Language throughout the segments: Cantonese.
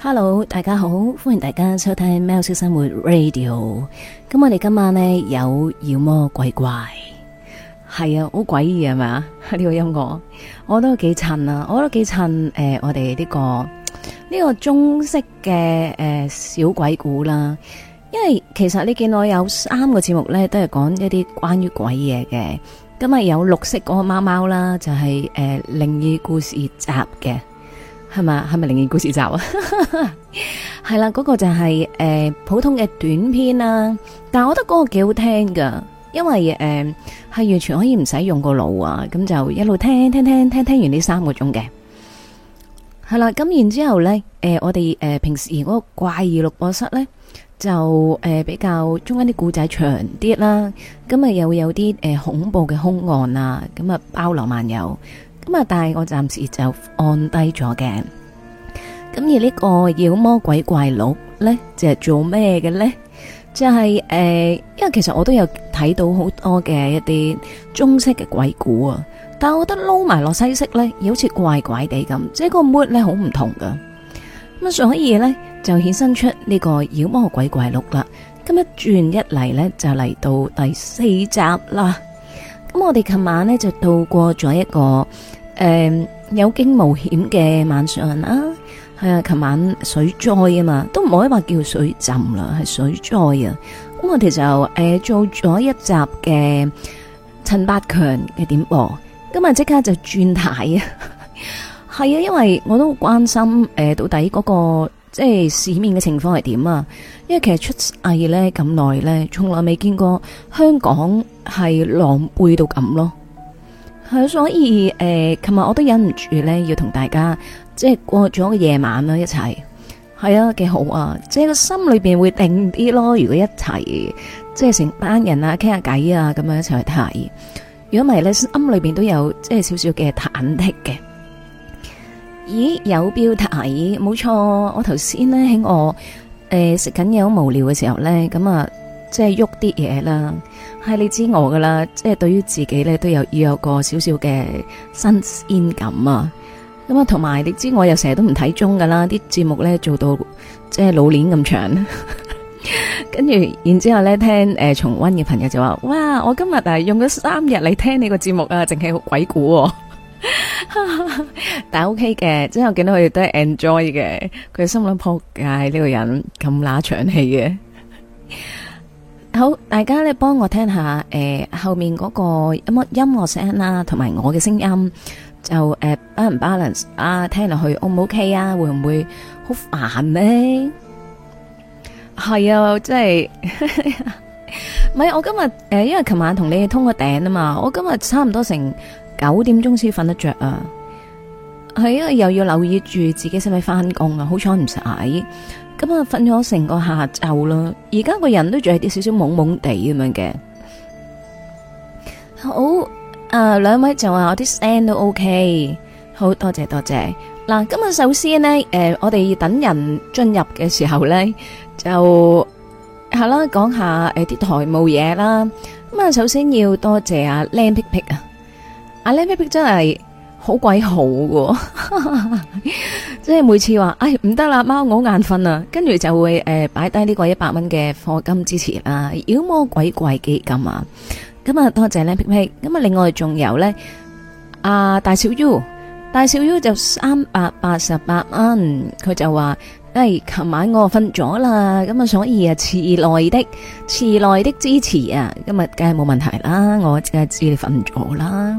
Hello，大家好，歡迎大家收聽喵式生活 Radio。咁我哋今晚呢，有妖魔鬼怪，係啊，好詭異啊嘛。呢、這個音樂，我都幾襯啊，我都幾襯誒，我哋呢、這個呢、這個中式嘅誒、呃、小鬼故啦。因為其實你見我有三個節目呢，都係講一啲關於鬼嘢嘅。今日有綠色個貓貓啦，就係、是、誒、呃、靈異故事集嘅。係嘛？係咪靈異故事集、 那個就是呃、啊？係啦，嗰個就係誒普通嘅短篇啦。但係我覺得嗰個幾好聽噶，因為誒係、呃、完全可以唔使用，用個腦啊，咁就一路聽聽聽聽聽完呢三個鐘嘅。係、呃呃、啦，咁然之後咧，誒我哋誒平時嗰個怪異錄播室咧，就誒比較中間啲故仔長啲啦。咁啊又會有啲誒恐怖嘅凶案啊，咁啊包羅萬有。咁啊！但係我暫時就按低咗嘅。咁而呢個妖魔鬼怪錄呢，就係、是、做咩嘅呢？就係、是、誒、呃，因為其實我都有睇到好多嘅一啲中式嘅鬼故啊。但係我覺得撈埋落西式呢，又好似怪怪地咁。即係個 mood 呢好唔同噶。咁啊，所以呢，就衍生出呢個妖魔鬼怪錄啦。咁一轉一嚟呢，就嚟到第四集啦。咁我哋琴晚呢，就度過咗一個。誒、呃，有驚無險嘅晚上啦，係啊，琴晚水災啊嘛，都唔可以話叫水浸啦，係水災啊。咁我哋就誒、呃、做咗一集嘅陳百強嘅點播，今日即刻就轉台啊，係 啊，因為我都好關心誒、呃、到底嗰、嗰個即係市面嘅情況係點啊，因為其實出世咧咁耐咧，從來未見過香港係狼狽到咁咯。係，所以誒，琴日我都忍唔住咧，要同大家即係過咗個夜晚啦，一齊係啊，幾好啊！即係個心裏邊會定啲咯，如果一齊，即係成班人啊，傾下偈啊，咁樣一齊去睇。如果唔係咧，心裏邊都有即係少少嘅忐忑嘅。咦，有標題？冇錯，我頭先咧喺我誒食緊嘢好無聊嘅時候咧，咁啊，即係喐啲嘢啦。係你知我噶啦，即係對於自己咧都有要有個少少嘅新鮮感啊！咁啊，同埋你知我又成日都唔睇鐘噶啦，啲節目咧做到即係老年咁長，跟 住然之後咧聽誒重溫嘅朋友就話，哇！我今日誒、啊、用咗三日嚟聽你個節目啊，淨係好鬼故、啊， 但係 OK 嘅，之後見到佢哋都係 enjoy 嘅，佢心諗扑街呢個人咁乸長氣嘅。好，大家咧，幫我聽下誒、呃，後面嗰個音音樂聲啊，同埋我嘅聲音就誒、呃、，balance 啊，聽落去 O 唔 O K 啊？會唔會好煩呢？係啊，真係，唔 係我今日誒、呃，因為琴晚同你通個頂啊嘛，我今日差唔多成九點鐘先瞓得着啊，係、哎、啊，又要留意住自己使唔使返工啊，好彩唔使。咁啊，瞓咗成個下晝啦，而家個人都仲係啲少少懵懵地咁樣嘅。好，誒兩位就話我啲聲都 OK，好多謝多謝。嗱，今日首先咧，誒，我哋要等人進入嘅時候咧，就係啦，講下誒啲台務嘢啦。咁啊，首先要多謝阿靚 picpic 啊，阿靚 picpic 真係。好鬼好喎， 即係每次話，哎唔得啦，貓我眼瞓啊，跟住就會誒擺低呢個一百蚊嘅課金支持啦，妖魔鬼怪嘅。咁啊，咁、嗯、啊多謝呢 P P，咁啊另外仲有咧，啊大小 U，大小 U 就三百八十八蚊，佢就話，哎琴晚我瞓咗啦，咁、嗯、啊所以啊遲來的，遲來的支持啊，今日梗係冇問題啦，我梗係知你瞓唔咗啦。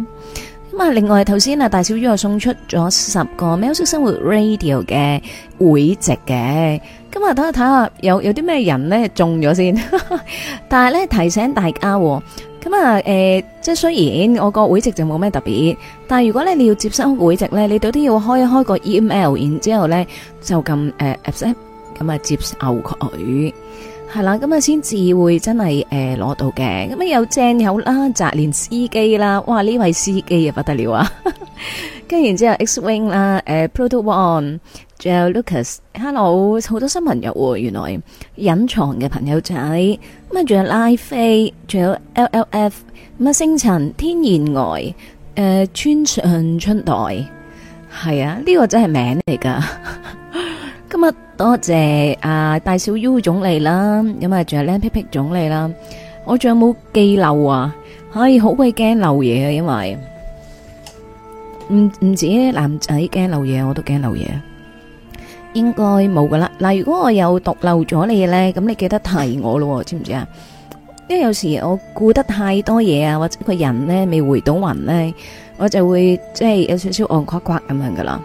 咁啊！另外頭先啊，剛才大小魚又送出咗十個《喵式生活 Radio》嘅會籍嘅，今日等我睇下有有啲咩人咧中咗先。 但係咧提醒大家，咁啊誒，即係雖然我個會籍就冇咩特別，但係如果咧你要接收會籍，咧，你到都要開一開個 email，然之後咧就撳誒 accept 咁啊接受佢。係、呃、啦，咁啊先至會真係誒攞到嘅，咁啊有正友啦，澤連司機啦，哇呢位司機啊不得了啊，跟然之後 X Wing 啦，誒、呃、Proto One，仲有 Lucas，Hello 好多新朋友、啊，原來隱藏嘅朋友仔，咁啊仲有拉菲，仲有 LLF，咁啊星辰天然外，誒、呃、村上春代，係啊呢、這個真係名嚟噶。 今日多謝啊大小 U 總嚟啦，咁啊仲有靚屁屁總嚟啦，我仲有冇記漏啊？唉，好鬼驚漏嘢啊，因為唔唔止男仔驚漏嘢，我都驚漏嘢。應該冇噶啦，嗱，如果我有讀漏咗嘢咧，咁你記得提我咯，知唔知啊？因為有時我顧得太多嘢啊，或者個人咧未回到魂咧，我就會即係有少少戇瓜瓜咁樣噶啦。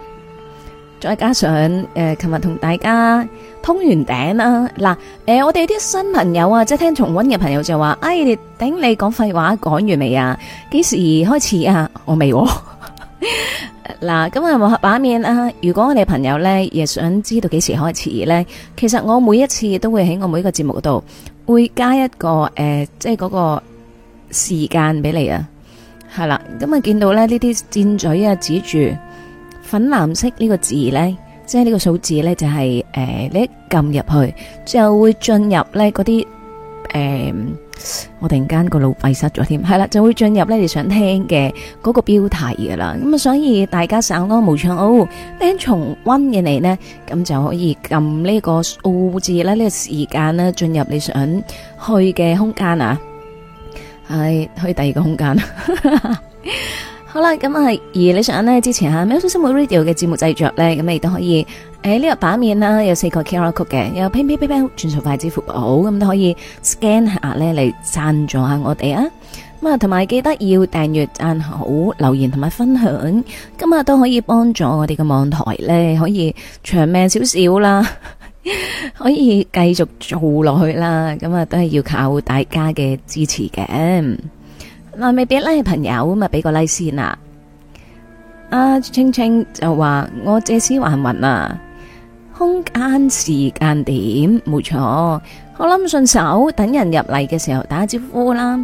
再加上，誒、呃，琴日同大家通完頂啦。嗱，誒、呃，我哋啲新朋友啊，即係聽重溫嘅朋友就話，哎，你頂你講廢話，講完未啊？幾時開始啊？我未、哦。 嗱，咁日冇合面啊。如果我哋朋友咧，亦想知道幾時開始咧，其實我每一次都會喺我每一個節目度會加一個，誒、呃，即係嗰個時間俾你啊。係啦，咁啊，見到咧呢啲箭嘴啊，指住。粉藍色呢個字呢，即係呢個數字呢，就係誒，你一撳入去，就會進入呢嗰啲誒，我突然間個腦廢失咗添，係啦，就會進入呢你想聽嘅嗰個標題噶啦。咁啊，所以大家稍安無躁，哦，等重溫嘅你呢，咁就可以撳呢個數字呢，呢個時間呢，進入你想去嘅空間啊，係去第二個空間。好啦，咁啊，而你想支持下喵式生活 Radio 嘅節目製作呢，咁亦都可以誒呢、欸這個版面啦，有四個 QR Code 嘅，有 PayPay PayPay Pay、轉數快、支付寶，咁都可以 scan 下呢嚟贊助下我哋啊！咁啊，同埋記得要訂閱、讚好、留言同埋分享，咁啊都可以幫助我哋嘅網台呢，可以長命少少啦， 可以繼續做落去啦。咁啊，都係要靠大家嘅支持嘅。嗱，未俾 like 嘅朋友咁、like、啊，俾個 like 先啦。阿青青就話我借屍還魂啊，空閒時間點，冇錯，好諗順手，等人入嚟嘅時候打個招呼啦。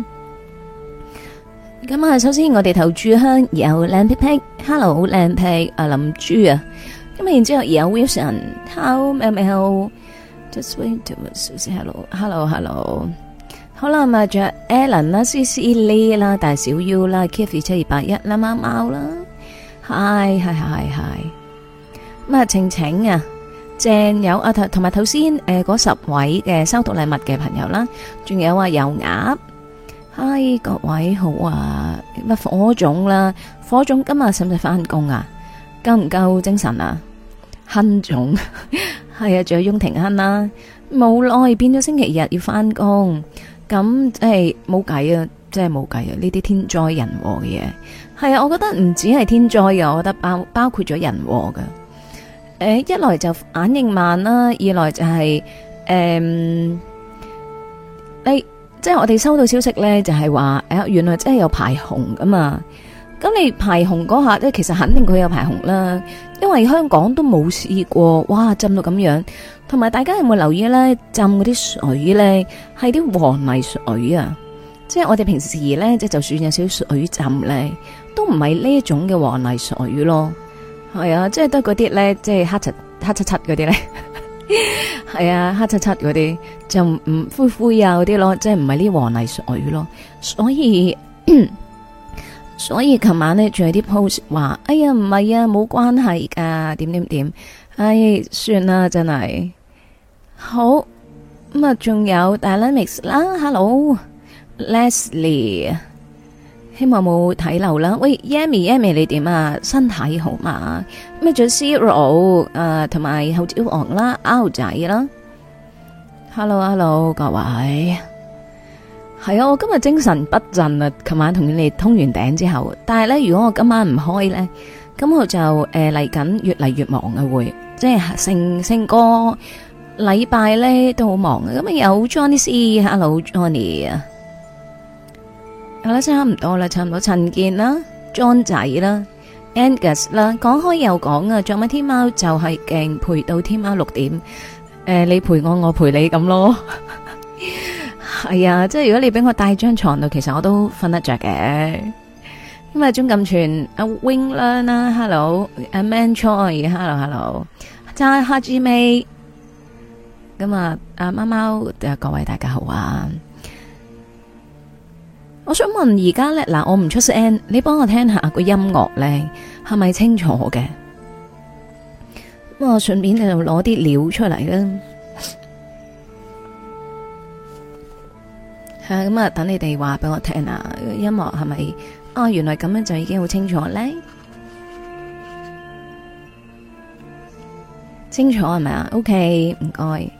咁啊，首先我哋頭炷香，然後靚皮皮，hello 靚皮，阿林豬啊。咁啊，然之後有 Wilson，好未 w a i h e l l o hello hello, hello.。好啦，咁啊，着 Alan 啦，C.C.Lee 啦，大小 U 啦，Kiffy 七二八一啦，貓貓啦，Hi，係係係，咁啊，晴晴啊，鄭有啊，同同埋頭先誒嗰十位嘅收到禮物嘅朋友啦，仲有啊油鴨，Hi，各位好啊，乜火種啦，火種今日使唔使翻工啊？夠唔夠精神啊？亨種係啊，仲有雍廷亨啦，冇耐變咗星期日要翻工。咁即係冇計啊！即係冇計啊！呢、欸、啲天災人禍嘅嘢，係啊！我覺得唔止係天災嘅，我覺得包包括咗人禍㗎。誒、呃，一來就反應慢啦，二來就係、是、誒、嗯，你即係、就是、我哋收到消息呢，就係話誒，原來真係有排洪㗎嘛。咁你排洪嗰下，其實肯定佢有排洪啦。因為香港都冇試過，哇浸到咁樣，同埋大家有冇留意咧？浸嗰啲水咧，係啲黃泥水啊！即係我哋平時咧，即就算有少少水浸咧，都唔係呢一種嘅黃泥水咯。係、哎、啊，即係得嗰啲咧，即係黑漆黑漆漆嗰啲咧，係 啊，黑漆漆嗰啲就唔灰灰啊嗰啲咯，即係唔係啲黃泥水咯，所以。所以琴晚咧仲有啲 post 話，哎呀唔係啊，冇關係噶，點點點，唉、哎、算啦，真係好咁啊，仲有 Dynamics 啦，hello Leslie，希望冇睇漏啦。喂，Yamy Yamy 你點啊？身體好嘛？咩做 Zero 啊、呃？同埋好招昂啦，out 仔啦，hello hello 各位。係啊，我今日精神不振啊！琴晚同你哋通完頂之後，但係咧，如果我今晚唔開咧，咁我就誒，嚟緊越嚟越忙嘅會，即係成成個禮拜咧都好忙。咁啊有 Johnny C，Hello Johnny 啊，好啦，差唔多啦，差唔多陳健啦，John 仔啦，Angus 啦，講開又講啊，昨晚天貓就係勁陪到天貓六點，誒，你陪我，我陪你咁咯。係啊，即係如果你俾我帶張床度，其實我都瞓得着嘅。因為鍾錦全阿 Wing 啦，Hello，阿 Man Choy，Hello，Hello，張 Ha Ji Mei，咁啊，阿貓貓各位大家好啊！我想問而家咧，嗱，我唔出聲，你幫我聽下、那個音樂咧，係咪清楚嘅？咁我順便就攞啲料出嚟啦。咁啊、嗯，等你哋話俾我聽啊，音樂係咪？啊、哦，原來咁樣就已經好清楚咧，清楚係咪啊？OK，唔該。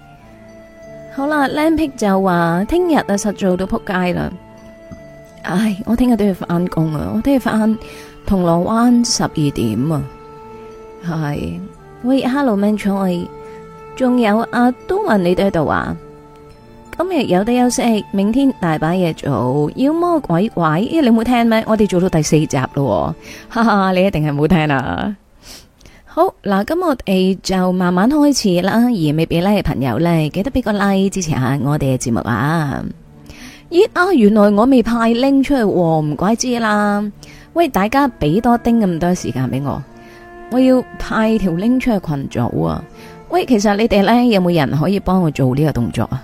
好啦，靚 pick 就話聽日啊實做到扑街啦。唉，我聽日都要翻工，啊，我聽日翻銅鑼灣十二點啊。係喂，Hello，m n 咩菜？仲有阿都文你都喺度啊？今日有得休息，明天大把嘢做，妖魔鬼怪？你冇聽咩？我哋做到第四集咯，哈哈！你一定係冇聽啦。好，嗱，噉我哋就慢慢開始啦。而未俾 like 嘅朋友呢，記得俾個 like 支持下我哋嘅節目啊！咦啊，原來我未派拎出去，唔怪之啦。喂，大家俾多丁咁多時間俾我，我要派條拎出去群組啊！喂，其實你哋呢，有冇人可以幫我做呢個動作啊？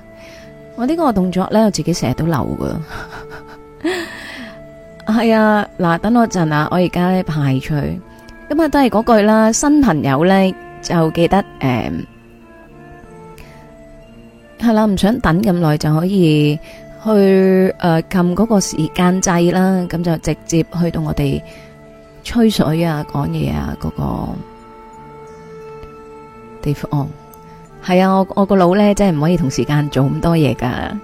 我呢個動作呢，我自己成日都流噶。係 啊，嗱，等我陣啊，我而家呢，排除，咁啊都係嗰句啦。新朋友呢，就記得誒，係、嗯、啦，唔、啊、想等咁耐就可以去誒撳嗰個時間掣啦，咁就直接去到我哋吹水啊、講嘢啊嗰、那個地方。係啊，我我個腦咧真係唔可以同時間做咁多嘢噶，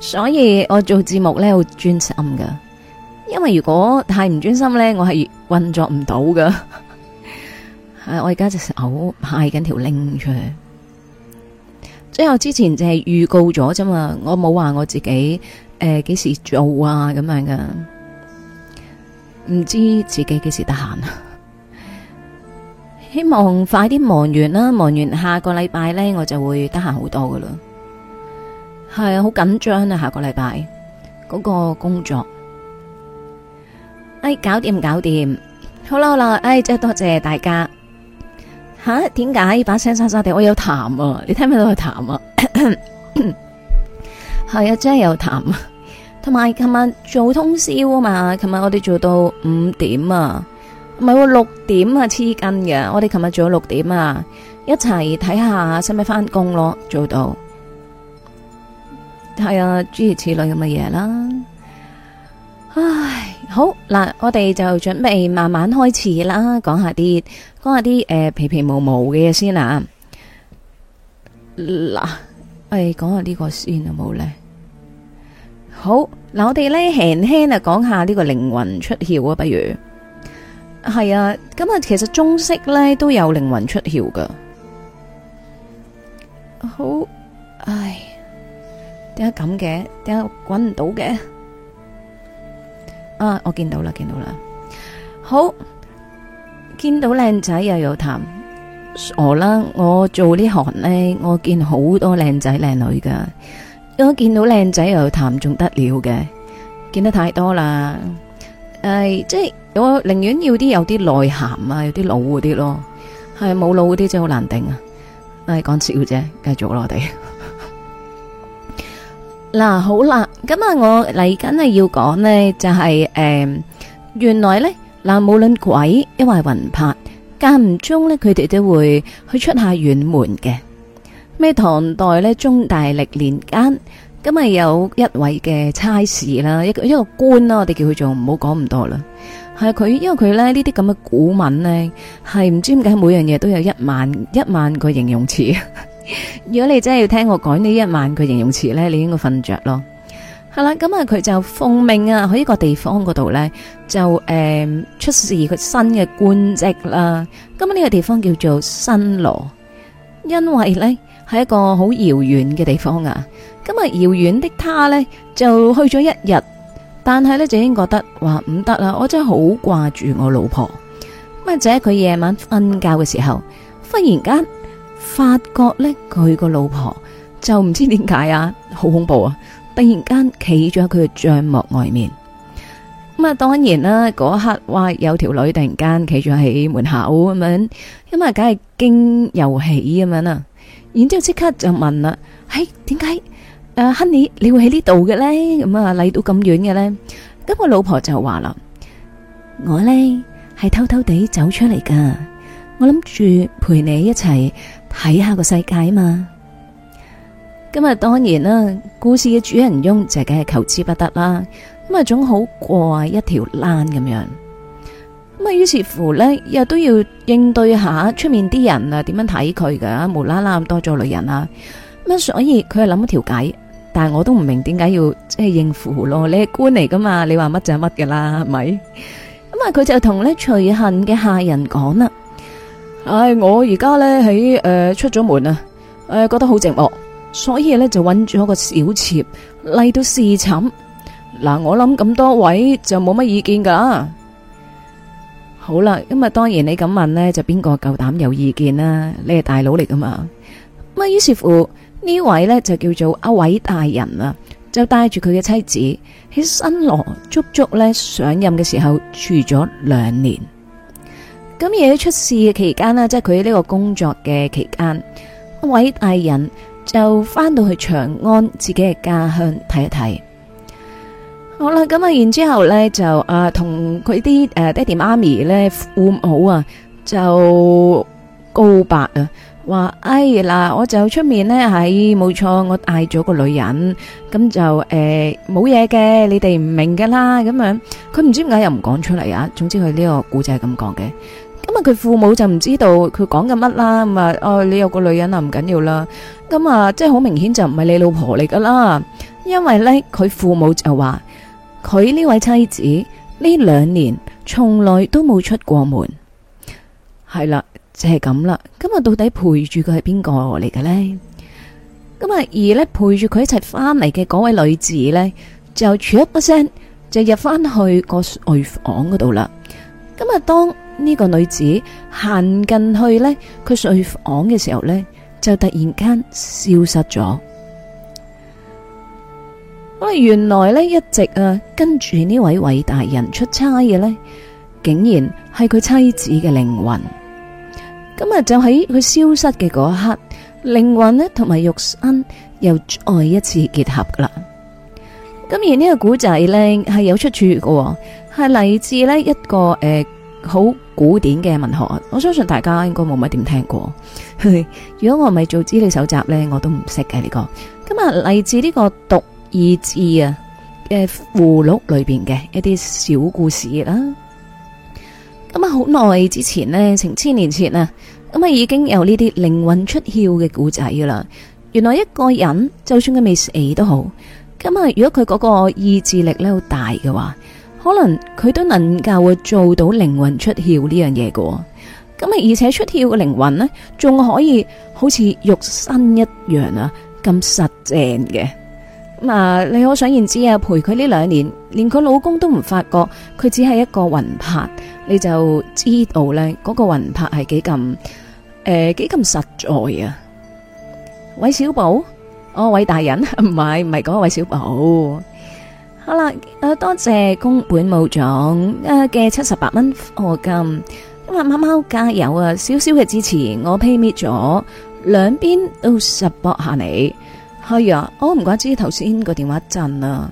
所以我做節目咧好專心噶，因為如果太唔專心咧，我係運作唔到噶。係、 啊、我而家就係嘔派緊條拎出去 link 出嚟，之之前就係預告咗啫嘛，我冇話我自己誒幾、呃、時做啊咁樣噶，唔知自己幾時得閒啊。希望快啲忙完啦，忙完下個禮拜咧，我就會得閒好多噶啦。係啊，好緊張啊，下個禮拜嗰個工作，哎，搞掂搞掂，好啦好啦，哎，真係多謝大家。吓，點解把聲沙沙地？我有痰啊，你聽唔聽到有痰啊？係啊，真係有痰啊。同埋琴晚做通宵啊嘛，琴晚我哋做到五點啊。唔係喎，六點啊黐筋嘅，我哋琴日做咗六點啊，一齊睇下使唔使翻工咯？做到，係啊，諸如此類咁嘅嘢啦。唉，好嗱，我哋就準備慢慢開始啦，講下啲，講下啲誒、呃、皮皮毛毛嘅嘢先啦、啊、嗱，誒，講下呢個先有冇咧。好嗱，我哋咧輕輕啊講下呢個靈魂出竅啊，不如。係啊，今日其實中式咧都有靈魂出竅噶，好，唉，點解咁嘅？點解搵唔到嘅？啊，我見到啦，見到啦，好，見到靚仔又有談，傻啦，我做呢行咧，我見好多靚仔靚女噶，我見到靚仔又有談仲得了嘅，見得太多啦。誒，即係我寧願要啲有啲內涵啊，有啲老嗰啲咯，係冇老嗰啲真係好難頂啊！誒，講笑啫，繼續我哋。嗱，好啦，咁啊，我嚟緊係要講咧，就係誒，原來咧嗱，無論鬼因為魂魄間唔中咧，佢哋都會去出下遠門嘅。咩唐代咧，中大歷年間。咁咪有一位嘅差事啦，一一個官啦，我哋叫佢做唔好講咁多啦。係佢，因為佢咧呢啲咁嘅古文呢，係唔知點解每樣嘢都有一萬一萬個形容詞。 如果你真係要聽我講呢一萬個形容詞呢，你應該瞓着咯。係啦，咁啊，佢就奉命啊，去一個地方嗰度呢，就誒、嗯、出示佢新嘅官職啦。咁呢個地方叫做新羅，因為呢係一個好遙遠嘅地方啊。今日遙遠的他呢，就去咗一日，但係呢，就已經覺得話唔得啦，我真係好掛住我老婆。咁啊，而佢夜晚瞓覺嘅時候，忽然間發覺呢，佢個老婆就唔知點解啊，好恐怖啊！突然間企咗喺佢嘅帳幕外面。咁啊，當然啦，嗰刻哇，有條女突然間企咗喺門口咁樣，因為，梗係驚又喜咁樣啦。然之後即刻就問啦：，係點解？誒、uh,，Honey，你會喺呢度嘅咧？咁啊，嚟到咁遠嘅咧？咁我老婆就話啦：我呢，係偷偷地走出嚟噶我諗住陪你一齊睇下個世界啊嘛。今日當然啦，故事嘅主人翁就梗係求之不得啦。咁啊，總好過一條欄咁樣。咁啊，於是乎呢，又都要應對下出面啲人啊，點樣睇佢噶？無啦啦咁多咗女人啦。咁啊，所以佢係諗咗條計。但係我都唔明點解要即係應付咯？你係官嚟噶嘛？你話乜就乜噶啦，係咪？咁啊，佢就同咧隨行嘅下人講啦。唉、哎，我而家咧喺誒出咗門啊，誒、呃、覺得好寂寞，所以咧就揾咗個小妾嚟到侍寢。嗱、呃，我諗咁多位就冇乜意見噶。好啦，咁啊，當然你咁問呢，就邊個夠膽有意見啦？你係大佬嚟噶嘛？咁啊，於是乎。呢位呢就叫做阿偉大人啊，就帶住佢嘅妻子喺新羅足足呢上任嘅時候住咗兩年。咁而喺出事嘅期間呢，即係佢呢個工作嘅期間，阿偉大人就翻到去長安自己嘅家鄉睇一睇。好啦，咁啊，然之後呢就啊，同佢啲誒爹哋媽咪咧父母啊就告白啊。話哎嗱，我就出面呢，係冇錯，我嗌咗個女人，咁就誒冇嘢嘅，你哋唔明噶啦，咁樣佢唔知點解又唔講出嚟啊。總之佢呢個故仔係咁講嘅，咁啊佢父母就唔知道佢講緊乜啦，咁啊哦，你有個女人啊唔緊要啦，咁啊即係好明顯就唔係你老婆嚟噶啦，因為呢，佢父母就話佢呢位妻子呢兩年從來都冇出過門，係啦。就係咁啦。咁啊，到底陪住佢係邊個嚟嘅呢？咁啊，而呢陪住佢一齊翻嚟嘅嗰位女子呢，就一個聲就入翻去個睡房嗰度啦。咁啊，當呢個女子行近去呢，佢睡房嘅時候呢，就突然間消失咗。我原來呢，一直啊跟住呢位偉大人出差嘅呢，竟然係佢妻子嘅靈魂。咁啊，就喺佢消失嘅嗰刻，靈魂呢，同埋肉身又再一次結合㗎啦。咁而呢個古仔呢，係有出處嘅，係嚟自，呢一個誒好、呃、古典嘅文學，我相信大家應該冇乜點聽過。 如果我唔係做資料搜集呢，我都唔識嘅呢個。咁啊，嚟自呢個《讀意志》啊嘅附錄裏邊嘅一啲小故事啦。咁啊，好耐之前呢，成千年前啊，咁啊，已經有呢啲靈魂出竅嘅古仔㗎啦。原來一個人就算佢未死都好，咁啊，如果佢嗰個意志力咧好大嘅話，可能佢都能夠會做到靈魂出竅呢樣嘢喎。咁啊，而且出竅嘅靈魂呢，仲可以好似肉身一樣啊，咁實正嘅。咁啊，你可想而知啊，陪佢呢兩年，連佢老公都唔發覺佢只係一個魂魄。你就知道咧，嗰個魂魄係幾咁誒，幾咁實在啊！韋小寶，哦，韋大人，唔係唔係嗰個韋小寶。好啦，誒，多謝宮本武藏誒嘅七十八蚊賀金。今日貓貓加油啊！少少嘅支持，我披滅咗兩邊都實搏下你。係啊，我、哦、唔怪知頭先個電話震啊。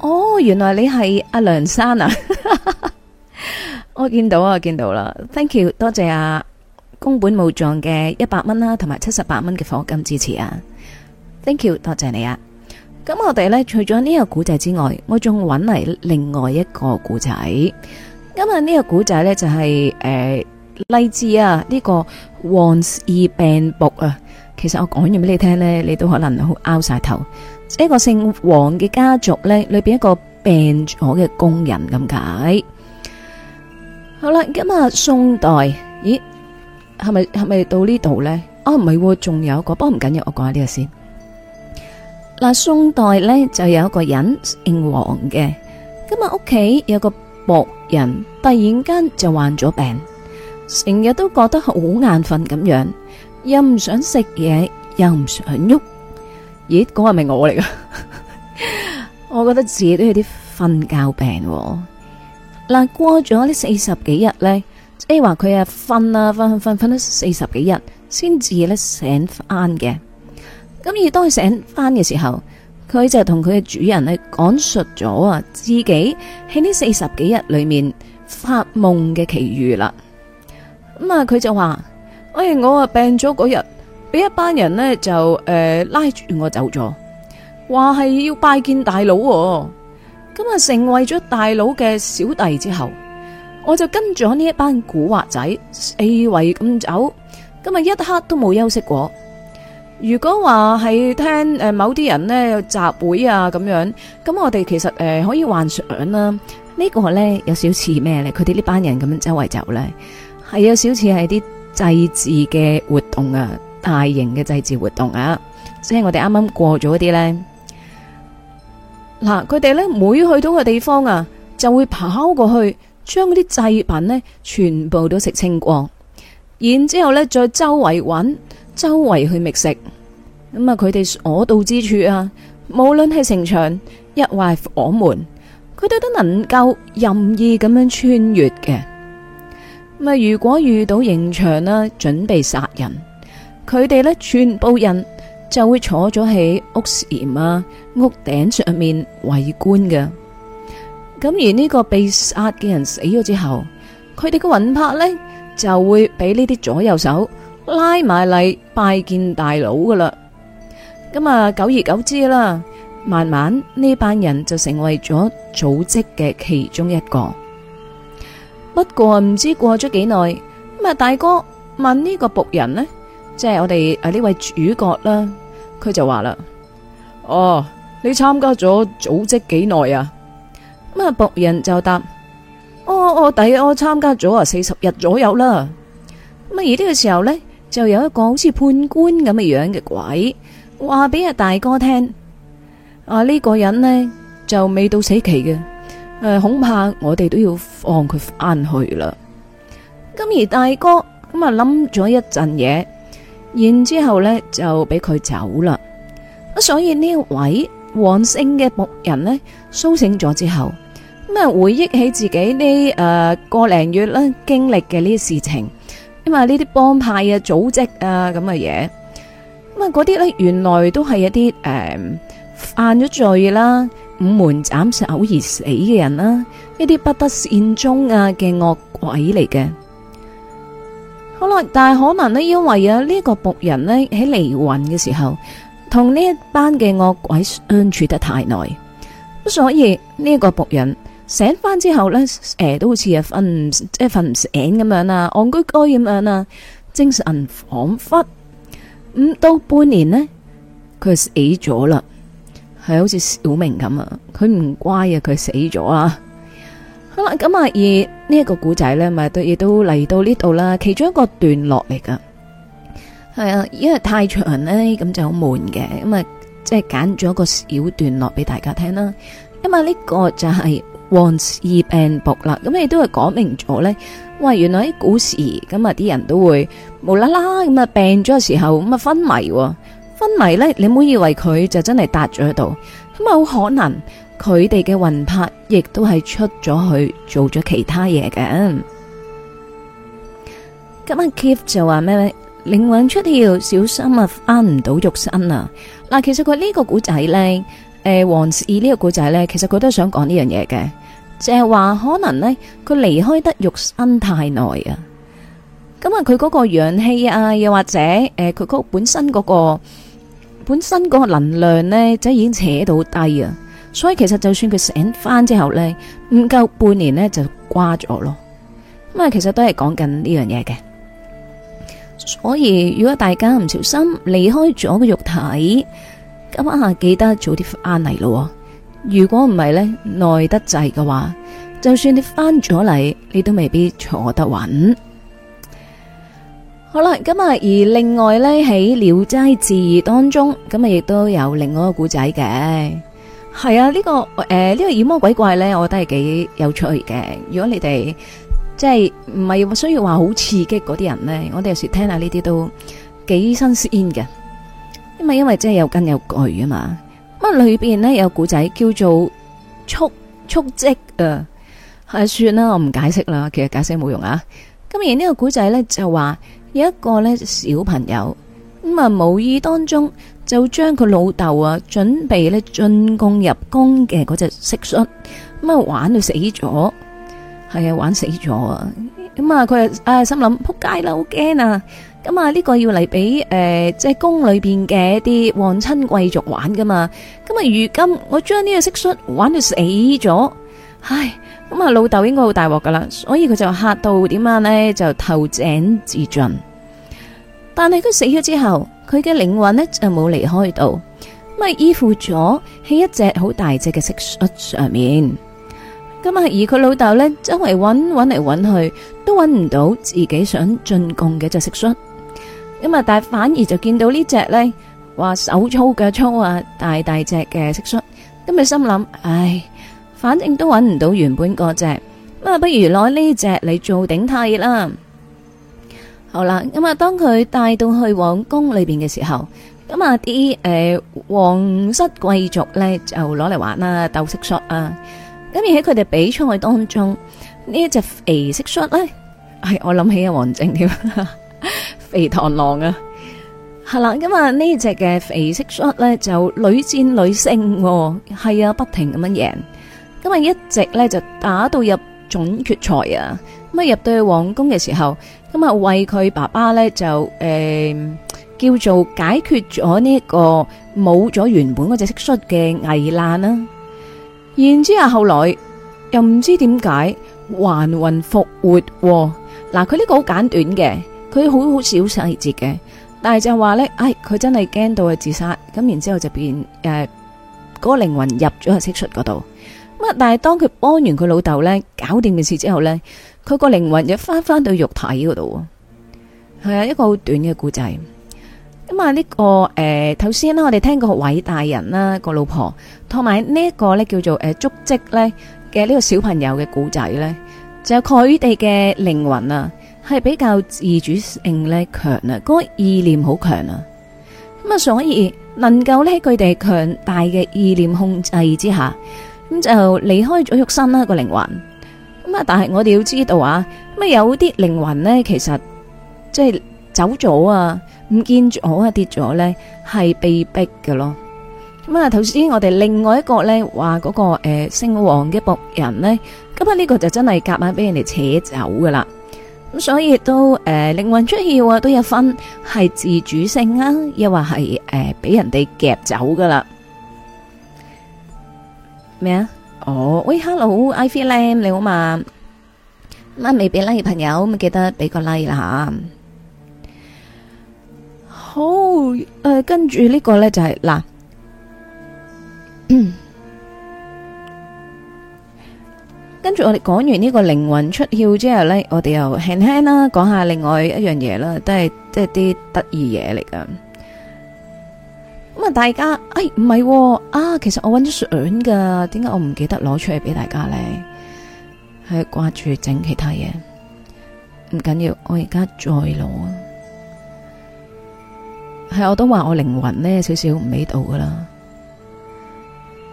哦，原來你係阿梁生啊！ 我見到啊，見到啦。Thank you，多謝阿、啊、宮本武藏嘅一百蚊啦，同埋七十八蚊嘅課金支持啊。Thank you，多謝你啊。咁我哋呢，除咗呢個古仔之外，我仲揾嚟另外一個古仔。今日呢個古仔呢，就係誒勵志啊。呢、這個王氏病僕啊，其實我講完俾你聽呢，你都可能好拗晒頭。一、這個姓王嘅家族呢，裏邊一個病咗嘅工人咁解。好啦，今日，宋代，咦，係咪係咪到呢度咧？啊，唔係，仲有一個，不過唔緊要，我講下呢個先。嗱，宋代咧就有一個人姓王嘅，咁啊屋企有個僕人，突然間就患咗病，成日都覺得好眼瞓咁樣，又唔想食嘢，又唔想喐。咦，嗰個係咪我嚟噶？我覺得自己都有啲瞓覺病。嗱，過咗呢四十幾日咧，即係話佢啊瞓，啊瞓瞓瞓咗四十幾日，先至咧醒翻嘅。咁而當佢醒翻嘅時候，佢就同佢嘅主人咧講述咗啊自己喺呢四十幾日裏面發夢嘅奇遇啦。咁啊，佢就話：哎，我啊病咗嗰日，俾一班人呢就誒、呃、拉住我走咗，話係要拜見大佬。咁啊，成為咗大佬嘅小弟之後，我就跟住我呢一班古惑仔四圍咁走，咁啊一刻都冇休息過。如果話係聽誒某啲人咧有集會啊咁樣，咁我哋其實誒、呃、可以幻想啦。這個、呢個咧有少似咩咧？佢哋呢班人咁樣周圍走咧，係有少似係啲祭祀嘅活動啊，大型嘅祭祀活動啊。即係我哋啱啱過咗一啲咧。嗱，佢哋呢每去到個地方啊，就會跑過去，將嗰啲祭品呢全部都食清光，然之後呢再周圍搵，周圍去覓食。咁啊，佢哋所到之處啊，無論係城牆、一壞房門，佢哋都能夠任意咁樣穿越嘅。咁如果遇到刑場啦，準備殺人，佢哋呢全部人。就會坐咗喺屋檐啊、屋頂上面圍觀嘅。咁而呢個被殺嘅人死咗之後，佢哋嘅魂魄呢就會俾呢啲左右手拉埋嚟拜見大佬噶啦。咁啊，久而久之啦，慢慢呢班人就成為咗組織嘅其中一個。不過唔知過咗幾耐，咁啊大哥問呢個僕人呢？即係我哋誒呢位主角啦，佢就話啦：哦，你參加咗組織幾耐啊？咁啊，僕人就答：哦哦，第我，我參加咗啊，四十日左右啦。咁而呢個時候呢，就有一個好似判官咁嘅樣嘅鬼話俾阿大哥聽，話、啊、呢、呢個人呢，就未到死期嘅，誒、啊，恐怕我哋都要放佢翻去啦。咁而大哥咁啊，諗、嗯、咗一陣嘢。然之後咧就俾佢走啦，所以呢位王姓嘅僕人呢，蘇醒咗之後，咁啊回憶起自己、呃、呢誒個零月啦經歷嘅呢啲事情，因為呢啲幫派啊組織啊咁嘅嘢，咁啊嗰啲咧原來都係一啲誒、呃、犯咗罪啦五門斬首而死嘅人啦，一啲不得善終啊嘅惡鬼嚟嘅。好啦，但係可能呢，因為啊呢個僕人呢，喺離魂嘅時候，同呢一班嘅惡鬼相處得太耐，所以呢個僕人醒翻之後呢，誒、呃、都好似啊瞓唔即係瞓唔醒咁樣啊，戇居居咁樣啊，精神恍惚，唔到半年呢，佢死咗啦，係好似小明咁啊，佢唔乖啊，佢死咗啊。咁啊，而呢一個古仔咧，咪都亦都嚟到呢度啦。其中一個段落嚟噶，係啊，因為太長咧，咁就好悶嘅。咁啊，即係揀咗一個小段落俾大家聽啦。咁啊，呢個就係旺葉病仆啦。咁亦都係講明咗咧。喂，原來喺古時，咁啊，啲人都會無啦啦咁啊病咗嘅時候，咁啊昏迷，昏迷咧，你唔好以為佢就真係笪咗喺度，咁啊好可能。佢哋嘅魂魄亦都係出咗去做咗其他嘢嘅。咁啊 Kip 就話咩咩靈魂出竅，小心啊返唔到肉身啊！嗱、呃，其實佢呢個故仔咧，誒，王氏呢個故仔咧，其實佢都想講呢樣嘢嘅，就係、是、話可能呢，佢離開得肉身太耐啊，咁啊佢嗰個陽氣啊，又或者誒佢佢本身嗰、那個本身嗰個能量呢，就已經扯到低啊。所以其實就算佢醒翻之後呢，唔夠半年呢就瓜咗咯。咁啊，其實都係講緊呢樣嘢嘅。所以如果大家唔小心離開咗個肉體，咁啊記得早啲翻嚟咯。如果唔係呢，耐得滯嘅話，就算你翻咗嚟，你都未必坐得穩。好啦，咁啊，而另外呢，喺《聊齋志異》當中，咁啊亦都有另外一個故仔嘅。係啊，呢、這個誒呢、呃這個妖魔鬼怪呢，我覺得係幾有趣嘅。如果你哋即係唔係需要話好刺激嗰啲人呢，我哋有時聽下呢啲都幾新鮮嘅，因為因為真係有根有據啊嘛。咁裏邊呢有古仔叫做《促、促織》啊，係算啦，我唔解釋啦，其實解釋冇用啊。咁而呢個古仔呢，就話有一個呢小朋友咁啊無意當中。就將佢老豆啊，準備咧進貢入宮嘅嗰隻蟋蟀，咁啊玩到死咗，係啊玩死咗啊！咁啊佢啊心諗扑街啦，好驚啊！咁啊呢個要嚟俾誒即係宮裏邊嘅一啲皇親貴族玩噶嘛，咁啊如今我將呢個蟋蟀玩到死咗，唉，咁啊老豆應該好大鑊噶啦，所以佢就吓到點樣呢？就投井自盡。但係佢死咗之後。佢嘅靈魂呢就冇離開到，咁係依附咗喺一隻好大隻嘅蟋蟀上面。咁啊，而佢老豆呢周圍揾揾嚟揾去，都揾唔到自己想進貢嘅隻蟋蟀。咁啊，但係反而就見到呢隻呢，話手粗腳粗啊，大大隻嘅蟋蟀。咁啊，心諗唉，反正都揾唔到原本嗰隻，咁啊，不如攞呢隻嚟做頂替啦。好啦，咁啊，當佢帶到去皇宮裏邊嘅時候，咁啊啲誒皇室貴族咧就攞嚟玩啦，鬥蟋蟀啊，咁而喺佢哋比賽當中呢，一隻肥蟋蟀咧，係我諗起阿王晶添，肥螳螂啊，係啦，咁啊呢隻嘅肥蟋蟀咧就屢戰屢勝，係啊不停咁樣贏，咁啊一直咧就打到入總決賽啊！咁入到去皇宮嘅時候，咁啊為佢爸爸咧就誒、呃、叫做解決咗呢一個冇咗原本嗰隻蟋蟀嘅危難啦。然之後後來又唔知點解還魂復活。嗱、呃，佢呢個好簡短嘅，佢好好少細節嘅，但係就係話咧，哎，佢真係驚到佢自殺，咁然之後就變誒嗰、呃那個靈魂入咗去蟋蟀嗰度。咁啊，但係當佢幫完佢老豆咧，搞掂件事之後咧，佢個靈魂又翻翻到肉體嗰度，係啊一個好短嘅故仔。咁啊呢個誒頭先啦，呃、我哋聽過偉大人啦個老婆，同埋呢一個咧叫做誒足跡咧嘅呢個小朋友嘅故仔咧，就佢哋嘅靈魂啊係比較自主性咧強啊，嗰個意念好強啊。咁啊所以能夠咧喺佢哋強大嘅意念控制之下，咁就離開咗肉身啦個靈魂。咁啊！但係我哋要知道啊，咁有啲靈魂呢，其實即係走咗啊，唔見住好啊跌咗呢，係被逼嘅咯。咁啊，頭先我哋另外一個呢，話嗰、嗰個誒，姓王嘅僕人呢，咁啊呢個就真係夾硬俾人哋扯走噶啦。咁所以都誒，靈、呃、魂出竅啊，都有分係自主性啊，又話係誒俾人哋夾走噶啦。咩啊？哦，喂，Hello，I feel lame，、like，你好嘛？咁啊，未俾 like 嘅朋友，咁啊記得俾個 like 啦吓。好，誒、呃，跟住呢個呢，就係、是、嗱，跟住 我哋講完呢個靈魂出竅之後呢，我哋又輕輕啦講下另外一樣嘢啦，都係即係啲得意嘢嚟噶。就是咁啊！大家，哎，唔係、哦、啊，其實我搵咗相噶，點解我唔記得攞出嚟俾大家咧？係掛住整其他嘢，唔緊要，我而家再攞。係我都話我靈魂呢少少唔喺度噶啦。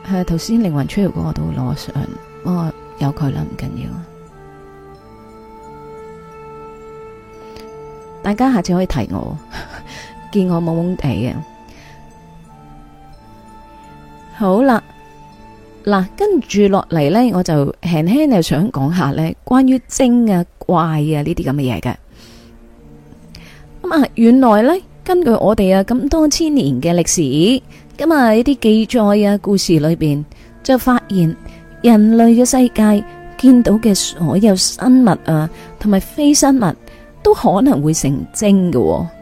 係頭先靈魂出嚟嗰，我都攞相，我、哦、有佢啦，唔緊要。大家下次可以提我， 見我懵懵地嘅。好啦，嗱，跟住落嚟呢，我就輕輕又想講下呢，關於精啊、怪啊呢啲咁嘅嘢嘅。咁啊，原來呢，根據我哋啊咁多千年嘅歷史，咁啊呢啲記載啊故事裏邊，就發現人類嘅世界見到嘅所有生物啊，同埋非生物，都可能會成精嘅喎。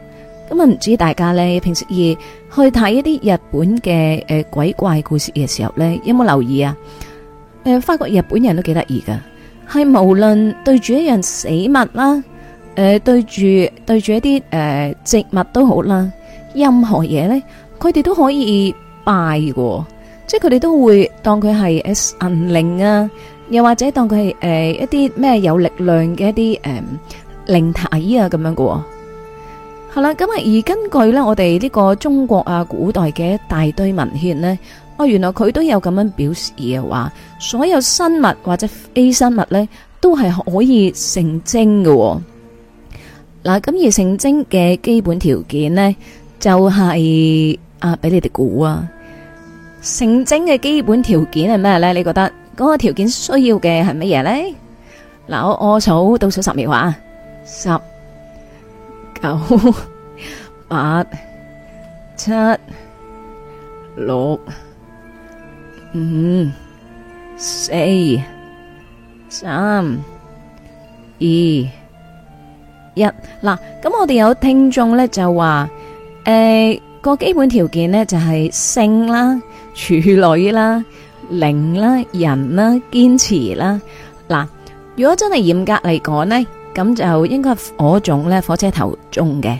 咁啊，唔知大家咧，平時而去睇一啲日本嘅誒鬼怪故事嘅時候咧，有冇留意啊？誒，發覺日本人都幾得意噶，係無論對住一樣死物啦，誒對住對住一啲誒植物都好啦，任何嘢咧，佢哋都可以拜嘅，即係佢哋都會當佢係 S 神靈啊，又或者當佢係誒一啲咩有力量嘅一啲誒靈體啊咁樣嘅。好啦，咁啊，而根據呢，我哋呢個中國啊古代嘅一大堆文獻呢，啊，原來佢都有咁樣表示嘅話，所有生物或者非生物呢，都係可以成精嘅。嗱，咁而成精嘅基本條件呢，就係，就係啊，俾你哋估啊，成精嘅基本條件係咩呢？你覺得嗰個條件需要嘅係乜嘢呢？嗱，我我數到數十秒話，十。九八七六五四三二一，嗱，咁我哋有聽眾咧就話，誒、呃、個基本條件呢，就係、是、性啦、處女啦、靈啦、人啦、堅持啦。嗱，如果真係嚴格嚟講呢。咁就應該火種咧，火車頭中嘅。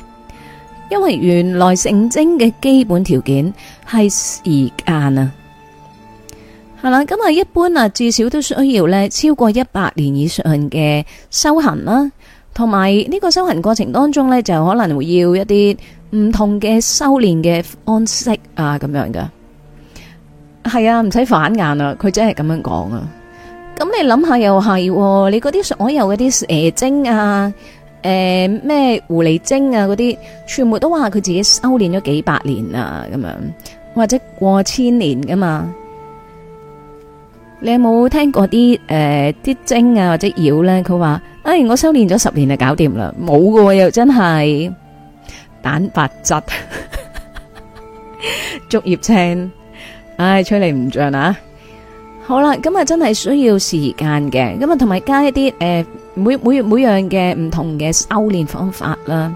因為原來成精嘅基本條件係時間啊，係啦，咁啊，一般啊，至少都需要呢超過一百年以上嘅修行啦，啊，同埋呢個修行過程當中呢，就可能會要一啲唔同嘅修煉嘅安息啊，咁樣噶，係啊，唔使反眼啊，佢真係咁樣講啊。咁你諗下又係，哦，你嗰啲所有嗰啲蛇精啊，誒、呃、咩狐狸精啊嗰啲，全部都話佢自己修煉咗幾百年啊，咁樣或者過千年噶嘛。你有冇聽過啲誒啲精啊或者妖咧？佢話，哎我修煉咗十年就搞掂啦，冇噶又真係。蛋白質，竹 葉青，唉吹嚟唔脹啊！好啦，咁啊真係需要時間嘅，咁啊同埋加一啲誒、呃、每每每樣嘅唔同嘅修煉方法啦。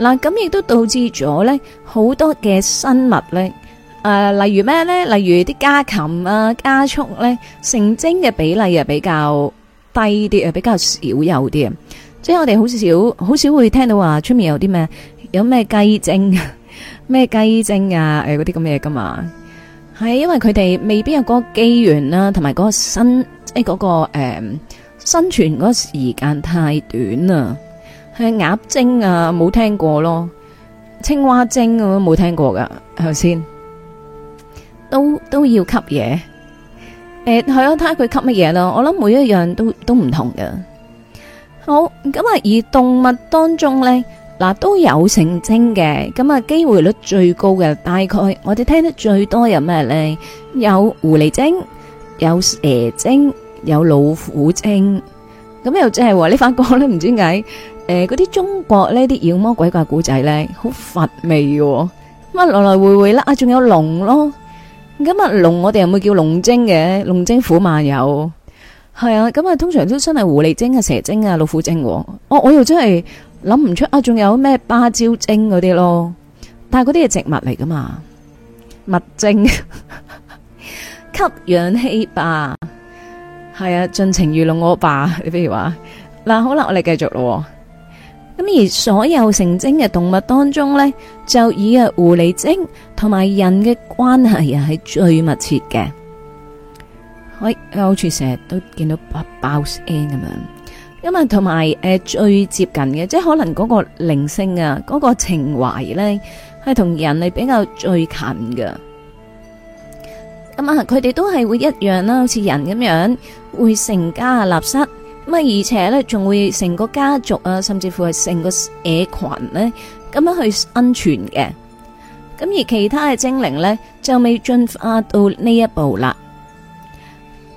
嗱，咁亦都導致咗咧好多嘅生物咧，誒例如咩咧？例如啲家禽啊、家畜咧，成精嘅比例啊比較低啲啊，比較少有啲啊。即係我哋好少好少會聽到話出面有啲咩？有咩雞精？咩雞精啊？誒嗰啲咁嘢噶嘛。係，因為佢哋未必有嗰個機緣啦，同埋嗰個生，即係嗰個誒生存嗰個時間太短啦。係鴨精啊，冇聽過咯，青蛙精咁樣冇聽過噶，係咪先？都都要吸嘢，誒，係啊，睇下佢吸乜嘢咯。我諗每一樣都都唔同㗎。好，咁啊，而動物當中咧，嗱，都有成精嘅，咁啊機會率最高嘅，大概我哋聽得最多有咩咧？有狐狸精，有蛇精，有老虎精，咁又即係話你發覺咧，唔知解，誒嗰啲中國呢啲妖魔鬼怪古仔咧，好乏味嘅，哦，咁啊來來回回啦，啊仲有龍咯，咁啊龍我哋又冇叫龍精嘅，龍精虎猛有，係啊，咁啊通常都真係狐狸精啊、蛇精啊、老虎精，哦，我、哦、我又真係。諗唔出啊！仲有咩芭蕉精嗰啲咯？但係嗰啲係植物嚟噶嘛？物精 吸氧氣吧，係啊！盡情愚弄我吧，你譬如話嗱，好啦，我哋繼續咯。咁而所有成精嘅動物當中呢，就以啊狐狸精同埋人嘅關係啊係最密切嘅。喂、哎，我好似成日都見到爆爆聲咁樣。因為同埋誒最接近嘅，即係可能嗰個靈性啊，嗰個情懷咧，係同人類比較最近嘅。咁啊，佢哋都係會一樣啦，好似人咁樣會成家立室。咁啊，而且咧仲會成個家族啊，甚至乎係成個社群咧，咁樣去生存嘅。咁而其他嘅精靈咧，就未進化到呢一步啦。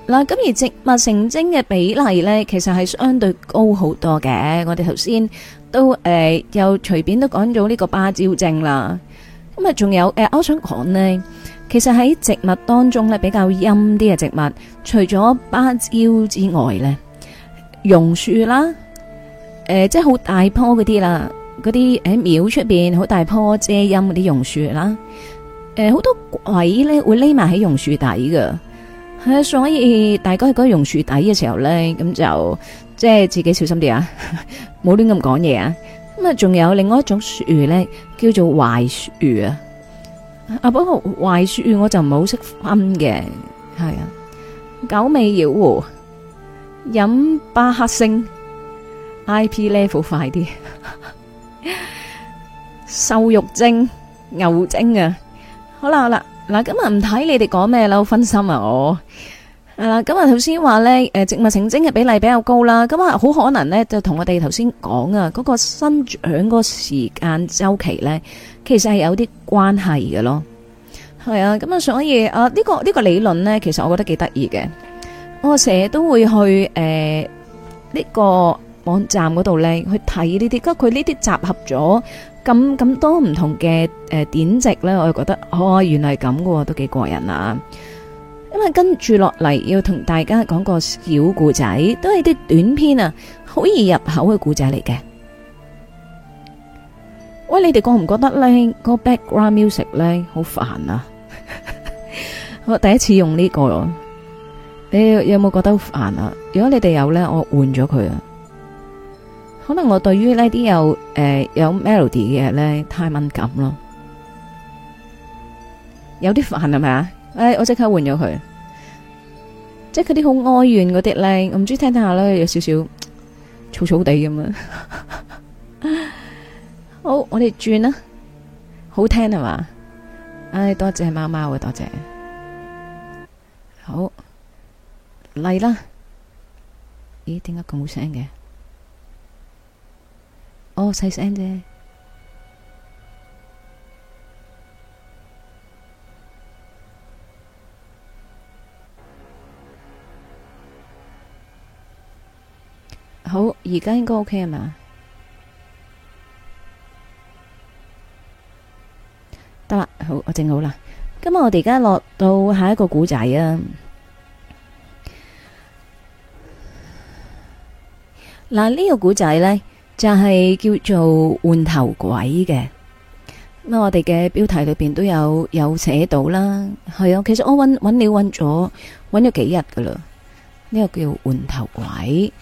嗱，咁而植物成精嘅比例呢，其實係相對高好多嘅。我哋頭先都誒、呃，又隨便都講咗呢個芭蕉精啦。咁啊，仲有誒，我想講呢，其實喺植物當中呢，比較陰啲嘅植物，除咗芭蕉之外呢，榕樹啦，誒、呃，即係好大棵嗰啲啦，嗰啲誒廟出邊好大棵遮陰嗰啲榕樹啦，誒、呃，好多鬼呢，會匿埋喺榕樹底噶。係啊，所以大家喺嗰榕樹底嘅時候咧，咁就即係自己小心啲啊，唔好亂咁講嘢啊。咁啊，仲有另外一種樹咧，叫做槐樹啊。啊，不過，槐樹我就唔係好識分嘅，係啊。九尾妖狐，飲巴克星，I P level 快啲，瘦肉精、牛精啊！好啦，好啦。嗱，咁啊唔睇你哋講咩啦，分心啊我係啦，咁啊頭先話咧，誒植物成精嘅比例比較高啦，咁啊好可能咧，就同我哋頭先講啊，嗰個生長嗰個時間周期咧，其實係有啲關係嘅咯。係啊，咁啊所以啊呢個呢個理論咧，其實我覺得幾得意嘅。我成日都會去誒呢個網站嗰度咧去睇呢啲，咁佢呢啲集合咗。咁咁多唔同嘅誒典籍咧，我又覺得，哦，原嚟係咁噶喎，都幾過癮啊！因為跟住落嚟要同大家講個小故仔，都係啲短篇啊，好易入口嘅故仔嚟嘅。喂，你哋覺唔覺得呢個 background music 咧，好煩啊！我第一次用呢個，你有冇覺得煩啊？如果你哋有咧，我換咗佢啊！可能我對於呢啲有誒、呃、有 melody 嘅嘢咧太敏感咯、哎，有啲煩係咪啊？誒，我即刻換咗佢，即係佢啲好哀怨嗰啲咧，我唔鍾意聽聽下啦，有少少草草地咁啊！ 好，我哋轉啦，好聽係嘛？唉、哎，多謝貓貓啊，多謝，好嚟啦！咦，點解咁好聲嘅？哦，再細聲啲。好，而家應該 OK 係嘛？得啦，好，我整好啦。今日我哋而家落到下一個古仔啊。嗱，呢個古仔呢，就係叫做換頭鬼嘅，咁我哋嘅標題裏邊都有有寫到啦，係啊，其實我揾揾你揾咗揾咗幾日噶啦，呢個叫換頭鬼，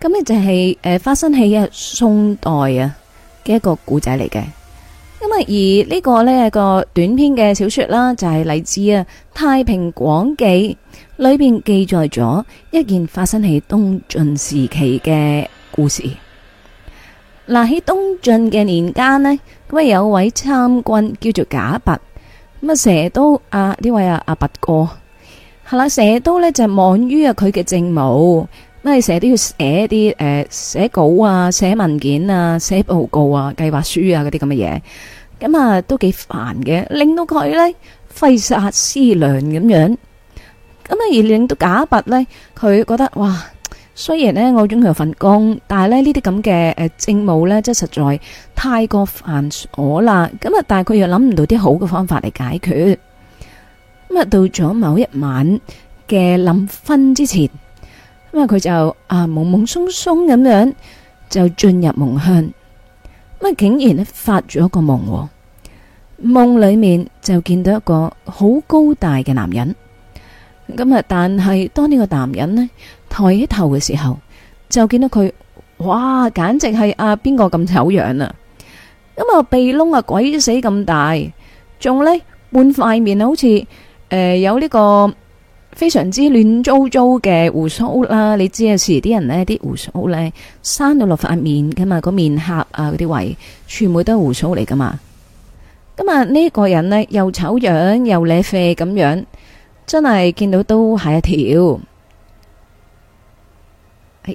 咁呢就係誒發生喺啊宋代啊嘅一個古仔嚟嘅，咁啊而呢個呢個短篇嘅小說啦就係嚟自啊《太平廣記》。裏邊記載咗一件發生喺東晉時期嘅故事。嗱、啊，喺東晉嘅年間呢，咁啊有位參軍叫做賈拔，咁啊成日都阿呢位阿阿拔哥，係啦，成日都咧就忙於啊佢嘅政務，咁啊成日都要寫啲誒寫稿啊、寫文件啊、寫報告啊、計劃書啊嗰啲咁嘅嘢，咁啊都幾煩嘅，令到佢呢費晒思量咁樣。咁啊而令到假伯咧，佢覺得哇，雖然咧我擁有份工，但係咧呢啲咁嘅誒政務咧，即係實在太過繁瑣啦。咁啊，但係佢又諗唔到啲好嘅方法嚟解決。咁啊，到咗某一晚嘅臨瞓之前，咁啊，佢就啊懵懵鬆鬆咁樣就進入夢鄉。咁啊，竟然咧發咗一個夢，夢裏面就見到一個好高大嘅男人。咁啊！但係當呢個男人呢，抬起頭嘅時候，就見到佢，哇！簡直係啊，邊個咁醜樣啊！咁啊鼻窿啊鬼死咁大，仲呢，半塊面好似誒、呃、有呢個非常之亂糟糟嘅鬍鬚啦！你知有時啲人呢，啲鬍鬚呢，生到落塊面噶嘛，個面頰啊嗰啲位全部都係鬍鬚嚟噶嘛。咁啊呢、呢個人呢，又醜樣又咧啡咁樣。又真係見到都係一條，哎，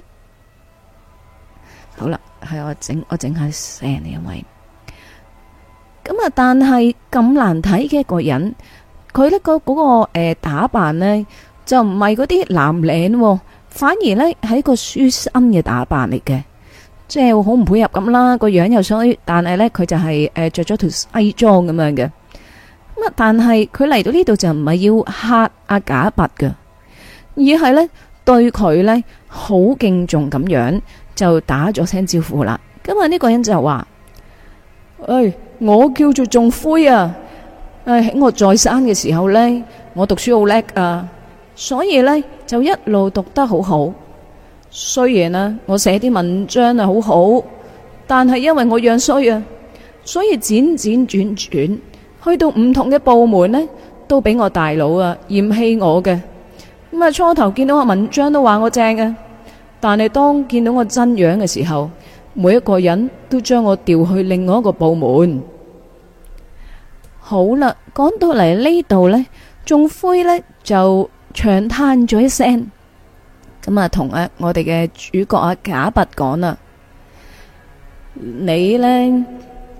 好啦，係我整我整下聲你一位，咁啊，但係咁難睇嘅一個人，佢呢、那個嗰、那個誒、呃、打扮呢，就唔係嗰啲藍領，啊，反而呢係一個書生嘅打扮嚟嘅，即係好唔配合咁啦，個樣又衰，但係呢，佢就係着咗條西裝咁樣嘅。但係佢嚟到呢度就唔係要嚇阿賈伯㗎，而係呢對佢呢好敬重咁樣，就打咗聲招呼啦。咁啊呢個人就話：誒、哎，我叫做仲輝啊！喺、哎、我在生嘅時候呢，我讀書好叻啊，所以呢就一路讀得好好。雖然呢，我寫啲文章啊好好，但係因為我樣衰啊，所以輾輾轉轉，去到唔同嘅部門呢，都俾我大佬啊嫌棄我嘅。咁啊初頭見到個文章都話我正嘅，但係當見到我真樣嘅時候，每一個人都將我調去另外一個部門。好啦，講到嚟呢度呢，仲灰呢就長嘆咗一聲。咁啊，同阿我哋嘅主角阿賈拔講啦，你呢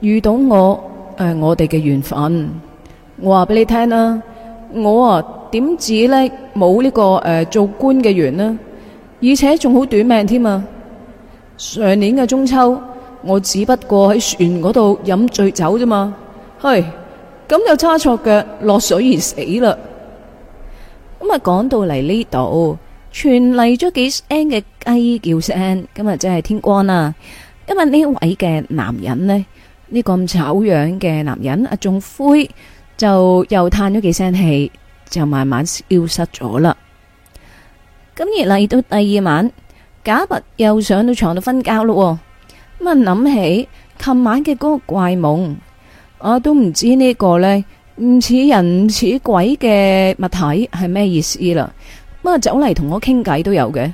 遇到我。誒、呃，我哋嘅緣分，我話俾你聽啦，我啊點止呢、這個？冇呢個誒做官嘅緣呢？而且仲好短命添啊！上年嘅中秋，我只不過喺船嗰度飲醉酒啫嘛，嘿，咁就差錯腳落水而死啦。咁啊，講到嚟呢度，傳嚟咗幾聲嘅雞叫聲，今日真係天光啦。今日呢位嘅男人呢。呢個咁醜樣嘅男人，阿仲灰就又嘆咗幾聲氣，就慢慢消失咗啦。咁而嚟到第二晚，賈伯又上到床度瞓覺咯。咁啊諗起琴晚嘅嗰個怪夢，我都唔知呢個呢唔似人唔似鬼嘅物體係咩意思啦。咁啊走嚟同我傾偈都有嘅。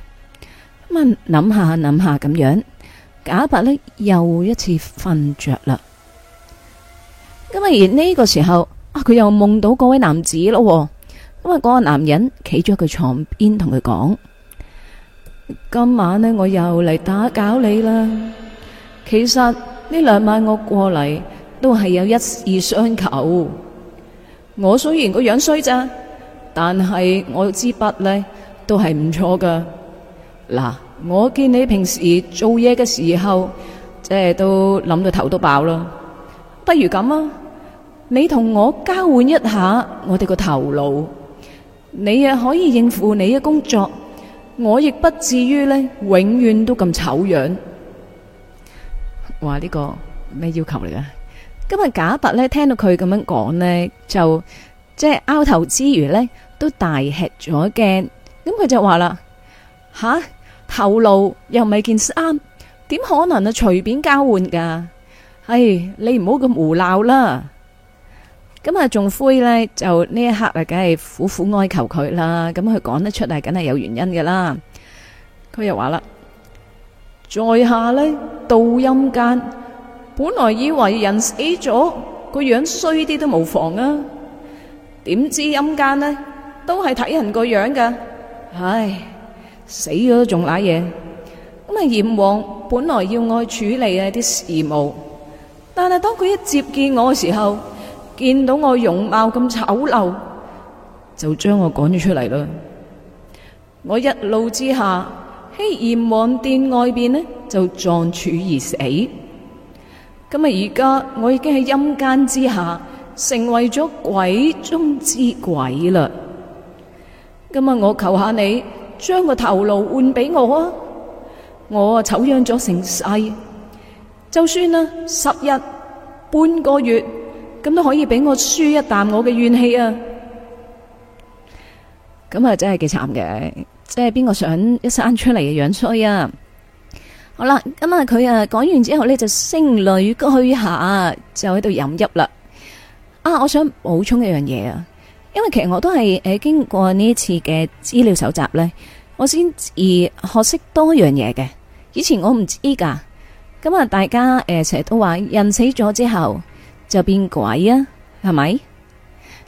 咁啊諗下諗下咁樣，賈伯呢又一次瞓着啦。咁啊而呢個時候，啊，佢又夢到嗰位男子咯。咁嗰個男人企咗喺佢床邊，同佢講：今晚呢，我又嚟打攪你啦。其實呢兩晚我過嚟都係有一事相求。我雖然個樣衰咋，但係我支筆呢都係唔錯噶。嗱，我見你平時做嘢嘅時候，即係都諗到頭都爆咯。不如咁啊！你同我交換一下我哋個頭腦，你啊可以應付你嘅工作，我亦不至於咧永遠都咁醜樣。話呢、這個咩要求嚟㗎？今日假伯咧聽到佢咁樣講咧，就即係拗頭之餘咧都大吃咗一驚。咁佢就話啦，吓，頭腦又唔係件衫，點可能啊隨便交換噶？唉、哎，你唔好咁胡鬧啦，咁啊仲灰呢，就呢一刻啊，梗係苦苦哀求佢啦。咁佢講得出嚟，梗係有原因噶啦。佢又話啦，在下呢，到陰間，本來以為人死咗個樣衰啲都無妨啊，點知陰間呢，都係睇人個樣噶。唉，死咗都仲瀨嘢咁啊！閻王本來要我去處理啊啲事務。但係當佢一接見我嘅時候，見到我容貌咁醜陋，就將我趕咗出嚟啦。我一怒之下，喺閻王殿外邊呢就撞柱而死。咁而家我已經喺陰間之下，成為咗鬼中之鬼啦。今日我求下你，將個頭顱換俾我啊！我啊醜樣咗成世。就算啊，十日半個月咁都可以俾我舒一啖我嘅怨氣啊！咁啊，真係幾慘嘅，即係邊個想一生出嚟嘅樣衰啊！好啦，咁啊，佢啊講完之後呢，就聲淚俱下，就喺度飲泣啦。啊，我想補充一樣嘢啊，因為其實我都係誒經過呢一次嘅資料搜集呢，我先而學識多樣嘢嘅，以前我唔知噶。咁啊，大家誒，成日都話人死咗之後就變鬼啊，係咪？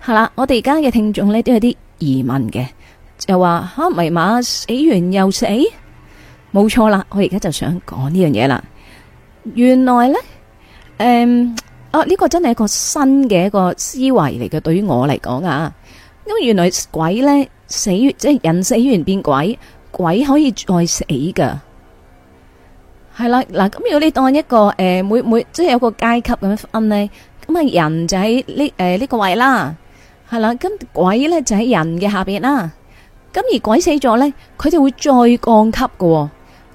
係啦，我哋而家嘅聽眾咧都有啲疑問嘅，就話啊，咪嘛死完又死，冇錯啦。我而家就想講呢樣嘢啦。原來呢，誒、嗯，啊，呢個真係一個新嘅一個思維嚟嘅。對於我嚟講啊，因為原來鬼呢，死即係人死完變鬼，鬼可以再死噶。係啦，嗱咁如果你當一個誒、呃，每每即係有個階級咁樣分、呃這個、呢，咁、就、啊、是、人就喺呢誒呢個位啦，係啦，咁鬼呢就喺人嘅下邊啦。咁而鬼死咗呢，佢就會再降級喎，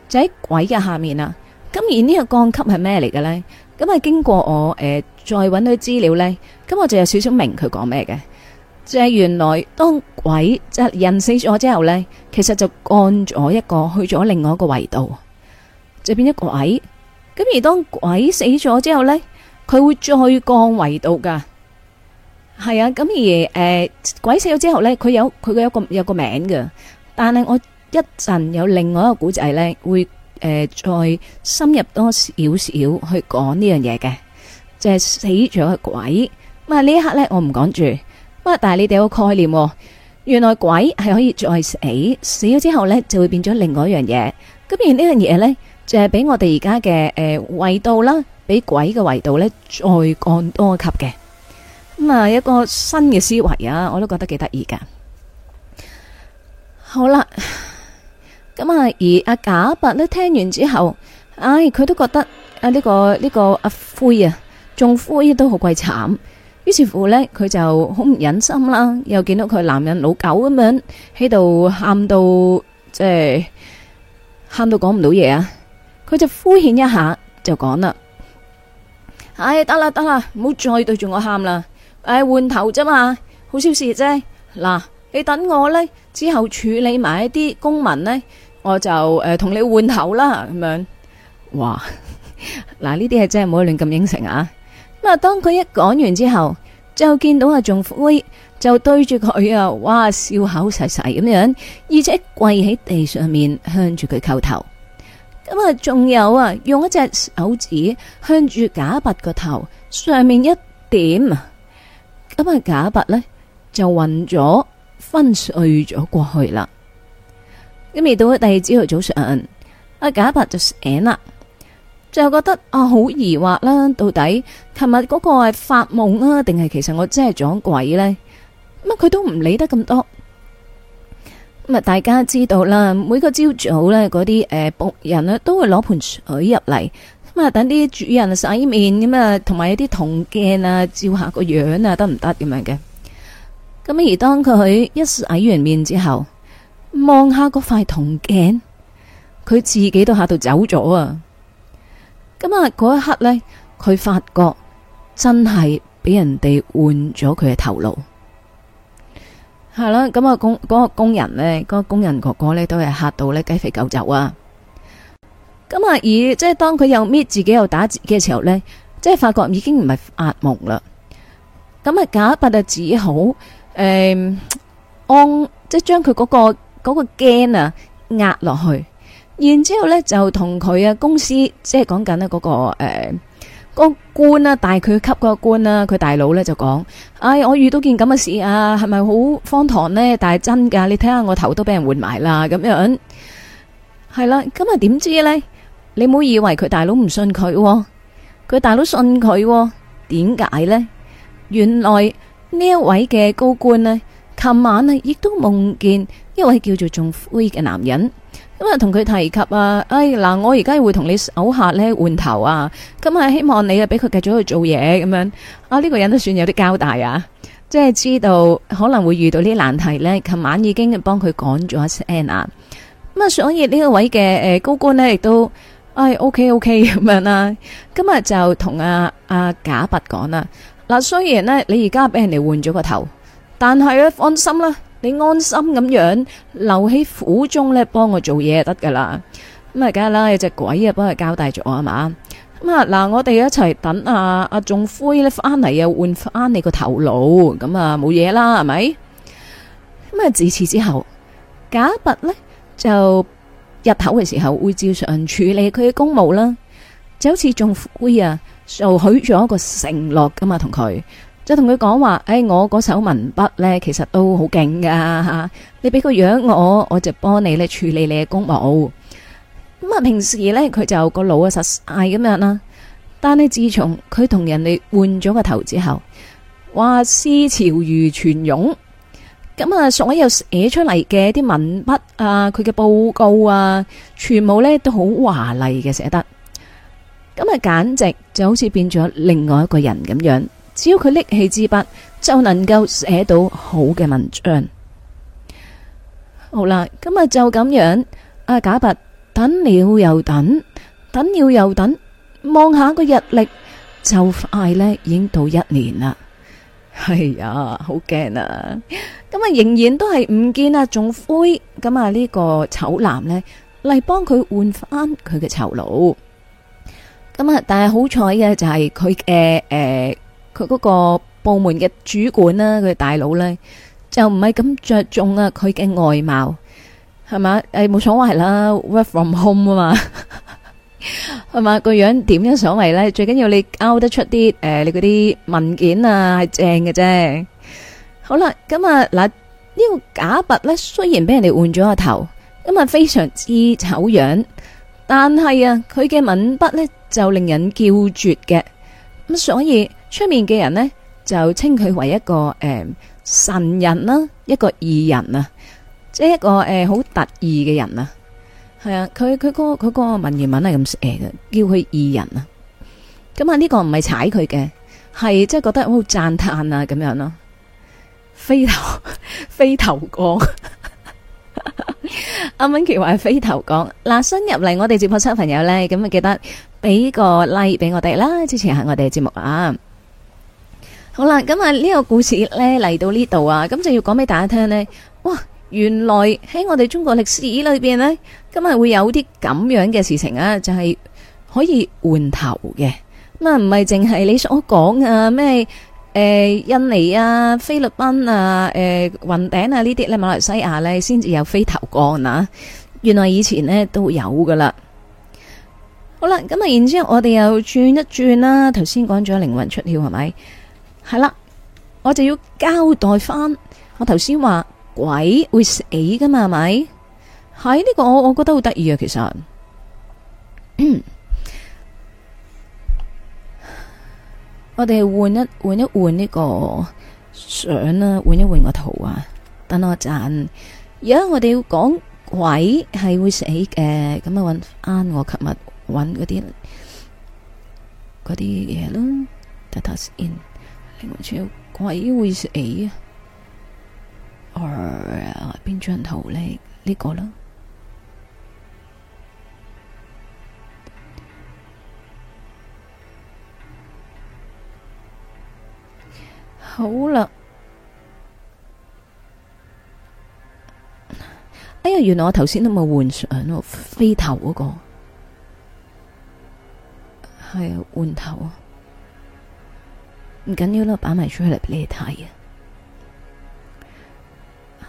就喺鬼嘅下面啦。咁而呢個降級係咩嚟嘅呢？咁啊經過我誒、呃、再搵到資料呢，咁我就有少少明佢講咩嘅，即、就、係、是、原來當鬼即係、就是、人死咗之後呢，其實就降咗一個去咗另外一個維度。就變咗鬼，咁而當鬼死咗之後呢，佢會再降維度噶，係啊，咁而誒、呃、鬼死咗之後呢，佢有佢有個有個名嘅，但係我一陣有另外一個古仔呢，會誒、呃、再深入多少少去講呢樣嘢嘅，就係、是、死咗嘅鬼。咁啊呢一刻呢，我唔講住，咁但係你哋有個概念、哦，原來鬼係可以再死，死咗之後呢就會變咗另外一樣嘢。咁而呢樣嘢呢。就係俾我哋而家嘅誒維度啦，俾鬼嘅維度咧再降多一級嘅，咁啊一個新嘅思維啊，我都覺得幾得意噶。好啦，咁啊而阿賈伯呢聽完之後，唉、哎，佢都覺得啊呢、這個呢、這個阿灰啊，仲灰都好鬼慘，於是乎呢，佢就好唔忍心啦，又見到佢男人老狗咁樣喺度喊到即係喊到講唔到嘢啊！佢就敷衍一下就講啦，哎，哎得啦得啦，唔好再對住我喊啦，哎換頭啫嘛，好小事啫。嗱，你等我呢，之後處理埋一啲公民呢，我就誒同，呃，你換頭啦咁樣。哇，嗱呢啲係真係唔好亂咁應承啊。咁啊，當佢一講完之後，就見到阿仲灰就對住佢啊，哇笑口齊齊咁樣，而且一跪喺地上面向住佢叩頭。咁啊，仲有啊，用一隻手指向住假白個頭上面一點，咁啊，假白呢，就暈咗，昏睡咗過去啦。咁而到咗第二朝日早上，阿假白就醒啦，就覺得啊，好疑惑啦，到底琴日嗰個係發夢啊，定係其實我真係撞鬼呢？咁啊，佢都唔理得咁多。咁啊！大家知道啦，每個朝早咧，嗰啲誒僕人呢都會攞盆水入嚟，咁啊等啲主人洗面，咁啊同埋一啲銅鏡啊照下個樣啊得唔得咁樣嘅？咁而當佢一洗完面之後，望下嗰塊銅鏡，佢自己都嚇到走咗啊！咁啊嗰一刻呢，佢發覺真係俾人哋換咗佢嘅頭顱。係啦，咁啊工嗰個工人呢，嗰個工人哥哥呢，都係嚇到呢雞飛狗走啊。咁啊，以即係當佢又搣自己又打自己嘅時候呢，即係發覺已經唔係壓木啦。咁啊，假伯就只好誒按即係將佢嗰個嗰個驚啊壓落去，然之後呢就同佢啊公司即係講緊呢嗰個誒。欸個官啊，大佢級個官啊，佢大佬呢就講，哎，我遇到件咁嘅事啊，係咪好荒唐呢？但係真噶，你睇下我頭都俾人換埋啦，咁樣係啦。咁啊，點知呢？你唔好以為佢大佬唔信佢，哦，佢大佬信佢，哦。點解呢？原來呢一位嘅高官呢，琴晚啊亦都夢見一位叫做仲灰嘅男人。咁啊，同佢提及啊，哎嗱，我而家會同你手下咧換頭啊，咁啊，希望你啊俾佢繼續去做嘢，咁樣啊，呢個人都算有啲交代啊，即係知道可能會遇到啲難題咧，琴晚已經幫佢講咗一聲啊，咁啊，所以呢一位嘅誒高官咧亦都，哎 O K O K 咁樣啦，今日就同阿阿賈拔講啦，嗱雖然咧你而家俾人哋換咗個頭，但係咧放心啦。你安心咁樣留喺府中咧，幫我做嘢就得噶啦。咁啊，梗係啦，有隻鬼啊幫佢交代咗啊嘛。咁啊，嗱，我哋一齊等阿阿仲灰咧翻嚟又換翻你個頭腦，咁啊冇嘢啦，係咪？咁、嗯、啊，自此之後，假拔咧就日頭嘅時候會照常處理佢嘅公務啦，就好似仲灰啊，就許咗一個承諾噶嘛，同佢。就同佢講話，誒、哎，我嗰手文筆呢，其實都好勁噶。你俾個樣我，我就幫你咧處理你嘅公務。咁、嗯、啊，平時呢，佢就個腦啊實晒咁樣啦。但係自從佢同人哋換咗個頭之後，哇，思潮如泉湧，咁、嗯、啊，所有寫出嚟嘅啲文筆啊，佢嘅報告啊，全部呢都好華麗嘅寫得。咁、嗯、啊，簡直就好似變咗另外一個人咁樣。只要佢拎起支筆就能夠寫到好嘅文章。好啦，咁啊就咁樣。阿假拔等了又等，等了又等，望下個日曆就快呢已經到一年啦。係、哎、啊，好驚啊！咁啊，仍然都係唔見啊，仲灰。咁啊，呢個醜男呢，嚟幫佢換翻佢嘅酬勞。咁啊，但係好彩嘅就係佢嘅誒。呃佢嗰個部門嘅主管啦，佢大佬咧就唔係咁着重啊。佢嘅外貌係嘛誒，冇所謂啦。Work from home 啊嘛，係嘛個樣點樣所謂咧？最緊要你拗得出啲誒，你嗰啲文件啊係正嘅啫。好啦，咁啊嗱呢個假筆咧，雖然俾人哋換咗個頭，咁啊非常之醜樣，但係啊佢嘅文筆咧就令人叫絕嘅咁，所以。出面嘅人呢就稱佢為一個誒、嗯、神人啦，一個異人，啦個、嗯、人啦啊，即係一個誒好特異嘅人啊，係啊，佢佢個佢個文言文係咁寫嘅，叫佢異人啦啊。咁啊，呢個唔係踩佢嘅，係即係覺得好讚嘆啊，咁樣咯。飛頭，飛頭哥，阿 Micky 話係飛頭哥。嗱，新入嚟我哋直播室嘅朋友呢，咁啊記得俾個 like 俾我哋啦，支持下我哋嘅節目啊！好啦，咁啊呢個故事呢嚟到呢度啊，咁就要講俾大家聽呢。哇，原來喺我哋中國歷史裏邊呢，今日會有啲咁樣嘅事情啊，就係可以換頭嘅。咁啊，唔係淨係你所講啊咩誒印尼啊、菲律賓啊、誒雲頂啊呢啲呢，馬來西亞呢先至有飛頭降啊。原來以前呢都有噶啦。好啦，咁啊，然之後我哋又轉一轉啦。頭先講咗靈魂出竅係咪？係啦，我就要交代翻我頭先話鬼會死㗎嘛，係咪喺呢個我？我我覺得好得意啊。其實 我哋換，換一換一換呢個相啦，換一換個圖啊。等一如果我一而家我哋要講鬼係會死嘅，咁啊，揾翻我琴日揾嗰啲嗰啲嘢啦。我超，我依死事、啊、誒，邊張圖呢？圖呢、呢個啦，好啦，哎呀，原來我頭先都冇換上，呢個飛頭嗰、嗰個，係、哎、啊，換頭啊。唔緊要啦，擺埋出嚟畀你睇啊！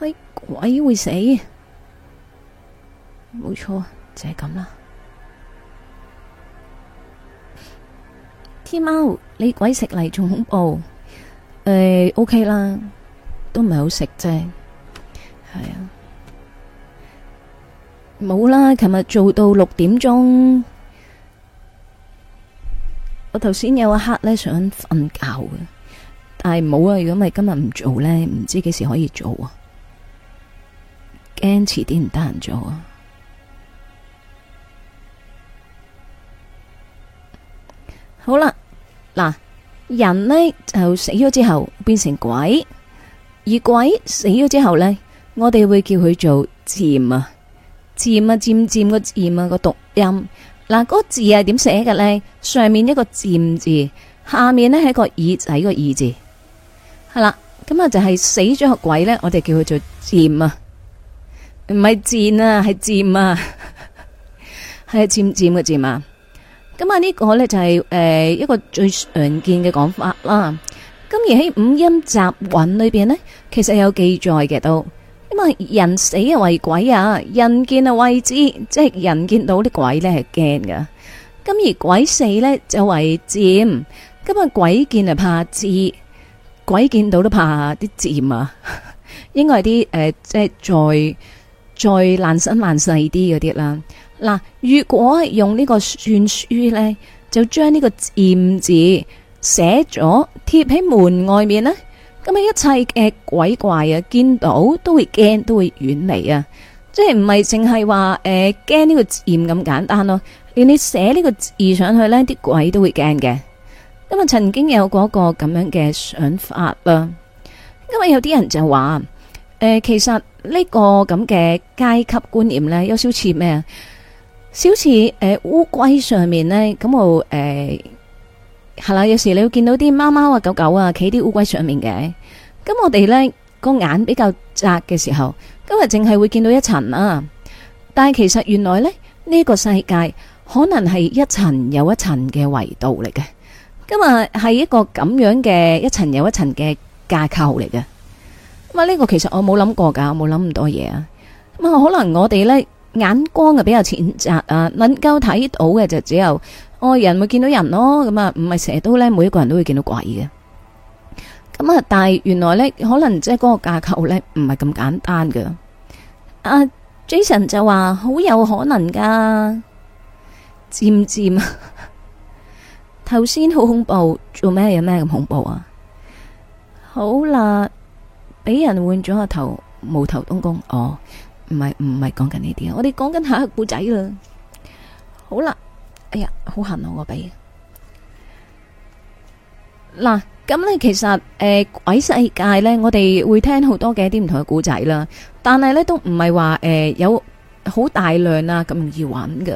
係、哎、鬼會死，冇錯，就係咁啦。天喵，你鬼食嚟仲恐怖？唉，OK 啦，都唔係好食啫。係啊，冇啦，琴日做到六點鐘。我頭先有一刻咧想瞓覺嘅，但係冇啊！如果咪今日唔做咧，唔知幾時可以做啊！驚遲啲唔得閒做啊！好啦，嗱，人呢就死咗之後變成鬼，而鬼死咗之後呢，我哋會叫佢做漸啊、漸啊、漸漸個字啊個讀音。嗱，嗰個字係點寫嘅咧？上面一個漸字，下面呢係一個耳，係一個耳字，係啦。咁啊就係死咗個鬼呢，我哋叫佢做漸啊，唔係賤啊，係漸啊，係漸漸嘅漸啊。咁啊呢個呢就係誒一個最常見嘅講法啦。咁而喺五音集韻裏邊呢，其實有記載嘅都。因為人死啊為鬼啊，人見啊畏之，即係人見到啲鬼咧係驚噶咁而鬼死咧就為賤，今日鬼見啊怕字，鬼見到都怕啲賤啊， 應該係啲誒，即係再再爛身爛世啲嗰啲啦。嗱，如果用呢個算書咧，就將呢個賤字寫咗貼喺門外面呢咁啊！一切嘅鬼怪啊，見到都會驚，都會遠離啊。即係唔係淨係話誒驚呢個字咁簡單咯。連你寫呢個字上去咧，啲鬼都會驚嘅。咁啊，曾經有過一個咁樣嘅想法啦。因為有啲人就話誒、呃，其實呢個咁嘅階級觀念咧，有少似咩啊？少似誒烏龜上面咧，咁我誒。呃係啦，有時你會見到啲貓貓啊、狗狗啊，企啲烏龜上面嘅。咁我哋呢個眼比較窄嘅時候，今日淨係會見到一層啊。但係其實原來呢呢、呢個世界可能係一層又一層嘅維度嚟嘅。今日係一個咁樣嘅一層又一層嘅架構嚟嘅。咁啊，呢個其實我冇諗過噶，冇諗咁多嘢啊。咁啊，可能我哋呢眼光啊比較淺窄啊，能夠睇到嘅就只有。外人會見到人咯，咁啊，唔係成日都呢，每一個人都會見到鬼嘅。咁啊，但係原來呢，可能即係嗰個架構呢，唔係咁簡單嘅。阿、啊、Jason 就話好有可能噶，漸漸漸漸。頭先好恐怖，做咩有咩咁恐怖啊、哦？好啦，俾人換咗個頭，無頭東宮。哦，唔係唔係，講緊呢啲，我哋講緊下個故仔啦。好啦。哎呀，好痕啊！我鼻。嗱，咁咧，其實誒、呃，鬼世界呢，我哋會聽好多嘅一啲唔同嘅古仔啦，但係呢，都唔係話誒有好大量啊咁容易揾噶，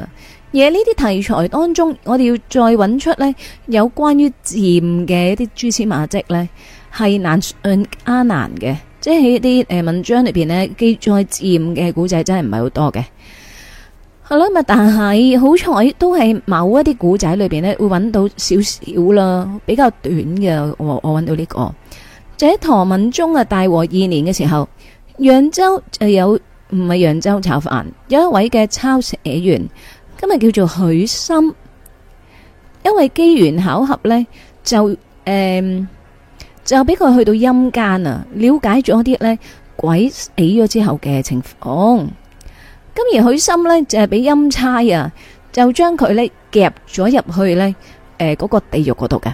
而喺呢啲題材當中，我哋要再揾出呢有關於驗嘅一啲蛛絲馬跡呢係難上加難嘅，即係喺一啲誒、呃、文章裏邊呢記載驗嘅古仔，真係唔係好多嘅。係咯，但係好彩都係某一啲古仔裏邊呢會揾到少少啦，比較短嘅。我我揾到呢、這個，就喺唐文宗啊大和二年嘅時候，揚州就有唔係揚州炒飯，有一位嘅抄寫員，今日叫做許森，因為機緣巧合呢，就誒、嗯、就俾佢去到陰間啊，了解咗啲呢鬼死咗之後嘅情況。咁而許心呢，就係、是、俾陰差啊，就將佢呢夾咗入去呢誒嗰、呃那個地獄嗰度嘅。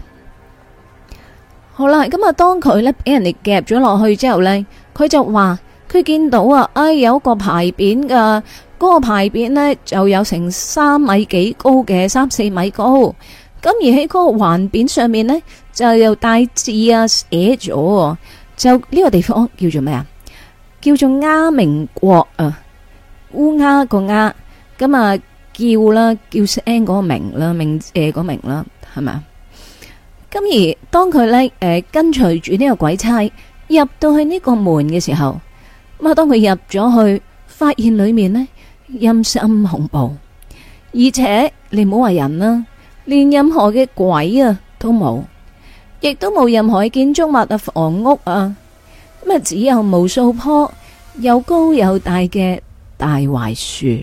好啦，咁、嗯、啊當佢呢俾人哋夾咗落去之後呢，佢就話佢見到啊，哎有個牌匾㗎，嗰、那個牌匾呢，就有成三米幾高嘅，三四米高。咁、嗯、而喺嗰個橫匾上面呢，就又帶字啊寫咗，就呢個地方叫做咩啊？叫做鴉明國啊！烏鴉個鴉咁啊，叫啦，叫聲嗰個名啦，名誒，嗰名啦，係咪啊？咁而當佢呢誒跟隨住呢個鬼差入到去呢個門嘅時候，咁啊，當佢入咗去，發現裏面呢陰森恐怖，而且你唔好話人啦，連任何嘅鬼啊都冇，亦都冇任何嘅建築物啊、房屋啊，咁啊，只有無數棵又高又大嘅。大槐樹，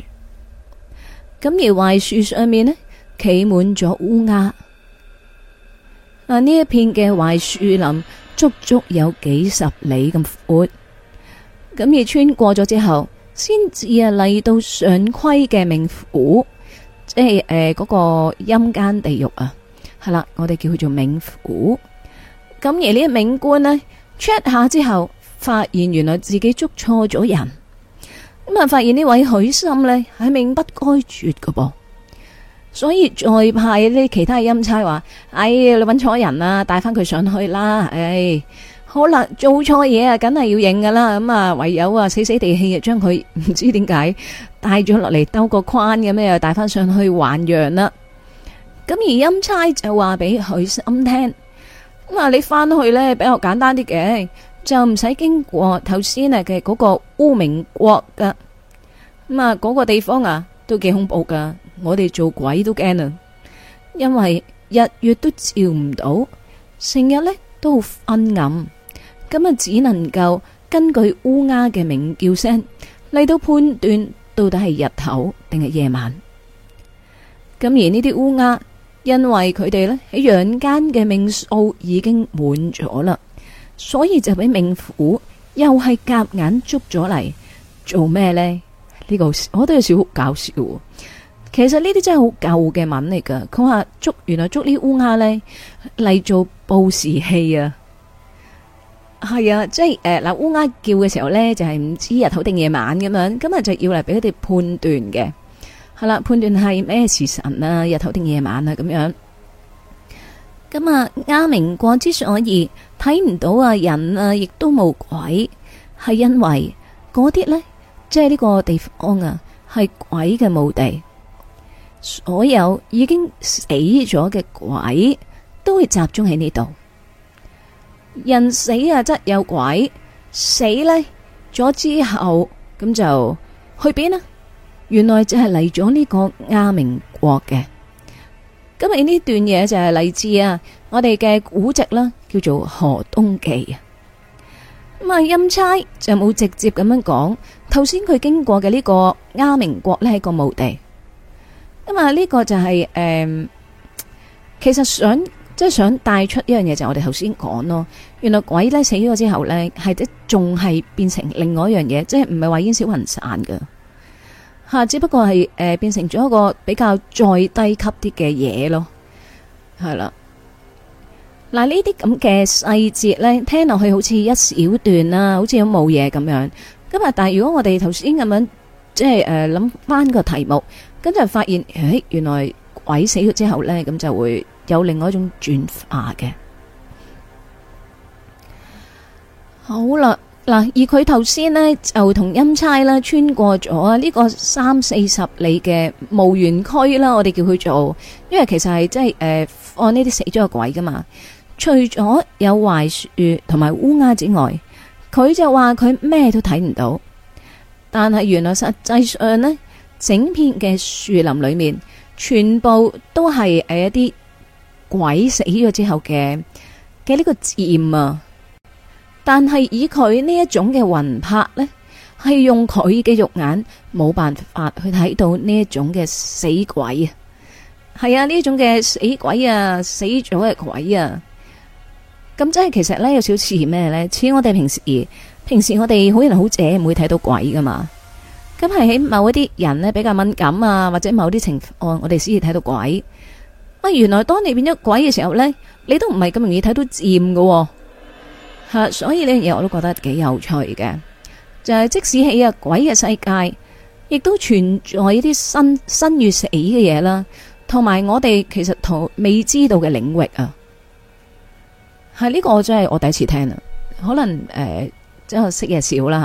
咁而槐樹上面呢，企滿咗烏鴉。啊，呢一片嘅槐樹林足足有幾十里咁闊。咁而穿過咗之後，先至啊嚟到上奎嘅冥府，即係誒嗰個陰間地獄啊，係啦，我哋叫佢做冥府。咁而呢一冥官呢，check 下之後，發現原來自己捉錯咗人。咁啊！發現呢位許心呢係命不該絕噶噃，所以再派啲其他陰差話：哎，你揾錯人啦，帶翻佢上去啦！哎，好啦，做錯嘢啊，梗係要認噶啦。咁啊，唯有啊死死地氣，將佢唔知點解帶咗落嚟兜個框咁樣，又帶翻上去還陽啦。咁而陰差就話俾許心聽：咁啊，你翻去呢比較簡單啲嘅。就唔使經過頭先啊嘅嗰個烏明國嘅，咁啊嗰個地方啊都幾恐怖噶，我哋做鬼都驚啊，因為日月都照唔到，成日呢都好昏暗，咁啊只能夠根據烏鴉嘅鳴叫聲嚟到判斷到底係日頭定係夜晚。咁而呢啲烏鴉，因為佢哋呢喺陽間嘅命數已經滿咗啦。所以就俾冥府又係夾硬捉咗嚟，做咩呢？呢、這個我都有少少搞笑。其實呢啲真係好舊嘅文嚟噶。佢話捉，原來捉呢烏鴉呢嚟做報時器啊。係啊，即係誒嗱，烏鴉叫嘅時候呢，就係、是、唔知日頭定夜晚咁樣。咁啊就要嚟俾佢哋判斷嘅。係啦、啊，判斷係咩時辰啊？日頭定夜晚啊？咁樣。咁啊，鴉鳴過之所以。睇唔到啊人啊，亦都冇鬼，係因為嗰啲呢，即係呢個地方啊，係鬼嘅墓地，所有已經死咗嘅鬼都會集中喺呢度。人死啊，則有鬼死呢咗之後，咁就去邊啊？原來就係嚟咗呢個亞明國嘅。今日呢段嘢就係嚟自啊，我哋嘅古籍啦，叫做《河東記》啊。咁啊，陰差就冇直接咁樣講。頭先佢經過嘅呢個鴉明國呢，係個墓地。咁啊，呢個就係、是、誒、呃，其實想即係想帶出一樣嘢，就係、是、我哋頭先講咯。原來鬼呢死咗之後呢，係仲係變成另外一樣嘢，即係唔係話煙消雲散噶。吓，只不過係誒、呃，變成咗一個比較再低級啲嘅嘢咯，係啦。嗱、呃，呢啲咁嘅細節呢，聽落去好似一小段啦，好似都冇嘢咁樣。咁啊，但係如果我哋頭先咁樣，即係誒諗翻個題目，跟住發現，誒，原來鬼死咗之後呢，咁就會有另外一種轉化嘅。好啦。嗱，而佢頭先呢，就同陰差啦，穿過咗呢個三四十里嘅墓園區啦，我哋叫佢做，因為其實係即係誒，放呢啲死咗個鬼噶嘛，除咗有壞樹同埋烏鴉之外，佢就話佢咩都睇唔到，但係原來實際上呢，整片嘅樹林裏面全部都係誒一啲鬼死咗之後嘅嘅呢個字。啊。但係以佢呢一種嘅魂魄呢係用佢嘅肉眼冇辦法去睇到呢一種嘅死鬼啊！係啊，呢一種嘅死鬼啊，死咗嘅鬼啊！咁即係其實呢，有少少似咩呢？似我哋平時平時我哋好人好姐唔會睇到鬼噶嘛？咁係喺某一啲人呢，比較敏感啊，或者某啲情況，我哋先至睇到鬼。原來當你變咗鬼嘅時候呢，你都唔係咁容易睇到佔喎。所以呢樣嘢我都覺得幾有趣嘅，就係、是、即使喺個鬼嘅世界，亦都存在一啲生生與死嘅嘢啦。同埋我哋其實同未知道嘅領域啊，係呢、這個我真係我第一次聽啊。可能誒，即係識嘢少啦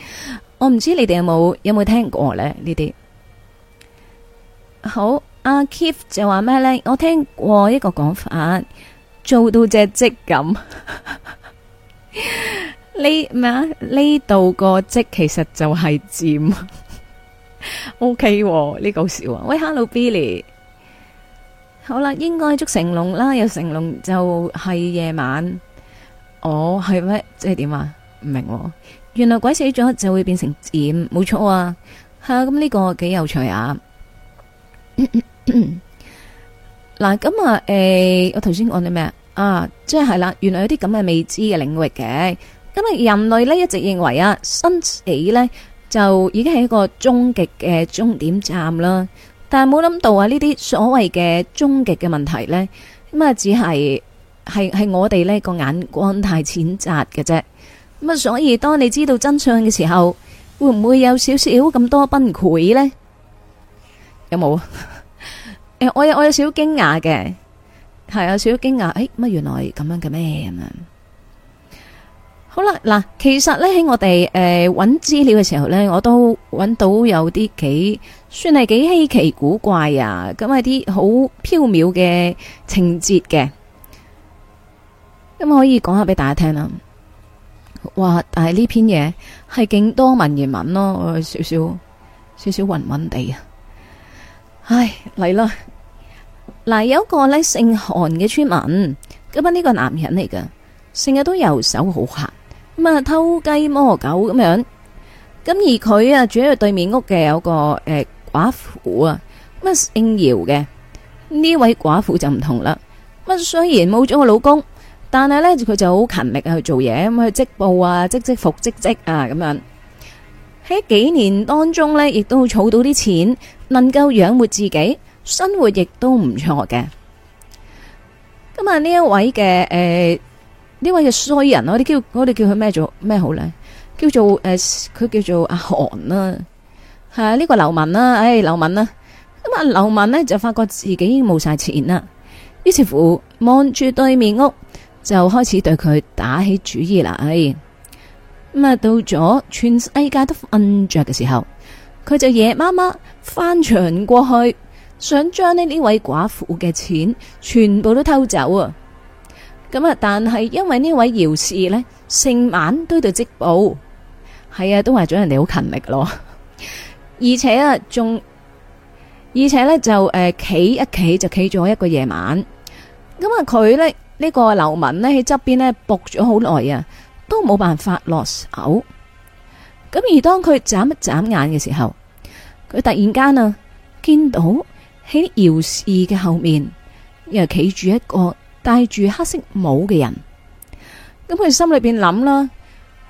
吓。我唔知你哋有冇有冇聽過咧呢啲。好，阿 Keith 就話咩咧？我聽過一個講法，做到只積咁。呢咩啊？呢度個職其實就係聻，OK 呢個好笑啊！喂，Hello Billy，好啦，應該捉成龍啦，又成龍就係夜晚，哦係咩？即係點啊？唔明、啊，原來鬼死咗就會變成聻，冇錯啊，吓、啊，咁呢個幾有趣啊！嗱， 咁啊，誒、欸，我頭先講啲咩啊？啊，即係啦，原來有啲咁嘅未知嘅領域嘅，咁啊，人類呢，一直認為啊，生死呢，就已經係一個終極嘅終點站啦，但係冇諗到啊，呢啲所謂嘅終極嘅問題呢，咁啊只係係係我哋呢個眼光太淺窄嘅啫，咁啊所以當你知道真相嘅時候，會唔會有少少咁多崩潰呢？有冇？ 我有我有少驚訝嘅。係啊，少少驚訝，誒，乜、哎、原來咁樣嘅咩咁樣？好啦，嗱，其實呢，喺我哋誒揾資料嘅時候呢，我都揾到有啲幾算係幾稀奇古怪啊，咁係啲好飄渺嘅情節嘅，咁、嗯、可以講下俾大家聽啦。哇，但係呢篇嘢係勁多文言文咯，我少少少少暈暈地啊，唉，嚟啦。嗱，有一個咧姓韓嘅村民，咁啊呢個男人嚟噶，成日都游手好閒，咁啊偷雞摸狗咁樣。咁而佢啊住喺佢對面屋嘅有個誒寡婦啊，咁啊姓姚嘅呢位寡婦就唔同啦，咁啊雖然冇咗個老公，但係呢，佢就好勤力去做嘢，咁去織布啊，織織服織織啊咁樣。喺幾年當中呢，亦都儲到啲錢，能夠養活自己。生活亦都唔錯嘅。咁啊，呢、呃、一位嘅誒，呢位嘅衰人，我哋叫我哋叫佢咩做咩好咧？叫做誒，佢、呃、叫做阿韓啦、啊，係、啊、呢、呢個劉文啦、啊，誒、哎、劉文啦。咁啊，劉文呢，就發覺自己已經冇晒錢啦，於是乎望住對面屋就開始對佢打起主意啦。唉，咁啊，到咗全世界都瞓着嘅時候，佢就夜媽媽翻牆過去。想將呢呢位寡婦嘅錢全部都偷走啊！咁啊，但係因為呢位姚氏呢，成晚都喺度織布，係啊，都話咗人哋好勤力咯。而且啊，仲而且、呃、站站而呢，就誒企一企就企咗一個夜晚。咁啊，佢呢，呢個流民呢，喺側邊呢，搏咗好耐啊，都冇辦法落手。咁而當佢眨一眨眼嘅時候，佢突然間啊見到。喺姚氏嘅後面又企住一個戴住黑色帽嘅人，咁佢心裏邊諗啦：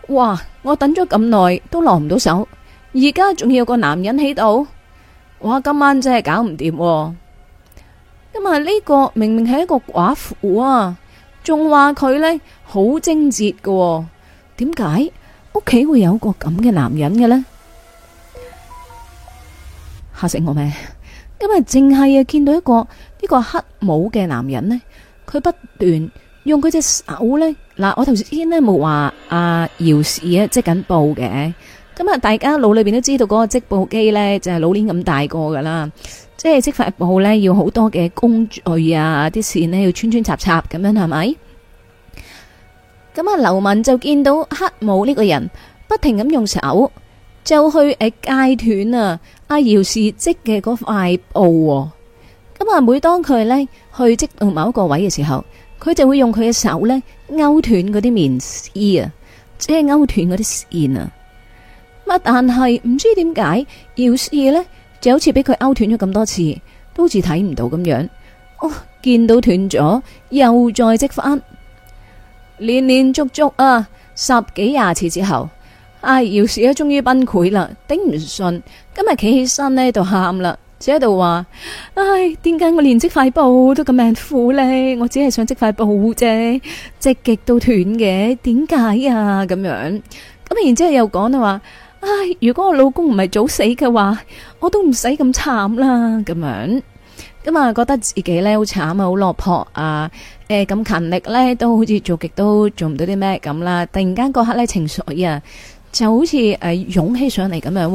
哇！我等咗咁耐都落唔到手，而家仲要有一個男人喺度，哇！今晚真係搞唔掂。咁啊，呢個明明係一個寡婦啊，仲話佢呢好貞潔嘅，點解屋企會有一個咁嘅男人嘅呢？嚇死我咩？咁咪淨係啊，見到一個呢個黑帽嘅男人呢，佢不斷用佢隻手呢。嗱，我頭先呢冇話啊姚氏啊織緊布嘅。咁啊，大家腦裏邊都知道嗰個織布機呢，就係老年咁大個噶啦，即係織法布呢，要好多嘅工具啊，啲線呢要穿穿插插咁樣係咪？咁啊，劉文就見到黑帽呢個人不停咁用手就去誒解斷啊。阿、啊、姚氏織嘅嗰塊布，咁啊，每當佢呢去織到某一個位嘅時候，佢就會用佢嘅手呢勾斷嗰啲棉衣啊，即係勾斷嗰啲線啊。乜但係唔知點解姚氏呢就好似俾佢勾斷咗咁多次，都似睇唔到咁樣。哦，見到斷咗，又再織翻，連連續續啊十幾廿次之後。阿姚氏咧，終於崩潰啦，頂唔順，今日企起身呢就喊啦，只喺度話：唉、哎，點解我連織塊布都咁命苦呢？我只係想織塊布啫，織極到斷嘅，點解啊？咁樣咁然之後又講啊話：唉、哎，如果我老公唔係早死嘅話，我都唔使咁慘啦。咁樣咁啊，覺得自己呢好慘啊，好落魄啊，誒咁勤力呢都好似做極都做唔到啲咩咁啦。突然間嗰刻呢，情緒啊！就好似誒湧起上嚟咁樣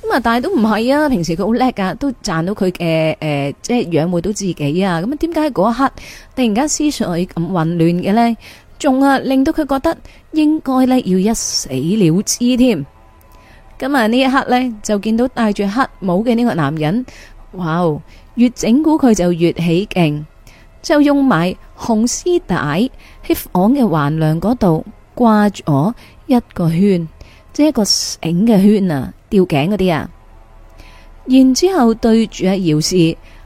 咁啊！但係都唔係啊，平時佢好叻啊，都賺到佢嘅誒，即係養活到自己啊！咁點解嗰一刻突然間思緒咁混亂嘅呢？仲啊令到佢覺得應該呢要一死了之添。咁啊呢一刻呢，就見到戴住黑帽嘅呢個男人，哇！越整蠱佢就越起勁，就用埋紅絲帶喺房嘅橫梁嗰度掛咗一個圈。一個繩嘅圈啊，吊頸嗰啲啊，然之後對住阿姚氏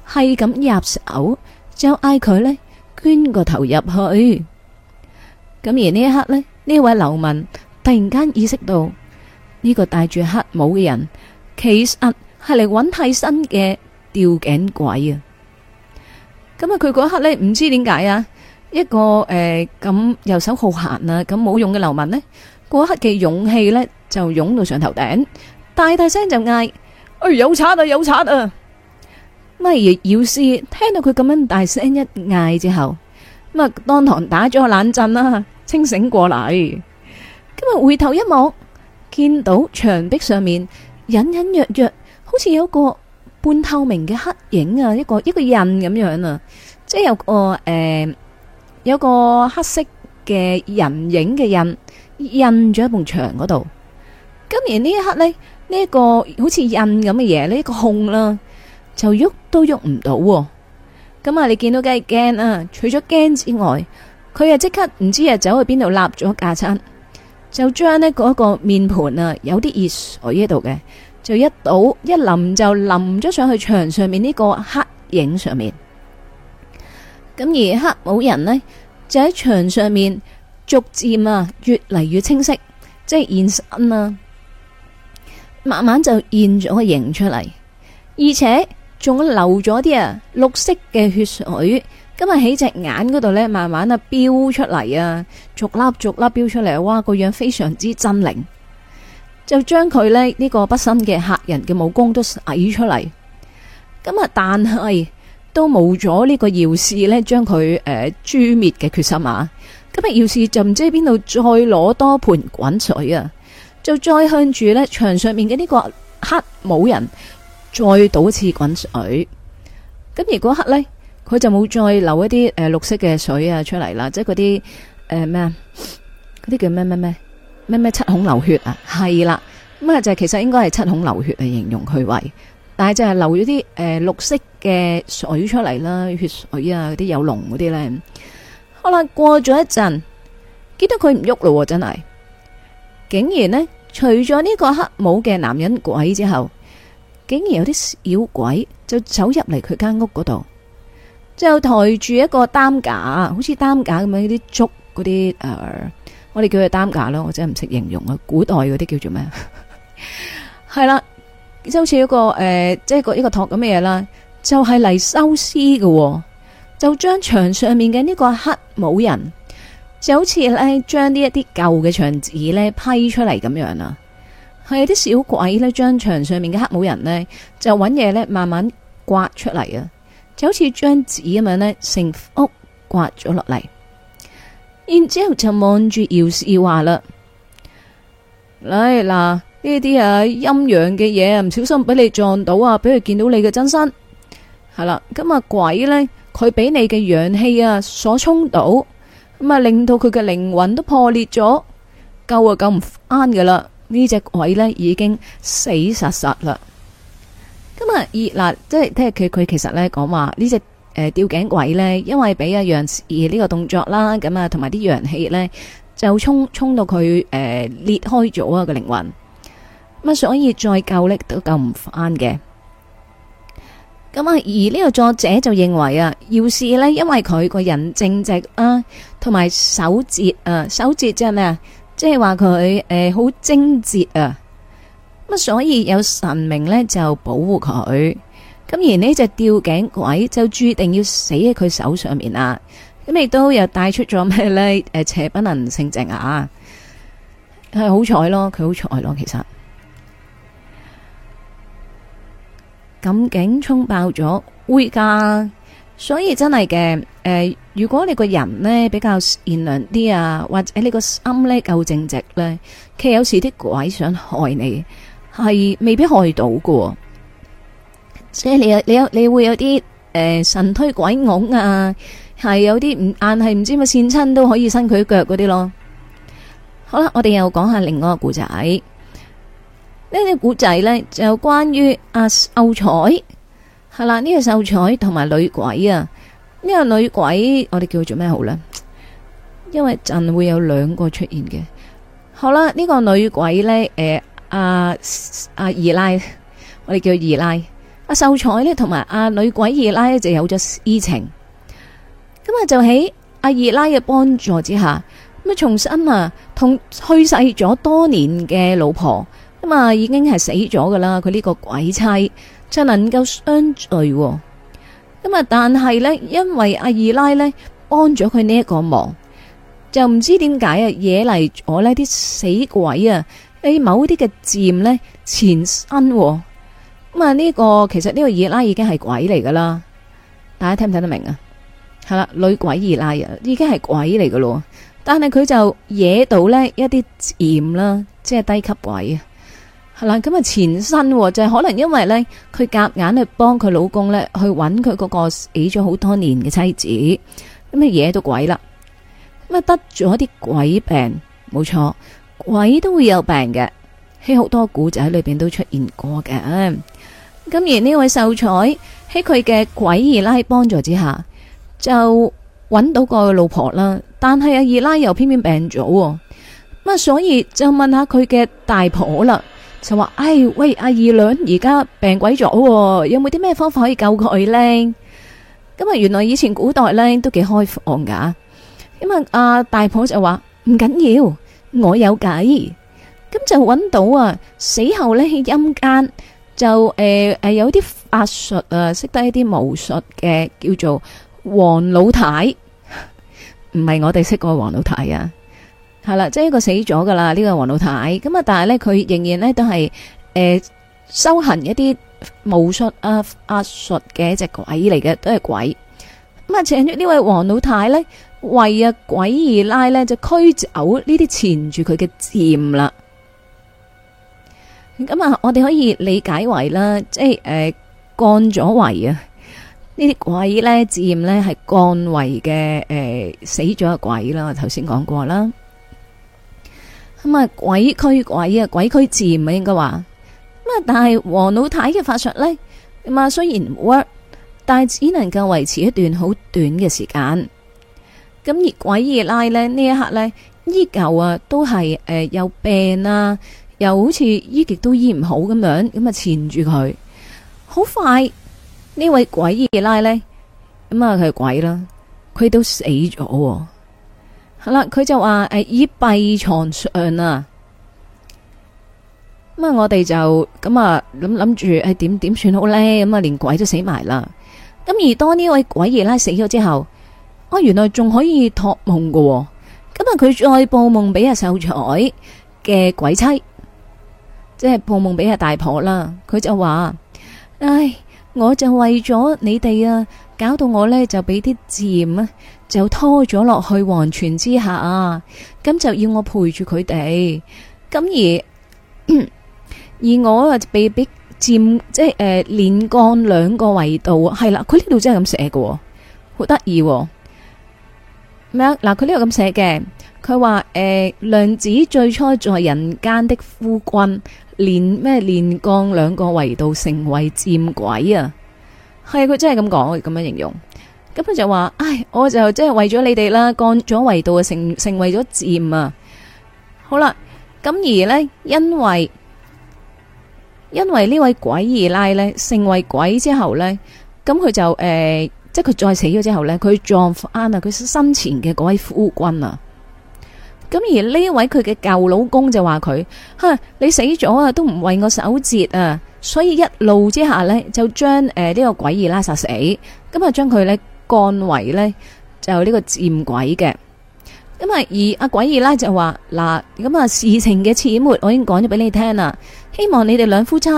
係咁入手，就嗌佢呢，捐個頭入去。咁而呢一刻呢，呢位流民突然間意識到呢個戴住黑帽嘅人，其實係嚟揾替身嘅吊頸鬼啊！咁啊，佢嗰刻呢，唔知點解啊，一個誒咁游手好閒啊，咁冇用嘅流民呢，嗰一刻嘅勇氣呢。就湧到上頭頂，大大聲就嗌：誒、哎，有賊啊，有賊啊！咪要師聽到佢咁樣大聲一嗌之後，咁啊當堂打咗個冷震啦、啊，清醒過嚟。今日回頭一望，見到牆壁上面隱隱約約好似有個半透明嘅黑影啊，一個一個印咁樣啊，即係有個誒、呃，有個黑色嘅人影嘅印印咗喺埲牆嗰度。今年呢一刻呢，呢、這、一個好似印咁嘅嘢，呢一個控啦，就喐都喐唔到。咁啊，你見到梗係驚啦。除咗驚之外，佢啊即刻唔知啊走去邊度立咗架餐，就將呢個面盤啊有啲熱水喺度嘅，就一倒一淋就淋咗上去牆上面呢個黑影上面。咁而黑冇人呢，就喺牆上面逐漸啊越嚟越清晰，即係現身啊！慢慢就現咗個形出嚟，而且仲流咗啲啊綠色嘅血水，今日喺隻眼嗰度呢，慢慢啊飆出嚟啊，逐粒逐粒飆出嚟，哇個樣非常之猙獰，就將佢呢呢個不新嘅客人嘅武功都使出嚟，咁啊但係都冇咗呢個姚氏呢，將佢誒誅滅嘅決心啊，今日姚氏就唔知喺邊度再攞多盤滾水啊！就再向住咧牆上面嘅呢個黑冇人再倒一次滾水，咁如果黑咧，佢就冇再流一啲誒綠色嘅水啊出嚟啦，即係嗰啲誒咩啊，嗰、呃、啲叫咩咩咩咩咩七孔流血啊，係啦，咁啊就係、其實應該係七孔流血嚟形容佢為，但係就係流咗啲誒綠色嘅水出嚟啦，血水啊嗰啲有膿嗰啲咧，好啦，過咗一陣，見到佢唔喐咯，真係。竟然呢，除咗呢個黑帽嘅男人鬼之後，竟然有啲小鬼就走入嚟佢間屋嗰度，就抬住一個擔架，好似擔架咁樣啲竹嗰啲誒，我哋叫佢擔架咯，我真係唔識形容啊，古代嗰啲叫做咩？係 啦，就好似一個誒，即係個一個托咁嘅嘢啦，就係、是、嚟收屍嘅，就將牆上面嘅呢個黑帽人。就好似咧，將呢一啲舊嘅牆紙咧批出嚟咁樣啦，係有啲小鬼呢將牆上面嘅黑帽人呢就揾嘢咧慢慢刮出嚟啊！就好似將紙咁樣呢，成屋刮咗落嚟，然之後就望住姚思話啦，嚟嗱呢啲啊陰陽嘅嘢唔小心俾你撞到啊，俾佢見到你嘅真身，係啦，咁啊鬼呢，佢俾你嘅陽氣啊所衝到。咁啊，令到佢嘅靈魂都破裂咗，救啊救唔翻噶啦。呢隻鬼呢已經死實實啦。咁啊嗱，即係聽佢佢其實呢講話呢隻誒吊頸鬼呢，因為俾啊陽而呢個動作啦，咁啊同埋啲陽氣呢，就衝衝到佢誒、呃、裂開咗啊個靈魂。咁啊，所以再救呢都救唔翻嘅。咁啊，而呢個作者就認為啊，要是呢，因為佢個人正直啊，同埋守節啊，守節即係咩？即係話佢誒好精節啊，咁所以有神明呢就保護佢。咁而呢隻吊頸鬼就注定要死喺佢手上面啊。咁亦都又帶出咗咩呢？誒、呃，邪不能勝正啊。係好彩咯，佢好彩咯，其實。咁竟衝爆咗會噶、啊，所以真係嘅，誒、呃，如果你個人呢比較善良啲啊，或者你個心呢夠正直呢，其實有時啲鬼想害你，係未必害到嘅。所以你有你有你會有啲誒、呃、神推鬼拱啊，係有啲唔硬係唔知乜線親都可以伸佢腳嗰啲咯。好啦，我哋又講下另外一個故仔。呢啲古仔呢，就關於阿秀彩係啦。呢、嗯這個秀彩同埋女鬼啊，呢個女鬼我哋叫佢做咩好呢？因為陣會，會有兩個出現嘅。好、嗯、啦，呢、這個女鬼呢，誒阿阿二奶，我哋叫二奶。阿秀彩呢，同埋阿女鬼二奶咧，就有咗私情。咁啊，就喺阿二奶嘅幫助之下，咁啊，重新啊同去世咗多年嘅老婆。咁啊，已經係死咗噶啦。佢呢個鬼差就能夠相聚。咁啊，但係呢，因為阿二奶呢，幫咗佢呢一個忙，就唔知點解啊，惹嚟咗呢啲死鬼啊。喺某啲嘅占，呢，前身咁、哦、啊。呢、嗯這個其實呢個二奶已經係鬼嚟噶啦。大家聽唔聽得明啊？係啦，女鬼二奶啊，已經係鬼嚟噶咯。但係佢就惹到呢一啲占啦，即係低級鬼啊。嗱，咁啊，前身就係可能因為咧，佢夾硬去幫佢老公咧去揾佢嗰個死咗好多年嘅妻子，咁啊，惹到鬼啦，咁啊，得咗啲鬼病，冇錯，鬼都會有病嘅，喺好多古仔裏邊都出現過嘅。咁而呢位秀才喺佢嘅鬼二奶幫助之下，就揾到個老婆啦。但係阿二奶又偏偏病咗，咁啊，所以就問下佢嘅大婆啦。就話，哎，喂，阿二娘，而家病鬼咗，有冇啲咩方法可以救佢咧？咁啊，原來以前古代咧都幾開放噶咁啊，阿大婆就話唔緊要，我有計。咁就揾到啊，死後咧喺陰間就誒誒，有啲法術啊，識得一啲巫術嘅叫做黃老太，唔係我哋識個黃老太啊。係啦，即係一個死咗噶啦，呢、這個黃老太咁啊！但係呢佢仍然呢都係誒、呃、修行一啲武術啊、壓術嘅一隻鬼嚟嘅，都係鬼咁啊！請咗呢位黃老太呢為啊鬼二奶呢就驅走呢啲纏住佢嘅箭啦。咁啊，我哋可以理解為啦，即係誒干咗為啊，呢啲鬼呢箭呢係干為嘅誒死咗嘅鬼啦。我頭先講過啦。咁啊，鬼驅鬼啊，鬼驅自然啊，應該話。咁啊，但係黃老太嘅法術咧，咁啊，雖然 work，但係只能夠維持一段好短嘅時間。咁而鬼二拉咧呢一刻咧，依舊啊都係誒有病啊又好似醫極都醫唔好咁樣，咁啊纏住佢。好快，呢位鬼二拉咧，咁、嗯、啊佢係鬼啦，佢都死咗。好啦，佢就話誒，以斃床上啊，咁啊，我哋就咁啊諗諗住誒，點點算好咧？咁啊，連鬼都死埋啦。咁而當呢位鬼爺啦死咗之後，我、哦、原來仲可以託夢噶，咁、嗯、啊，佢再報夢俾阿秀才嘅鬼妻，即係報夢俾阿大婆啦。佢就話：唉，我就為咗你哋啊，搞到我咧就俾啲賤啊！就拖咗落去黃泉之下啊！咁就要我陪住佢哋，咁而而我啊被逼占，即係誒練降兩個維度係，係啦，佢呢度真係咁寫嘅，好得意。咩、呃、嗱，佢呢度咁寫嘅，佢話誒量子最初仲係人間的夫君練咩練降兩個維度，成為占鬼啊，係啊佢真係咁講，咁樣形容。咁佢就話：唉，我就即係為咗你哋啦，降咗維度啊，成成為咗賤啊。好啦，咁而呢，因為因為呢位鬼二奶呢，成為鬼之後呢，咁佢就誒、呃，即係佢再死咗之後呢，佢撞返啊，佢生前嘅嗰位夫君啊。咁而呢位佢嘅舊老公就話佢：哼，你死咗啊，都唔為我守節啊。所以一怒之下呢，就將誒呢個鬼二奶殺死，咁啊，將佢呢……乾位呢就呢個占鬼嘅。咁啊而阿鬼二呢就話，嗱，咁啊事情嘅始末我已經講咗俾你聽啦，希望你哋兩夫妻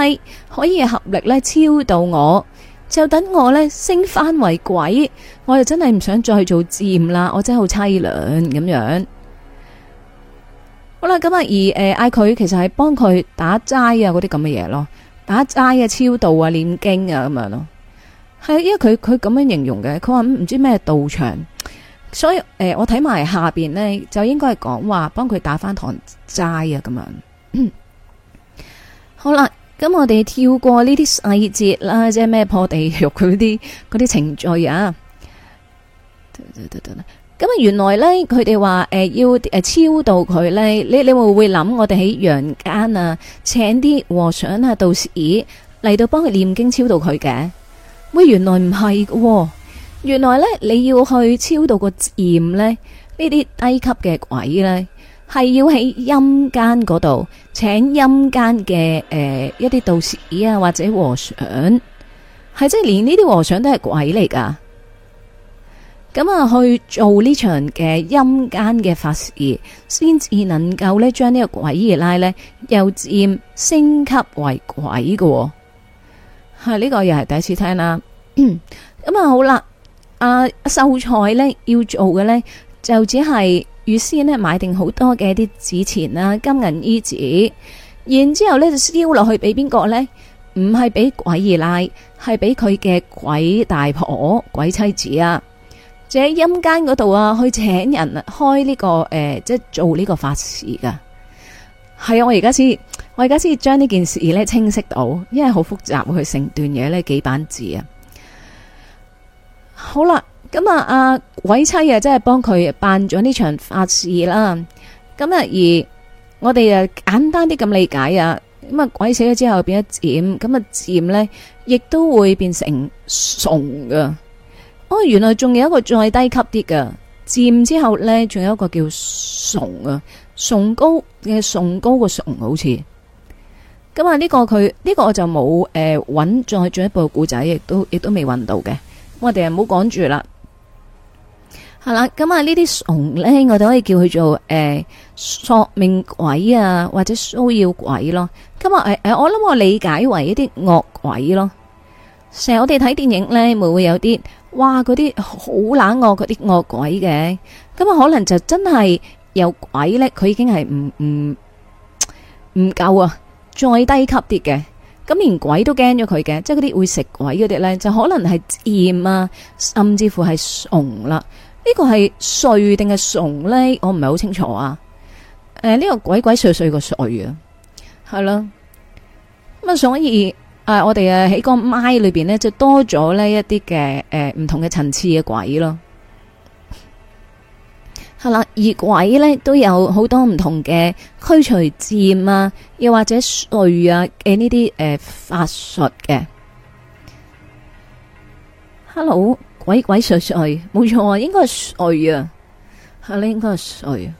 可以合力咧超度我，就等我呢升翻為鬼，我就真係唔想再去做占啦，我真係好淒涼咁樣。好啦，咁啊而誒嗌佢其實係幫佢打齋啊嗰啲咁嘅嘢咯，打齋啊超度啊念經啊咁樣咯。係，因為佢佢咁樣形容嘅，佢話唔知咩道場，所以誒、呃，我睇埋下邊呢，就應該係講話幫佢打翻堂齋啊咁樣。 好啦，咁我哋跳過呢啲細節啦，即係咩破地獄嗰啲嗰啲程序啊。咁啊，原來呢，佢哋話誒要誒、呃、超度佢呢，你你會唔會諗我哋喺陽間啊，請啲和尚啊道士嚟到幫佢念經超度佢嘅。喂，原來唔係喎。原來呢，你要去超度個驗呢，呢啲低級嘅鬼呢，係要喺陰間嗰度請陰間嘅誒一啲道士啊或者和尚，係即係連呢啲和尚都係鬼嚟噶，咁啊去做呢場嘅陰間嘅法事，先至能夠呢將呢個鬼嚟呢又漸升級為鬼噶。係呢，這個又係第一次聽啦，咁 啊好啦，阿秀才呢要做嘅，呢就只係預先咧買定好多嘅，啲紙錢啊、金銀衣紙，然之後咧就燒落去俾邊個呢？唔係俾鬼二奶，係俾佢嘅鬼大婆、鬼妻子啊，就喺陰間嗰度啊去請人開呢，這個誒、呃，即係做呢個法事噶。係啊，我而家先，我而家先將呢件事咧清晰到，因為好複雜，佢成段嘢咧幾版字啊。好啦，咁啊，阿鬼妻啊，真係幫佢辦咗呢場法事啦。咁啊，而我哋啊，簡單啲咁理解啊。咁啊，鬼死咗之後變咗賤，咁啊，賤呢亦都會變成慫噶。哦、啊，原來仲有一個再低級啲噶，賤之後呢，仲有一個叫慫啊。崇高嘅崇高的像、這個崇好似，咁啊呢個佢呢個我就冇誒揾再進一步故仔，亦都亦都未揾到嘅。咁我哋唔好講住啦，係、嗯、啦。咁啊呢啲崇呢，我哋可以叫佢做誒、呃、索命鬼啊，或者騷擾鬼咯。咁啊誒誒，我諗我理解為一啲惡鬼咯。成日我哋睇電影呢，咪會有啲哇嗰啲好冷惡嗰啲惡鬼嘅。咁、嗯、啊可能就真係。有鬼呢，佢已經係唔唔唔夠啊！再低級啲嘅，咁連鬼都驚咗佢嘅，即係嗰啲會食鬼嗰啲呢，就可能係賤啊，甚至乎係慫啦。呢、這個係碎定係慫呢？我唔係好清楚啊。誒、呃，呢、這個鬼鬼祟祟個碎，碎，碎、呃、啊，係咯。咁啊，所以我哋啊喺個咪裏邊呢，就多咗呢一啲嘅誒唔同嘅層次嘅鬼咯。係啦，而鬼呢都有好多唔同嘅驅除戰啊，又或者祟啊嘅呢啲誒法術嘅。Hello，鬼鬼祟祟，冇錯啊，應該係祟啊，係啦，應該係祟啊。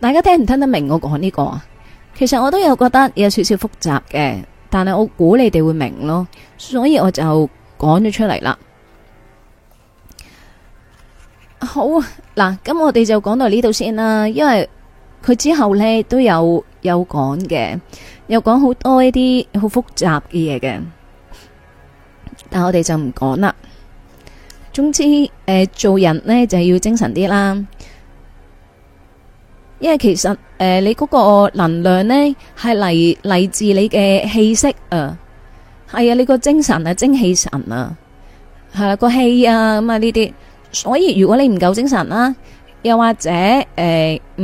大家聽唔聽得明我講呢個啊？其實我都有覺得有少少複雜嘅，但係我估你哋會明咯，所以我就講咗出嚟啦。好嗱，咁我哋就講到呢度先啦，因為佢之後呢都有有講嘅，有講好多一啲好複雜嘅嘢嘅，但我哋就唔講啦。總之，誒、呃，做人呢就係要精神啲啦，因為其實誒、呃，你嗰個能量呢係嚟嚟自你嘅氣息啊，係啊，你個精神啊，精氣神啊，係啦，個氣啊，咁啊呢啲。所以如果你唔夠精神啦，又或者誒唔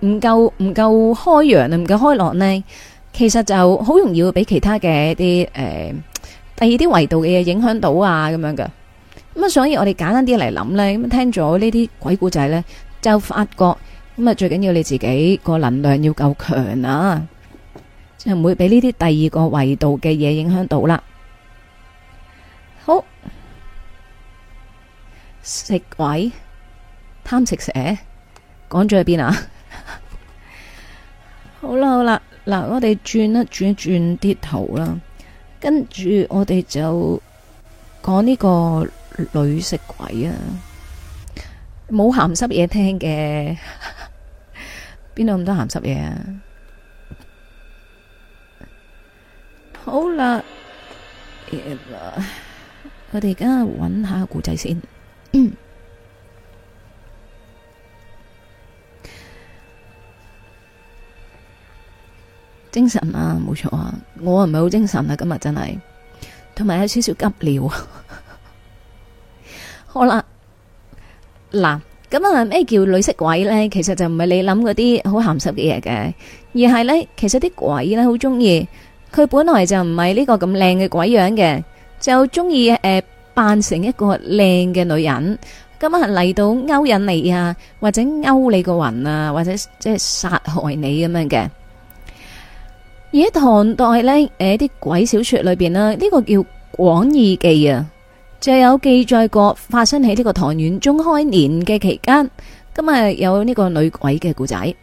唔夠唔夠開揚啊，唔夠開朗呢，其實就好容易會俾其他嘅一啲誒第二啲維度嘅嘢影響到啊，咁樣嘅。咁啊，所以我哋簡單啲嚟諗呢，咁聽咗呢啲鬼故仔呢，就發覺咁啊，最緊要你自己個能量要夠強啊，就唔會俾呢啲第二個維度嘅嘢影響到啦。食鬼貪食蛇，講咗喺邊啊？好啦好啦，嗱我哋轉一轉一轉啲圖啦，跟住我哋就講呢個女食鬼啊，冇鹹濕嘢聽嘅，邊度咁多鹹濕嘢啊？好啦，我哋而家揾下古仔先。精神啊，冇錯啊，我又唔係好精神啊，今日真係，同埋有少少急尿啊。好啦，嗱，咁啊咩叫女色鬼呢？其實就唔係你諗嗰啲好咸濕嘅嘢嘅，而係呢，其實啲鬼呢好中意，佢本來就唔係呢個咁靚嘅鬼樣嘅，就中意，誒。扮成一個靚嘅女人，咁係嚟到勾引你啊，或者勾你個魂啊，或者即係殺害你咁樣嘅。而喺唐代咧，誒啲鬼小說裏邊呢，呢個叫《廣異記》啊，就有記載過發生喺呢個唐玄宗開年嘅期間，咁係有呢個女鬼嘅故仔。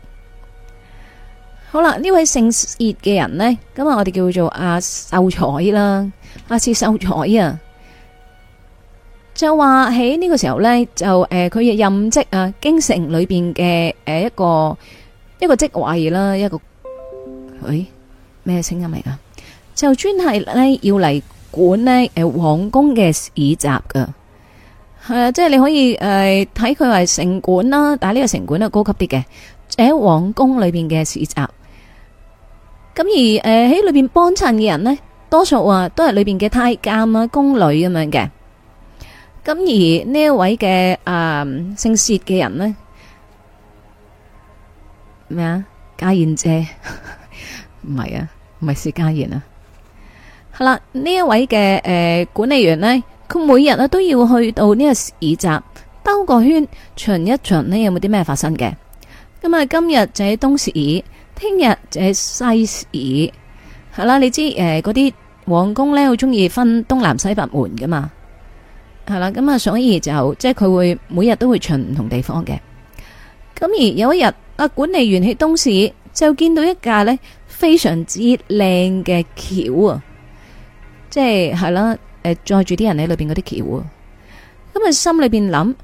好啦，呢位姓葉嘅人咧，咁我哋叫做阿秀才啦，阿次秀才啊。就話喺呢個時候咧，就誒佢嘅任職啊，京城裏邊嘅誒一個一個職位啦，一個誒咩聲音嚟噶？就專係咧要嚟管咧誒皇宮嘅市集噶，係啊，即係你可以誒睇佢為城管啦，但係呢個城管係高級啲嘅，喺皇宮裏邊嘅市集。咁而誒喺裏邊幫襯嘅人咧，多數啊都係裏邊嘅太監啊、宮女咁樣嘅。咁而呢一位嘅誒、呃、姓薛嘅人呢？咩 啊？家燕姐唔係啊，唔係薛家燕啊。係啦，呢一位嘅誒、呃、管理員呢，佢每日都要去到呢個市集兜個圈，巡一巡呢有冇啲咩發生嘅。咁啊，今日就喺東市耳，聽日就喺西市耳。係啦，你知誒嗰啲皇宮呢好中意分東南西北門噶嘛？係啦，咁啊，所以就即係佢會每日都會巡唔同地方嘅。咁而有一日，啊，管理員喺東市就見到一架呢非常之靚嘅橋啊！即係係啦，誒，載住啲人喺裏邊嗰啲橋。咁啊，心裏邊諗，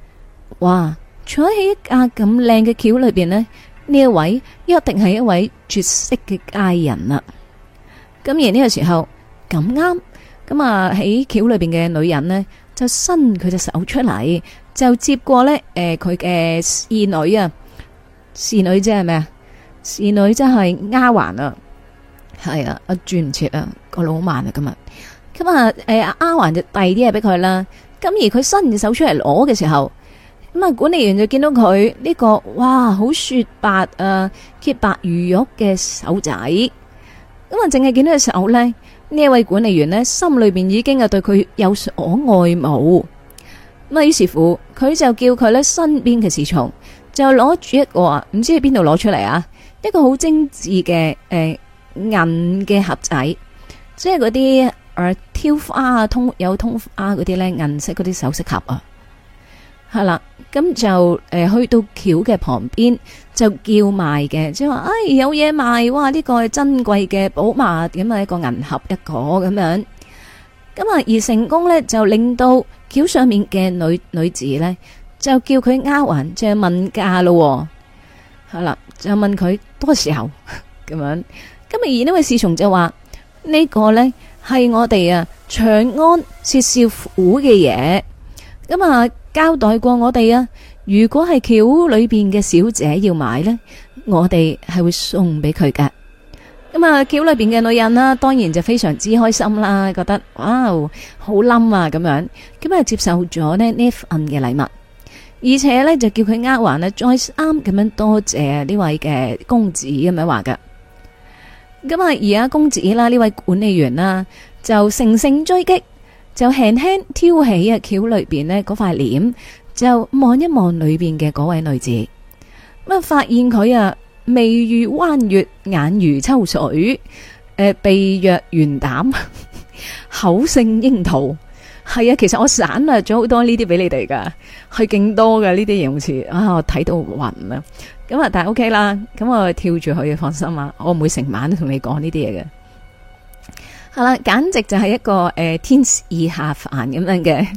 哇！坐喺一架咁靚嘅橋裏邊呢，呢一位一定係一位絕色嘅佳人啊！咁而呢個時候咁啱，咁啊喺橋裏邊嘅女人呢。就伸佢隻手出嚟，就接過呢，誒、呃，佢嘅侍女啊，侍女即係咩啊？侍女即係丫鬟啊，係啊，我轉唔切啊，個腦好慢啊，今日今日，誒、嗯呃，丫鬟就遞啲嘢俾佢啦。咁而佢伸隻手出嚟攞嘅時候，咁、嗯、啊，管理員就見到佢呢、這個哇，好雪白啊，潔白如玉嘅手仔，咁、嗯、啊，淨係見到隻手咧。呢一位管理員呢，心裏邊已經係對佢有所愛慕。咁啊，於是乎佢就叫佢呢身邊嘅侍從就攞住一個啊，唔知喺邊度攞出嚟啊，一個好精致嘅誒、呃、銀嘅盒仔，即係嗰啲誒挑花啊，通有通花嗰啲呢銀色嗰啲首飾盒啊。係啦，咁就誒去到橋嘅旁邊就叫賣嘅，即係話誒有嘢賣哇！呢個係珍貴嘅寶物咁啊，一個銀盒一個咁樣。咁啊，而成功咧就令到橋上面嘅女女子咧就叫佢丫鬟，即係問價咯。係啦，就問佢多時候咁樣。咁而呢位侍從就話呢個咧係我哋啊長安薛少虎嘅嘢咁啊。交代過我哋啊，如果係橋裏邊嘅小姐要買呢，我哋係會送俾佢噶。咁啊，橋裏邊嘅女人啦，當然就非常之開心啦，覺得哇好冧啊咁樣，咁啊接受咗呢呢份嘅禮物，而且呢，就叫佢呃還呢，再啱咁樣多謝呢位嘅公子咁樣話噶。咁啊，而家公子啦，呢位管理員啦，就乘勝追擊。就輕輕挑起啊橋裏邊呢嗰塊簾，就望一望裏邊嘅嗰位女子，咁啊發現佢啊眉如彎月，眼如秋水，誒、呃、鼻若懸膽， 口勝櫻桃。係啊，其實我省略咗好多呢啲俾你哋噶，係勁多噶呢啲形容詞啊，我睇到暈啊。咁啊，但係 OK 啦，咁我跳住佢放心啊，我唔會成晚都同你講呢啲嘢嘅。係啦，簡直就係一個誒天使下凡咁樣嘅。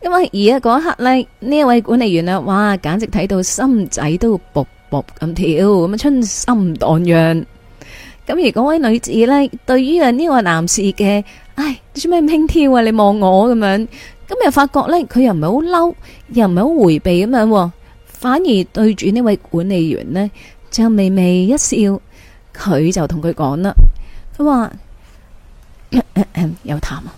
因為而喺嗰一刻咧，呢一位管理員啦，哇，簡直睇到心仔都卜卜咁跳，咁啊春心蕩漾。咁而嗰位女子咧，對於啊呢個男士嘅，唉做咩咁輕佻啊？你望我咁樣，咁又發覺咧，佢又唔係好嬲，又唔係好回避咁樣，反而對住呢位管理員咧，就微微一笑。佢就同佢講啦，佢話。 有談啊！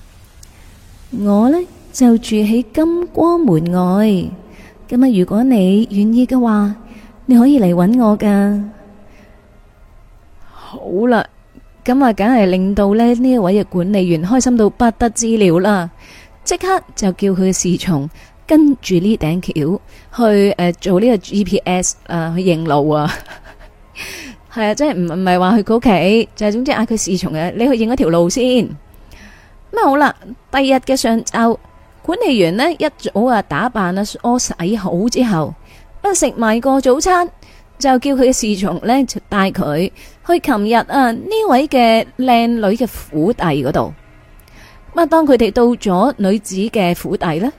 我呢就住喺金光門外，咁啊，如果你願意嘅話，你可以嚟揾我噶。好啦，咁啊，梗係令到咧呢一位嘅管理員開心到不得之了啦！即刻就叫佢侍從跟住呢頂橋去誒、呃、做呢個 GPS 啊、呃、去認路啊！ 係啊，即係唔唔係話去佢屋企，就係總之嗌佢侍從嘅，你去認一條路先。咁好啦，第二日嘅上晝，管理員呢一早啊打扮啊梳洗好之後，啊食埋個早餐，就叫佢嘅侍從呢就帶佢去琴日啊呢位嘅靚女嘅府邸嗰度。咁啊，當佢哋到咗女子嘅府邸呢，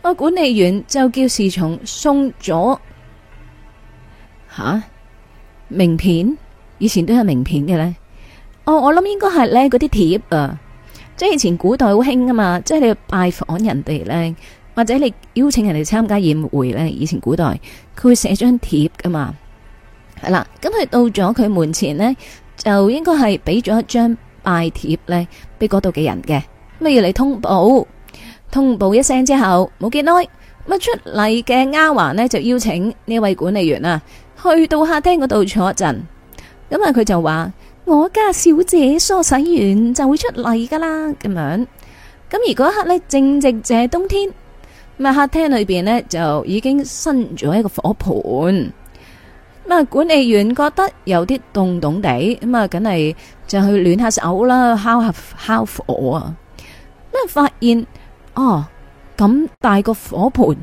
啊管理員就叫侍從送咗吓。名片以前都係名片嘅呢。哦，我諗應該係呢，嗰啲帖啊，即係以前古代好興噶嘛，即係你去拜訪人哋呢，或者你邀請人哋參加宴會呢，以前古代佢會寫張帖噶嘛，係啦，咁佢到咗佢門前呢，就應該係俾咗一張拜帖呢俾嗰度嘅人嘅，乜要你通報，通報一聲之後，冇幾耐，咁啊出嚟嘅丫鬟呢，就邀請呢位管理員啊。去到客廳嗰度坐一陣，咁啊佢就話：我家小姐梳洗完就會出嚟噶啦。咁樣，咁而嗰刻呢正直正係冬天，咁啊客廳裏邊呢就已經生咗一個火盆。咁啊管理員覺得有啲凍凍地，咁啊梗係就去暖下手啦，烤下烤火啊。咁發現哦，咁大個火盆，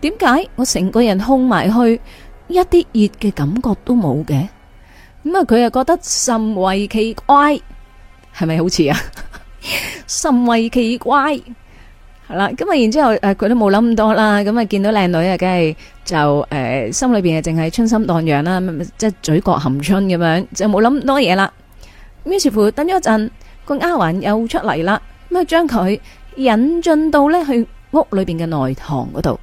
點解我成個人烘埋去？一啲熱嘅感覺都冇嘅，咁啊佢又覺得甚為奇怪，係咪好似啊甚為奇怪？係啦，咁啊然之後誒，佢都冇諗咁多啦，咁啊見到靚女啊，梗係就誒心裏邊啊，淨係春心蕩漾啦，即係嘴角含春咁樣，就冇諗咁多嘢啦。於是乎等咗一陣，個丫鬟又出嚟啦，咁啊將佢引進到咧去屋裏邊嘅內堂嗰度，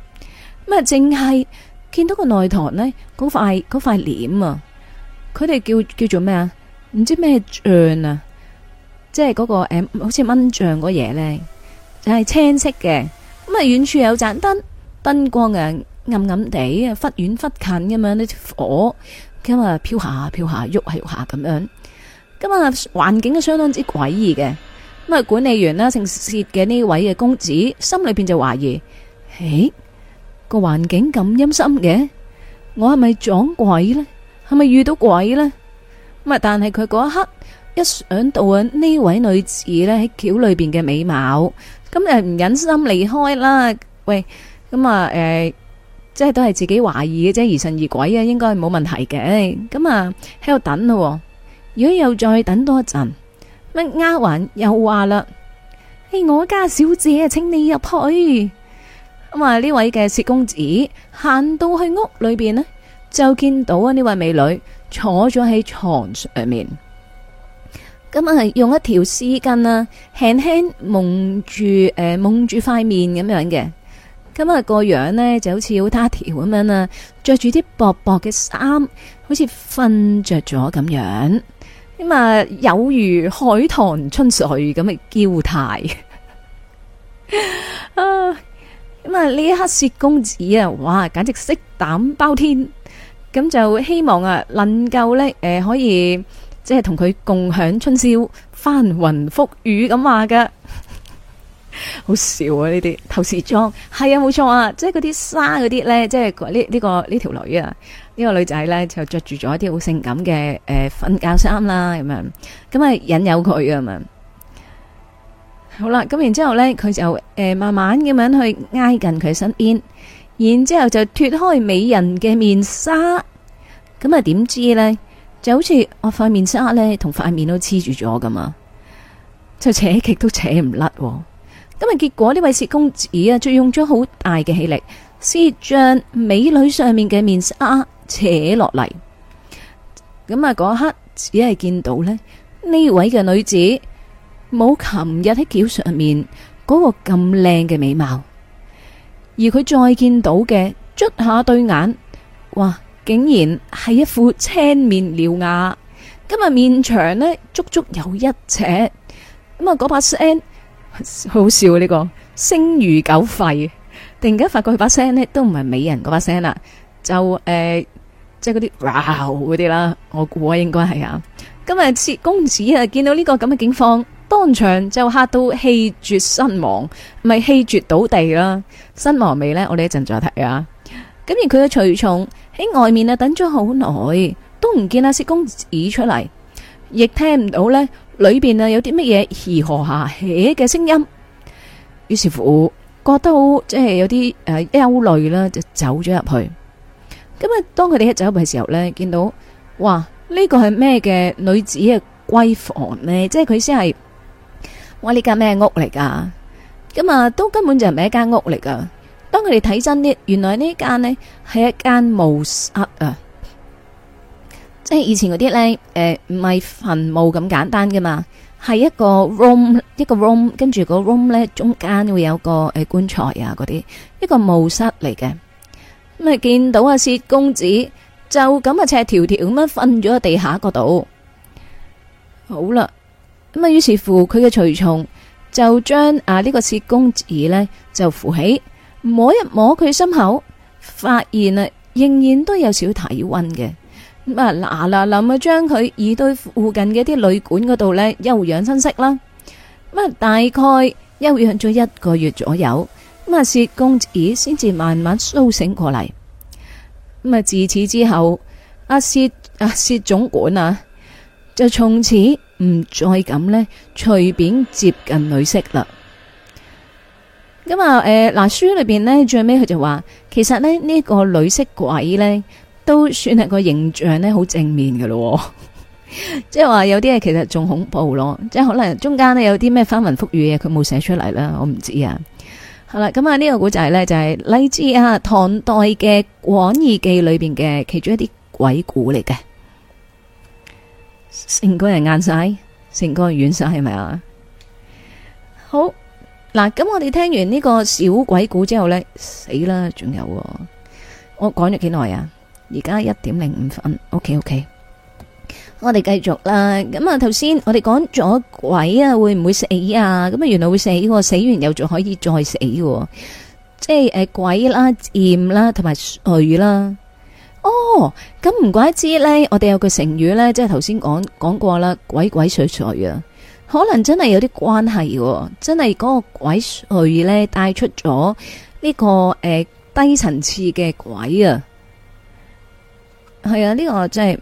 咁啊淨係。見到個內堂咧，嗰塊嗰塊簾啊，佢哋叫叫做咩啊？唔知咩帳啊，即係嗰個誒，好似蚊帳嗰嘢咧，就係青色嘅。咁啊，遠處有盞燈，燈光啊暗暗地啊，忽遠忽近咁樣啲火，咁啊飄下飄下，喐下喐下咁樣。咁啊環境相當之詭異嘅。咁啊，管理員啦、啊，姓薛嘅呢位嘅公子，心裏邊就懷疑，誒、欸。個環境咁陰森嘅，我係咪撞鬼呢？係咪遇到鬼呢？咁啊！但係佢嗰一刻一想到啊呢位女子喺橋裏邊嘅美貌，咁就唔忍心離開啦。喂，咁啊誒，即係都係自己懷疑嘅啫，疑神疑鬼啊，應該冇問題嘅。咁啊喺度等咯，如果又再等多一陣，乜丫鬟又話啦，嘿，我家小姐，請你入去。咁啊！呢位嘅薛公子行到去屋裏邊呢，就見到啊呢位美女坐咗喺床上面，咁啊係用一條絲巾啊輕輕蒙住誒、呃、蒙住塊面咁樣嘅，咁啊個樣呢，樣就好似好他條咁樣啊，着住啲薄薄嘅衫，好似瞓着咗咁樣，咁啊有如海棠春水咁嘅嬌態、 啊咁啊！呢一刻雪公子啊，哇，簡直色膽包天！咁就希望啊，能夠咧，誒，可以即係同佢共享春宵，翻雲覆雨咁話嘅， 好笑啊！呢啲透視裝係啊，冇錯啊！即係嗰啲沙嗰啲咧，即係呢呢個呢條女啊，呢、呢個呢個女仔咧、呢個、就着住咗一啲好性感嘅誒瞓覺衫啦，咁樣，咁啊引誘佢啊咁嘛。好啦，咁然之後呢佢就誒、呃、慢慢咁樣去挨近佢身邊，然之後就脫開美人嘅面紗。咁啊，點知呢？就好似我塊面紗呢，同塊面都黐住咗噶嘛，就扯極都扯唔甩。咁啊，結果呢位薛公子啊，就用咗好大嘅氣力，先將美女上面嘅面紗扯落嚟。咁啊，嗰刻只係見到呢，呢位嘅女子。冇琴日喺橋上面嗰、嗰個咁靚嘅美貌，而佢再見到嘅捽下對眼，哇！竟然係一副青面獠牙，今日面長呢，足足有一尺。咁啊，嗰把聲好好笑啊！呢、呢個聲如狗吠，突然間發覺佢把聲呢，都唔係美人嗰把聲啦，就誒，即係嗰啲哇嗰啲啦，我估啊應該係啊。今日公子啊見到呢個咁嘅景況。當場就嚇到氣絕身亡，咪氣絕倒地啦？身亡未呢，我哋一陣再睇啊！咁而佢嘅隨從喺外面啊等咗好耐，都唔見阿薛公子出嚟，亦聽唔到呢裏邊啊有啲乜嘢如何下氣嘅聲音。於是乎覺得好即係有啲誒憂慮啦，就走咗入去。咁啊，當佢哋一走入去嘅時候呢，見到哇呢，這個係咩嘅女子嘅閨房呢？即係佢先係。哇呢間咩屋嚟噶？咁啊，都根本就唔係一間屋嚟噶。當佢哋睇真啲，原來呢間咧係一間墓室啊，即係以前嗰啲咧，誒唔係墳墓咁簡單噶嘛，係一個 room，一個 room，跟住個 room 咧中間會有個誒棺材啊嗰啲，一個墓室嚟嘅。咁啊，見到阿薛公子就咁啊，赤條條咁啊，瞓咗喺地下嗰度，好啦。咁啊，於是乎，佢嘅隨從就將啊呢個薛公子呢就扶起，摸一摸佢心口，發現啊仍然都有少體溫嘅。咁啊，嗱嗱臨啊，將佢移到附近嘅啲旅館嗰度呢休養生息啦。咁啊，大概休養咗一個月左右，咁啊薛公子先至慢慢蘇醒過嚟。咁啊，自此之後，阿薛阿薛總管啊，就從此。唔再咁呢，隨便接近女色啦。咁啊，誒、呃、嗱，書裏邊呢，最尾佢就話，其實呢呢、這個女色鬼呢，都算係個形象呢好正面噶咯、哦。 即係話有啲嘢其實仲恐怖咯，即係可能中間呢有啲咩翻雲覆雨嘢，佢冇寫出嚟啦，我唔知啊。好啦，咁啊呢個古仔呢，就係、是、嚟自啊唐代嘅《廣異記》裏邊嘅其中一啲鬼故嚟嘅。成個人硬晒，成個人軟晒，係咪啊？好，嗱，咁我哋聽完呢個小鬼故之後呢，死啦，仲有，我講咗幾耐啊？而家一點零五分，OK OK，我哋繼續啦。咁啊，頭先我哋講咗鬼啊，會唔會死啊？咁啊，原來會死，死完又仲可以再死嘅，即係鬼啦、啊、劍啦、啊、同埋水啦。哦，咁唔怪之呢。我哋有個成語呢，即係頭先講講過啦，鬼鬼祟祟啊，可能真係有啲關係，真係嗰個鬼祟呢帶出咗呢、這個誒、呃、低層次嘅鬼啊，係、這、啊、個，呢個真係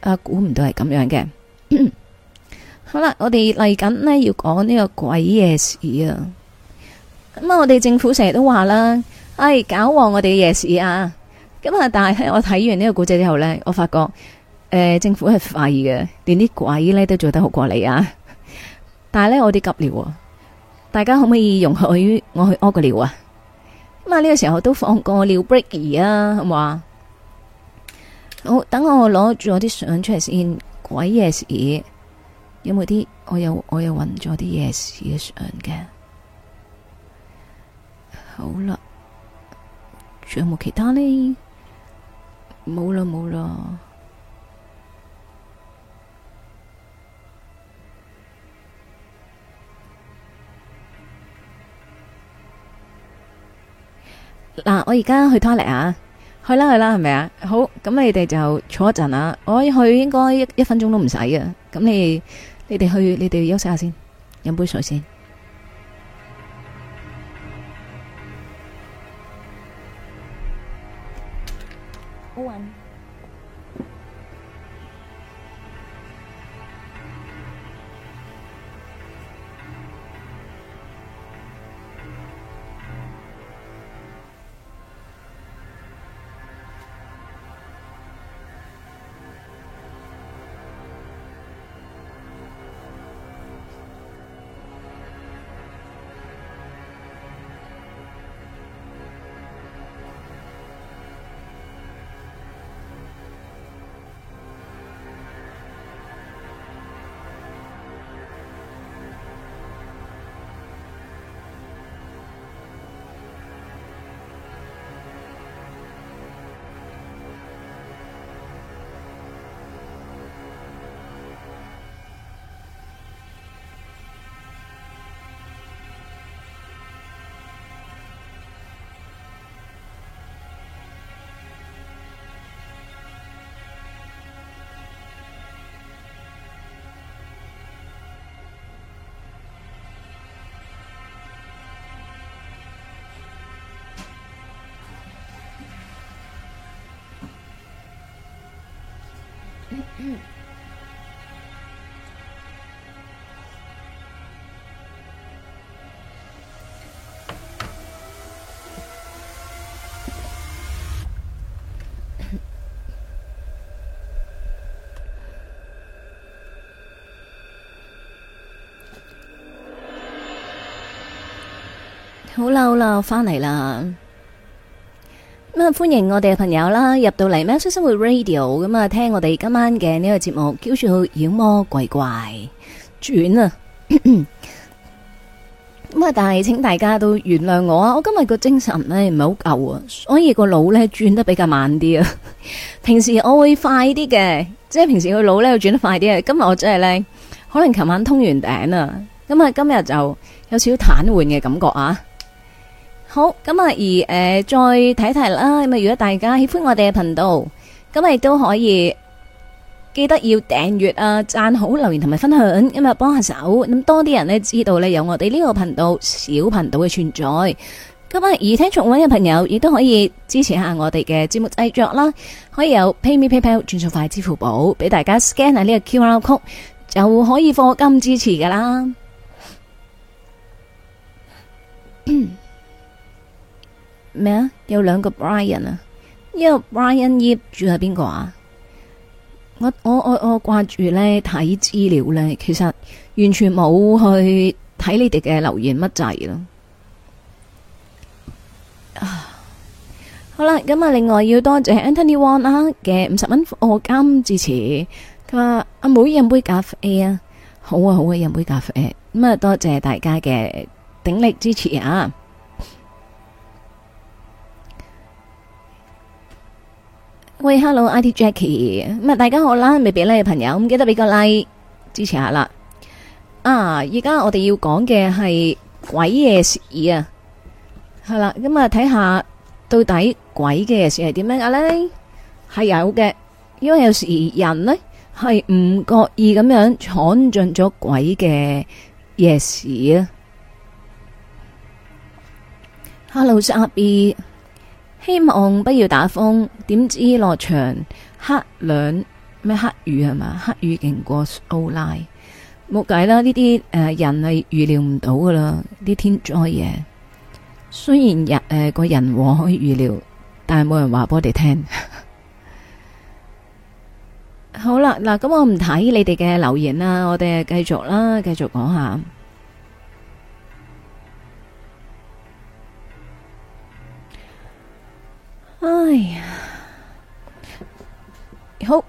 啊，估唔到係咁樣嘅。 好啦，我哋嚟緊呢要講呢個鬼事、哎、夜市啊，咁啊，我哋政府成日都話啦，哎，搞旺我哋嘅夜市啊！咁啊！但係我睇完呢個古仔之後呢，我發覺誒、呃，政府係廢嘅，連啲鬼呢都做得好過你啊！但係呢，我啲急尿啊，大家可唔可以容許我去屙個尿啊？咁啊，呢個時候都放過尿 break 啊，好冇啊？好，等我攞住我啲相出嚟先，鬼夜市，有冇啲？我有我有揾咗啲夜市嘅相嘅，好啦，仲有冇其他呢？冇啦冇啦，嗱，我而家去 toilet 啊，去啦去啦，係咪啊？好，咁你哋就坐一陣啊，我去應該一一分鐘都唔使啊。咁你你哋去，你哋休息下先，飲杯水先。好啦好啦，翻嚟啦。咁啊，歡迎我哋嘅朋友啦，入到嚟《喵式生活 Radio》咁啊，聽我哋今晚嘅呢個節目叫做《妖魔鬼怪轉》啊。咁啊， 但係請大家都原諒我啊。我今日個精神咧唔係好夠啊，所以個腦咧轉得比較慢啲啊。 平時我會快啲嘅，即係平時個腦咧會轉得快啲啊。今日我真係咧，可能琴晚通完頂啊，咁啊，今日就有少少癱瘓嘅感覺啊。好咁啊！而誒、呃，再睇睇啦咁啊！如果大家喜歡我哋嘅頻道，咁啊亦都可以記得要訂閱啊、讚好、留言同埋分享咁啊，幫下手咁多啲人呢，知道呢有我哋呢個頻道小頻道嘅存在。咁啊，而聽重溫嘅朋友亦都可以支持下我哋嘅節目製作啦，可以有 PayMePayPal 轉數快支付寶俾大家 scan 下呢個 QR code，就可以課金支持噶啦。 咩啊？有兩個 Brian 啊，呢個 Brian 葉住喺邊個啊？我我我我掛住呢睇資料呢，其實完全冇去睇你哋嘅留言乜滯咯。啊，好啦，咁啊，另外要多謝 Anthony Wong 啊嘅五十蚊課金支持。佢話阿妹飲杯咖啡啊，好啊好啊，飲、啊、杯咖啡。咁啊，多謝大家嘅鼎力支持啊！喂，Hello，IT Jackie，咁啊，大家好啦，未俾咧朋友，唔記得俾個 like 支持下啦。啊，而家我哋要講嘅係鬼夜市啊，係啦，咁啊睇下到底鬼嘅夜市係點樣嘅呢？係有嘅，因為有時人呢係唔覺意咁樣闖進咗鬼嘅夜市啊。 Hello，阿 B 希望不要打風，點知落場黑兩咩黑雨係嘛？黑雨勁過蘇拉，冇計啦！呢啲誒人係預料唔到噶啦，啲天災嘢。雖然人誒、呃、個人禍可以預料，但係冇人話俾我哋聽。 好啦，嗱咁我唔睇你哋嘅留言啦，我哋繼續啦，繼續講下。哎呀，好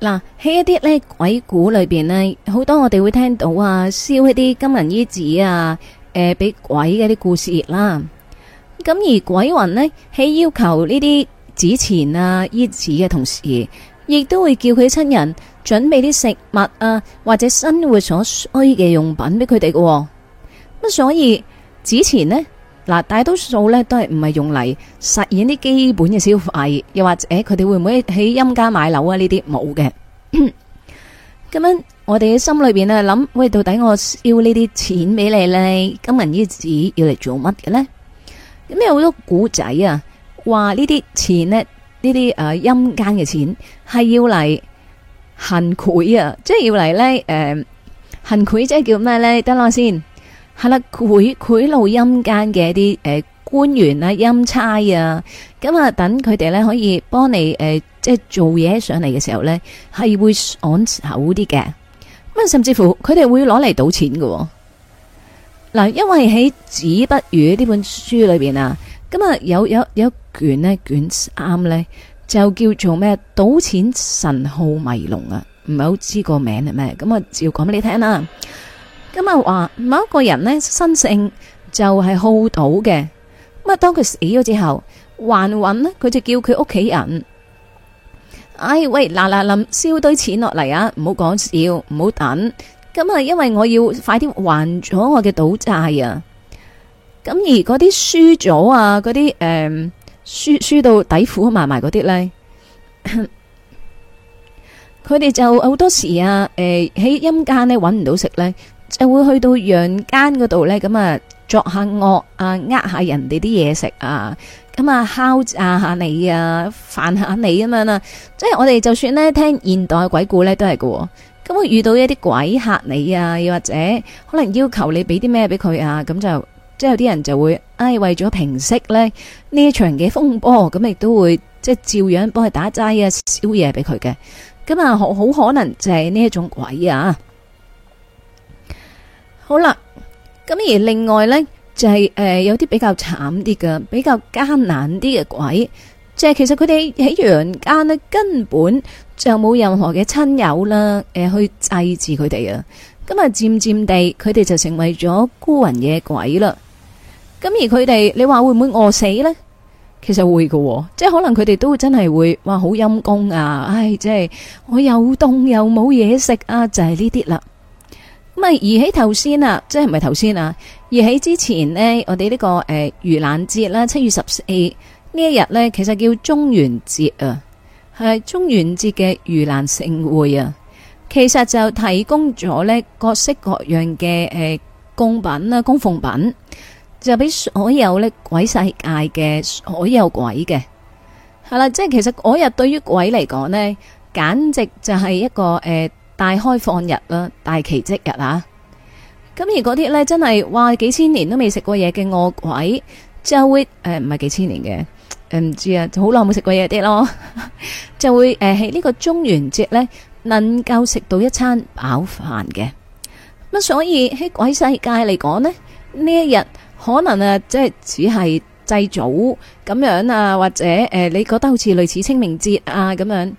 嗱喺一啲呢鬼故裏邊呢，好多我哋會聽到啊，燒一啲金銀衣紙啊，誒、呃，俾鬼嘅啲故事啦。咁而鬼魂呢，喺要求呢啲紙錢啊、衣紙嘅同時，亦都會叫佢親人準備啲食物啊，或者生活所需嘅用品俾佢哋嘅。咁所以。之前呢，嗱，大多數咧，都係唔係用嚟實現啲基本嘅消費，又或者佢哋會唔會喺陰間買樓啊？呢啲冇嘅。咁 樣我哋嘅心裏邊啊諗，喂，到底我要呢啲錢俾你咧，金銀紙要嚟做乜嘅咧？咁有好多古仔啊，話呢啲錢呢，呢啲誒陰間嘅錢係要嚟行賄啊，即係要嚟咧，誒行賄即係叫咩咧？得啦先。係啦，賄賂陰間嘅一啲誒、呃、官員啊、陰差啊，咁、嗯、啊等佢哋咧可以幫你誒、呃，即係做嘢上嚟嘅時候咧，係會昂口啲嘅。咁、嗯、啊，甚至乎佢哋會攞嚟賭錢嘅、哦。嗱、嗯，因為喺《子不語》呢本書裏邊啊，咁、嗯、啊、嗯、有有有一卷，卷呢卷啱咧，就叫做咩賭錢神號迷龍啊，唔係好知個名係咩，咁、嗯、啊，照講俾你聽啦。咁啊，話某一個人呢，生性就係好賭嘅。咁啊，當佢死咗之後，還魂呢，佢就叫佢屋企人，哎喂，嗱嗱臨，燒堆錢落嚟啊！唔好講笑，唔好等。咁啊，因為我要快啲還咗我嘅賭債啊。咁而嗰啲輸咗啊，嗰啲誒，輸輸到底褲埋埋嗰啲呢，佢哋就好多時啊，誒、呃，喺陰間呢，搵唔到食呢，就會去到陽間嗰度呢，咁啊作下惡啊，呃下人哋啲嘢食啊，咁啊敲詐下你啊，煩下你咁樣啊。即係我哋就算呢聽現代鬼故呢都係嘅，咁啊會遇到一啲鬼嚇你啊，又或者可能要求你俾啲咩俾佢啊，咁就即係有啲人就會，哎，為咗平息呢呢一場嘅風波，咁啊亦都會即係照樣幫佢打齋啊燒嘢俾佢嘅，咁啊好可能就係呢一種鬼啊。好啦，咁而另外呢，就係誒有啲比較慘啲嘅，比較艱難啲嘅鬼，就係、是、其實佢哋喺陽間呢根本就冇任何嘅親友啦，誒去祭祀佢哋啊，咁啊漸漸地佢哋就成為咗孤魂野鬼啦。咁而佢哋，你話會唔會餓死呢？其實會嘅，即係可能佢哋都真係會，哇好陰功啊！唉，即、就、係、是、我又凍又冇嘢食啊，就係呢啲啦。咁而喺頭先啊，即係唔係頭先啊，而喺之前呢，我哋呢、這個誒、呃、盂蘭節啦，七月十四呢一日呢，其實叫中元節啊，係中元節嘅盂蘭盛會啊，其實就提供咗呢各式各樣嘅誒供品啊。供奉品，就俾所有呢鬼世界嘅所有鬼嘅，係啦，即係其實嗰日對於鬼嚟講呢，簡直就係一個誒。呃大開放日啦，大奇蹟日啊！咁而嗰啲呢，真係話幾千年都未食過嘢嘅餓鬼，就會誒唔係幾千年嘅，誒、呃、唔知啊，好耐冇食過嘢啲咯， 就會誒喺呢個中元節呢，能夠食到一餐飽飯嘅。咁所以喺鬼世界嚟講呢，呢一日可能啊，即係只係祭祖咁樣啊，或者誒、呃，你覺得好似類似清明節啊咁樣，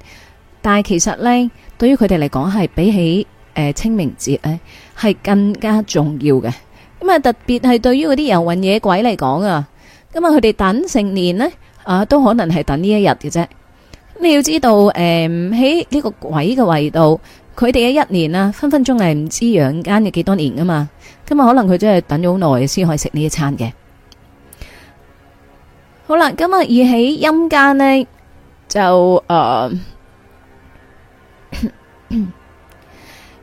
但係其實呢。對於佢哋嚟講，係比起誒清明節咧，係更加重要嘅。咁啊，特別係對於嗰啲遊魂野鬼嚟講啊，咁啊佢哋等成年咧，啊，都可能係等呢一日嘅啫。你要知道，誒喺呢個鬼嘅維度，佢哋嘅一年啊，分分鐘係唔知陽間嘅幾多年噶嘛。咁啊可能佢真係等咗好耐先可以食呢一餐嘅。好啦，咁啊而喺陰間咧，就誒。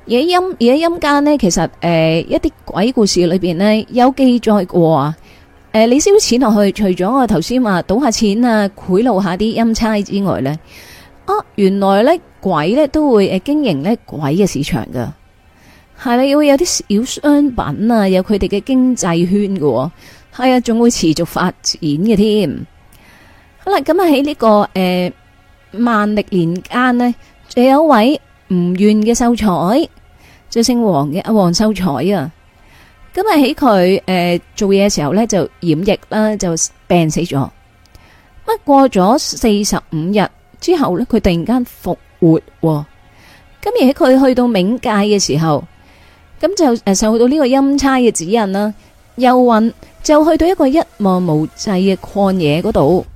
而喺陰、而喺陰間呢，其實誒、呃，一啲鬼故事裏邊呢，有記載過啊。誒、呃，你燒錢落去，除咗我頭先話賭下錢啊，賄賂下啲陰差之外呢，啊，原來呢鬼呢都會誒經營呢鬼嘅市場噶，係啦，會有啲小商品啊，有佢哋嘅經濟圈噶、哦，係啊，仲會持續發展嘅添。好啦，咁啊喺呢個誒萬歷年間呢，有一位。唔願嘅秀才，就姓王嘅，阿王秀才啊。咁日喺佢誒做嘢嘅時候呢，就染疫啦，就病死咗。乜過咗四十五日之後呢，佢突然間復活。咁而喺佢去到冥界嘅時候，咁就誒受到呢個陰差嘅指引啦，幽魂就去到一個一望無際嘅曠野嗰度。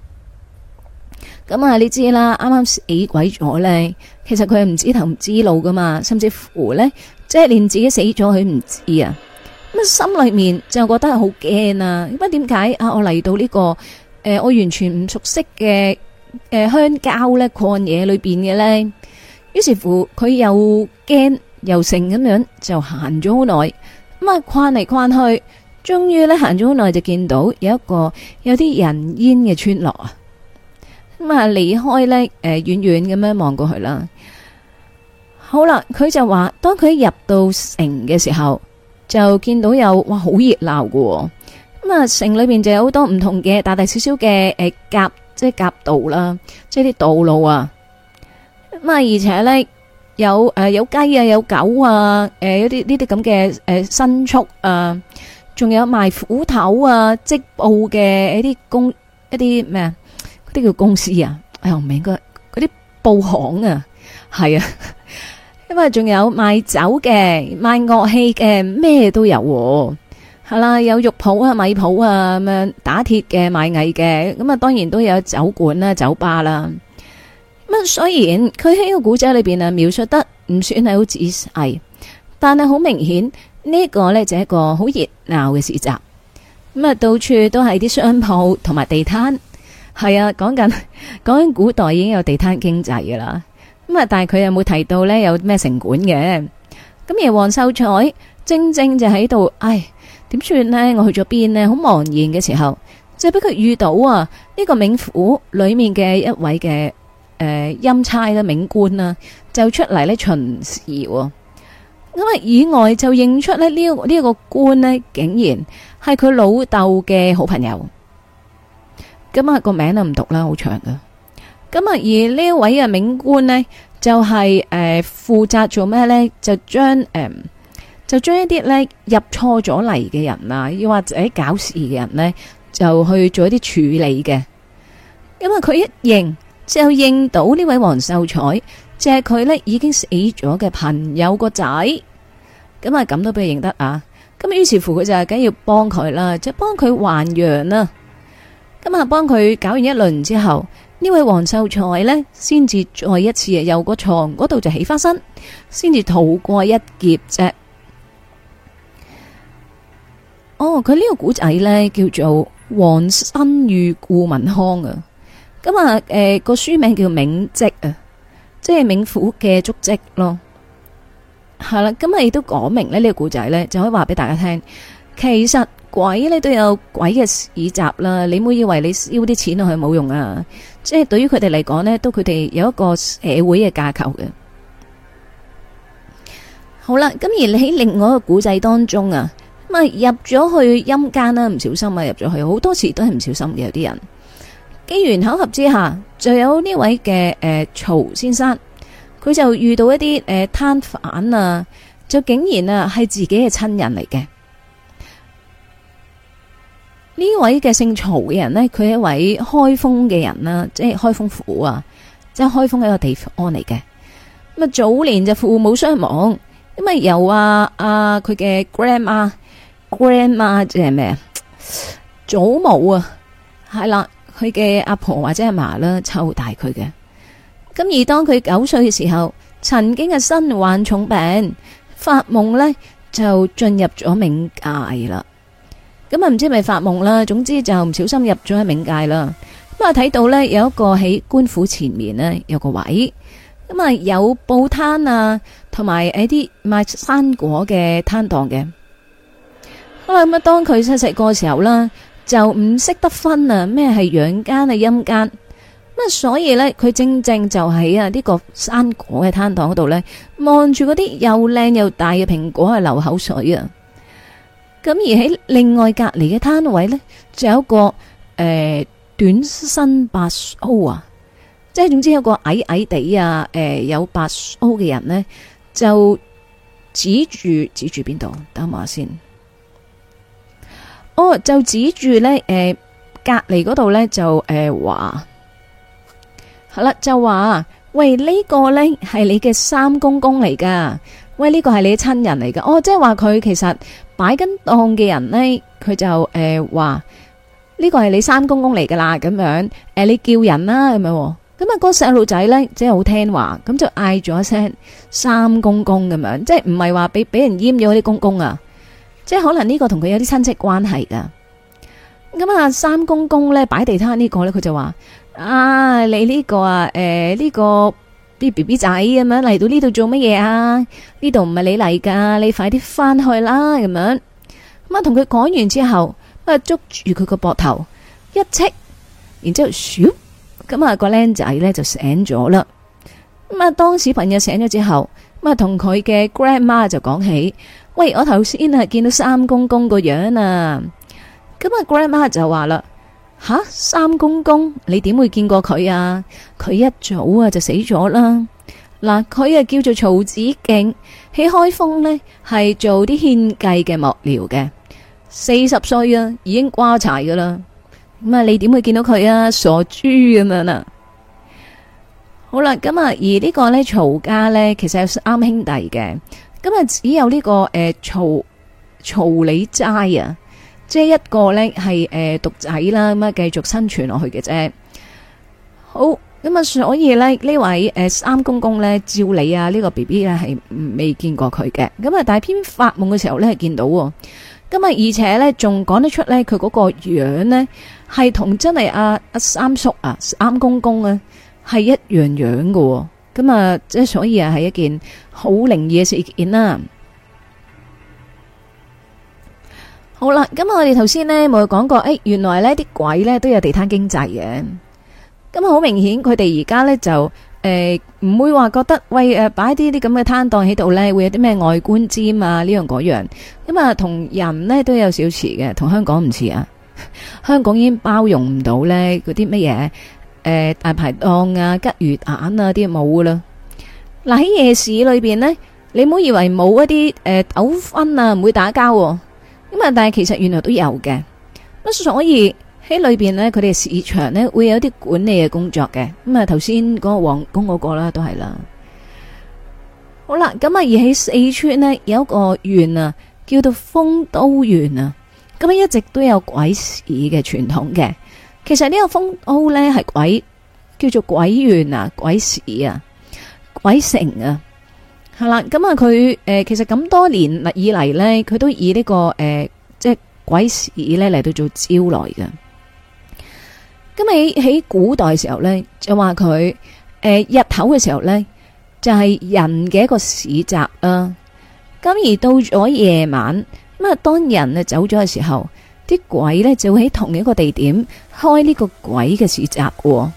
咁啊，你知啦，啱啱死鬼咗呢。其實佢係唔知頭唔知路噶嘛，甚至乎呢，即係連自己死咗佢唔知啊，咁心裏面就覺得係好驚啊！咁點解啊我嚟到呢、這個誒、呃、我完全唔熟悉嘅誒鄉郊呢，曠野裏邊嘅呢，於是乎佢又驚又剩咁樣就行咗好耐，咁啊逛嚟逛去，終於呢，行咗好耐就見到有一個有啲人煙嘅村落啊！咁啊！離開咧，誒，遠遠咁樣望過去啦。好啦，佢就話，當佢入到城嘅時候，就見到有哇，好熱鬧嘅。咁啊，城裏邊就有好多唔同嘅大大小小嘅誒夾，即係夾道啦，即係啲道路啊。咁啊，而且咧，有誒有雞啊，有狗啊，誒有啲呢啲咁嘅誒牲畜啊，仲有賣斧頭啊織布嘅一啲工一啲咩啊？呢個公司啊，哎呀唔應該，嗰啲布行啊，係啊，因為仲有賣酒嘅、賣樂器嘅，咩都有，啊，係啦，啊，有肉鋪啊、米鋪啊咁樣，打鐵嘅、賣藝嘅，咁啊，當然都有酒館啦，啊，酒吧啦。咁啊，雖然佢喺個古仔裏邊啊，描述得唔算係好仔細，但係好明顯呢，這個咧，係一個好熱鬧嘅市集。咁啊，到處都係啲商鋪同埋地攤。係啊，講緊講緊古代已經有地攤經濟噶啦，咁啊，但係佢有冇提到呢，有咩城管嘅？咁而王秀彩正正就喺度，唉，點算呢？我去咗邊呢？好茫然嘅時候，就俾佢遇到啊！呢、這個冥府裏面嘅一位嘅誒陰差啦冥官啦、啊，就出嚟呢巡視。咁啊以外就認出呢呢呢、這個這個官呢，竟然係佢老豆嘅好朋友。今日個名都唔讀啦，好長噶。咁啊而呢位嘅冥官呢，就係、是、誒、呃、負責做咩呢？就將誒、呃、就將一啲呢入錯咗嚟嘅人啊，又或者搞事嘅人呢，就去做一啲處理嘅。咁啊佢一認就認到呢位黃秀彩，就係佢呢已經死咗嘅朋友個仔。咁啊，咁都俾佢認得啊！咁於是乎，佢就梗要幫佢啦，即係幫佢還陽啦。今日幫佢搞完一輪之後，呢位王秀才呢，先至再一次由有個床嗰度就起翻身，先至逃過一劫啫。哦，佢呢個古仔呢叫做《王新遇顧文康》啊。今日誒個書名叫《冥跡》啊，即係冥府嘅足跡咯。係、嗯、啦，今日亦都講明咧、這個、呢個古仔呢就可以話俾大家聽，其實。鬼咧，都有鬼嘅市集啦，你唔好以為你燒啲錢落去冇用啊！即係對於佢哋嚟講呢，都佢哋有一個社會嘅架構嘅。好啦，咁而你喺另外一個古仔當中啊，咁啊入咗去陰間啦，唔小心啊入咗去，好多次都係唔小心嘅有啲人。機緣巧合之下，就有呢位嘅誒、呃、曹先生，佢就遇到一啲誒攤販啊，就竟然啊係自己嘅親人嚟嘅。呢位嘅姓曹嘅人呢，佢一位開封嘅人啦，即係開封府啊，即係開封一個地方嚟嘅。咁啊，早年就父母雙亡，咁啊由啊，啊佢嘅 grandma、grandma 即係咩啊祖母啊，係啦，佢嘅阿婆或者阿嫲啦，湊大佢嘅。咁而當佢九歲嘅時候，曾經嘅身患重病，發夢呢就進入咗冥界啦。咁啊，唔知咪發夢啦，總之就唔小心入咗喺冥界啦。咁啊，睇到呢，有一個喺官府前面呢，有個位，咁啊有報攤啊，同埋誒啲賣生果嘅攤檔嘅。咁啊，咁當佢出食嗰時候啦細細個時候，就唔識得分啊，咩係陽間啊陰間，咁啊，所以呢，佢正正就喺啊呢個生果嘅攤檔嗰度呢，望住嗰啲又靚又大嘅蘋果係流口水啊！咁而喺另外隔籬嘅攤位呢，就有個誒、呃、短身白鬚啊，即係總之有個矮矮地啊，誒、呃、有白鬚嘅人呢，就指住指住邊度？等我下先哦，就指住呢誒、呃、隔籬嗰度呢，就誒、呃、話，好啦就話喂呢、這個呢，係你嘅三公公嚟噶，喂呢、這個係你嘅親人嚟噶，哦即係話佢其實。買緊檔嘅人咧，佢就誒話呢個係你三公公嚟噶啦，咁樣誒，你叫人啦，咁樣咁啊。嗰細路仔咧，即係好聽話，咁就嗌咗一聲三公公咁樣，即係唔係話俾俾人閹咗嗰啲公公啊，即係可能呢個同佢有啲親戚關係噶。咁啊，三公公咧擺地攤呢個咧，佢就話啊，你呢個啊，誒呢個。啲 B B 仔咁樣嚟到呢度做乜嘢啊？呢度唔係你嚟噶，你快啲翻去啦咁樣。咁啊，同佢講完之後，啊捉住佢個膊頭一扯，然之後，咻，咁啊、個僆仔咧就醒咗啦。咁啊，當時朋友醒咗之後，咁啊同佢嘅 grandma 就講起：喂，我頭先啊見到三公公個樣啊。咁啊，grandma 就話啦。吓、啊，三公公你點會見過佢啊？佢一早啊就死咗啦。嗱，佢啊叫做曹子敬，喺開封呢係做啲獻計嘅幕僚嘅，四十歲啊已經瓜柴噶啦。咁、嗯、啊，你點會見到佢啊？傻豬咁樣、這個呃、啊！好啦，咁啊，而呢個呢曹家呢，其實有三兄弟嘅，咁啊只有呢個誒曹曹李齋啊。即係一個呢係誒獨仔啦，咁啊繼續生存落去嘅啫。好，咁啊，所以呢呢位誒三公公呢，照理啊呢個 B B 呢係未見過佢嘅，咁啊但係發夢嘅時候呢係見到喎，咁啊而且呢，仲講得出呢，佢嗰個樣呢係同真係阿阿三叔啊三公公啊係一樣樣喎。咁啊即係所以啊係一件好靈異嘅事件啦。好啦，咁我哋頭先呢，冇講過，誒、哎，原來呢啲鬼呢都有地攤經濟嘅。咁好明顯，佢哋而家呢就誒唔會話覺得喂誒擺啲啲咁嘅攤檔喺度呢會有啲咩外觀尖啊呢樣嗰樣咁啊，因為同人呢都有少似嘅，同香港唔似啊。香港已經包容唔到呢嗰啲乜嘢誒大排檔啊吉魚蛋啊啲冇噶啦。嗱喺夜市裏邊呢，你唔好以為冇一啲誒糾紛啊，唔會打交，啊。咁啊、嗯！但係其實原來都有嘅，咁所以喺裏邊呢，佢哋市場呢會有啲管理嘅工作嘅。咁、嗯、啊，頭先嗰個王公嗰個啦，都係啦。好啦，咁啊，而喺四川呢，有一個縣啊，叫做豐都縣啊，咁啊一直都有鬼市嘅傳統嘅。其實呢個豐都呢，係鬼，叫做鬼縣啊、鬼市啊、鬼城啊。係啦，咁啊佢誒，其實咁多年以嚟呢佢，都以呢、這個誒、呃，即係鬼市呢嚟到做招來嘅。咁你喺古代時候呢，就話佢誒日頭嘅時候呢，就係、是、人嘅一個市集啦、啊。咁、嗯、而到咗夜晚，咁、嗯、啊，當人啊走咗嘅時候，啲鬼呢就會喺同一個地點開呢個鬼嘅市集、啊。咁、嗯、啊、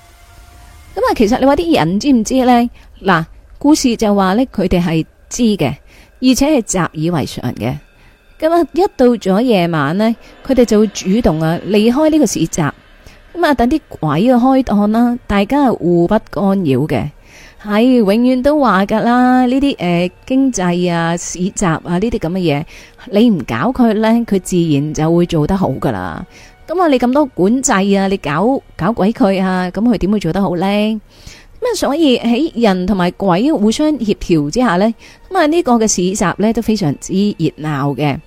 嗯，其實你話啲人知唔知呢？嗱。故事就話呢，佢哋係知嘅，而且係習以為常嘅。咁啊，一到咗夜晚呢，佢哋就會主動啊離開呢個市集。咁啊，等啲鬼去開檔啦，大家係互不干擾嘅。係永遠都話噶啦，呢啲誒經濟啊市集啊呢啲咁嘅嘢，你唔搞佢呢，佢自然就會做得好噶啦。咁啊，你咁多管制啊，你搞搞鬼佢啊，咁佢點會做得好呢？咁所以喺人同埋鬼互相協調之下呢，咁啊呢個嘅市集咧都非常之熱鬧嘅。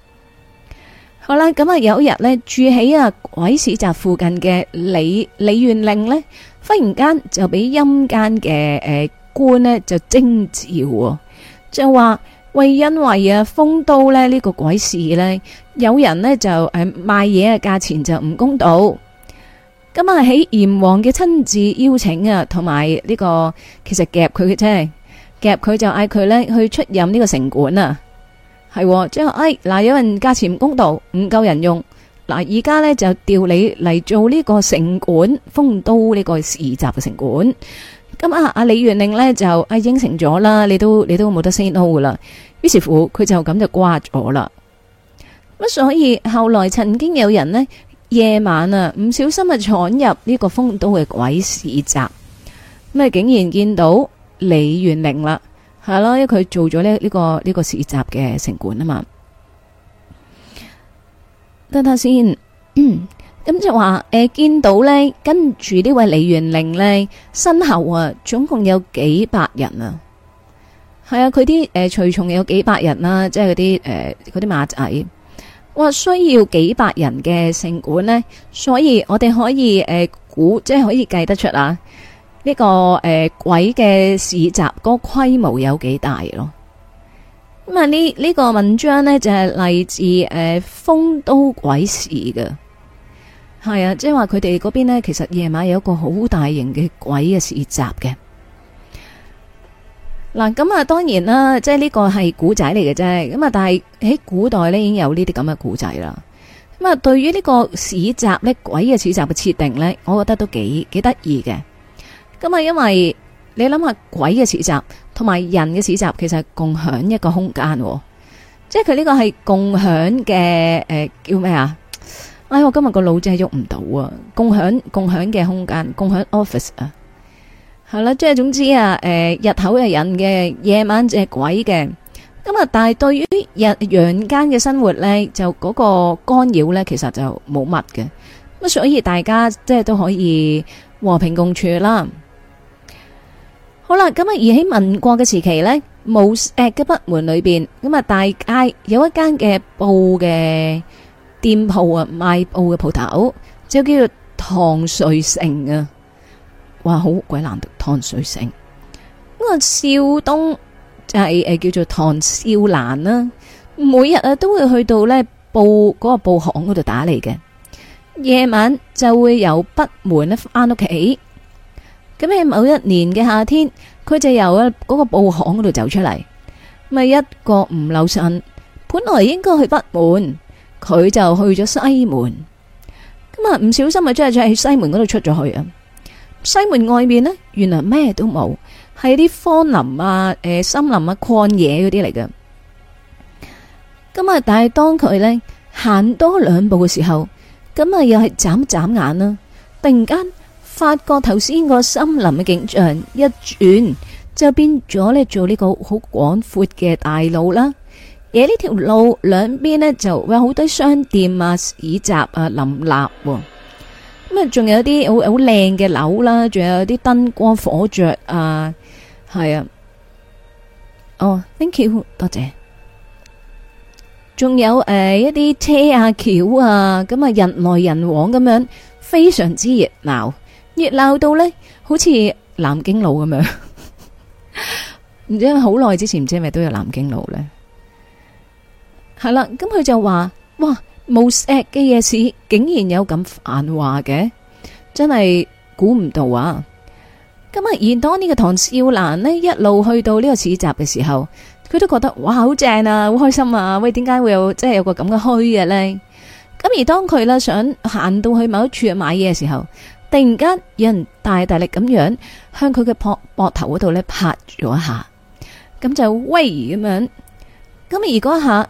好啦，咁啊有一日咧住喺啊鬼市集附近嘅李李縣令呢，忽然間就俾陰間嘅誒官咧就徵召，就話喂，為因為啊豐都咧呢個鬼市呢，有人呢就誒賣嘢嘅價錢就唔公道。咁啊，喺閻王嘅親自邀請啊，同埋呢個其實夾佢嘅啫。夾佢就嗌佢呢去出任呢個城管啊，係即係話，哎嗱，有人價錢唔公道，唔夠人用，嗱而家呢就調你嚟做呢個城管，酆都呢個市集嘅城管。咁啊，阿李元令呢就哎應承咗啦，你都你都冇得 say no 噶啦。於是乎，佢就咁就掛咗啦。咁所以後來曾經有人呢。夜晚啊，唔小心啊，闖入呢個豐都嘅鬼市集，咁啊竟然見到李元玲啦，係咯，因為佢做咗呢呢個呢個市集嘅城管啊嘛。等下先，咁就話、是、誒，見到呢，跟住呢位李元玲呢，身後啊總共有幾百人啊，係啊，佢啲誒隨從有幾百人啦，即係嗰啲誒嗰啲馬仔。話需要幾百人嘅城管呢，所以我哋可以誒、呃、估，即係可以計得出啊呢、這個誒、呃、鬼嘅市集嗰個規模有幾大咯。咁啊呢呢個文章呢，就係、是、嚟自誒豐、呃、都鬼市嘅，係啊，即係話佢哋嗰邊呢，其實夜晚有一個好大型嘅鬼嘅市集嘅。嗱咁啊，當然啦，即係呢個係古仔嚟嘅啫。咁啊，但係喺古代呢，已經有呢啲咁嘅古仔啦。咁啊，對於呢個市集咧，鬼嘅市集嘅設定呢，我覺得都幾幾得意嘅。咁啊，因為你諗下鬼嘅市集同埋人嘅市集，其實係共享一個空間，即係佢呢個係共享嘅誒、呃，叫咩啊？哎呀，我今日個腦真係喐唔到啊！共享共享嘅空間，共享 office 啊！係啦，即係總之啊，誒，日頭係人嘅，夜晚只鬼嘅。咁啊，但係對於日陽間嘅生活咧，就嗰個干擾咧，其實就冇乜嘅。咁啊，所以大家即係都可以和平共處啦。好啦，咁啊，而喺民國嘅時期咧，武誒嘅北門裏邊，咁啊，大街有一間嘅布嘅店鋪啊，賣布嘅鋪頭，就叫做唐瑞成啊。哇，好鬼難得，湯水城。咁啊，少東就係、是、誒、呃、叫做唐少蘭啦。每日啊都會去到呢報嗰、嗰個報行嗰度打嚟嘅。夜晚就會由北門咧翻屋企。咁喺某一年嘅夏天，佢就由啊嗰個報行嗰度走出嚟。咪一個唔留神，本來應該去北門，佢就去咗西門。咁啊，唔小心啊，真、就、係、是、在西門嗰度出咗去啊！西門外面呢，原來咩都冇，係啲荒林啊、誒森林啊、曠野嗰啲嚟嘅。咁啊，但係當佢呢行多兩步嘅時候，咁啊又係眨眨眼啦，突然間發覺頭先個森林嘅景象一轉，就變咗呢做呢個好廣闊嘅大路啦。而呢條路兩邊呢就會有好多商店啊、市集啊、林立。咁啊，仲有啲好好靚嘅樓啦，仲有啲燈光火著啊，係啊，哦，thank you 多謝，仲有誒一啲車啊橋啊，咁啊人來人往咁樣，非常之熱鬧，熱鬧到呢，好似南京路咁樣， 唔知好耐之前唔知係咪都有南京路呢？係啦、啊，咁佢就話哇。冇石嘅夜市竟然有咁繁華嘅，真係估唔到啊！咁啊，而當呢個唐少蘭呢一路去到呢個市集嘅時候，佢都覺得哇好正啊，好開心啊！喂，點解會有即係有個咁嘅虛嘅呢？咁而當佢呢想行到去某一處買嘢嘅時候，突然間有人大大力咁樣向佢嘅膊膊頭嗰度呢拍咗一下，咁就威咁樣，咁而嗰下。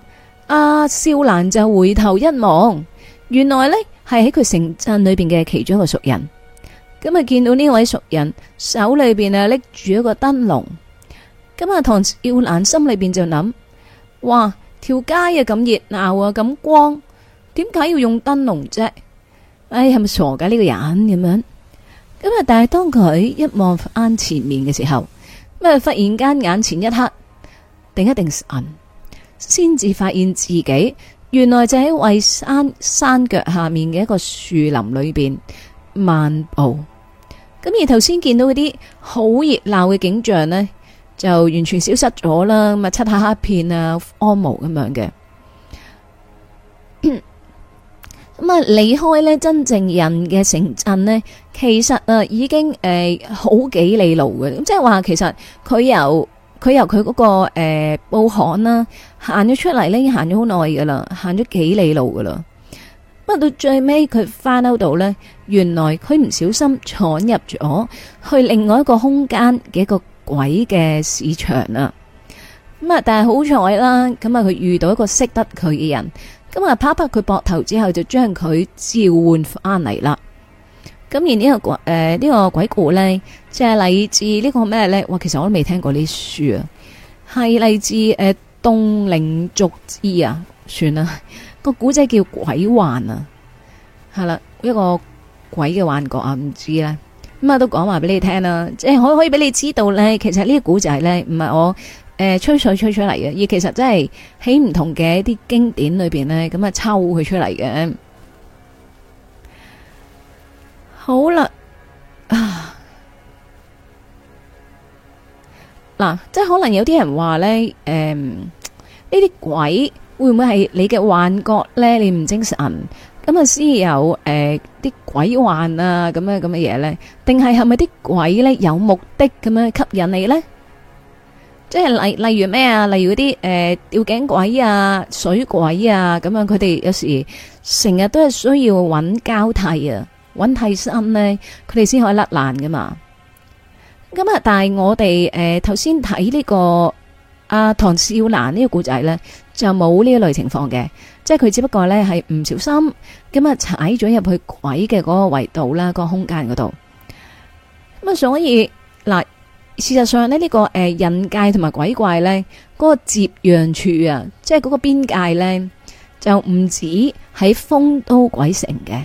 阿、啊、少蘭就回頭一望，原來呢係喺佢城鎮裏邊嘅其中一個熟人。咁啊見到呢位熟人手裏邊啊拎住一個燈籠。咁啊，唐少蘭心裏邊就諗：哇，條街啊咁熱鬧啊咁光，點解要用燈籠啫？哎，係咪傻噶呢個人咁樣？咁啊，但係當佢一望返前面嘅時候，咁就忽然間眼前一黑，定一定神。先至發現自己原來就喺惠山山腳下面嘅一個樹林裏邊漫步，咁而頭先見到嗰啲好熱鬧嘅景象呢，就完全消失咗啦。咁啊，漆黑一片啊，荒蕪咁樣嘅。咁 啊，離開呢，真正人嘅城鎮呢，其實啊，已經誒好幾里路嘅。咁即係話，其實佢由。佢由佢嗰個誒報刊啦，行咗出嚟咧，已經行咗好耐噶啦，行咗幾里路噶啦。咁到最尾佢翻到度呢，原來佢唔小心闖入咗去另外一個空間嘅一個鬼嘅市場啊。咁啊，但係好彩啦，咁啊佢遇到一個識得佢嘅人，咁啊拍拍佢膊頭之後就將佢召喚翻嚟啦。咁然呢、呢個誒呢、呃呢個鬼故咧，即係嚟自個呢個咩咧？哇，其實我都未聽過啲書啊，係嚟自誒《洞、呃、靈續志》啊，算啦，個古仔叫鬼幻啊，係啦，一、個鬼嘅幻覺啊，唔知咧，咁啊都講話俾你聽啦，即係可可以俾你知道咧，其實故呢個古仔咧，唔係我誒、呃、吹水吹,吹出嚟嘅，而其實真係喺唔同嘅一啲經典裏邊咧，咁啊抽佢出嚟嘅。好啦啊！嗱，即係可能有啲人話咧，誒，呢啲鬼會唔會係你嘅幻覺咧？你唔精神咁啊，先有誒啲鬼幻啊，咁樣咁嘅嘢咧，定係係咪啲鬼咧有目的咁樣吸引你咧？即係例例如咩啊？例如嗰啲誒吊頸鬼啊、水鬼啊，咁樣佢哋有時成日都係需要揾交替啊。揾替身呢，佢哋先可以甩爛噶嘛。咁、呃這個、啊，但係我哋誒頭先睇呢個阿唐少蘭呢個故仔呢，就冇呢一類情況嘅，即係佢只不過呢係唔小心，咁啊踩咗入去鬼嘅嗰個維度啦，個空間嗰度。咁啊，所以嗱、呃，事實上呢，呢、這個誒、呃、人界同埋鬼怪呢，嗰、那個接壤處啊，即係嗰個邊界呢，就唔止喺豐都鬼城嘅。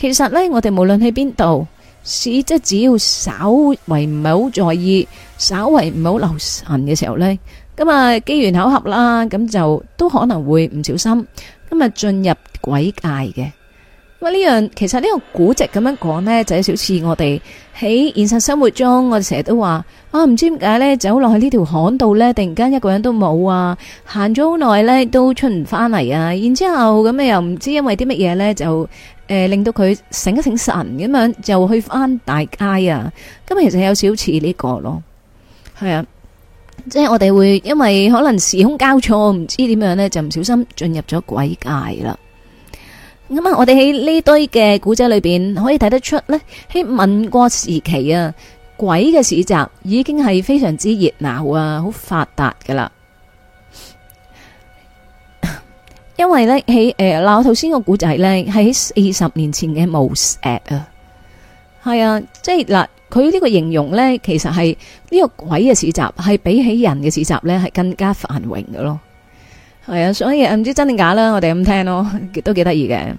其實咧，我哋無論去邊度，市即係只要稍為唔係好在意，稍為唔好留神嘅時候咧，咁啊機緣巧合啦，咁就都可能會唔小心，咁啊進入鬼界嘅。咁啊呢樣，其實呢個古籍咁樣講咧，就有少少似我哋喺現實生活中，我哋成日都話啊，唔知點解咧，走落去呢條巷度咧，突然間一個人都冇啊，行咗好耐咧，都出唔翻嚟啊，然之後咁啊又唔知因為啲乜嘢咧就。誒，令到佢醒一醒神咁樣就去翻大街啊！咁啊，其實有少似呢個咯。係啊，即係我哋會因為可能時空交錯，唔知點樣呢，就唔小心進入咗鬼界啦。咁啊，我哋喺呢堆嘅古仔裏邊可以睇得出呢，喺民國時期啊，鬼嘅市集已經係非常之熱鬧啊，好發達噶啦。因為咧喺誒嗱，我頭先個古仔咧係喺二十年前嘅墓石啊，係啊，即係嗱，佢、呃、呢個形容咧，其實係呢個鬼嘅市集係比起人嘅市集咧係更加繁榮嘅咯，係啊，所以唔知道真定假啦，我哋咁聽咯，都幾得意嘅。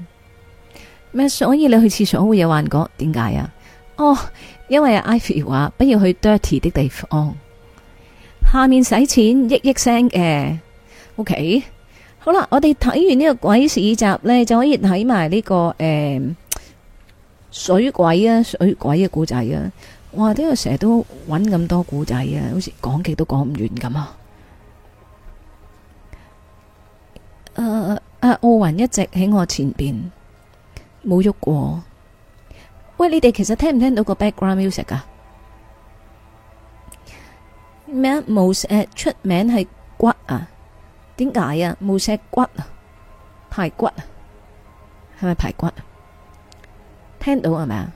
咩？所以你去廁所會有幻覺？點解啊？哦，因為 Ivy 話，不要去 dirty 的地方，下面使錢億億聲嘅，OK。好啦，我哋睇完呢個鬼市集呢，就可以睇埋呢個誒、欸、水鬼啊，水鬼嘅古仔啊！哇，呢個成日都揾咁多古仔啊，好似講極都講唔完咁啊！誒、啊、誒，奧、啊、運一直喺我前邊冇喐過。喂，你哋其實聽唔聽到個 background music 啊？咩啊？出名係骨啊！點解啊？冇尺骨啊、排骨啊，係咪排骨啊？聽到係咪啊？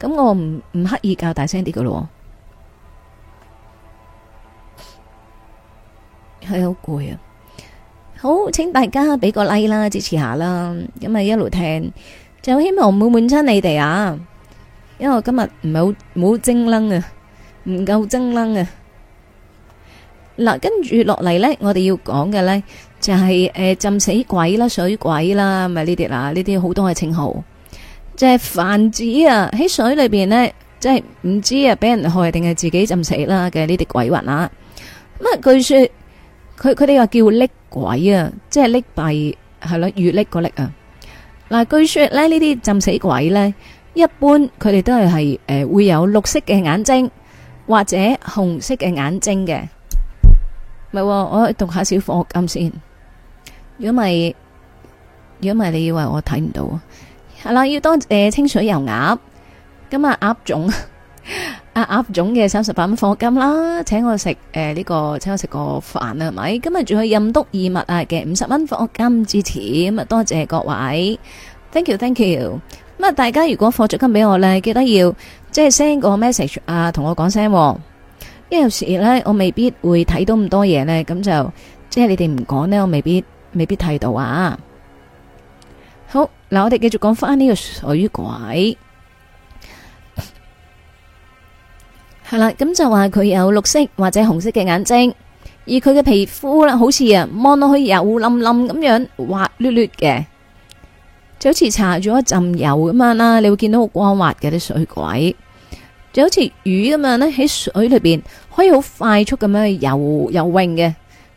咁我唔唔刻意教大聲啲噶咯，係好攰啊！好，請大家俾個 like 啦，支持下啦，咁咪一路聽，就希望唔好悶親你哋啊，因為我今日唔係好唔好精神啊，唔夠精神啊！嗱，跟住落嚟咧，我哋要講嘅咧就係誒浸死鬼啦、水鬼啦，咪呢啲啦，呢啲好多嘅稱號，即係泛指啊喺水裏邊咧，即係唔知啊俾人害定係自己浸死啦嘅呢啲鬼魂啊。咁啊，據說佢佢哋話叫溺鬼啊，即係溺斃係咯，越溺個溺啊。嗱，據說咧呢啲浸死鬼咧，一般佢哋都係係誒會有綠色嘅眼睛或者紅色嘅眼睛嘅。唔係， 我先讀一下小課金先。如果唔係，如果唔係，你以為我睇唔到啊？係、嗯、啦，要多謝清水油鴨。咁啊鴨總，阿鴨總嘅三十八蚊課金啦，請我食誒呢個，請我食個飯啦，係咪？今日仲去任督二脈嘅五十蚊課金支持，咁啊多謝各位，thank you，thank you。咁啊，大家如果課咗金俾我呢，記得要即係 send 個 message 啊，同我講聲。即有時呢，我未必會睇到咁多嘢呢。咁就即係你哋唔講呢，我未必未必睇到啊。好，嗱，我哋繼續講翻呢個水鬼，係啦， 咁就話佢有綠色或者紅色嘅眼睛，而佢嘅皮膚咧，好似啊望落去油淋淋咁樣滑捋捋嘅，就好似搽咗一浸油咁樣啦，你會見到好光滑嘅啲水鬼。就好似魚咁樣咧，喺水裏邊可以好快速咁樣游游泳嘅。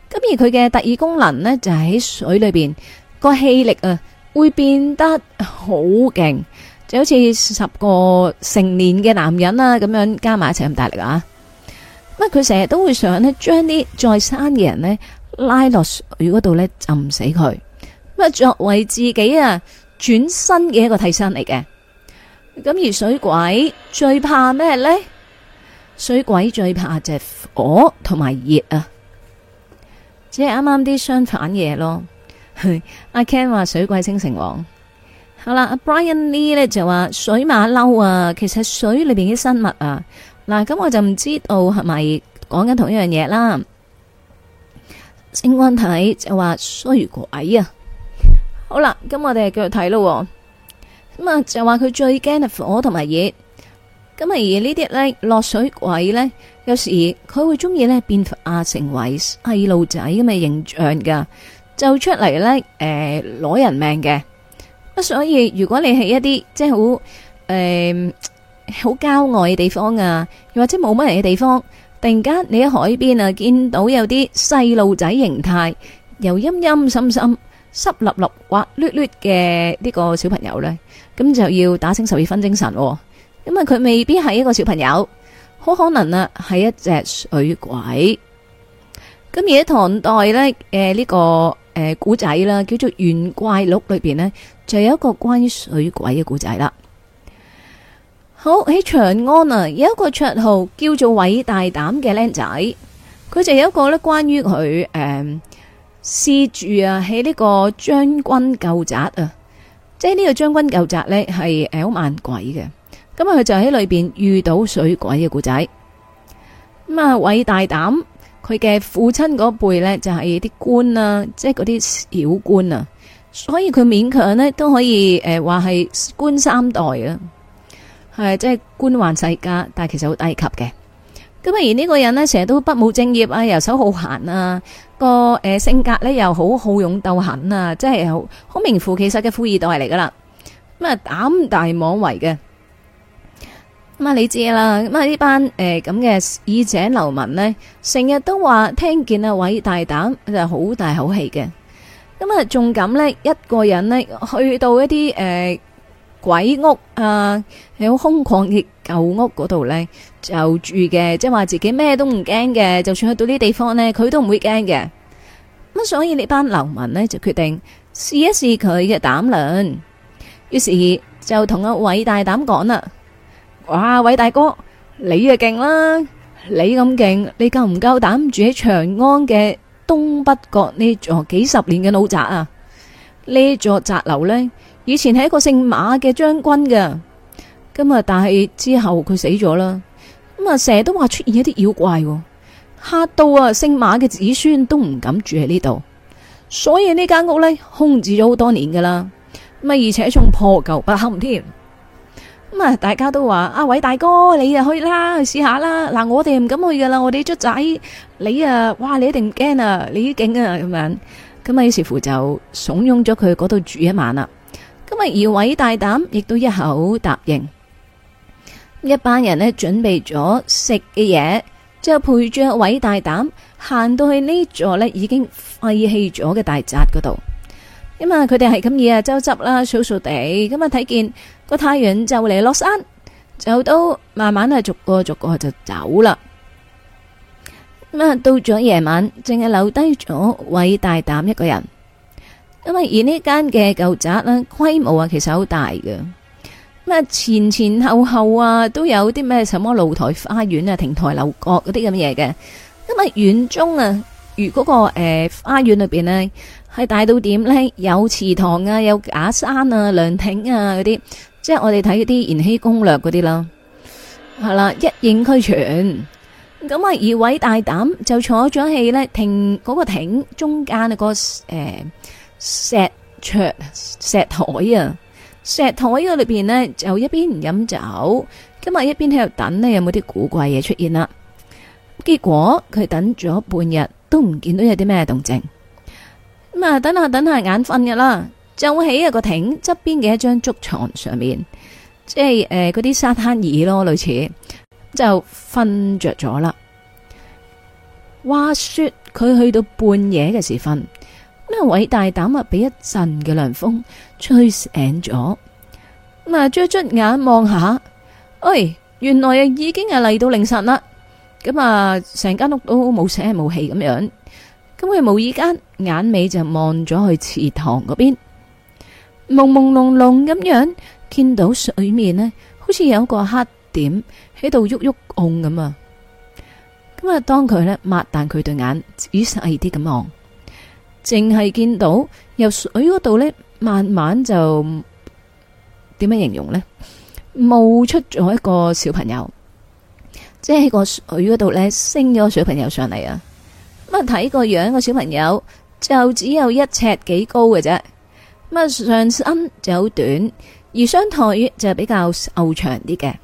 咁而佢嘅特異功能呢，就係喺水裏邊個氣力啊，會變得好勁，就好似十個成年嘅男人啊咁樣加埋一齊咁大力啊！咁佢成日都會想呢將啲在生嘅人呢拉落水嗰度呢浸死佢，咁啊作為自己啊轉生嘅一個替身嚟嘅。咁而水鬼最怕咩呢？水鬼最怕就係火同埋熱啊，只係啱啱啲相反嘢咯。阿 Ken 話水鬼清成王，好啦，阿 Brian Lee 呢就話 水馬騮啊，其實水裏邊啲生物啊，嗱，咁我就唔知道係咪講緊同一樣嘢啦。星君睇就話水如鬼啊，好啦，咁我哋繼續睇咯。咁啊，就話佢最驚啊火同埋熱。咁啊而呢啲咧落水鬼咧，有時佢會中意咧變化成為細路仔咁嘅形象噶，就出嚟咧誒攞人命嘅。咁所以如果你係一啲即係好誒好郊外嘅地方啊，又或者冇乜人嘅地方，突然間你喺海邊啊見到有啲細路仔形態，又陰陰濕濕、濕立立、滑捋捋嘅呢個小朋友咧。咁就要打醒十二分精神，哦，因為佢未必係一個小朋友，好可能啊係一隻水鬼。咁而喺唐代咧，誒呢個誒古仔啦，叫做《玄怪錄》裏邊呢，就有一個關於水鬼嘅古仔啦。好喺長安啊，有一個綽號叫做偉大膽嘅僆仔，佢就有一個咧關於佢誒試住，啊喺呢個將軍舊宅啊。即係呢個將軍舊宅咧，係好猛鬼嘅，咁啊佢就喺裏邊遇到水鬼嘅故仔，咁啊偉大膽佢嘅父親嗰輩咧就係啲官啊，即係嗰啲小官啊，所以佢勉強咧都可以誒話係官三代啊，係即係官宦世家，但係其實好低級嘅。咁啊！而呢個人呢，成日都不務正業啊，遊手好閒啊，個誒性格呢又好好勇鬥狠啊，即係好好名副其實嘅富二代嚟噶啦。咁啊膽大妄為嘅，咁啊你知啦。咁啊呢班誒咁嘅衣井流民呢，成日都話聽見啊，鬼大膽就好大口氣嘅。咁啊仲咁呢，一個人呢去到一啲誒、呃、鬼屋啊，係好空曠嘅舊屋嗰度呢。就住嘅，即係話自己咩都唔驚嘅，就算去到呢啲地方呢，佢都唔會驚嘅。咁啊，所以呢班流民呢就決定試一試佢嘅膽量。於是就同阿偉大膽講啦：哇，偉大哥，你啊勁啦，你咁勁，你夠唔夠膽住喺長安嘅東北角呢座幾十年嘅老宅啊？呢座宅樓呢，以前係一個姓馬嘅將軍㗎。咁啊，但係之後佢死咗啦。咁啊，成日都話出現一啲妖怪，嚇到啊姓馬嘅子孫都唔敢住喺呢度，所以呢間屋呢，空置咗好多年噶啦。咁啊，而且仲破舊不堪添。咁啊，大家都話：阿偉大哥，你啊去啦，試下啦。嗱，我哋唔敢去噶啦，我哋卒仔。你啊，哇，你一定唔驚啊，你啲勁啊咁樣。咁啊，於是乎就慫恿咗佢嗰度住一晚啦。咁啊，阿偉大膽亦都一口答應。一班人呢準備咗食嘅嘢，之後就陪住偉大膽行到去呢座呢已經廢棄咗嘅大宅嗰度。咁啊，佢哋係咁嘢啊，周執啦，掃掃地。咁啊，睇見個太陽就嚟落山，就都慢慢啊逐,逐個逐個就走啦。咁啊，到咗夜晚，淨係留低咗偉大膽一個人。咁啊，而呢間嘅舊宅呢，規模啊其實好大嘅。前前後後啊，都有啲咩什麼露台花園啊、亭台樓閣嗰啲咁嘢嘅。咁啊，園中啊，如果、嗰個誒、呃、花園裏邊呢，係大到點呢？有祠堂啊，有假山啊、涼亭啊嗰啲，即係我哋睇嗰啲《延禧攻略》嗰啲啦，係啦，一應俱全。咁啊，二位大膽就坐咗喺呢亭嗰個亭中間嗰、嗰個誒、呃、石桌石台啊。石台呢個裏邊呢，就一邊飲酒，今日一邊喺度等呢，有冇啲古怪嘢出現啦？結果佢等咗半日，都唔見到有啲咩動靜。咁啊，等下等下眼瞓噶啦，就喺一個亭側邊嘅一張竹床上面，即係誒嗰啲沙灘椅咯，類似就瞓着咗啦。話說佢去到半夜嘅時分。咩偉大膽物俾一陣嘅涼風吹醒咗，咁啊捽捽眼望下，哎，原來啊已經係嚟到凌晨啦，咁啊成間屋都冇聲冇氣咁樣，咁佢無意間眼尾就望咗去池塘嗰邊，朦朦朧朧咁樣見到水面呢好似有個黑點喺度喐喐動咁啊，咁啊當佢呢抹淡佢對眼，仔細啲咁望。淨係見到由水嗰度呢，慢慢就點樣形容呢？冒出咗一個小朋友，即係喺個水嗰度呢，升咗個小朋友上嚟啊！咁啊，睇個樣個小朋友就只有一尺幾高嘅啫，咁啊，上身就好短，而雙腿就比較瘦長啲嘅。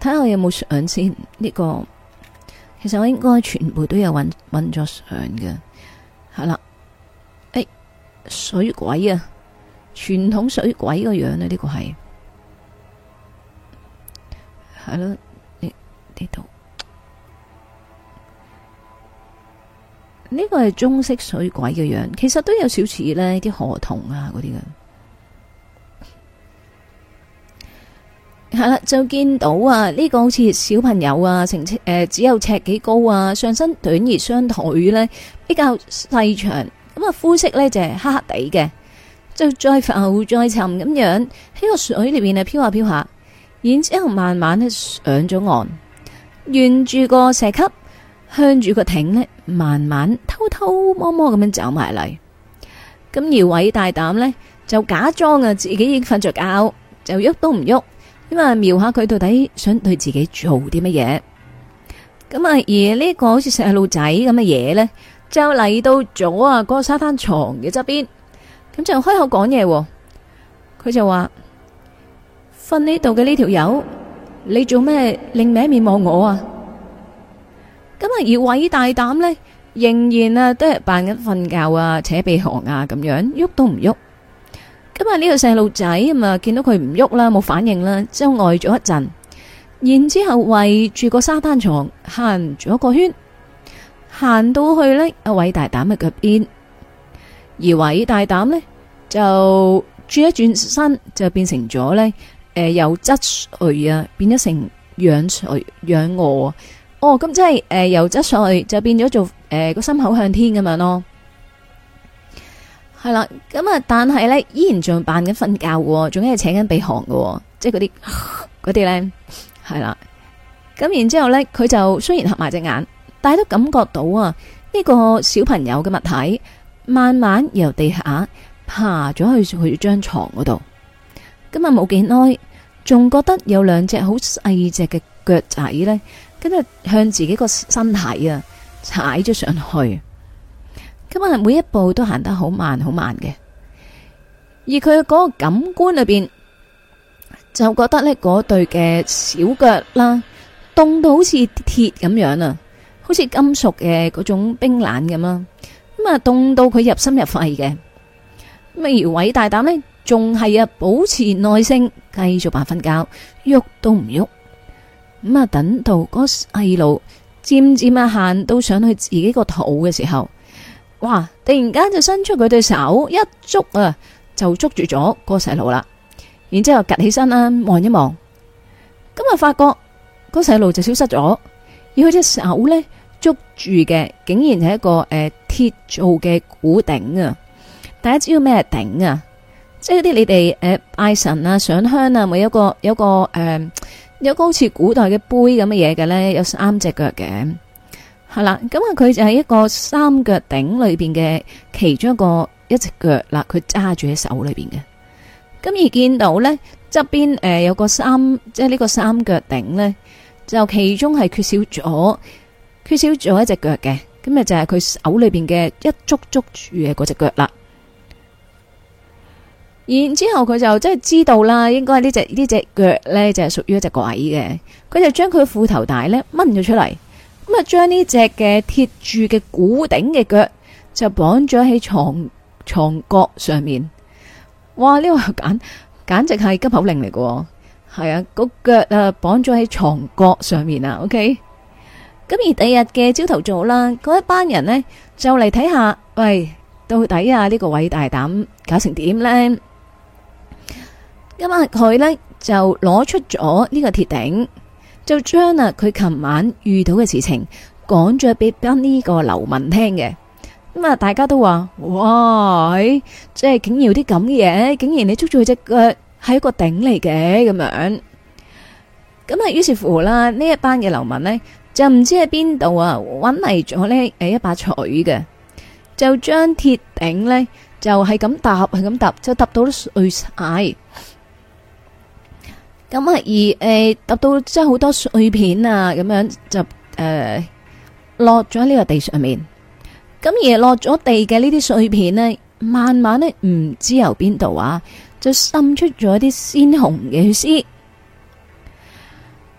睇下有冇上先呢個。其實我應該全部都有搵揾咗相嘅，係啦，誒、欸，水鬼啊，傳統水鬼個樣，啊呢個樣呢？呢、欸呢個係，係咯，呢呢度，呢個係中式水鬼嘅樣，其實都有少似呢啲河童啊嗰啲嘅。係啦，就見到啊，呢個好似小朋友啊，成誒，只有尺幾高啊，上身短而雙腿呢，比較細長，咁啊膚色呢就係黑黑地嘅，就再浮再沉咁樣喺個水裏邊啊飄下飄下，然之後慢慢呢上咗岸，沿住個石級向住個艇呢，慢慢偷偷摸摸咁樣走埋嚟，咁而偉大膽呢，就假裝啊自己已經瞓着覺，就喐都唔喐。因為瞄下佢到底想對自己做啲乜嘢？咁啊，而呢個好似細路仔咁嘅嘢呢，就嚟到咗啊嗰個沙灘床嘅側邊，咁就開口講嘢。佢就話：瞓呢度嘅呢條友，你做咩令眼面望我啊？咁啊，而偉大膽呢，仍然啊都係扮緊瞓覺啊，扯鼻鼾啊，咁樣喐都唔喐。今日呢個細路仔咁啊，見到佢唔喐啦，冇反應啦，之後呆咗一陣，然之後圍住個沙灘床行咗個圈，行到去呢、阿，偉大膽嘅腳邊，而偉大膽呢就轉一轉身，就變成咗呢誒，由側睡啊變咗成仰睡仰臥，哦，咁即係誒由側睡就變咗做誒個心口向天咁樣咯。係啦，咁啊，但係咧，依然仲扮緊瞓覺喎，仲係扯緊鼻鼾嘅，即係嗰啲嗰啲咧，係啦。咁然之後咧，佢就雖然合埋隻眼，但係都感覺到啊，呢、這個小朋友嘅物體慢慢由地下爬咗去去張床嗰度。咁啊，冇幾耐，仲覺得有兩隻好細隻嘅腳仔咧，跟住向自己個身體啊踩咗上去。咁啊，每一步都行得好慢，好慢嘅。而佢嘅嗰個感官裏邊，就覺得呢嗰對嘅小腳啦，凍到好似鐵咁樣啊，好似金屬嘅嗰種冰冷咁啦。咁啊，凍到佢入心入肺嘅。咁而偉大膽呢仲係啊，保持耐性，繼續扮瞓覺，喐都唔喐。咁啊，等到嗰細路漸漸啊行到上去自己個肚嘅時候。哇！突然間就伸出佢對手，一捉啊就捉住咗個細路啦。然之後趌起身啦，望一望，咁就發覺，個細路就消失咗。而佢隻手咧捉住嘅，竟然係一個誒、呃、鐵做嘅古鼎啊！大家知道咩係鼎啊？即係啲你哋誒、呃、拜神啊、上香啊，咪有個有個誒，有個、呃、有個好似古代嘅杯咁嘅嘢嘅咧，有三隻腳嘅。係啦，咁啊、嗯，佢就係一個三腳鼎裏邊嘅其中一個一隻腳啦，佢揸住喺手裏邊嘅。咁而見到呢側邊誒有個三，即係呢個三腳鼎呢就其中係缺少咗缺少咗一隻腳嘅。咁、嗯、啊就係、是、佢手裏邊嘅一捉捉住嘅嗰隻腳啦。然之後佢就即係知道啦，應該係呢隻呢隻腳呢就係、是、屬於一隻鬼嘅。佢就將佢褲頭帶呢掹咗出嚟。咁啊，將呢隻嘅鐵柱嘅古頂嘅腳就綁咗喺床床角上面。哇！呢個簡簡直係急口令嚟嘅，係啊，個腳啊綁咗喺床角上面啊。OK。咁而第二日嘅朝頭早啦，嗰一班人呢，就嚟睇下，喂，到底啊呢個偉大膽搞成點呢？咁啊，佢呢，就攞出咗呢個鐵頂。就將啊佢琴晚遇到嘅事情講咗俾呢個流民聽嘅，咁啊大家都話哇，即係竟然有啲咁嘅嘢，竟然你捉住佢隻腳係一個頂嚟嘅咁樣，咁啊於是乎啦，呢一班嘅流民呢，就唔知喺邊度啊揾嚟咗呢誒一把錘嘅，就將鐵頂呢，就係咁搭，係咁搭，就搭到都碎晒。咁啊，而誒，揼到即係好多碎片啊，咁樣就誒，誒，誒落咗呢個地上面。咁而落咗地嘅呢啲碎片呢，慢慢呢唔知由邊度啊，就滲出咗一啲鮮紅嘅血絲。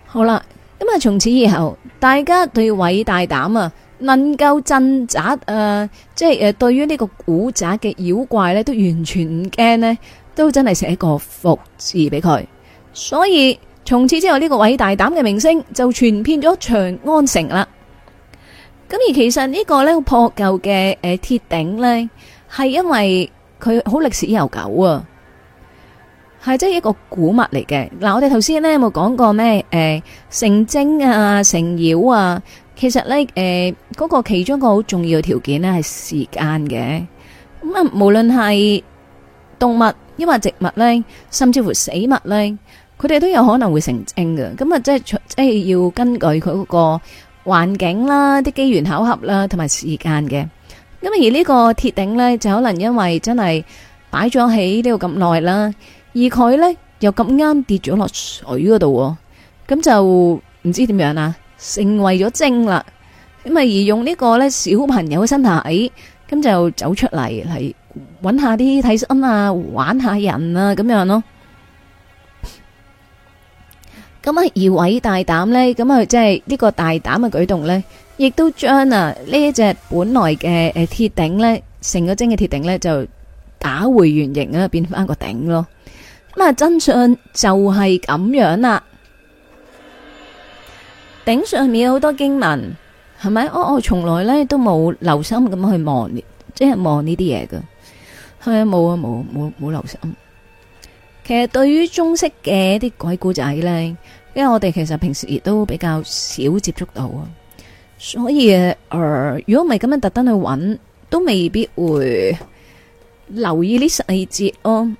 好啦，咁啊，從此以後，大家對偉大膽啊，能夠鎮宅啊，即係誒，對於呢個古宅嘅妖怪呢，都完全唔驚呢，都真係寫個服字俾佢。所以從此之後呢，這個偉大膽嘅明星就傳遍咗長安城啦。咁而其實這個破舊，呃、鐵頂呢個呢破舊嘅誒鐵頂咧，係因為佢好歷史悠久啊，係即係一個古物嚟嘅。嗱、呃，我哋頭先呢有冇講過咩？誒、呃，成精啊，成妖啊？其實呢誒，嗰，呃那個其中一個好重要嘅條件呢係時間嘅。咁、呃、啊，無論係動物，因為植物呢，甚至乎死物呢，佢哋都有可能會成精嘅。咁啊，即係即係要根據佢嗰個環境啦、啲機緣巧合啦，同埋時間嘅。咁啊，而呢個鐵頂呢，就可能因為真係擺咗喺呢度咁耐啦，而佢呢又咁啱跌咗落水嗰度，咁就唔知點樣啦，成為咗精啦。咁啊，而用呢個呢小朋友嘅身體，咁就走出嚟係。搵下啲睇心啊，玩下人啊，咁樣咯。咁啊，而偉大膽咧，咁啊，即係呢個大膽嘅舉動咧，亦都將啊呢一隻本來嘅誒鐵頂咧，成個精嘅鐵頂咧就打回原形啊，變翻個頂咯。咁啊，真相就係咁樣啦。頂上面有好多經文，係咪？我我從來咧都冇留心咁去望，即係望呢啲嘢嘅。係啊，冇啊，冇冇冇留心。其實對於中式嘅啲鬼故仔咧，因為我哋其實平時亦都比較少接觸到啊，所以誒、呃，如果唔係咁樣特登去揾，都未必會留意呢細節。哦，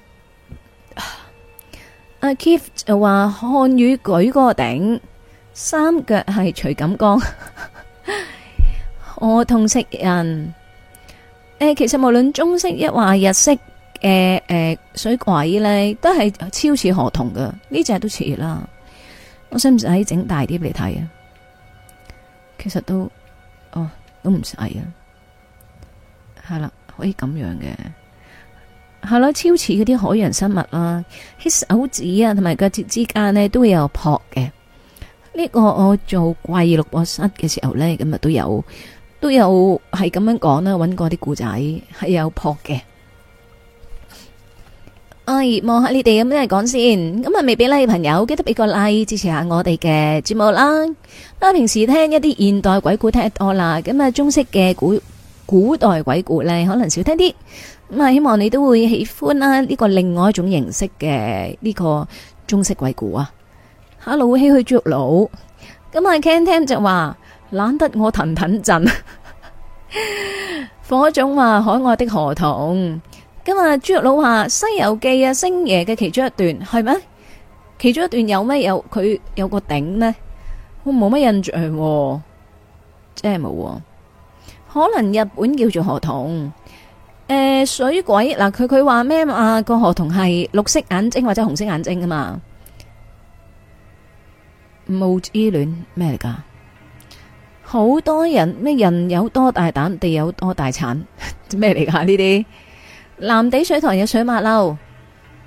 阿 K 就話漢語舉個頂，三腳係徐錦光， 我痛識人。誒，其實無論中式抑或日式，誒誒水鬼咧都係超似河童噶，呢隻都似啦。我使唔使整大啲嚟睇啊？其實都，哦，都唔使啊。係啦，可以咁樣嘅，係咯，超似嗰啲海洋生物啦。喺手指啊，同埋腳趾之間呢，都會有蹼嘅。呢、這個我做貴六博室嘅時候呢，今日都有。都有係咁樣講啦，揾過啲故仔係有扑嘅。啊，望下你哋咁一係講先，咁啊未俾 like 朋友，記得俾個 like 支持下我哋嘅節目啦。啊，平時聽一啲現代鬼故聽得多啦，咁啊中式嘅古古代鬼故咧可能少聽啲。咁啊希望你都會喜歡啦，呢個另外一種形式嘅呢個中式鬼故啊。Hello，唏去豬肉佬，咁啊 Ken 聽就話。懶得我騰騰震，火種話海外的河童。今日豬肉佬話《西遊記》啊，星爺嘅其中一段係咩？其中一段有咩有佢有個頂咩？我冇乜印象，真係冇。可能日本叫做河童。誒，水鬼嗱，佢佢話咩啊？個河童係綠色眼睛或者紅色眼睛㗎嘛？霧依戀咩嚟噶？好多人咩，人有多大膽，地有多大產，咩嚟噶呢啲？藍地水塘有水馬騮，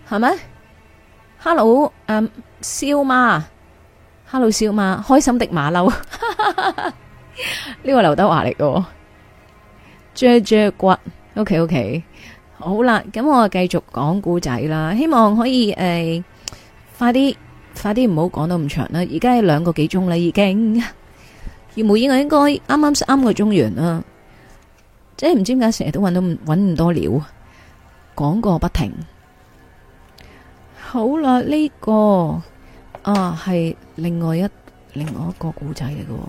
係咪？Hello，誒、um,，小馬，Hello，小馬，開心的馬騮，呢個劉德華嚟喎，嚼嚼骨，OK，OK，okay, okay. 好啦，咁我繼續講故仔啦，希望可以誒、呃，快啲，快啲，唔好講到咁長啦，而家兩個幾鐘啦，已經。羽毛燕我應該啱啱三個鐘啦，即係唔知點解成日都搵到搵咁多鳥，講個不停。好啦，呢個啊係另外一另外一個古仔嚟嘅。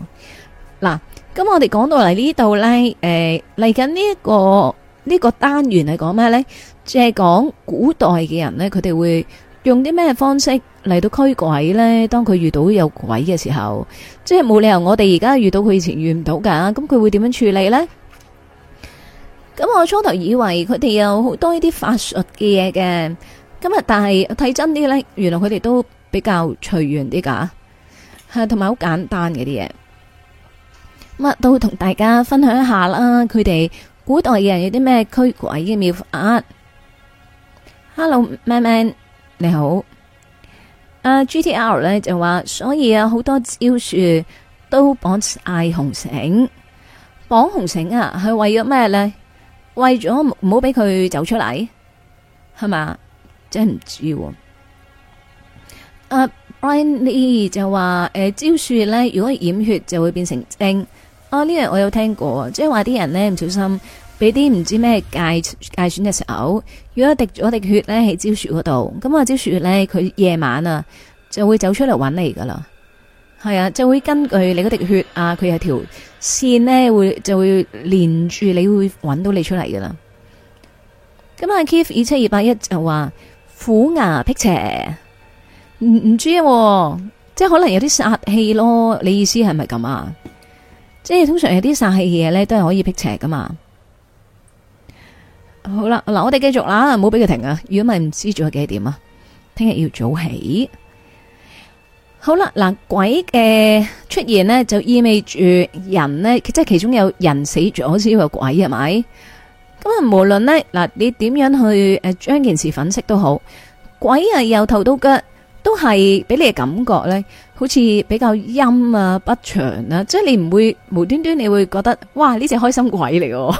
嗱，咁我哋講到嚟呢度咧，誒，嚟緊呢一個呢個單元嚟講咩咧？即係講古代嘅人咧，佢哋會。用啲咩方式嚟到驅鬼呢？當佢遇到有鬼嘅時候，即係冇理由我哋而家遇到佢以前遇唔到噶，咁佢會點樣處理呢？咁我初頭以為佢哋有好多呢啲法術嘅嘢嘅，咁啊但係睇真啲呢，原來佢哋都比較隨緣啲噶，係，同埋好簡單嘅啲嘢。乜啊，都同大家分享一下啦，佢哋古代嘅人有啲咩驅鬼嘅妙法？Hello，咩咩？Man. 你好，阿 GTR 咧就話，所以啊好多蕉樹都綁晒紅繩，綁紅繩啊係為咗咩咧？為咗唔好俾佢走出嚟，係嘛？真係唔知道。阿、uh, Brian Lee 就話，誒蕉樹咧如果染血就會變成精，啊呢樣我有聽過，即係話啲人咧唔小心。俾啲唔知咩介介選嘅時候，如果滴咗滴血咧喺招雪嗰度，咁、那個、啊招雪咧佢夜晚啊就會走出嚟搵你噶啦，係啊就會根據你嗰滴血啊，佢係條線咧會就會連住你會搵到你出嚟噶啦。咁啊 Keith 二七二八一就話虎牙辟邪，唔、嗯、唔知、啊、即係可能有啲殺氣咯。你意思係咪咁啊？即係通常有啲殺氣嘅嘢咧，都係可以辟邪噶嘛。好啦，嗱我哋繼續啦，唔好俾佢停啊！如果唔係唔知仲有幾點啊？聽日要早起。好啦，嗱鬼嘅出現咧，就意味住人咧，即係其中有人死咗先有鬼係咪？咁啊，無論咧嗱，你點樣去誒將件事粉飾，都好，鬼啊由頭到腳都係俾你嘅感覺咧，好似比較陰啊不祥啦，即係你唔會無端端你會覺得，哇呢隻開心鬼嚟嘅。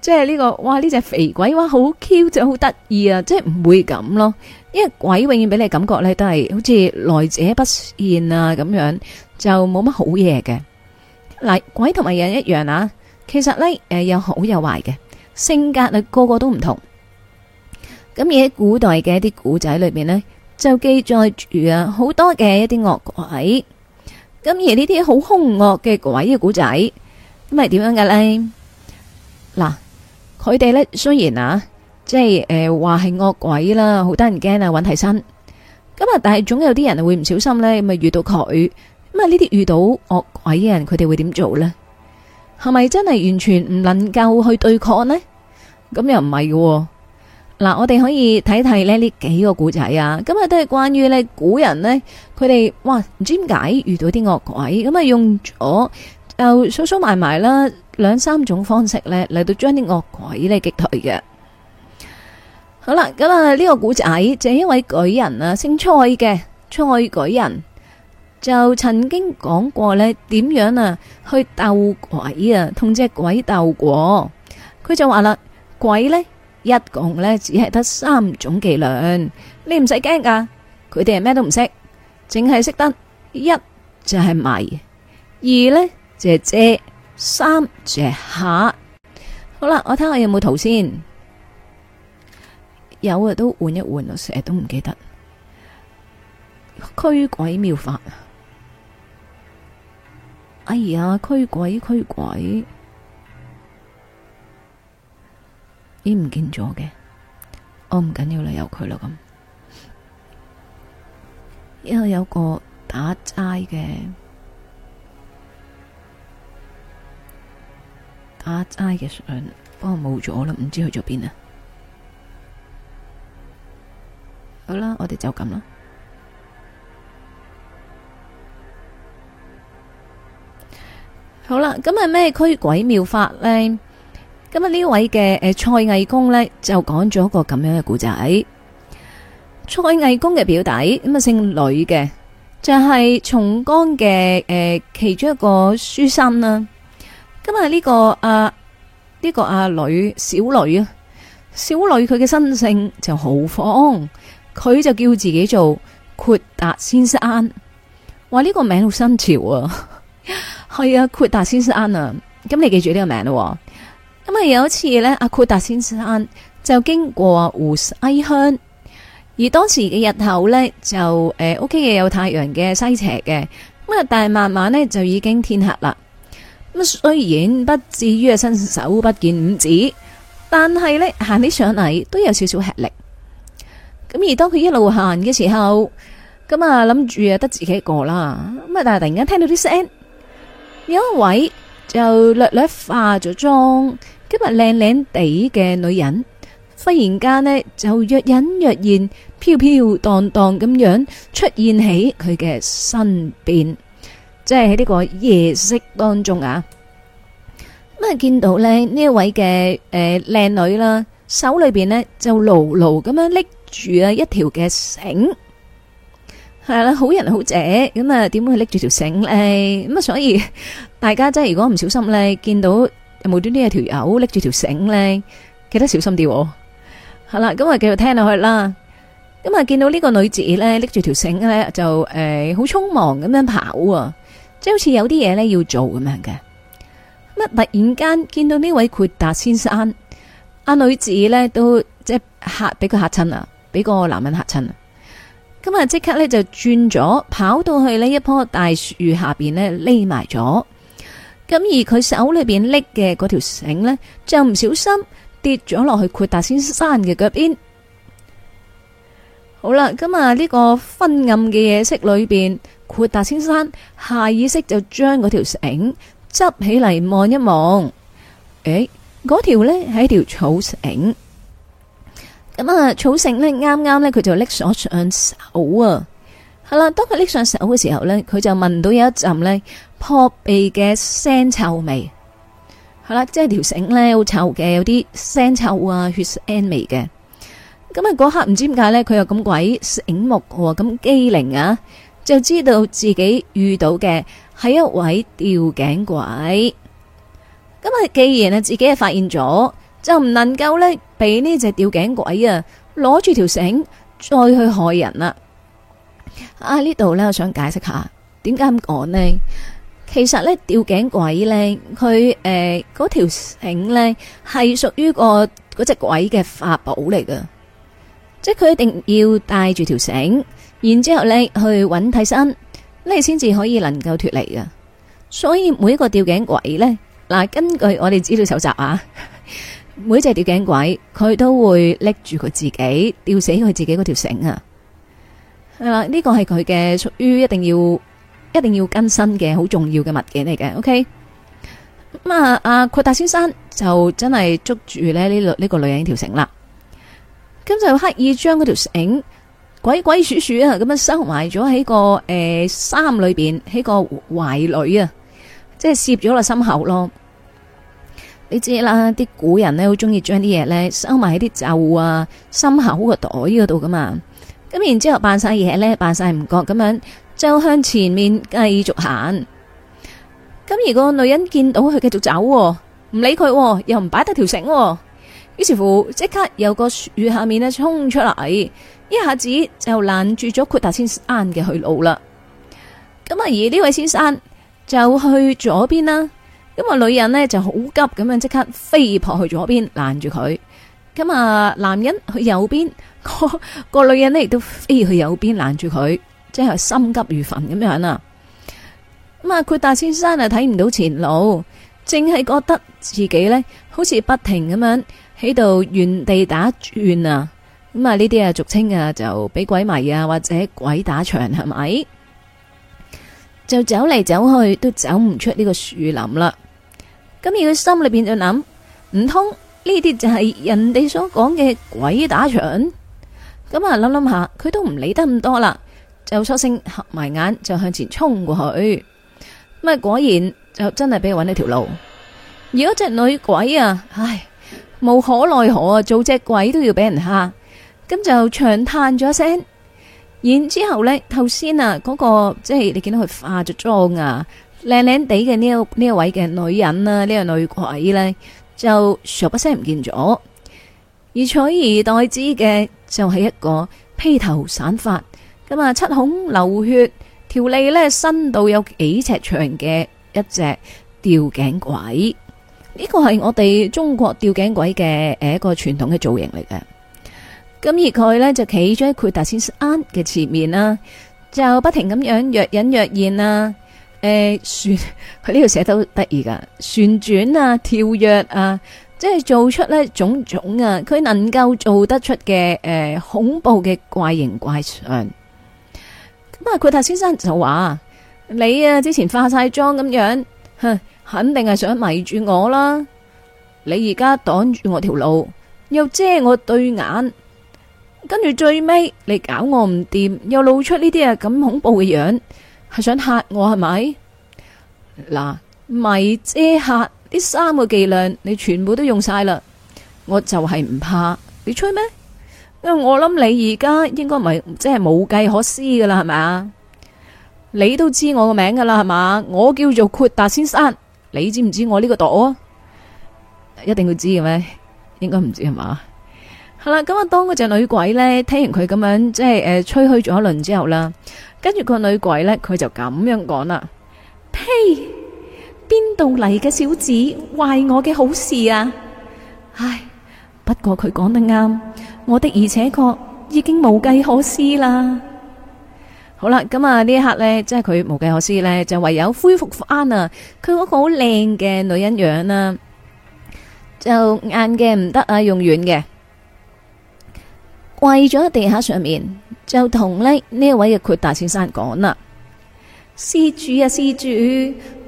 即係呢個，哇！呢隻肥鬼哇，好 Q 就好得意啊！即係唔會咁咯，因為鬼永遠俾你嘅感覺咧，都係好似來者不善啊咁樣，就冇乜好嘢嘅。嗱，鬼同埋人一樣啊，其實咧誒有好有壞嘅，性格咧個個都唔同。咁而喺古代嘅一啲古仔裏面咧，就記載住啊好多嘅一啲惡鬼。咁而呢啲好凶惡嘅鬼嘅古仔，咁係點樣嘅咧？嗱。佢哋咧，雖然啊，即係誒，話係惡鬼啦，好得人驚啊，揾替身。咁啊，但係總有啲人會唔小心咧，咪遇到佢。咁啊，呢啲遇到惡鬼嘅人，佢哋會點做呢？係咪真係完全唔能夠去對抗呢？咁又唔係嘅。嗱，我哋可以睇睇咧呢幾個古仔啊。咁啊，都係關於咧古人呢，佢哋哇唔知點解遇到啲惡鬼，咁啊用咗。就數數埋埋啦，兩三種方式嚟到將啲惡鬼呢擊退嘅。好啦，咁啊呢個古仔就係一位舉人啊，姓蔡嘅蔡舉人就曾經講過呢點樣啊去鬥鬼啊，同隻鬼鬥過。佢就話啦，鬼呢，一共呢，只係得三種伎倆，你唔使驚噶，佢哋係咩都唔識，淨係識得一就係、是、迷，二呢。姐姐三隻下，好啦，我睇下有冇圖先。有啊，都換一換咯，成日都唔記得驅鬼妙法。哎呀，驅鬼驅鬼，咦唔見咗嘅，我唔緊要啦，由佢啦咁。因為有個打齋嘅。阿齋嘅相，不過冇咗啦，唔知去咗邊啊。好啦，我哋就咁啦。好啦，咁係咩驅鬼妙法呢？咁啊呢位嘅、誒蔡魏公呢，就講咗個咁樣嘅故仔。蔡魏公嘅表弟咁啊姓呂嘅，就係、是、松江嘅誒、呃、其中一個書生啦。因為呢個阿呢個阿女小女啊，小女佢嘅身性就好放，佢就叫自己做闊達先生，話呢個名好新潮啊，係 啊，闊達先生啊。咁你記住呢個名咯。咁啊，有一次咧，阿闊達先生就經過湖西鄉，而當時嘅日頭咧就誒屋企嘅有太陽嘅西斜嘅，咁啊，但係慢慢咧就已經天黑啦。雖然不至於伸手不見五指，但係呢行起上嚟，都有少少吃力。咁而當佢一路行嘅時候，咁啊諗住啊得自己一個啦。咁啊，但係突然間聽到啲聲，有一位就略略化咗妝，今日靚靚地嘅女人，忽然間呢，就若隱若現、飄飄蕩蕩咁樣出現喺佢嘅身邊。即係喺呢個夜色當中啊，咁啊見到咧呢一位嘅，誒靚女啦，手裏邊咧就牢牢咁樣拎住啊一條嘅繩，係啦，好人好姐咁啊，點會拎住條繩咧？咁啊，所以大家真係如果唔小心咧，見到無端端有條友拎住條繩咧，記得小心啲。係啦，咁啊繼續聽落去啦。咁啊見到呢個女子咧拎住條繩咧，就誒好匆忙咁樣跑啊！即好似有啲嘢咧要做咁樣嘅，乜突然間見到呢位豁達先生阿女子呢都即係吓，俾佢嚇親啊，俾個男人嚇親啊。咁啊，即刻呢就轉咗跑到去呢一棵大樹下邊呢匿埋咗。咁而佢手裏邊拎嘅嗰條繩呢，就唔小心跌咗落去豁達先生嘅腳邊。好啦，咁啊呢個昏暗嘅夜色裏邊，闊達青山下意識就將嗰條繩執起嚟，望一望。誒，嗰條咧係一條草繩。咁啊，草繩咧啱啱咧佢就拎咗上手啊。係啦，當佢拎上手嘅時候咧，佢就聞到有一陣咧撲鼻嘅腥臭味。係啦，即係條繩咧好臭嘅，有啲腥臭啊、血腥味嘅。咁啊！嗰刻唔知點解咧，佢又咁鬼醒目喎，咁機靈啊，就知道自己遇到嘅係一位吊頸鬼。咁啊，既然啊自己係發現咗，就唔能夠咧俾呢隻吊頸鬼啊攞住條繩再去害人啦。啊！呢度咧，我想解釋下點解咁講咧。其實咧，吊頸鬼咧，佢誒嗰條繩咧係屬於個嗰隻鬼嘅法寶嚟噶。即係佢一定要帶住條繩，然之後你去揾替身，你先至可以能夠脫離嘅。所以每一個吊頸鬼咧，嗱，根據我哋資料搜集啊，每隻吊頸鬼佢都會拎住佢自己吊死佢自己嗰條繩啊。係啦，呢個係佢嘅屬於一定要一定要更新嘅好重要嘅物件嚟嘅。OK，咁啊啊豁達先生就真係捉住咧呢呢個女人條繩啦。咁就刻意將嗰條繩鬼鬼祟祟啊，咁樣收埋咗喺個誒衫裏邊，喺、欸、個懷裏啊，即係攝咗落心口咯。你知啦，啲古人呢好中意將啲嘢呢收埋喺啲袖啊、心口嘅袋嗰度噶嘛。咁然之後扮晒嘢呢，扮晒唔覺咁樣，就向前面繼續行。咁如果女人見到佢繼續走，啊，唔理佢，啊，又唔擺得條繩，啊。於是乎，即刻有個樹下面呢衝出嚟，一下子就攔住咗闊達先生嘅去路啦。咁啊，而呢位先生就去左邊啦，咁啊女人呢就好急咁樣，即刻飛撲去左邊攔住佢。咁啊，男人去右邊，個女人呢亦都飛去右邊攔住佢，即係心急如焚咁樣啊。咁啊，闊達先生啊睇唔到前路，淨係覺得自己呢好似不停咁樣。喺度原地打轉啊！咁啊，呢啲啊俗稱啊就俾鬼迷啊，或者鬼打牆係咪？就走嚟走去都走唔出呢個樹林啦。咁而佢心裏邊就諗：唔通呢啲就係人哋所講嘅鬼打牆？咁啊諗諗下，佢都唔理得咁多啦，就索性合埋眼就向前衝過去。咁啊果然就真係俾佢搵到條路。而嗰隻女鬼啊，唉～無可奈何啊！做隻鬼都要俾人嚇，咁就長嘆咗一聲。然之後呢頭先啊，嗰、那個即係你見到佢化咗妝啊，靚靚地嘅呢個呢一位嘅女人啦、啊，呢個女鬼呢，就傻不聲唔見咗。而取而代之嘅就係、是、一個披頭散髮，咁啊七孔流血，條脷呢，伸到有幾尺長嘅一隻吊頸鬼。呢個係我哋中國吊頸鬼嘅誒一個傳統嘅造型嚟嘅，咁而佢呢，就企咗喺豁達先生嘅前面啦，就不停咁樣若隱若現啊！誒旋佢呢度寫得得意噶，旋轉啊、跳躍啊，即係做出呢種種啊，佢能夠做得出嘅誒、呃、恐怖嘅怪形怪相。咁啊，豁達先生就話：你啊之前化晒妝咁樣，哼。肯定係想迷住我啦！你而家擋住我條路，又遮我對眼，跟住最尾你搞我唔掂，又露出呢啲啊咁恐怖嘅樣，係想嚇我係咪？嗱，迷、遮、嚇，呢三個伎倆，你全部都用晒啦！我就係唔怕你吹咩？因為我諗你而家應該唔係即係冇計可施噶啦，係咪啊？你都知我個名噶啦，係嘛？我叫做豁達先生。你知唔知我呢個度？一定要知嘅咩？應該唔知係嘛？係啦，咁啊，當嗰隻女鬼咧，聽完佢咁樣即係誒吹噓咗一輪之後啦，跟住個女鬼咧，佢就咁樣講啦：呸，邊度嚟嘅小子，壞我嘅好事啊！唉，不過佢講得啱，我的而且確已經無計可施啦。好啦，咁啊呢一刻咧，即係佢無計可施咧，就唯有恢復翻啊，佢嗰個好靚嘅女人樣啦，就硬嘅唔得啊，用軟嘅，跪咗喺地下上面，就同咧呢一位嘅闊大先生講啦：「施主啊，施主，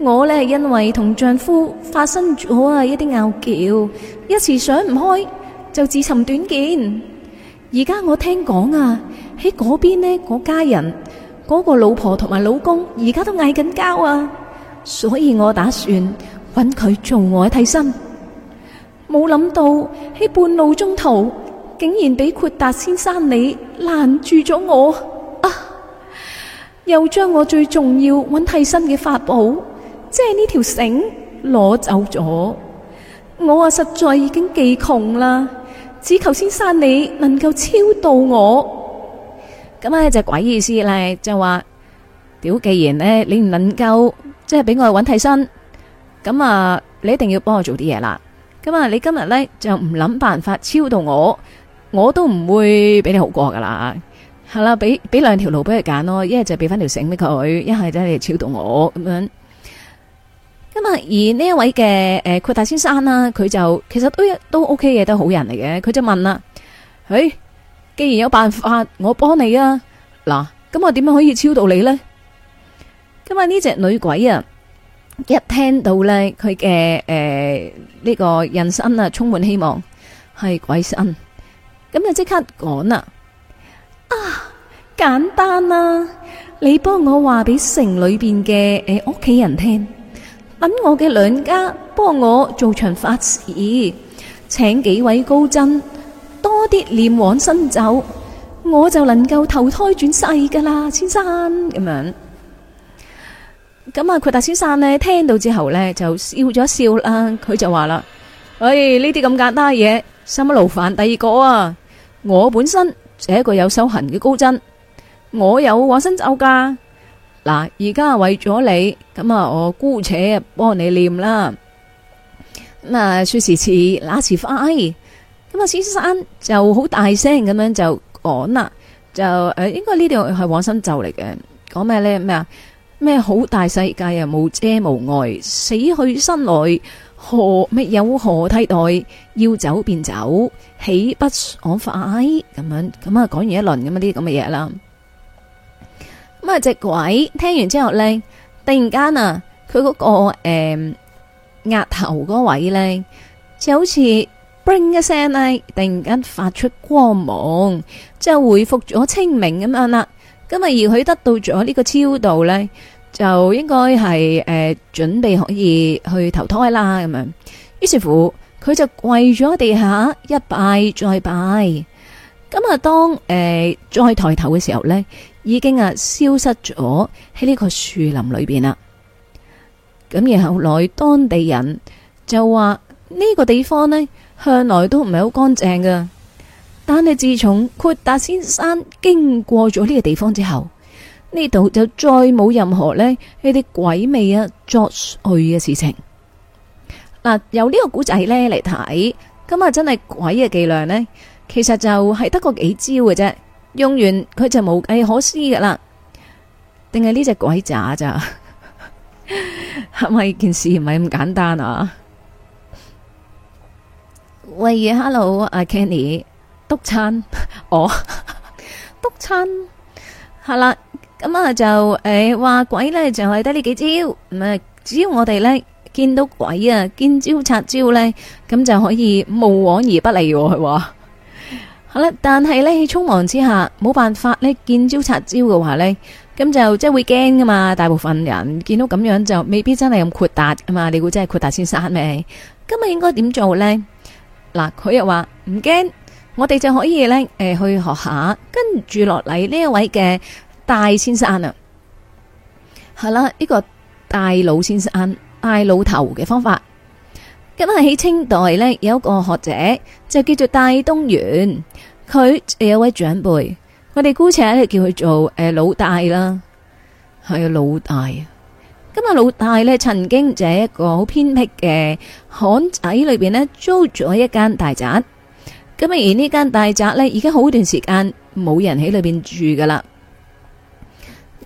我咧係因為同丈夫發生咗啊一啲拗撬，一時想唔開，就自尋短見。而家我聽講啊，喺嗰邊咧，嗰家人。嗰個老婆同埋老公而家都嗌緊交啊！所以我打算搵佢做我替身，冇諗到喺半路中途，竟然俾闊達先生你攔住咗我，啊！又將我最重要搵替身嘅法寶，即係呢條繩攞走咗。我啊實在已經技窮啦，只求先生你能夠超度我。咁啊隻鬼意思啦，就話屌，既然呢，你唔能夠，即係俾我揾替身，咁啊你一定要幫我做啲嘢啦。咁啊你今日呢，就唔諗辦法超度我，我都唔會俾你好過噶啦。係啦，俾俾兩條路俾佢揀咯，一係就俾翻條繩俾佢，一係就係超度我咁樣。咁啊而呢一位嘅誒闊大先生啦，佢就其實都都 OK 嘅，都好人嚟嘅。佢就問啦，誒、哎。既然有辦法，我幫你啊！嗱，咁我點樣可以超渡你呢？因為呢隻女鬼啊，一聽到咧佢嘅誒呢個人生啊充滿希望係鬼神。咁就即刻講啦、啊！啊，簡單啦、啊，你幫我話俾城裏邊嘅誒屋企人聽，等我嘅兩家幫我做場法事，請幾位高僧。多啲念往生咒，我就能夠投胎轉世噶啦，先生咁樣。咁啊，佢大先生呢聽到之後呢就笑咗一笑啦，佢就話啦：，唉、哎，呢啲咁簡單嘅嘢，心勞煩。第二個啊，我本身就係一個有修行嘅高僧，我有往生咒噶。嗱，而家為咗你，咁啊，我姑且幫幫你念啦。咁啊，說時遲，那時快。咁啊！先生就好大聲咁樣就講啦，就誒，應該呢段係往生咒嚟嘅。講咩咧？咩啊？咩好大世界又無遮無礙，死去生來何咩有何替代？要走便走，豈不我快？咁樣咁啊！講完一輪咁啊啲咁嘅嘢啦。咁啊，隻鬼聽完之後咧，突然間啊，佢嗰個誒額頭嗰位咧，就好似～一聲咧，突然間發出光芒，之後回復咗清明咁樣啦。咁啊，而佢得到咗呢個超度呢，就應該係誒準備可以去投胎啦咁樣。於是乎，佢就跪咗地下一拜再拜。咁啊，當、呃、誒再抬頭嘅時候呢，已經啊消失咗喺呢個樹林裏邊啦。咁而後來當地人就話呢個地方呢。向來都唔係好乾淨噶，但係自從闊達先生經過咗呢個地方之後，呢度就再冇任何呢呢啲鬼味啊作祟嘅事情。嗱，由呢個古仔呢嚟睇，咁啊真係鬼嘅伎倆呢？其實就係得個幾招嘅啫，用完佢就冇計可施噶啦，定係呢隻鬼詐咋？係 咪件事唔係咁簡單啊？喂，Hello，阿 Kenny 督餐我、oh, 督餐係啦，咁啊就誒話、欸、鬼咧，就係得呢幾招唔係，只要我哋咧見到鬼啊，見招拆招咧，咁就可以無往而不利係嘛，好啦，但係咧喺匆忙之下冇辦法咧，見招拆招嘅話咧，咁就即係會驚噶嘛。大部分人見到咁樣就未必真係咁豁達噶嘛。你估真係豁達先殺咩？咁啊應該點做咧？嗱，佢又話唔驚，我哋就可以咧，誒，去學下跟住落嚟呢一位嘅大先生啊，係啦，呢、這個大老先生、大老頭嘅方法，咁係喺清代呢，有一個學者就叫做戴東原。佢有一位長輩，我哋姑且叫佢做誒老大啦，係啊老大。咁啊，老大呢曾經就係一個好偏僻嘅巷仔裏邊呢，租咗一間大宅。咁啊，而呢間大宅呢，已經好段時間冇人喺裏邊住噶啦。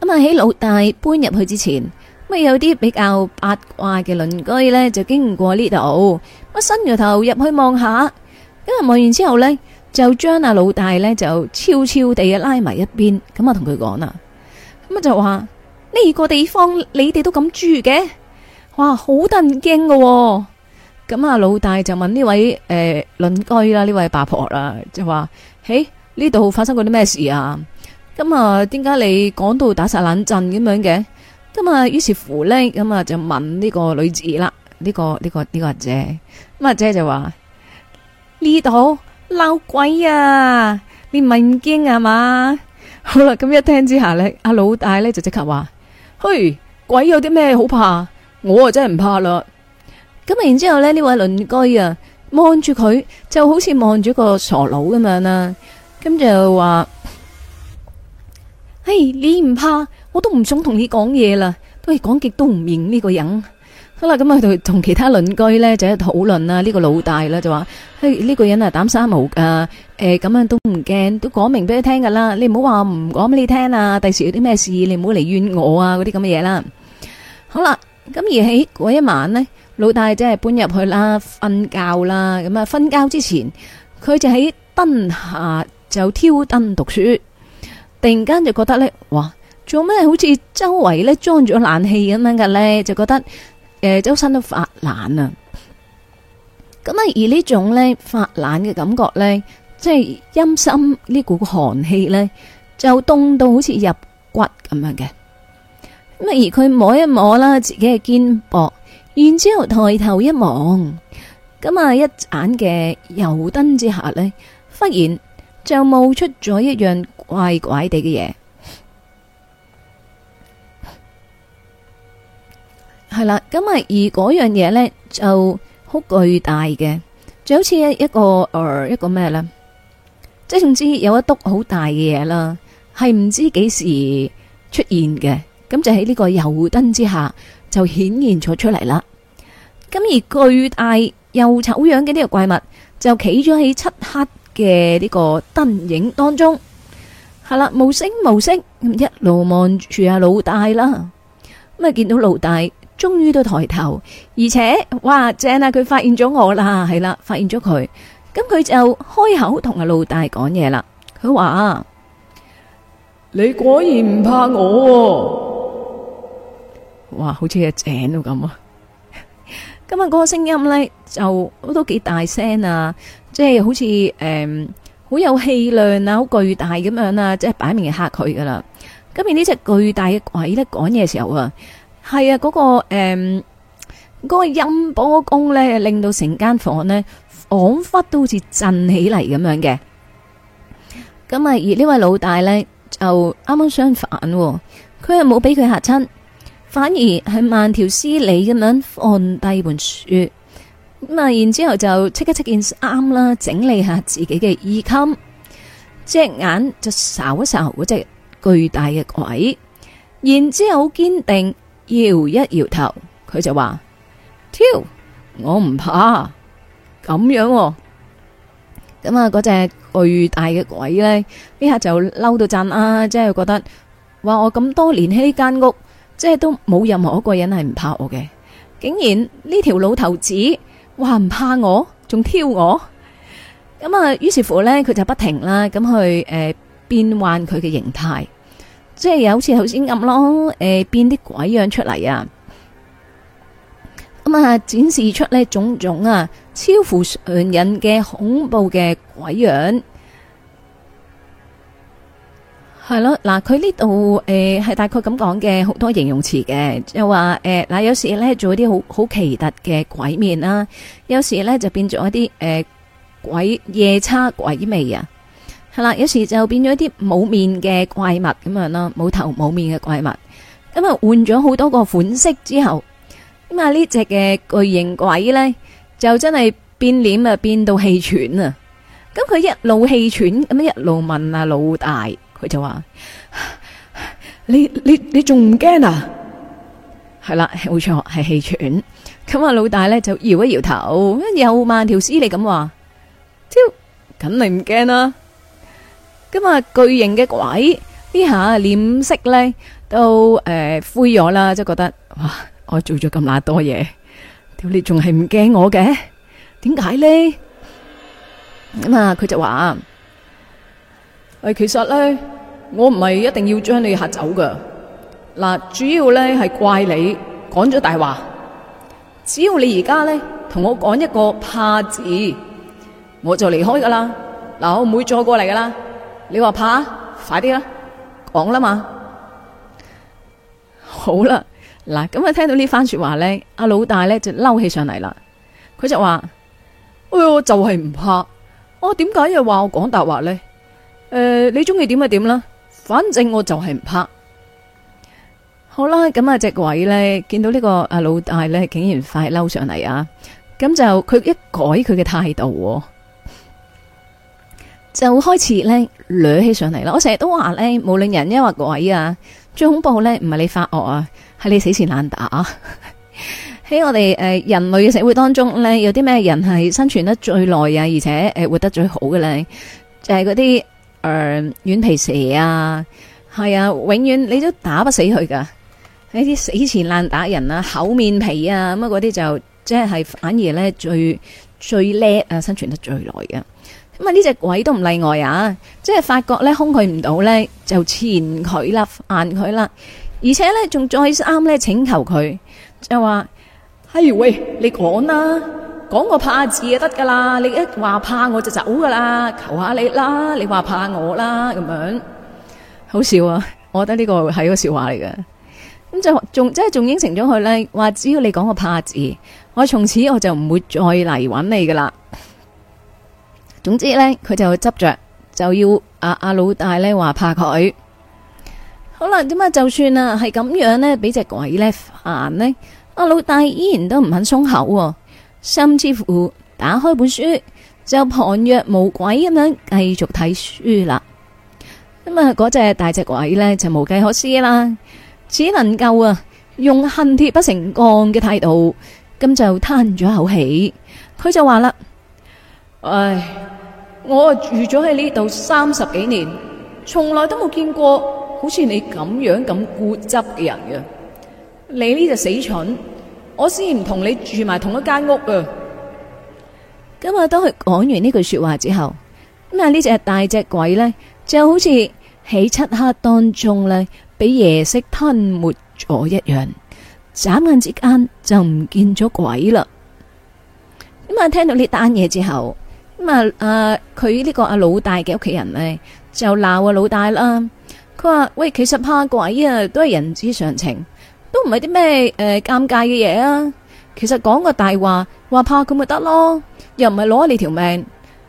咁啊，喺老大搬入去之前，咁有啲比較八卦嘅鄰居呢，就經過呢度，咪伸咗頭入去望下，咁啊，望完之後呢，就將阿老大呢，就悄悄地拉埋一邊，咁啊，同佢講啦，咁啊，就話。呢個地方你哋都咁住嘅？哇，好得人驚嘅、喎。咁啊，老大就問呢位誒鄰、呃、居啦，呢位八婆啦，就話：誒，呢度發生過啲咩事啊？咁啊，點解你講到打晒冷震咁樣嘅？咁啊，於是乎呢，咁啊就問呢個女子啦，呢、呢個呢、呢個呢、呢個阿姐，咁、啊、阿姐就話：呢度鬧鬼啊，你唔係唔驚啊嘛？好啦，咁一聽之下咧，阿老大咧就即刻話。嘿，鬼有啲咩好怕？我啊真係唔怕啦。咁然之後呢，呢位鄰居啊，望住佢就好似望住個傻佬咁樣啦。咁就話：嘿、哎，你唔怕，我都唔想同你講嘢啦。都係講極都唔明呢個人。好啦，咁啊，佢同其他鄰居咧就喺度討論啦。呢、這個老大啦就話：嘿，呢個人啊膽沙毛㗎，誒、呃、咁樣都唔驚，都講明俾你聽噶啦。你唔好話唔講俾你聽啊，第時有啲咩事，你唔好嚟怨我啊，嗰啲咁嘅嘢啦。好啦，咁而喺嗰一晚呢，老大真係搬入去啦，瞓覺啦。咁啊，瞓覺之前，佢就喺燈下就挑燈讀書。突然間就覺得呢，哇，做咩好似周圍呢裝咗冷氣咁樣嘅呢，就覺得。呃，周身都發冷啊！咁啊，而呢種呢種呢發冷嘅感覺呢，即係陰森呢股寒氣呢，就凍到好似入骨咁樣嘅。咁啊，而佢摸一摸啦，自己嘅肩膊，然之後抬頭一望，咁啊，一盞嘅油燈之下呢，忽然就冒出咗一樣怪怪地嘅嘢。係啦，咁啊，而嗰樣嘢呢就好巨大嘅，就好似一個誒一個咩呢，即係總之有一篤好大嘅嘢啦，係唔知幾時出現嘅，咁就喺呢個油燈之下就顯現咗出嚟啦。咁而巨大又醜樣嘅呢個怪物就企咗喺漆黑嘅呢個燈影當中，係啦，無聲無聲咁一路望住阿老大啦，咁啊見到老大。終於都抬頭，而且哇正啊！佢發現咗我啦，係啦，發現咗佢，咁佢就開口同阿老大講嘢啦。佢話：你果然唔怕我，哇！好似阿正都咁啊！今日嗰個聲音咧就都幾大聲啊，即係好似誒好有氣量啊，好巨大咁樣啊，即係擺明係嚇佢噶啦。咁而呢隻巨大嘅鬼咧講嘢時候啊～係啊，嗰、那個誒，嗰、嗯那個音波功咧，令到成間房呢，仿佛都好似震起嚟咁樣嘅。咁咪而呢位老大呢，就啱啱相反，佢又冇俾佢吓親，反而係慢條斯理咁樣放低本書咁啊。然之後就拆一拆件衫啦，整理下自己嘅衣襟，隻眼就稍一稍，嗰隻巨大嘅鬼，然之後好堅定。搖一搖頭，佢就話：挑，我唔怕。咁樣，咁啊，嗰隻巨大嘅鬼呢，呢下就嬲到震啦，即係覺得，話我咁多年喺呢間屋，即係都冇任何一個人係唔怕我嘅，竟然呢條老頭子話唔怕我，仲挑我。咁啊，於是乎呢，佢就不停啦，咁去誒變換佢嘅形態。即係好似頭先咁咯，誒、呃、變啲鬼樣出嚟啊！咁、嗯、啊展示出呢種種啊超乎常人嘅恐怖嘅鬼樣，係、嗯、咯嗱，佢呢度誒係大概咁講嘅，好多形容詞嘅，又話誒嗱有時咧做啲好好奇特嘅鬼面啦，有時咧、啊、就變咗一啲誒、呃、鬼夜叉鬼魅啊。係啦，有時就變咗一啲冇面嘅怪物咁樣啦，冇頭冇面嘅怪物，咁啊換咗好多個款式之後，咁啊呢隻嘅巨型鬼呢就真係變臉啊，變到氣喘啊！咁佢一路氣喘，咁一路問啊老大，佢就話：你你你仲唔驚啊？係啦，冇錯，係氣喘。咁啊老大呢就搖一搖頭，又慢條斯理咁話：梗係唔驚啦。今日巨型嘅鬼呢下臉色咧都誒灰咗啦，即係覺得哇，我做咗咁多嘢，屌你仲係唔驚我嘅？點解咧？咁啊，佢就話：，誒，其實咧，我唔係一定要將你嚇走噶。嗱，主要咧係怪你講咗大話。只要你而家咧同我講一個怕字，我就離開噶啦。嗱，我唔會再過嚟噶啦。你話怕，快啲啦，講啦嘛。好啦，嗱，咁啊聽到呢番說話呢，阿老大呢就嬲起上嚟啦。佢就話：哎喲，我就係唔怕，啊、為要說我點解又話我講大話呢？誒、呃，你中意點就點啦，反正我就係唔怕。好啦，咁啊隻鬼呢，見到呢個阿老大呢，竟然快嬲上嚟啊，咁就佢一改佢嘅態度、哦。就開始咧掠起上嚟啦！我成日都話咧無論人抑或鬼啊，最恐怖咧唔係你發惡啊，係你死纏爛打啊！喺 我哋誒、呃、人類嘅社會當中咧，有啲咩人係生存得最耐啊，而且誒、呃、活得最好嘅咧，就係嗰啲誒軟皮蛇啊，係啊，永遠你都打不死佢噶！呢啲死纏爛打人啊，厚面皮啊，咁啊嗰啲就即係、就是、反而咧最最叻啊，生存得最耐嘅、啊。咁啊！呢隻鬼都唔例外啊！即係發覺咧，兇佢唔到咧，就纏佢啦，硬佢啦，而且咧仲再三咧，請求佢就話：，哎喂，你講啦，講個怕字就得噶啦！你一話怕我就走噶啦，求下你啦，你話怕我啦，咁樣好笑啊！我覺得呢個係一個笑話嚟嘅。咁就仲即係仲應承咗佢咧，話只要你講個怕字，我從此我就唔會再嚟揾你噶啦。總之呢，佢就執着，就要阿阿老大呢話怕佢。好啦，點啊？就算啊係咁樣呢，俾隻鬼咧煩呢。阿老大依然都唔肯鬆口，甚至乎打開本書就旁若無鬼咁樣繼續睇書啦。咁啊，嗰隻大隻鬼呢，就無計可施啦，只能夠啊用恨鐵不成鋼嘅態度，咁就嘆咗一口氣。佢就話啦：，唉。我住咗喺呢度三十幾年，從來都冇見過好似你咁樣咁固執嘅人嘅。你呢隻死蠢，我先唔同你住埋同一間屋啊！咁啊、嗯，當佢講完呢句說話之後，咁啊呢隻大隻鬼呢，就好似喺漆黑當中呢，俾夜色吞沒咗一樣，眨眼之間就唔見咗鬼啦。咁、嗯、啊，聽到呢單嘢之後。咁啊！誒、嗯，佢、呃、呢個阿老大嘅屋企人呢，就鬧啊老大啦。佢話喂，其實怕鬼啊，都係人之常情，都唔係啲咩誒尷尬嘅嘢啊。其實講個大話，話怕佢咪得咯，又唔係攞你條命。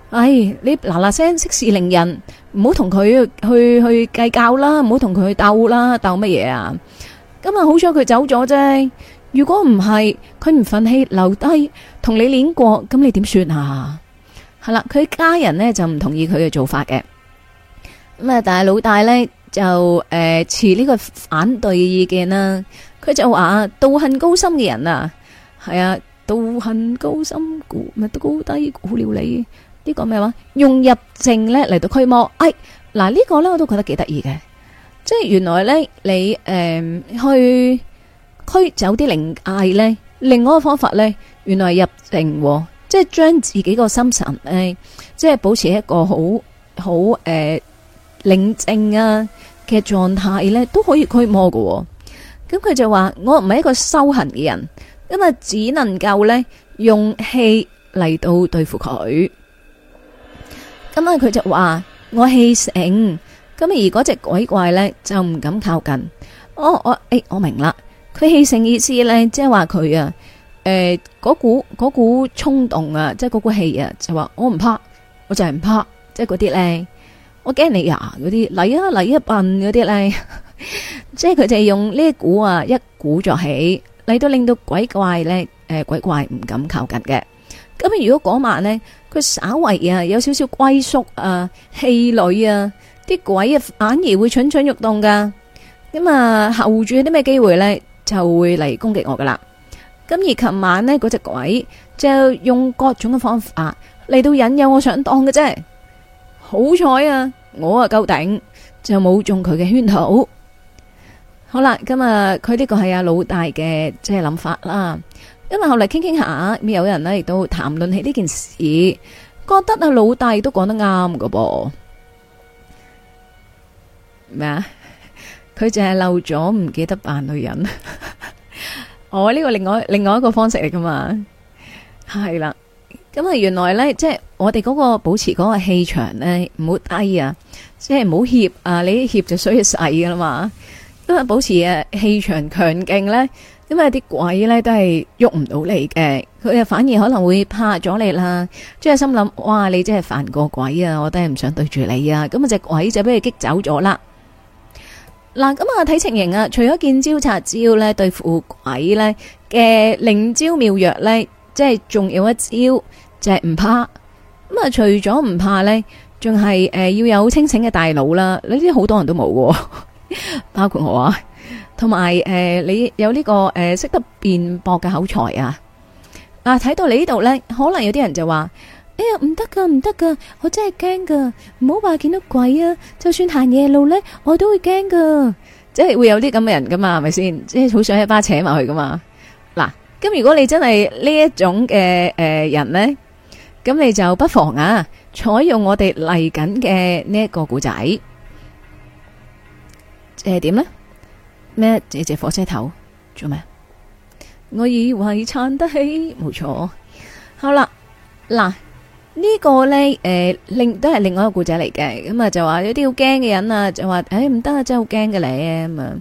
唉，你嗱嗱聲息事寧人，唔好同佢去去計較啦，唔好同佢去鬥啦，鬥乜嘢啊？咁啊好彩佢走咗啫。如果唔係佢唔忿氣留低同你練過，咁你點算啊？係啦，佢家人咧就唔同意佢嘅做法嘅，咁啊，但係老大咧就誒持呢個反對嘅意見啦。佢就話道行高深嘅人啊，係啊，道行高深古唔係都高低估了你呢個咩話用入靜咧嚟到驅魔？哎，嗱呢個咧我都覺得幾得意嘅，即係原來咧你誒去驅走啲靈怪咧，另外一個方法咧，原來係入靜。即係將自己個心神誒，即係保持一個好好誒寧靜啊嘅狀態咧，都可以驅魔噶。咁佢就話我唔係一個修行嘅人，咁啊只能夠咧用氣嚟到對付佢。咁啊佢就話我氣盛，咁而嗰隻鬼怪咧就唔敢靠近。哦、我我誒、哎、我明啦，佢氣盛意思咧即係話佢啊。誒，嗰股嗰股衝動啊，即係嗰股氣啊，就話我唔怕，我就係唔怕，即係嗰啲咧，我驚你啊，嗰啲嚟啊嚟啊笨嗰啲咧，即係佢就係用呢股啊一鼓作氣，嚟到令到鬼怪咧，誒鬼怪唔敢靠近嘅。咁如果嗰晚咧，佢稍為啊有少少龜縮啊氣餒啊，啲鬼啊反而會蠢蠢欲動噶。咁啊，候住啲咩機會咧，就會嚟攻擊我噶啦。咁而琴晚呢嗰隻鬼就用各種嘅方法嚟到引誘我上當嘅，啫。好彩啊！我啊夠頂，就冇中佢嘅圈套。好啦，今日佢呢個係阿老大嘅，即係諗法啦。因為後嚟傾傾下，有人呢亦都談論起呢件事，覺得阿老大都講得啱㗎噃。咩啊？佢淨係漏咗唔記得扮女人。 哦，呢個另外另外一個方式嚟噶嘛，係啦，咁啊原來咧，即係我哋嗰個保持嗰個氣場咧，唔好低啊，即係唔好怯啊，你啲怯就需要細噶啦嘛，因為保持嘅氣場強勁咧，因為啲鬼咧都係喐唔到你嘅，佢啊反而可能會怕咗你啦，即係心諗哇，你真係犯過鬼啊，我都係唔想對住你啊，咁啊隻鬼就俾佢激走咗啦。嗱咁啊，睇情形啊，除咗見招拆招咧，對付鬼咧嘅靈招妙藥咧，即係仲有一招就係唔怕咁啊。除咗唔怕咧，仲係誒要有清醒嘅大腦啦。呢啲好多人都冇嘅，包括我啊。同埋誒，你有呢個誒識得辯駁嘅口才啊啊，睇到你呢度咧，可能有啲人就話。哎呀，唔得噶，唔得噶，我真係驚噶，唔好話見到鬼啊！就算行夜路咧，我都會驚噶，即係會有啲咁嘅人噶嘛，係咪先？即係好想一巴扯埋去噶嘛？嗱，咁如果你真係呢一種嘅誒人咧，咁你就不妨啊，採用我哋嚟緊嘅呢一個故仔，即係點咧？咩？借隻火車頭做咩？我以為撐得起，冇錯。好啦，嗱。呢個咧誒，另都係另外一個古仔嚟嘅，咁啊就話有啲好驚嘅人啊，就話誒唔得啊，真係好驚嘅咧，咁啊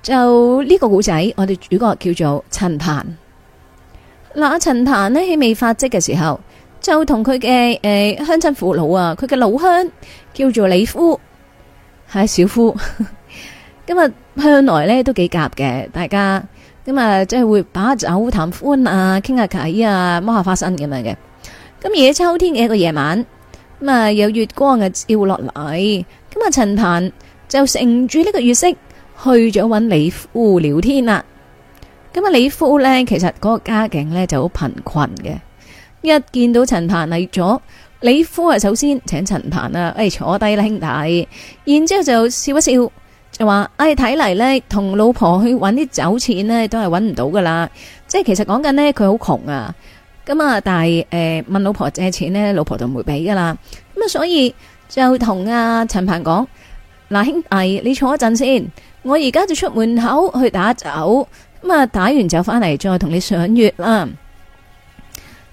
就呢個古仔，我哋主角叫做陳盤。嗱，阿陳盤咧喺未發跡嘅時候，就同佢嘅誒鄉親父老啊，佢嘅老鄉叫做李夫，係小夫。今日向來咧都幾夾嘅，大家咁啊，即係會把酒談歡啊，傾下偈啊，摸下花生咁樣嘅。咁而喺秋天嘅一個夜晚，咁啊有月光啊照落嚟，咁啊陳盤就乘住呢個月色去咗搵李夫聊天啦。咁啊李夫呢，其實嗰個家境呢就好貧困嘅，一見到陳盤嚟咗，李夫啊首先請陳盤啦，誒、哎、坐低啦兄弟，然之後就笑一笑，就話誒睇嚟呢，同老婆去搵啲酒錢呢，都係搵唔到噶啦，即係其實講緊呢，佢好窮啊。咁啊！但係誒，問老婆借錢呢，老婆就唔會俾噶啦。咁啊，所以就同阿陳鵬講：嗱，兄弟，你坐一陣先，我而家就出門口去打酒。咁啊，打完酒翻嚟，再同你賞月啦。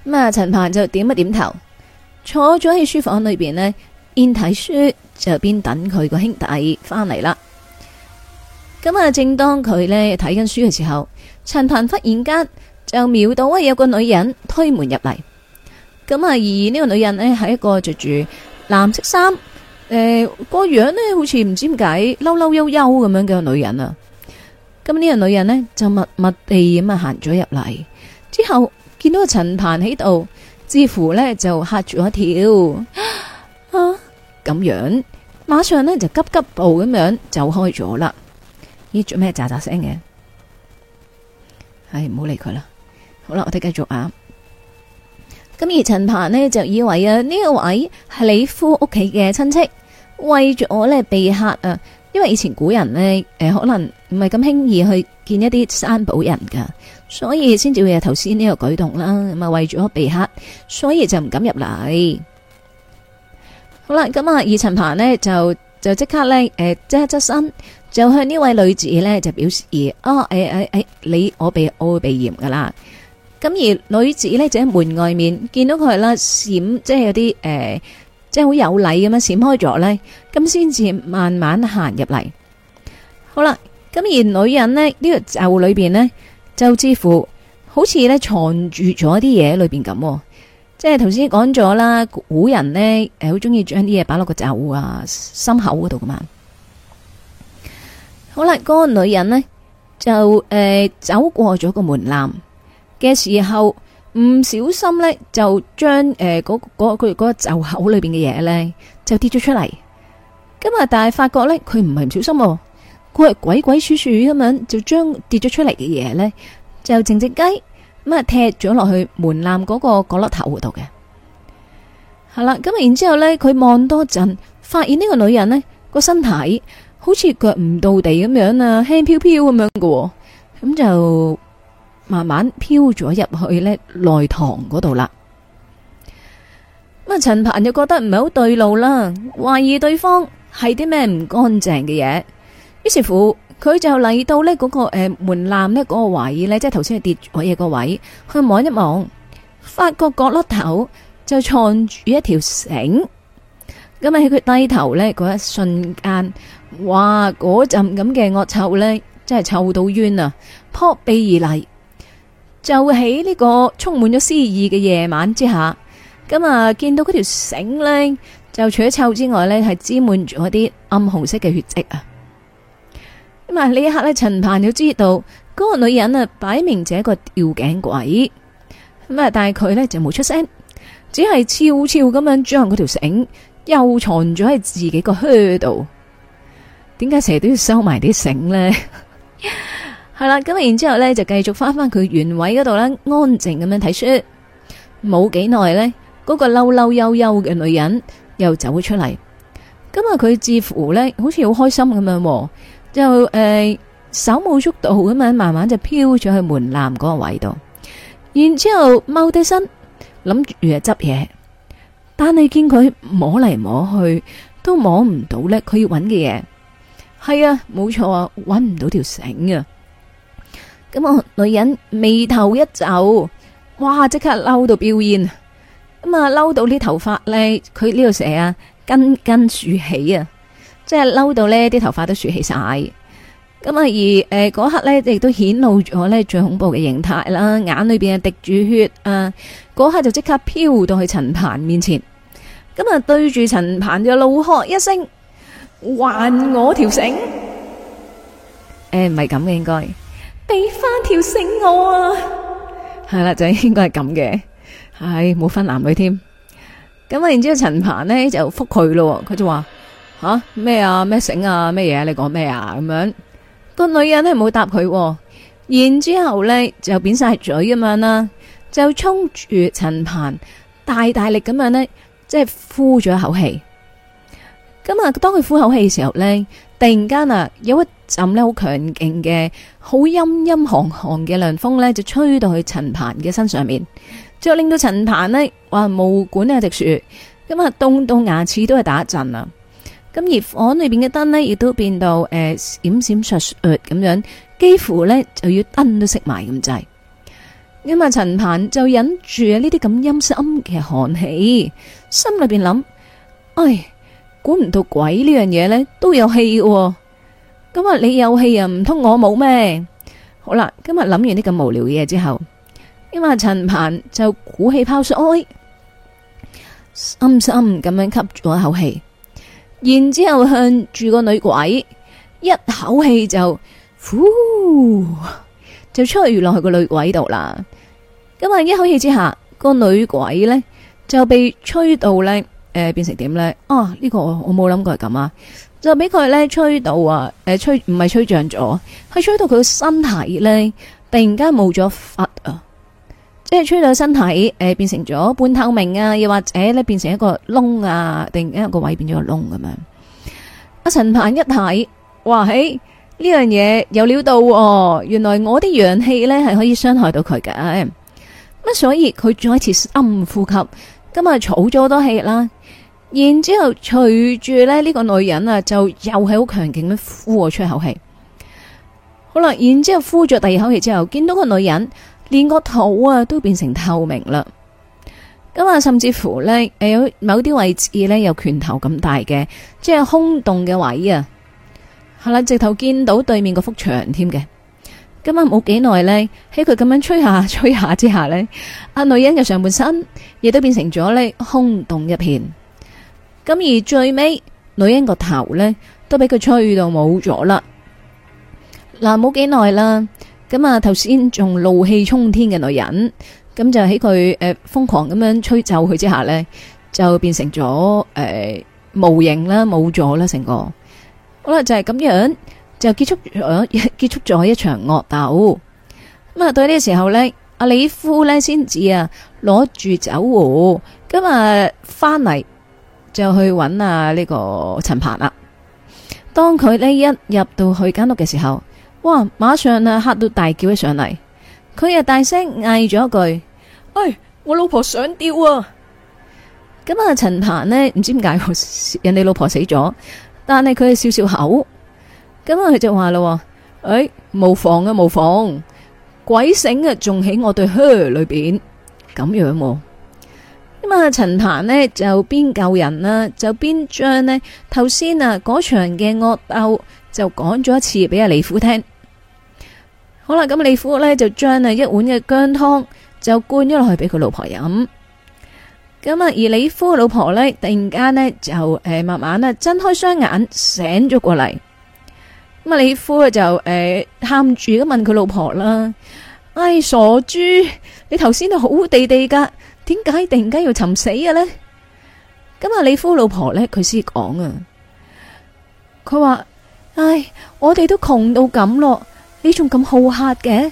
咁啊，陳鵬就點一點頭，坐咗喺書房裏邊呢，邊睇書就邊等佢個兄弟翻嚟啦。咁啊，正當佢呢睇緊書嘅時候，陳鵬忽然間。就瞄到啊有個女人推門入嚟，咁啊而呢個女人呢，係一個着住藍色衫，誒、呃、個樣呢好似唔知點解嬲嬲悠悠咁樣嘅女人啊。咁呢個女人呢，人就默默地咁啊行咗入嚟，之後見到個陳盤喺度，似乎呢就嚇住一跳咁、啊、樣，馬上呢就急急步咁樣走開咗啦。咦做咩喳喳聲嘅？係唔好理佢啦。好啦，我哋繼續啊。咁而陳鵬呢就以為啊呢個位係李夫屋企嘅親戚，為咗我咧避客啊。因為以前古人呢，誒、呃，可能唔係咁輕易去見一啲生保人噶，所以先至會有頭先呢個舉動啦。咁啊，為咗我避客，所以就唔敢入嚟。好啦，咁啊，而陳鵬呢就就即刻呢，誒、呃，即刻側身就向呢位女子呢，就表示啊，誒誒誒，你我避，我會避嫌噶啦。咁而女子咧，就喺門外面見到佢啦，閃，即係有啲誒，即係好有禮咁樣閃開咗咧，咁先至慢慢行入嚟。好啦，咁而女人呢，這個、呢個咒護裏邊就似乎好似咧藏住咗啲嘢喺裏邊咁，即係頭先講咗啦，古人呢，誒好中意將啲嘢擺落個咒啊心口嗰度噶嘛。好啦，嗰、那個女人呢，就誒、呃、走過咗個門檻。嘅時候唔小心呢，就將誒嗰嗰佢個袖口裏邊嘅嘢呢，就跌咗出嚟。咁啊，但係發覺呢，佢唔係唔小心哦，佢係鬼鬼祟祟咁樣就將跌咗出嚟嘅嘢呢，就靜靜雞咁啊踢咗落去門檻嗰個角落頭度嘅。係啦，咁啊，然之後咧，佢望多陣，發現呢個女人呢，個身體好似腳唔到地咁樣啊，輕飄飄咁樣嘅，咁就。慢慢飄咗入去呢內堂嗰度啦。咁啊，陳盤又覺得唔係好對路啦，懷疑對方係啲咩唔乾淨嘅嘢。於是乎，佢就嚟到呢、那、嗰個誒、呃、門檻呢嗰個位呢，即係頭先跌咗嘢個位去望一望，發覺角落頭就藏住一條繩。咁啊喺佢低頭呢嗰一瞬間，哇！嗰陣咁嘅惡臭呢，真係臭到冤啊，撲鼻而嚟。就喺呢個充滿咗詩意嘅夜晚之下，咁啊見到嗰條繩呢，就除咗臭之外呢，係沾滿咗啲暗紅色嘅血迹啊！咁啊呢一刻呢，陳鵬都知道嗰、那個女人啊，擺明就係一個吊頸鬼咁啊，但係佢呢，就冇出聲，只係悄悄咁樣將嗰條繩又藏咗喺自己個靴度。點解成日都要收埋啲繩呢？係啦，咁啊，然之後呢就繼續翻返佢原位嗰度啦。安靜咁樣睇書。冇幾耐呢，嗰、嗰個溜溜悠悠嘅女人又走咗出嚟。今日佢似乎呢，好似好開心咁樣，就誒、呃、手舞足蹈咁樣，慢慢就飄咗去門檻嗰個位度。然之後踎低身，諗住誒執嘢，但係見佢摸嚟摸去都摸唔到呢。佢要搵嘅嘢係啊，冇錯啊，搵唔到條繩啊。咁啊！女人眉頭一皺，哇！即刻嬲到飆煙，咁啊嬲到啲頭髮咧，佢呢度成啊根根豎起啊，即係嬲到咧啲頭髮都豎起晒。咁啊而誒嗰刻咧，亦都顯露咗咧最恐怖嘅形態啦，眼裏邊啊滴住血啊，嗰刻就即刻飄到去陳鵬面前，咁啊對住陳鵬就怒喝一聲：還我條繩！誒，唔係咁嘅應該。俾返條繩我啊，係啦，就應該係咁嘅，唉，冇分男女添。咁啊，然之後陳鵬呢就複佢咯，佢就話，吓？咩啊？咩繩啊，咩嘢你講咩啊咁樣？個女人咧冇答佢，然之後咧就扁晒嘴咁樣啦，就衝住陳鵬大大力咁樣咧，即係呼咗一口氣。咁啊，當佢呼口氣嘅時候咧。突然間啊，有一陣咧好強勁嘅、好陰陰寒寒嘅涼風呢就吹到去陳盤嘅身上面，最後令到陳盤呢話冇管啊直說今日凍到牙齒都係打震啊！咁而房裏邊嘅燈呢亦都變到誒閃閃爍爍咁樣，幾乎呢就要燈都熄埋咁滯。咁啊，陳盤就忍住啊呢啲咁陰森嘅寒氣，心裏邊諗：，哎。估唔到鬼呢樣嘢呢都有氣喎。咁啊你有氣啊，唔通我冇咩？好啦，今日諗完呢咁無聊嘢之後，咁啊陳鵬就鼓氣拋腮，深深咁樣吸咗一口氣，然之後向住個女鬼一口氣就呼，就出去遇落去個女鬼度啦。咁啊一口氣之下，個女鬼呢就被吹到呢。誒、呃，變成點咧？哦、啊，呢、這個我冇諗過係咁啊！就俾佢咧吹到啊，誒、呃，吹唔係吹漲咗，係吹到佢個身體咧，突然間冇咗忽啊！即係吹到身體誒、呃，變成咗半透明啊，又或者咧變成一個窿啊，突然間個位變咗個窿咁樣。阿陳太一睇，哇，嘿！呢樣嘢有料到，啊，原來我啲陽氣咧係可以傷害到佢嘅，啊。咁所以佢再一次深呼吸，今日儲咗好多氣啦。然之後，隨住呢、呢個女人啊，就又係好強勁咁呼我出一口氣。好啦，然之後呼咗第二口氣之後，見到個女人連個肚啊都變成透明啦。咁啊，甚至乎呢，誒，有某啲位置呢，有拳頭咁大嘅，即係空洞嘅位啊。係啦，直頭見到對面個幅牆添嘅。咁啊，冇幾耐呢，喺佢咁樣吹下吹下之下呢，阿女人嘅上半身亦都變成咗呢空洞一片。咁而最尾，女人個頭呢，都俾佢吹到冇咗啦。嗱，冇幾耐啦，咁啊，頭先仲怒氣沖天嘅女人，咁就喺佢誒瘋狂咁樣吹走佢之下呢，就變成咗誒、呃、無形啦，冇咗啦，成個。好啦，就係、是、咁樣，就結束咗，結束咗一場惡鬥。咁啊，到呢個時候呢，阿李夫呢，先至啊，攞住酒壺，咁啊翻嚟。就去揾啊呢、這個陳鵬啦。當佢呢一入到去間屋嘅時候，哇！馬上啊嚇到大叫咗上嚟。佢又大聲嗌咗一句：，唉、哎，我老婆想吊啊！咁啊、嗯，陳鵬呢，唔知點解人哋老婆死咗，但係佢係笑笑口。咁、嗯、啊，佢、嗯、就話咯：，哎，無妨啊，無妨，鬼醒啊，仲喺我對靴裏邊咁樣、啊。咁啊，陳潭呢就邊救人啦，就邊將呢頭先啊嗰場嘅惡鬥就講咗一次俾阿李夫聽好。好啦，咁李夫呢就將啊一碗嘅薑湯就灌咗落去俾佢老婆飲。咁啊，而李夫嘅老婆呢，突然間呢就誒慢慢啊睜開雙眼醒咗過嚟。咁啊，李夫就誒喊住咁問佢老婆啦：，唉、哎，傻豬，你頭先都好地地噶。點解突然間要尋死嘅呢？咁啊，李夫老婆呢，佢先講啊。佢話：唉，我哋都窮到咁咯，你仲咁好客嘅。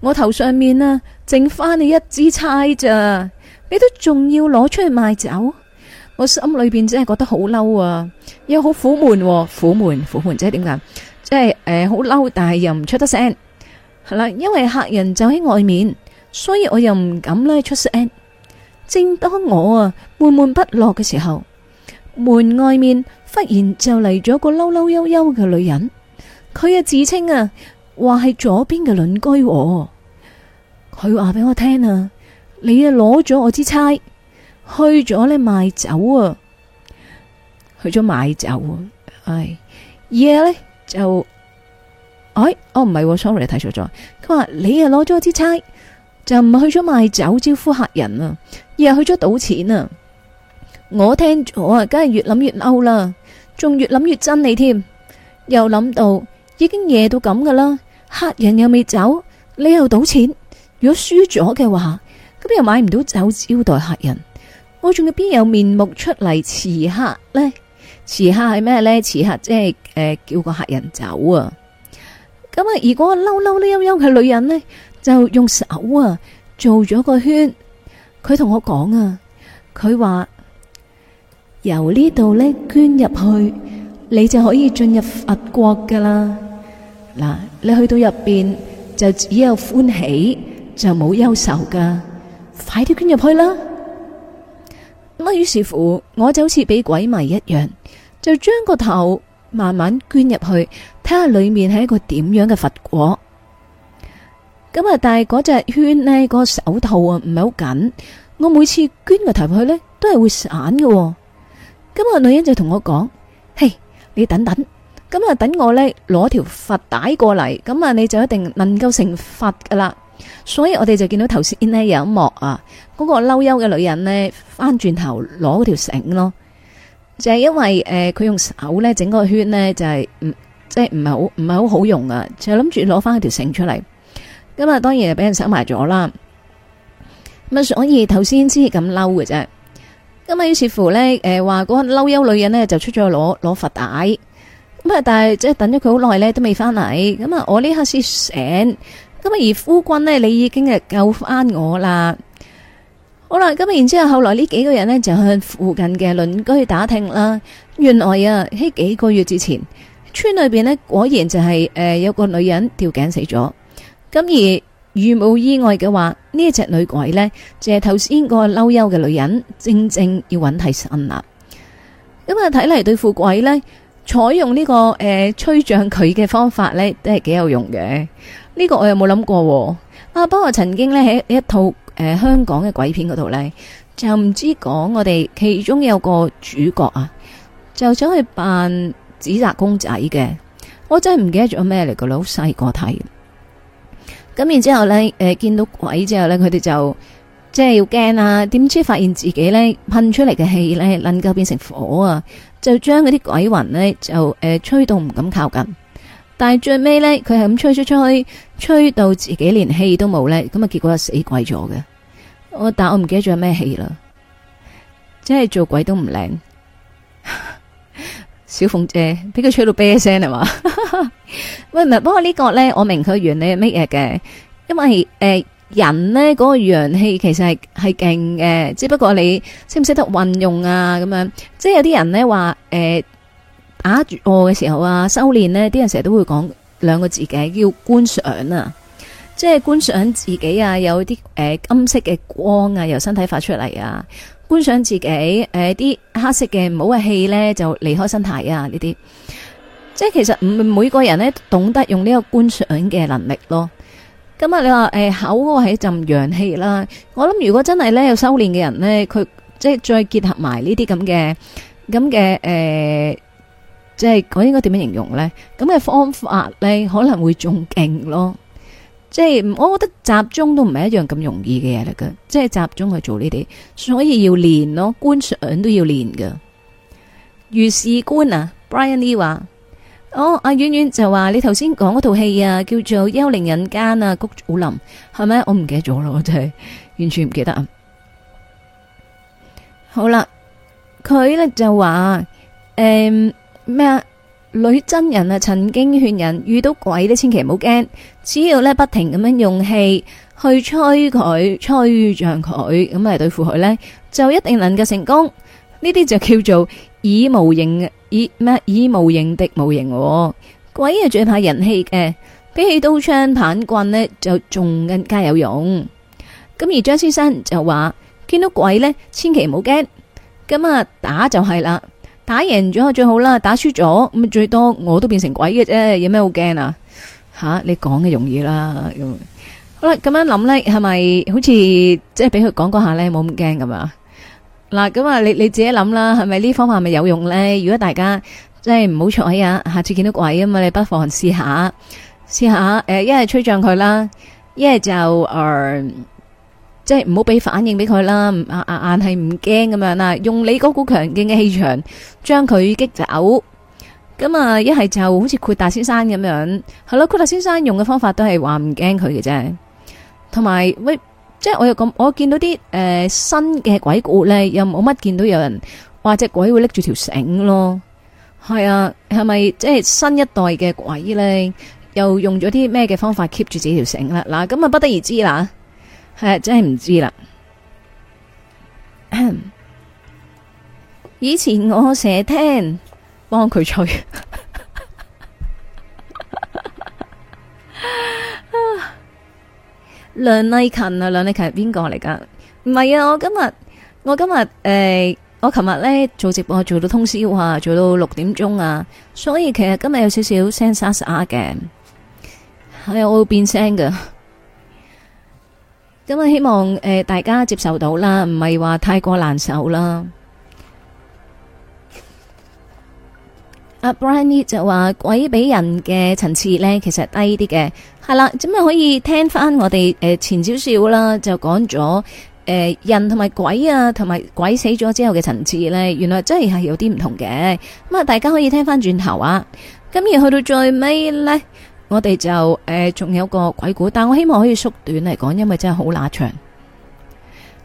我頭上面啊，剩翻你一支釵咋？你都仲要攞出去賣酒？我心裏邊真係覺得好嬲啊，又好苦悶，苦悶苦悶，即係點解？即係誒，好嬲，但係又唔出得聲。係啦，因為客人就喺外面，所以我又唔敢咧出聲。正當我啊悶悶不樂嘅時候，門外面忽然就嚟咗個嬲嬲悠悠嘅女人。佢啊自稱啊話係左邊嘅鄰居喎。佢話俾我聽啊，你啊攞咗我支釵去咗咧賣酒啊，去咗賣酒。唉，嘢咧就，哎，哦啊、sorry，我唔係 sorry 睇錯咗。佢話你啊攞咗我支釵，就唔係去咗賣酒招呼客人啊。又去咗賭錢啊！我聽咗啊，梗係越諗越嬲啦，仲越諗越憎你添。又諗到已經夜到咁噶啦，客人又未走，你又賭錢。如果輸咗嘅話，咁又買唔到酒招待客人，我仲有邊有面目出嚟辭客呢？辭客係咩呢？辭客即係誒，叫個客人走啊。咁啊，如果嬲嬲呢悠悠嘅女人呢，就用手啊做咗個圈。佢同我講啊，佢話由呢度咧捐入去，你就可以進入佛國噶啦。嗱，你去到入邊就只有歡喜，就冇憂愁噶。快啲捐入去啦！咁於是乎，我就好似俾鬼迷一樣，就將個頭慢慢捐入去，睇下裏面係一個點樣嘅佛果佛國。咁啊！但係嗰隻圈呢，嗰個手套啊，唔係好緊。我每次捐個頭去呢，都係會散嘅。咁啊，女人就同我講，嘿，你等等。咁啊，等我呢，攞條佛帶過嚟，咁啊，你就一定能夠成佛噶啦。所以我哋就見到頭先呢，有一幕啊，嗰個嬲憂嘅女人呢，翻轉頭攞條繩咯，就係、是、因為誒，佢、呃、用手呢整個圈呢，就係唔即係唔係好唔係好好用啊，就諗住攞翻條繩出嚟。咁啊，當然就俾人收埋咗啦。咁啊，所以頭先先咁嬲嘅啫。咁啊，於是乎呢誒話嗰個嬲嬲女人呢，就出咗去攞攞佛帶。咁啊，但係即係等咗佢好耐呢，都未翻嚟。咁啊，我呢刻先醒。咁啊，而夫君呢，你已經係救翻我啦。好啦，咁然之後後來呢幾個人呢，就向附近嘅鄰居打聽啦。原來啊，喺幾個月之前，村裏邊呢果然就係誒有個女人吊頸死咗。咁而如冇意外嘅話，呢一隻女鬼呢，就係頭先個嬲憂嘅女人，正正要揾替身啦。咁啊，睇嚟對付鬼呢，採用呢、這個誒、呃、吹脹佢嘅方法呢，都係幾有用嘅。呢、這個我有冇諗過啊？啊不過我曾經呢，喺一套誒、呃、香港嘅鬼片嗰度呢，就唔知講我哋其中有個主角啊，就想去扮紙紮公仔嘅。我真係唔記得咗咩嚟噶啦，好細個睇。咁然之後咧，誒、呃、見到鬼之後咧，佢哋就即係要驚啊！點知發現自己咧噴出嚟嘅氣咧，能夠變成火啊！就將嗰啲鬼魂咧就誒、呃、吹到唔敢靠近。但係最尾咧，佢係咁吹吹吹，吹到自己連氣都冇咧，咁啊結果就死鬼咗嘅。我但我唔記得咗有咩氣啦，即係做鬼都唔靚。 小鳳姐俾佢吹到啤聲係嘛？喂唔係，不過這個呢個咧，我明佢原理係乜嘢嘅，因為誒、呃、人呢嗰、那個陽氣其實係係勁嘅，只不過你識唔識得運用啊？咁樣即係有啲人呢話誒打住我嘅時候啊，修煉咧，啲人成日都會講兩個字嘅叫觀想啊，即係觀想自己啊，有啲誒金色嘅光啊，由身體發出嚟啊。觀想自己，誒啲黑色嘅唔好嘅氣咧就離開身體啊！呢啲，即係其實唔係每個人咧懂得用呢個觀想嘅能力咯。咁啊，你話誒口嗰個係一陣陽氣啦，我諗如果真係咧有修煉嘅人咧，佢即係再結合埋呢啲咁嘅咁嘅誒，即係我應該點樣形容咧？咁嘅方法咧可能會仲勁咯。即係，我覺得集中都唔係一樣咁容易嘅嘢嚟噶。即係集中去做呢啲，所以要練咯，觀賞都要練噶。如是觀啊，Brian Lee 話：哦，阿遠遠就話你頭先講嗰套戲啊，叫做《幽靈人間》啊，谷祖琳係咪？我唔記得咗咯，我真係完全唔記得啊。好啦，佢咧就話，誒咩啊？女真人啊，曾經勸人遇到鬼咧，千祈唔好驚，只要咧不停咁樣用氣去吹佢、吹脹佢，咁嚟對付佢呢就一定能夠成功。呢啲就叫做以無形以咩以無形的無形，鬼係最怕人氣嘅，比起刀槍棒棍呢，就仲更加有用。咁而張先生就話見到鬼呢，千祈唔好驚，咁啊打就係啦。打贏咗最好啦，打輸咗咁最多我都變成鬼嘅啫，有咩好驚啊？吓，你講嘅容易啦，好啦，咁樣諗呢，係咪好似即係俾佢講嗰下呢？冇咁驚咁啊？嗱，咁啊，你你自己諗啦，係咪呢方法，係咪有用呢？如果大家即係唔好彩啊，下次見到鬼啊嘛，你不妨試下，試下誒，一、呃、係吹脹佢啦，一係就誒。呃即係唔好俾反應俾佢啦，啊啊硬係唔驚咁樣啊，用你嗰股強勁嘅氣場將佢擊走。咁啊，一係就好似豁達先生咁樣，係咯、嗯，豁達先生用嘅方法都係話唔驚佢嘅啫。同埋喂，即係我又咁，我見到啲誒、呃、新嘅鬼故咧，又冇乜見到有人話隻鬼會拎住條繩咯。係啊，係咪即係新一代嘅鬼咧，又用咗啲咩嘅方法 keep 住自己條繩啦？嗱，咁啊不得而知啦。係、啊、真係唔知啦！以前我成日聽幫佢吹，梁麗琴啊，梁麗琴係邊個嚟噶？唔係啊，我今日我今日誒、欸，我琴日咧做直播做到通宵啊，做到六點鐘啊，所以其實今日有少少聲沙沙嘅，係、啊、我會變聲噶。咁啊，希望誒大家接受到啦，唔係話太過難受啦。阿 Bryany 就話鬼俾人嘅層次呢，其實低啲嘅，係啦。咁啊可以聽翻我哋誒前少少啦，就講咗誒人同埋鬼啊，同埋鬼死咗之後嘅層次呢，原來真係係有啲唔同嘅。咁啊，大家可以聽翻轉頭啊。咁而去到最尾呢。我哋就誒，仲、呃、有個鬼故，但我希望可以縮短嚟講，因為真係好乸長，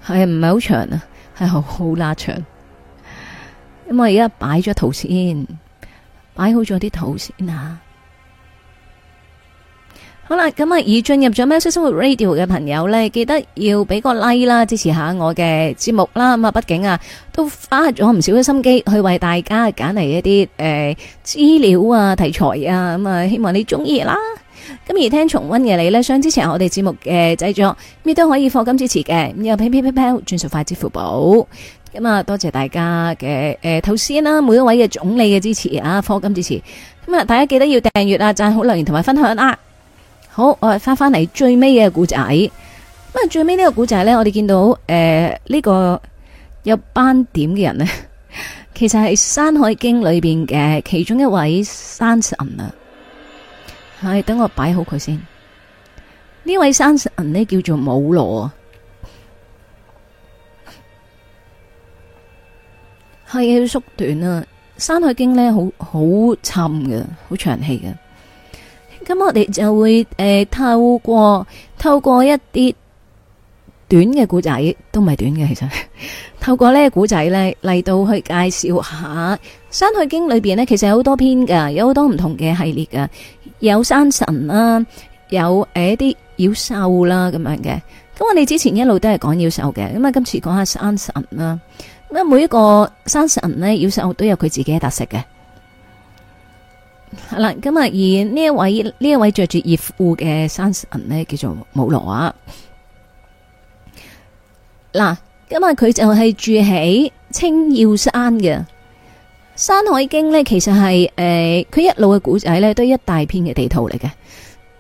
係唔係好長啊？係好好乸長，因為而家擺咗圖先圖，擺好咗啲圖先啊！好啦，咁啊，已進入咗《喵式生活 Radio》嘅朋友呢，記得要俾個 like 啦，支持下我嘅節目啦。咁啊，畢竟啊，都花咗唔少嘅心機去為大家揀嚟一啲誒資料啊、題材啊。咁啊，希望你中意啦。咁而聽重溫嘅你呢，想支持我哋節目嘅製作，咩都可以課金支持嘅。咁又 pay pay pay pal 轉數快，支付寶。咁啊，多謝大家嘅誒頭先啦，每一位嘅總理嘅支持啊，課金支持。咁啊，大家記得要訂閱啊，讚好留言同埋分享啊。好，我哋翻翻嚟最尾嘅故仔。咁啊，最尾呢個故仔呢，我哋見到誒呢個有斑點嘅人咧，其實係《山海經》裏邊嘅其中一位山神啊。係，等我擺好佢先。呢位山神咧叫做武羅啊，係要縮短啊，《山海經》呢，好好沉嘅，好長氣嘅。咁我哋就會誒、呃、透過透過一啲短嘅古仔，都唔係短嘅其實。透過呢個古仔呢嚟到，去介紹下《山海經》裏邊呢其實有好多篇噶，有好多唔同嘅系列噶，有山神啦、啊，有誒啲妖獸啦、啊、咁樣嘅。咁我哋之前一路都係講妖獸嘅，咁啊今次講下山神啦、啊。咁每一個山神呢，妖獸都有佢自己嘅特色嘅。係啦，咁啊、嗯，而呢一位呢一位着住葉戶嘅山神呢，叫做武羅啊。嗱、嗯、咁、嗯、啊，佢、嗯、就係住喺青要山嘅。《山海經》呢，其實係誒，佢、呃、一路嘅古仔呢，都一大片嘅地圖嚟嘅。咁、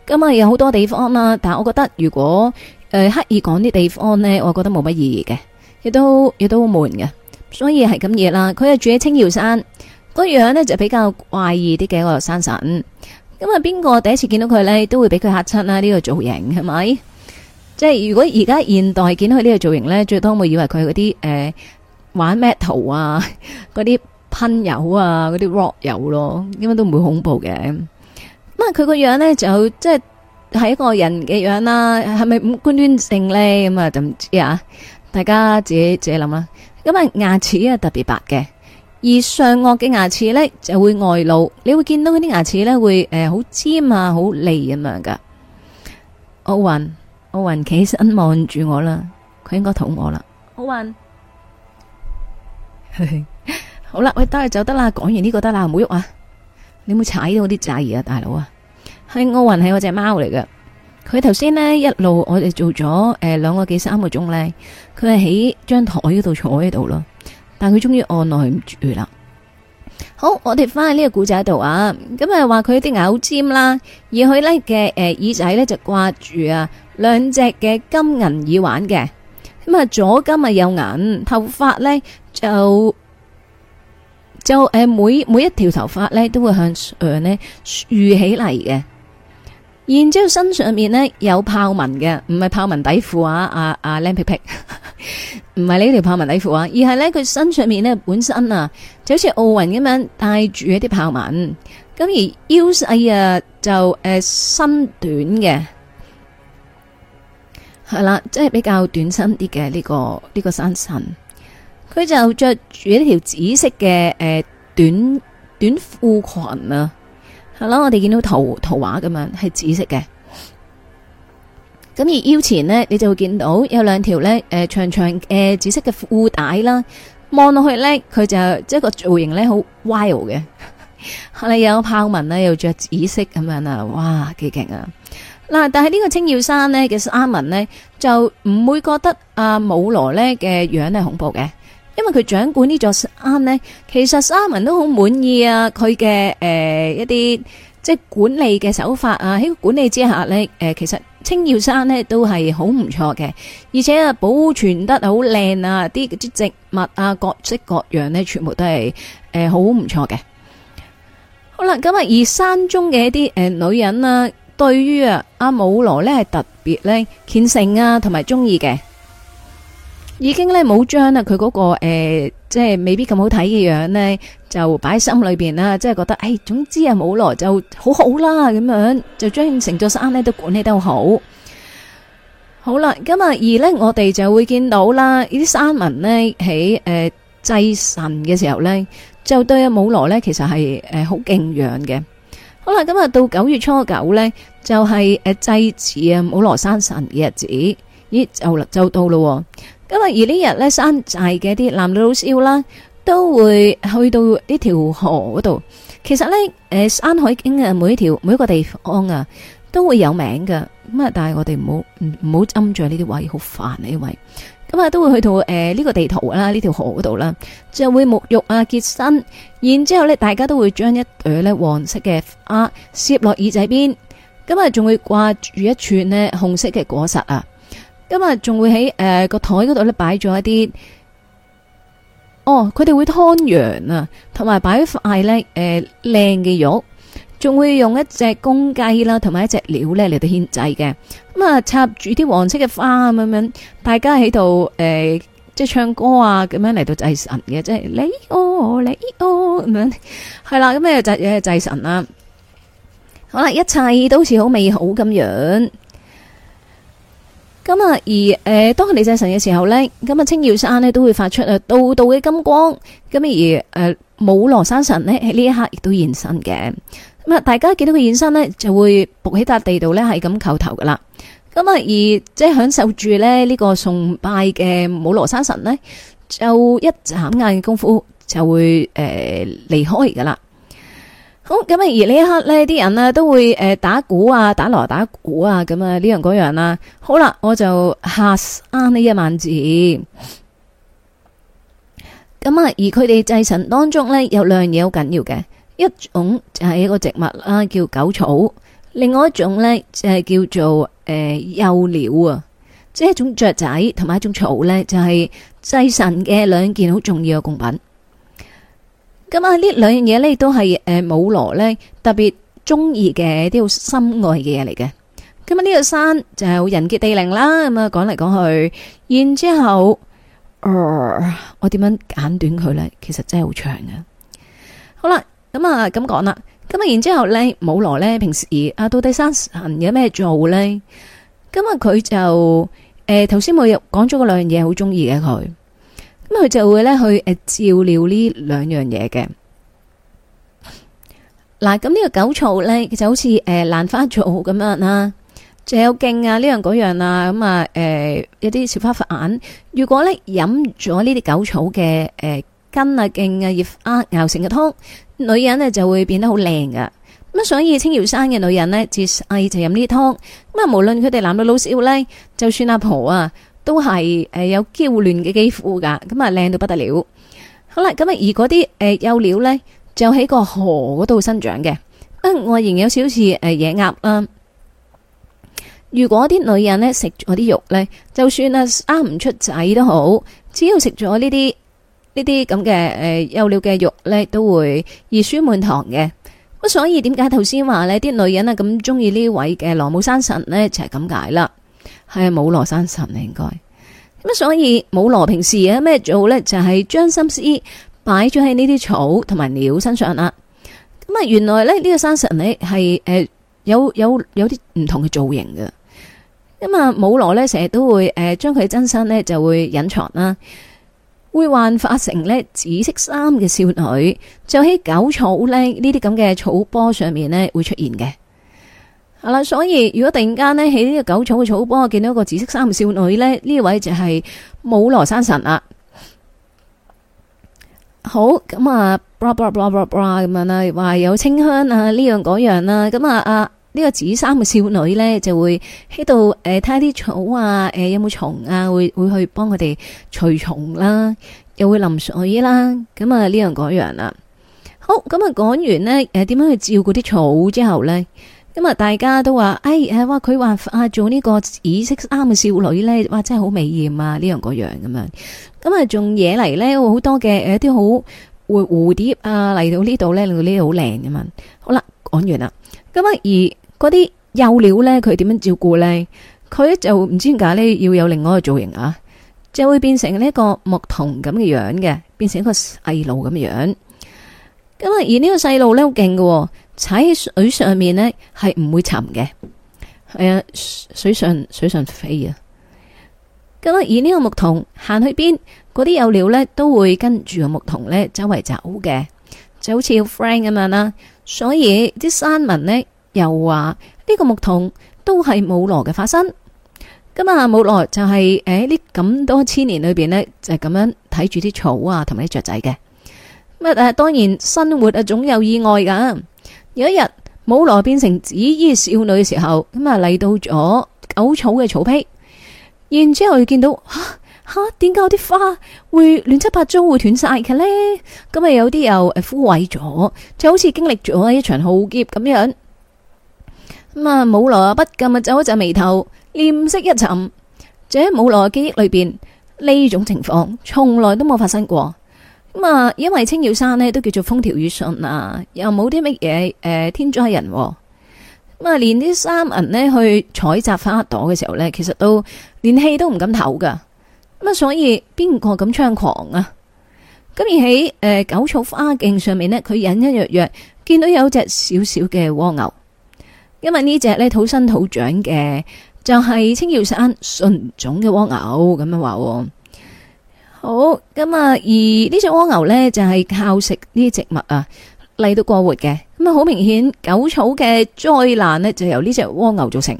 嗯、啊、嗯嗯，有好多地方啦，但係我覺得如果誒、呃、刻意講啲地方呢，我覺得冇乜意義嘅，亦都亦都好悶嘅。所以係咁嘢啦，佢、嗯、係住喺青要山。個樣咧就比較怪異啲嘅一個山神。咁啊邊個第一次見到佢咧都會俾佢嚇親啦，呢個造型係咪？即係如果而家現代見到佢呢個造型咧，最多會以為佢係嗰啲誒玩 metal 啊，嗰啲噴油啊，嗰啲 rock 油咯，因為都唔會恐怖嘅。咁啊佢個樣咧就即係係一個人嘅樣啦，係咪五官端正咧？咁、嗯、啊就唔知啊，大家自己自己諗啦。咁啊牙齒啊特別白嘅。而上顎嘅牙齒呢就會外露，你會見到嗰啲牙齒呢會誒好、呃、尖啊，好利咁樣噶。奧運，奧運企身望住我啦，佢應該肚餓啦。奧運奧雲， 好啦，我帶佢就得啦，講完呢個得啦，唔好喐啊！你冇踩到啲仔兒啊，大佬啊！係奧運，係我隻貓嚟嘅，佢頭先呢一路我哋做咗誒兩個幾三個鐘呢，佢係喺張台嗰度坐喺度咯。但佢終於按耐唔住啦。好，我哋翻去呢個古仔度啊，咁啊話佢啲咬尖啦，而佢咧嘅誒耳仔咧就掛住啊，兩隻嘅金銀耳環嘅，咁啊左金啊右銀，頭髮咧就就誒每每一條頭髮咧都會向上咧豎起嚟嘅。然之後身上面呢，有豹紋嘅，唔係豹紋底褲啊，阿阿靚皮皮，唔係呢條豹紋底褲啊，而係呢，佢身上面呢，本身啊，就好似奧運咁樣帶住一啲豹紋，咁而腰細啊、呃，就誒身短嘅，係啦，即係比較短身啲嘅呢個呢、呢個山神，佢就著住一條紫色嘅誒、呃、短短褲裙啊。係咯，Hello, 我哋見到圖圖畫咁樣，係紫色嘅。咁而腰前呢你就會見到有兩條咧，誒、呃、長長嘅、呃、紫色嘅褲帶啦。望落去咧，佢就即係、個造型咧好 wild 嘅。你 有豹紋啦，又着紫色咁樣啊，哇，幾勁啊！嗱，但係呢個青耀山呢其實阿文呢就唔會覺得阿武、啊、羅呢嘅樣係恐怖嘅。因為佢掌管呢座山呢，其實山民都好滿意啊！佢嘅誒一啲即係管理嘅手法啊，喺管理之下呢，誒、呃、其實青瑤山呢都係好唔錯嘅，而且啊保存得好靚啊，啲啲植物啊，各式各樣呢，全部都係誒好唔錯嘅。好啦，咁啊，而山中嘅一啲誒、呃、女人啊，對於啊阿武羅呢係特別呢，虔誠啊，同埋中意嘅。已經咧冇將佢嗰、那個誒、呃，即係未必咁好睇嘅樣呢，就擺喺心裏邊啦。即係覺得誒、哎，總之啊，武羅就好好啦，咁樣就將成座山呢都管理得好好啦。咁啊而呢，我哋就會見到啦。呢啲山民呢，喺誒、呃、祭神嘅時候呢，就對阿、啊、武羅呢其實係誒好敬仰嘅。好啦，咁啊到九月初九呢，就係、是、誒祭祀阿武羅山神嘅日子，咦就就到咯、啊。咁啊而日呢日咧山寨，嘅啲男女老少啦，都會去到呢條河嗰度。其實咧，誒、呃、山海經嘅每一條每一個地方啊，都會有名噶。咁、嗯、啊,但係我哋唔好唔好針住呢啲位，好煩呢位。咁啊，都會去到誒呢、呃這個地圖啦，呢條河嗰度啦，就會沐浴啊潔身，然之後咧，大家都會將一對咧黃色嘅啊攝落耳仔邊，咁、嗯、啊，仲會掛住一串呢紅色嘅果實啊。咁啊，仲會喺誒個枱嗰度咧擺咗一啲，哦，佢哋會劏羊啊，同埋擺塊咧誒靚嘅肉，仲、呃、會用一隻公雞啦，同埋一隻鳥咧嚟到獻祭嘅。咁啊，插住啲黃色嘅花咁樣，大家喺度誒即係唱歌啊咁樣嚟到祭神嘅，即係你哦，你哦咁樣，係啦，咁咧祭嘅祭神啦，好啦，一切都好似好美好咁樣。咁啊，而誒，當佢嚟祭神嘅時候咧，咁啊青要山咧都會發出誒道道嘅金光，咁而誒，武羅山神咧喺呢一刻亦都現身嘅。咁啊，大家見到佢現身咧，就會伏喺笪地度咧係咁叩頭噶啦。咁啊，而即係享受住咧呢個崇拜嘅武羅山神咧，就一眨眼功夫就會誒離開噶啦。好咁啊！而呢一刻呢啲人咧，都會誒打鼓啊，打鑼打鼓啊，咁啊呢樣嗰樣啦。好啦，我就下啱呢一萬字。咁啊，而佢哋祭神當中呢，有兩樣嘢好緊要嘅，一種就係一個植物啦，叫狗草；另外一種呢、呃，就係叫做誒幼鳥啊，即係一種雀仔同埋一種草呢，就係祭神嘅兩件好重要嘅供品。咁啊，呢兩樣嘢咧都係誒，武羅咧特別中意嘅啲好心愛嘅嘢嚟嘅。咁啊，呢個山就係好人傑地靈啦。咁啊，講嚟講去，然之後，呃、我點樣簡短佢咧？其實真係好長嘅。好啦，咁啊咁講啦。咁啊，然之後咧，武羅咧平時啊，到底山神有咩做咧？咁啊，佢就誒，頭先我又講咗嗰兩樣嘢，好中意嘅佢。咁佢就會咧去誒照料呢兩樣嘢嘅。嗱，咁呢個狗草咧，就好似誒蘭花草咁樣啦，仲有莖啊呢樣嗰樣啊，咁啊誒一啲小花花眼。如果咧飲咗呢啲狗草嘅誒根啊莖啊葉啊熬成嘅湯，女人咧就會變得好靚噶。咁所以青瑤山嘅女人呢，自細就飲呢啲湯。咁啊，無論佢哋男女老少咧，就算阿婆，婆啊。都係誒有嬌嫩嘅肌膚噶，咁啊靚到不得了。好啦，咁啊而嗰啲誒幼鳥呢，就喺個河嗰度生長嘅。啊，外形有少似誒野鴨啦。如果啲女人呢，食咗啲肉呢，就算啊生唔出仔都好，只要食咗呢啲呢啲咁嘅誒幼鳥嘅肉呢，都會兒孫滿堂嘅。咁所以點解頭先話呢啲女人咁中意呢位嘅羅姆山神呢，就係咁解啦。係啊，武羅山神咧，應該咁，所以武羅平時咩做咧，就係將心思擺咗喺呢啲草同埋鳥身上啦。咁啊，原來咧呢個山神咧係誒有有有啲唔同嘅造型嘅。咁啊，武羅咧成日都會誒將佢真身咧就會隱藏啦，會幻化成咧紫色衫嘅少女，就喺狗草咧呢啲咁嘅草波上面咧會出現嘅。啦，所以如果突然間咧喺呢個狗草嘅草坡我見到一個紫色衫嘅少女咧，呢位就係武羅山神啦。好咁啊，bra 咁樣啦，話有清香啊，呢樣嗰樣啦。咁啊，啊、這、呢個紫衫嘅少女咧就會喺度誒睇下啲草啊，誒、呃、有冇蟲啊，會會去幫佢哋除蟲啦，又會淋水啦。咁啊呢樣嗰樣啦。好咁啊，講完呢，誒、呃、點樣去照顧啲草之後咧。咁啊！大家都話，哎誒，哇！佢話啊，做呢個以色啱嘅少女咧，哇，真係好美艷啊！呢樣嗰樣咁樣，咁啊，仲惹嚟咧，好多嘅誒，一啲好蝴蝴蝶啊嚟到呢度咧，呢度好靚噶嘛。好啦，講完啦。咁啊，而嗰啲幼鳥咧，佢點樣照顧咧？佢就唔知點解咧，要有另外一個造型啊，就會變成呢一個牧童咁嘅樣嘅，變成一個細路咁嘅樣。咁啊，而呢個細路咧，好勁喎。踩喺水上面呢，係唔會沉嘅。係、哎、啊，水上水上飛啊。咁啊，而呢個牧童行去邊，嗰啲幼鳥呢都會跟住個牧童呢周圍走嘅，就好似 friend 咁樣啦。所以啲山民呢又話呢、這個牧童都係武羅嘅化身。咁啊，武羅就係誒呢咁多千年裏邊呢，就係咁樣睇住啲草啊同埋啲雀仔嘅乜誒，當然生活啊總有意外噶。有一日，武羅變成紫衣少女嘅時候，咁啊嚟到咗狗草嘅草坯，然之後又見到吓吓，點解啲花會亂七八糟會斷晒嘅呢？咁啊有啲又枯萎咗，就好似經歷咗一場浩劫咁樣。咁啊，武羅不禁啊皺一皺眉頭，臉色一沉。就喺武羅記憶裏邊，呢種情況從來都冇發生過。咁啊，因為青耀山呢都叫做風調雨順啊，又冇啲乜嘢誒天災人禍，咁啊連啲山銀呢去採集花朵嘅時候呢，其實都連氣都唔敢唞噶。咁啊所以邊個咁猖狂啊？咁而喺誒九草花徑上面呢，佢隱隱約約見到有隻小小嘅蝸牛，因為呢隻呢，土生土長嘅就係青耀山純種嘅蝸牛，咁樣話。好咁啊！而呢隻蝸牛咧，就係靠食呢啲植物啊嚟到過活嘅。咁啊，好明顯，狗草嘅災難呢，就由呢隻蝸牛造成。呢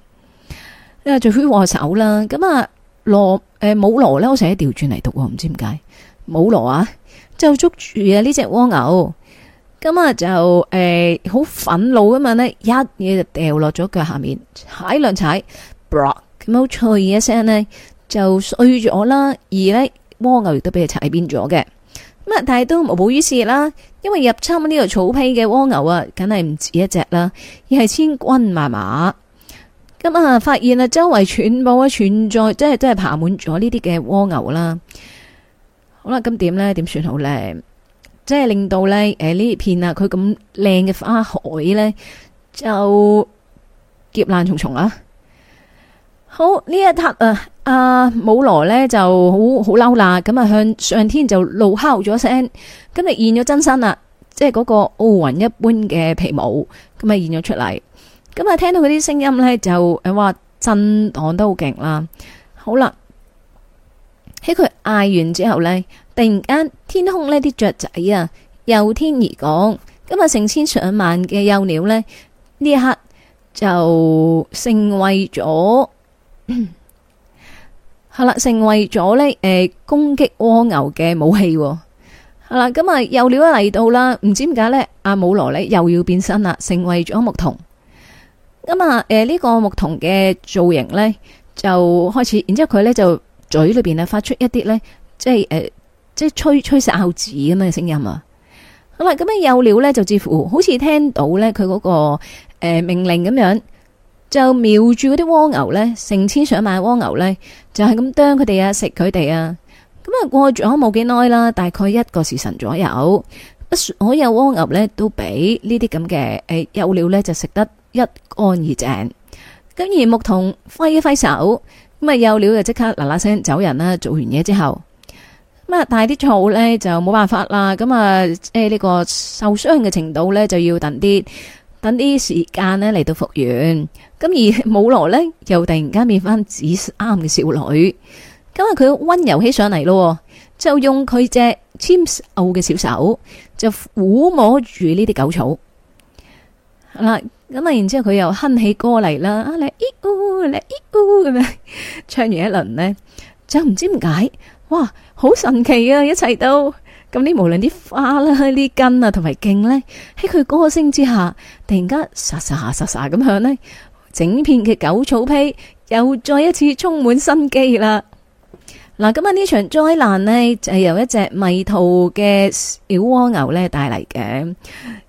個就係罪魁禍首啦，咁啊羅誒母羅咧，我成日調轉嚟讀，唔知點解母羅啊，就捉住啊呢隻蝸牛，咁啊就誒好憤怒吖嘛呢一嘢就掉落咗腳下面，踩兩踩，b r o 咁好脆嘅聲呢，就碎咗啦，而呢。蝸牛亦都俾佢踩扁咗嘅，咁啊，但係都無補於事啦，因為入侵呢個草坪嘅蝸牛啊，梗係唔止一隻啦，而係千軍萬馬，咁啊，發現啊，周圍全部啊存在，即係都係爬滿咗呢啲嘅蝸牛啦，好啦，咁點咧？點算好咧？即係令到咧，誒呢片啊，佢咁靚嘅花海咧，就劫難重重啦。好，呢一刻啊，阿武羅呢就好好嬲啦，咁啊向上天就怒哮咗聲，咁就現咗真身啦，即係嗰個烏雲一般嘅皮毛，咁啊現咗出嚟，咁啊聽到佢啲聲音呢，就誒話、啊、震盪都好勁啦。好啦，喺佢嗌完之後呢，突然間天空呢啲雀仔啊由天而降，咁啊成千上萬嘅幼鳥呢，呢一刻就成為咗。係啦，成為咗咧誒攻擊蝸牛嘅武器。係啦，咁啊幼鳥嚟到啦，唔知點解咧，阿姆羅咧又要變身啦，成為咗牧童。咁啊，誒呢個牧童嘅造型咧就開始，然之後佢咧就嘴裏邊啊發出一啲咧，即係誒即係吹吹哨子咁嘅聲音啊。好啦，咁樣幼鳥咧就似乎好似聽到咧佢嗰個誒命令咁樣。就瞄住嗰啲蝸牛呢，成千上萬蝸牛呢，就係咁啄佢哋啊，食佢哋啊。咁啊，過咗冇幾耐啦，大概一個時辰左右，所有蝸牛呢都俾呢啲咁嘅誒幼鳥呢就食得一乾二淨。咁而牧童揮一揮手，咁啊幼鳥就即刻嗱嗱聲走人啦。做完嘢之後，咁啊帶啲醋呢就冇辦法啦。咁、呃、啊，呢、這個受傷嘅程度呢，就要等啲。等啲時間呢嚟到復原，咁而舞羅呢，又突然間變翻紫啱嘅少女，咁啊佢溫柔起上嚟咯，就用佢隻纖瘦嘅小手就撫摸住呢啲狗草，嗱，咁啊然之後佢又哼起歌嚟啦，嚟咦嗚咦，咿嗚咁樣，唱完一輪呢，就唔知點解，哇，好神奇啊，一切都～咁你無論啲花啦、啲根啊，同埋莖咧，喺佢歌聲之下，突然間沙沙沙沙咁樣咧，整片嘅狗草批又再一次充滿生機啦。嗱，咁啊呢場災難咧，就係由一隻迷途嘅小蝸牛咧帶嚟嘅。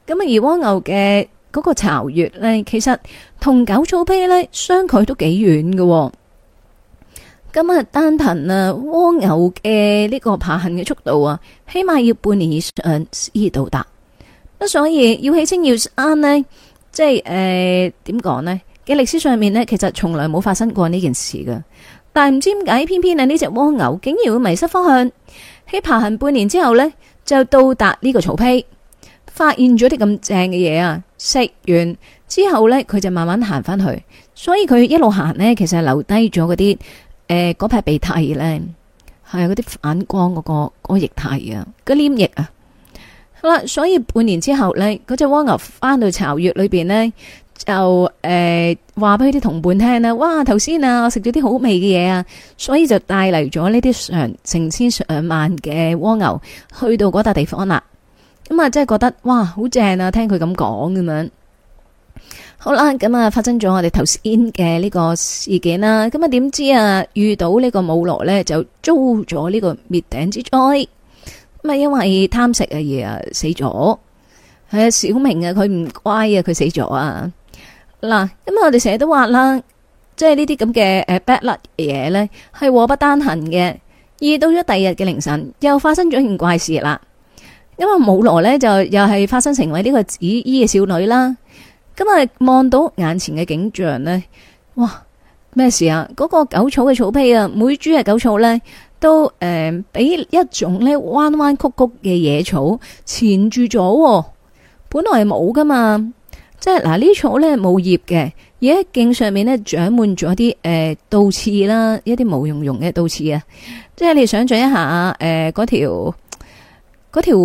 咁啊，而蝸牛嘅嗰個巢穴咧，其實同狗草批咧相距都幾遠嘅。今日單憑啊，蝸牛嘅呢個爬行嘅速度啊，起碼要半年以上先至到達。噉所以要起清要啱呢，即係誒點講呢嘅歷史上面呢，其實從來冇發生過呢件事噶。但係唔知點解，偏偏係呢隻蝸牛竟然會迷失方向，喺爬行半年之後呢，就到達呢個草坯，發現咗啲咁正嘅嘢啊，食完之後呢，佢就慢慢行翻去，所以佢一路行呢，其實係留低咗嗰啲。誒，嗰排、呃、鼻涕咧，係嗰啲反光嗰、嗰個嗰個液態啊，個黏液啊，好啦，所以半年之後咧，嗰隻蝸牛翻到巢穴裏邊呢，就誒話俾佢啲同伴聽啦，哇，頭先啊，我食咗啲好味嘅嘢啊，所以就帶嚟咗呢啲上成千上萬嘅蝸牛去到嗰笪地方啦，咁啊，真係覺得哇，好正啊，聽佢咁講咁樣。好啦，咁啊，發生咗我哋頭先嘅呢個事件啦，咁啊，點知啊，遇到呢個母羅咧就遭咗呢個滅頂之災，啊，因為貪食嘅嘢啊死咗，係啊，小明啊，佢唔乖啊，佢死咗啊，嗱，咁啊，我哋成日都話啦，即係呢啲咁嘅誒 bad luck 嘢咧係禍不單行嘅，遇到咗第二日嘅凌晨又發生咗件怪事啦，因為母羅咧就又係發生成為呢個紫衣嘅少女啦。今日望到眼前嘅景象呢？哇！咩事啊？嗰、個狗草嘅草坯啊，每株嘅狗草呢，都誒俾、呃、一種咧彎彎曲曲嘅野草纏住咗。本來係冇噶嘛，即係嗱呢草呢冇葉嘅，而喺莖上面呢，長滿咗啲誒倒刺啦，一啲毛茸茸嘅倒刺啊！即係你想象一下，誒嗰條嗰條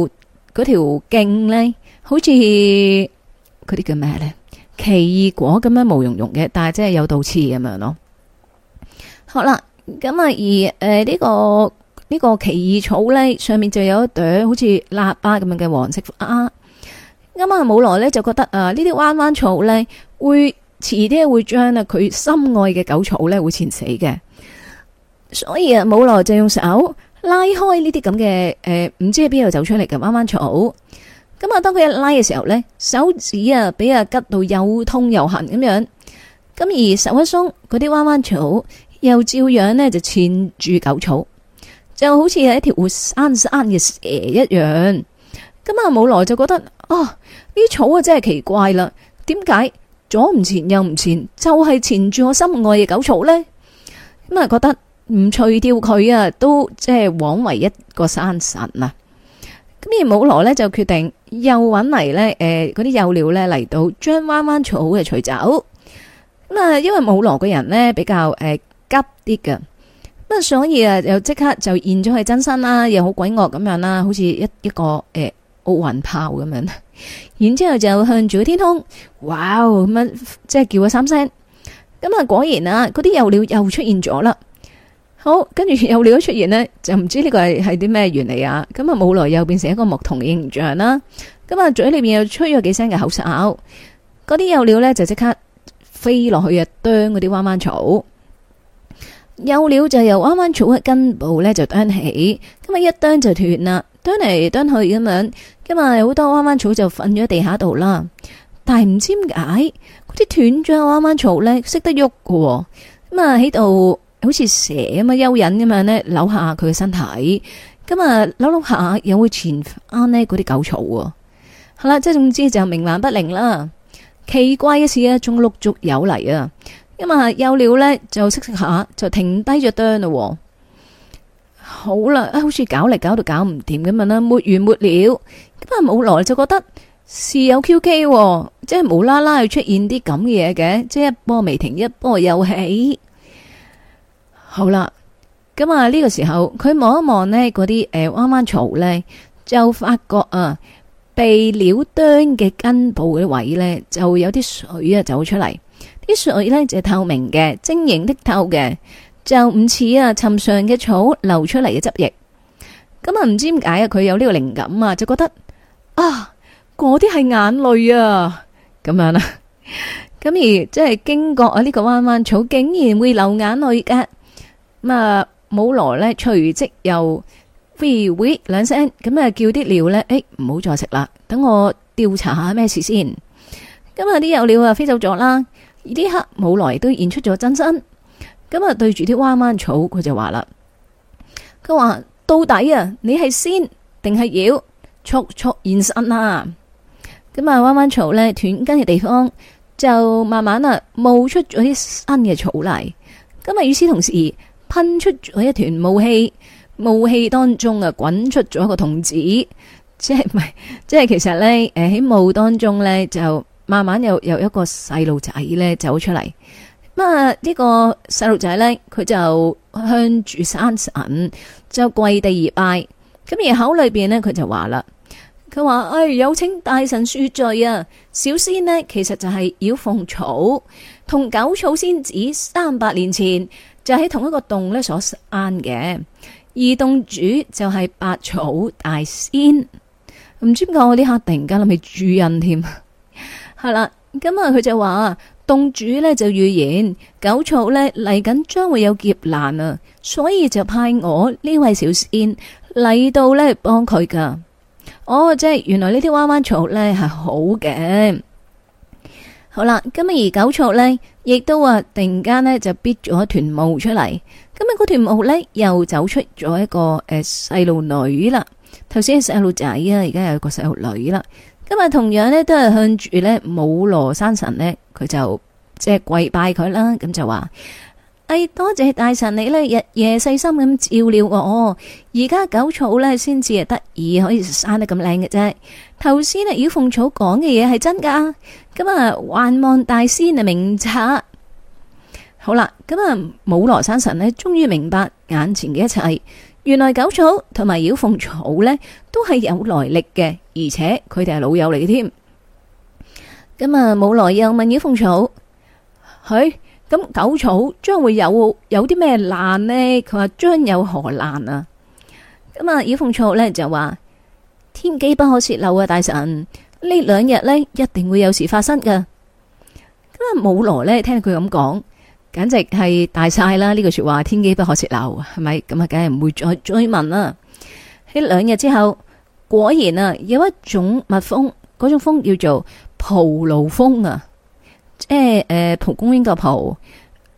嗰條莖呢，好似嗰啲叫咩呢？奇異果咁樣毛茸茸嘅，但係真係有倒刺咁樣咯。好啦，咁啊，而誒、這、呢個呢、這個奇異草呢，上面就有一朵好似喇叭咁樣嘅黃色花。啱啱武羅呢就覺得啊，呢啲彎彎草呢會遲啲會將啊佢心愛嘅狗草呢會纏死嘅。所以啊，武羅就用手拉開呢啲咁嘅誒，唔、啊、知係邊度走出嚟嘅彎彎草。咁啊，當佢一拉嘅時候呢，手指啊，俾啊拮到又痛又痕咁樣。咁而手一鬆，嗰啲彎彎草又照樣呢，就纏住狗草，就好似係一條活生生嘅蛇一樣。咁啊，武羅就覺得，哦、啊，呢啲草啊真係奇怪啦，點解左唔纏右唔纏，就係、是、纏住我心愛嘅狗草呢？咁啊，覺得唔除掉佢啊，都即係枉為一個山神啊。咁而武羅呢就決定。又搵嚟咧，誒、呃，嗰啲幼鳥咧嚟到將彎彎草嘅除走咁啊。因為冇羅嘅人咧比較誒、呃、急啲嘅，咁啊，所以啊又即刻就現咗係真身啦，又好鬼惡咁樣啦，好似一一個誒奧運炮咁樣。然之後就向住天空，哇哦咁啊，即係叫咗三聲。咁啊，果然啊，嗰啲幼鳥又出現咗啦。好，跟住幼鳥出現呢，就唔知呢個係係啲咩原理啊？咁啊，冇耐又變成一個牧童嘅形象啦。咁啊，嘴裏邊又吹咗幾聲嘅口哨，嗰啲幼鳥呢就即刻飛落去啊，啄嗰啲彎彎草。幼鳥就由彎彎草根部呢就啄起，咁啊一啄就斷啦，啄嚟啄去咁樣，咁啊好多彎彎草就瞓咗喺地下度啦。但係唔知點解嗰啲斷咗嘅彎彎草呢識得喐嘅，咁啊喺度。好似蛇咁啊，蚯蚓咁樣咧扭下佢嘅身體，咁啊扭扭下又會纏返呢嗰啲狗草喎。係啦，即係總之就冥頑不靈啦。奇怪嘅事啊，仲陸續有嚟啊，咁啊有料咧就息息下就停低咗哚喎。好啦，好似搞嚟搞到搞唔掂咁啦，沒完沒了。咁啊冇耐就覺得事有 QK，即係無啦啦出現啲咁嘅嘢嘅，即係一波未停一波又起。好啦，咁啊呢個時候，佢望一望呢嗰啲誒彎彎草呢，就發覺啊，鼻鳥端嘅根部嗰啲位呢，就有啲水啊走出嚟，啲水呢，就係、是、透明嘅，晶瑩剔透嘅，就唔似啊尋常嘅草流出嚟嘅汁液。咁啊唔知點解啊，佢有呢個靈感啊，就覺得啊，嗰啲係眼淚啊，咁樣啦、啊。咁 而即係經過啊呢個彎彎草，竟然會流眼淚嘅。咁啊！冇來呢隨即又非喂兩聲，咁啊叫啲鳥呢？誒唔好再食啦。等我調查下咩事先。咁啊啲有鳥啊飛走咗啦，呢刻冇來都現出咗真身。咁啊對住啲彎彎草，佢就話啦，佢話到底啊，你係仙定係妖？速速現身啦！咁啊，彎彎草呢斷根嘅地方就慢慢啊冒出咗啲新嘅草嚟。咁啊與此同時。噴出咗一團霧氣，霧氣當中啊，滾出咗一個童子，即係唔係，即係其實呢誒喺霧當中呢，就慢慢又有，有一個細路仔呢走出嚟。咁啊，呢個細路仔呢，佢就向住山神就跪地而拜。咁而口裏邊呢，佢就話啦，佢話：，誒、哎，有請大神恕罪啊！小仙呢，其實就係妖鳳草同九草仙子三百年前。就喺同一個洞咧，所生嘅，而洞主就係八草大仙。唔知點解我呢刻突然間諗起主人添，係 啦，咁啊佢就話洞主咧就預言九草咧嚟緊將會有劫難啊，所以就派我呢位小仙嚟到咧幫佢噶。哦，即係原來呢啲彎彎草咧係好嘅。好啦，今日而九錯咧，亦都話突然間咧就逼咗一團霧出嚟。咁日嗰團霧咧又走出咗一個誒細路女啦。頭先細路仔啊，而家有個細路女啦。咁日同樣咧都係向住咧武羅山神咧，佢就即係、就是、跪拜佢啦。咁就話。係、哎、多謝大神你咧日夜細心咁照料我，而、哦、家九草咧先至啊得意可以生得咁靚嘅啫。頭先啊妖鳳草講嘅嘢係真噶，咁啊幻望大仙啊明察。好啦，咁啊武羅山神咧終於明白眼前嘅一切，原來九草同埋妖鳳草呢都係有來歷嘅，而且佢哋係老友嚟嘅添。咁啊武羅又問妖鳳草，佢。咁狗草將會有有啲咩難呢？佢話將有何難啊？咁啊，妖鳳草咧就話天機不可洩漏啊！大神呢兩日呢，一定會有事發生噶。咁啊，武羅咧聽佢咁講，簡直係大晒啦！呢句說話天機不可洩漏係咪？咁啊，梗係唔會再追問啦。呢兩日之後，果然啊，有一種蜜蜂，嗰種蜂叫做蒲盧蜂啊。即係、呃、蒲公英個蒲，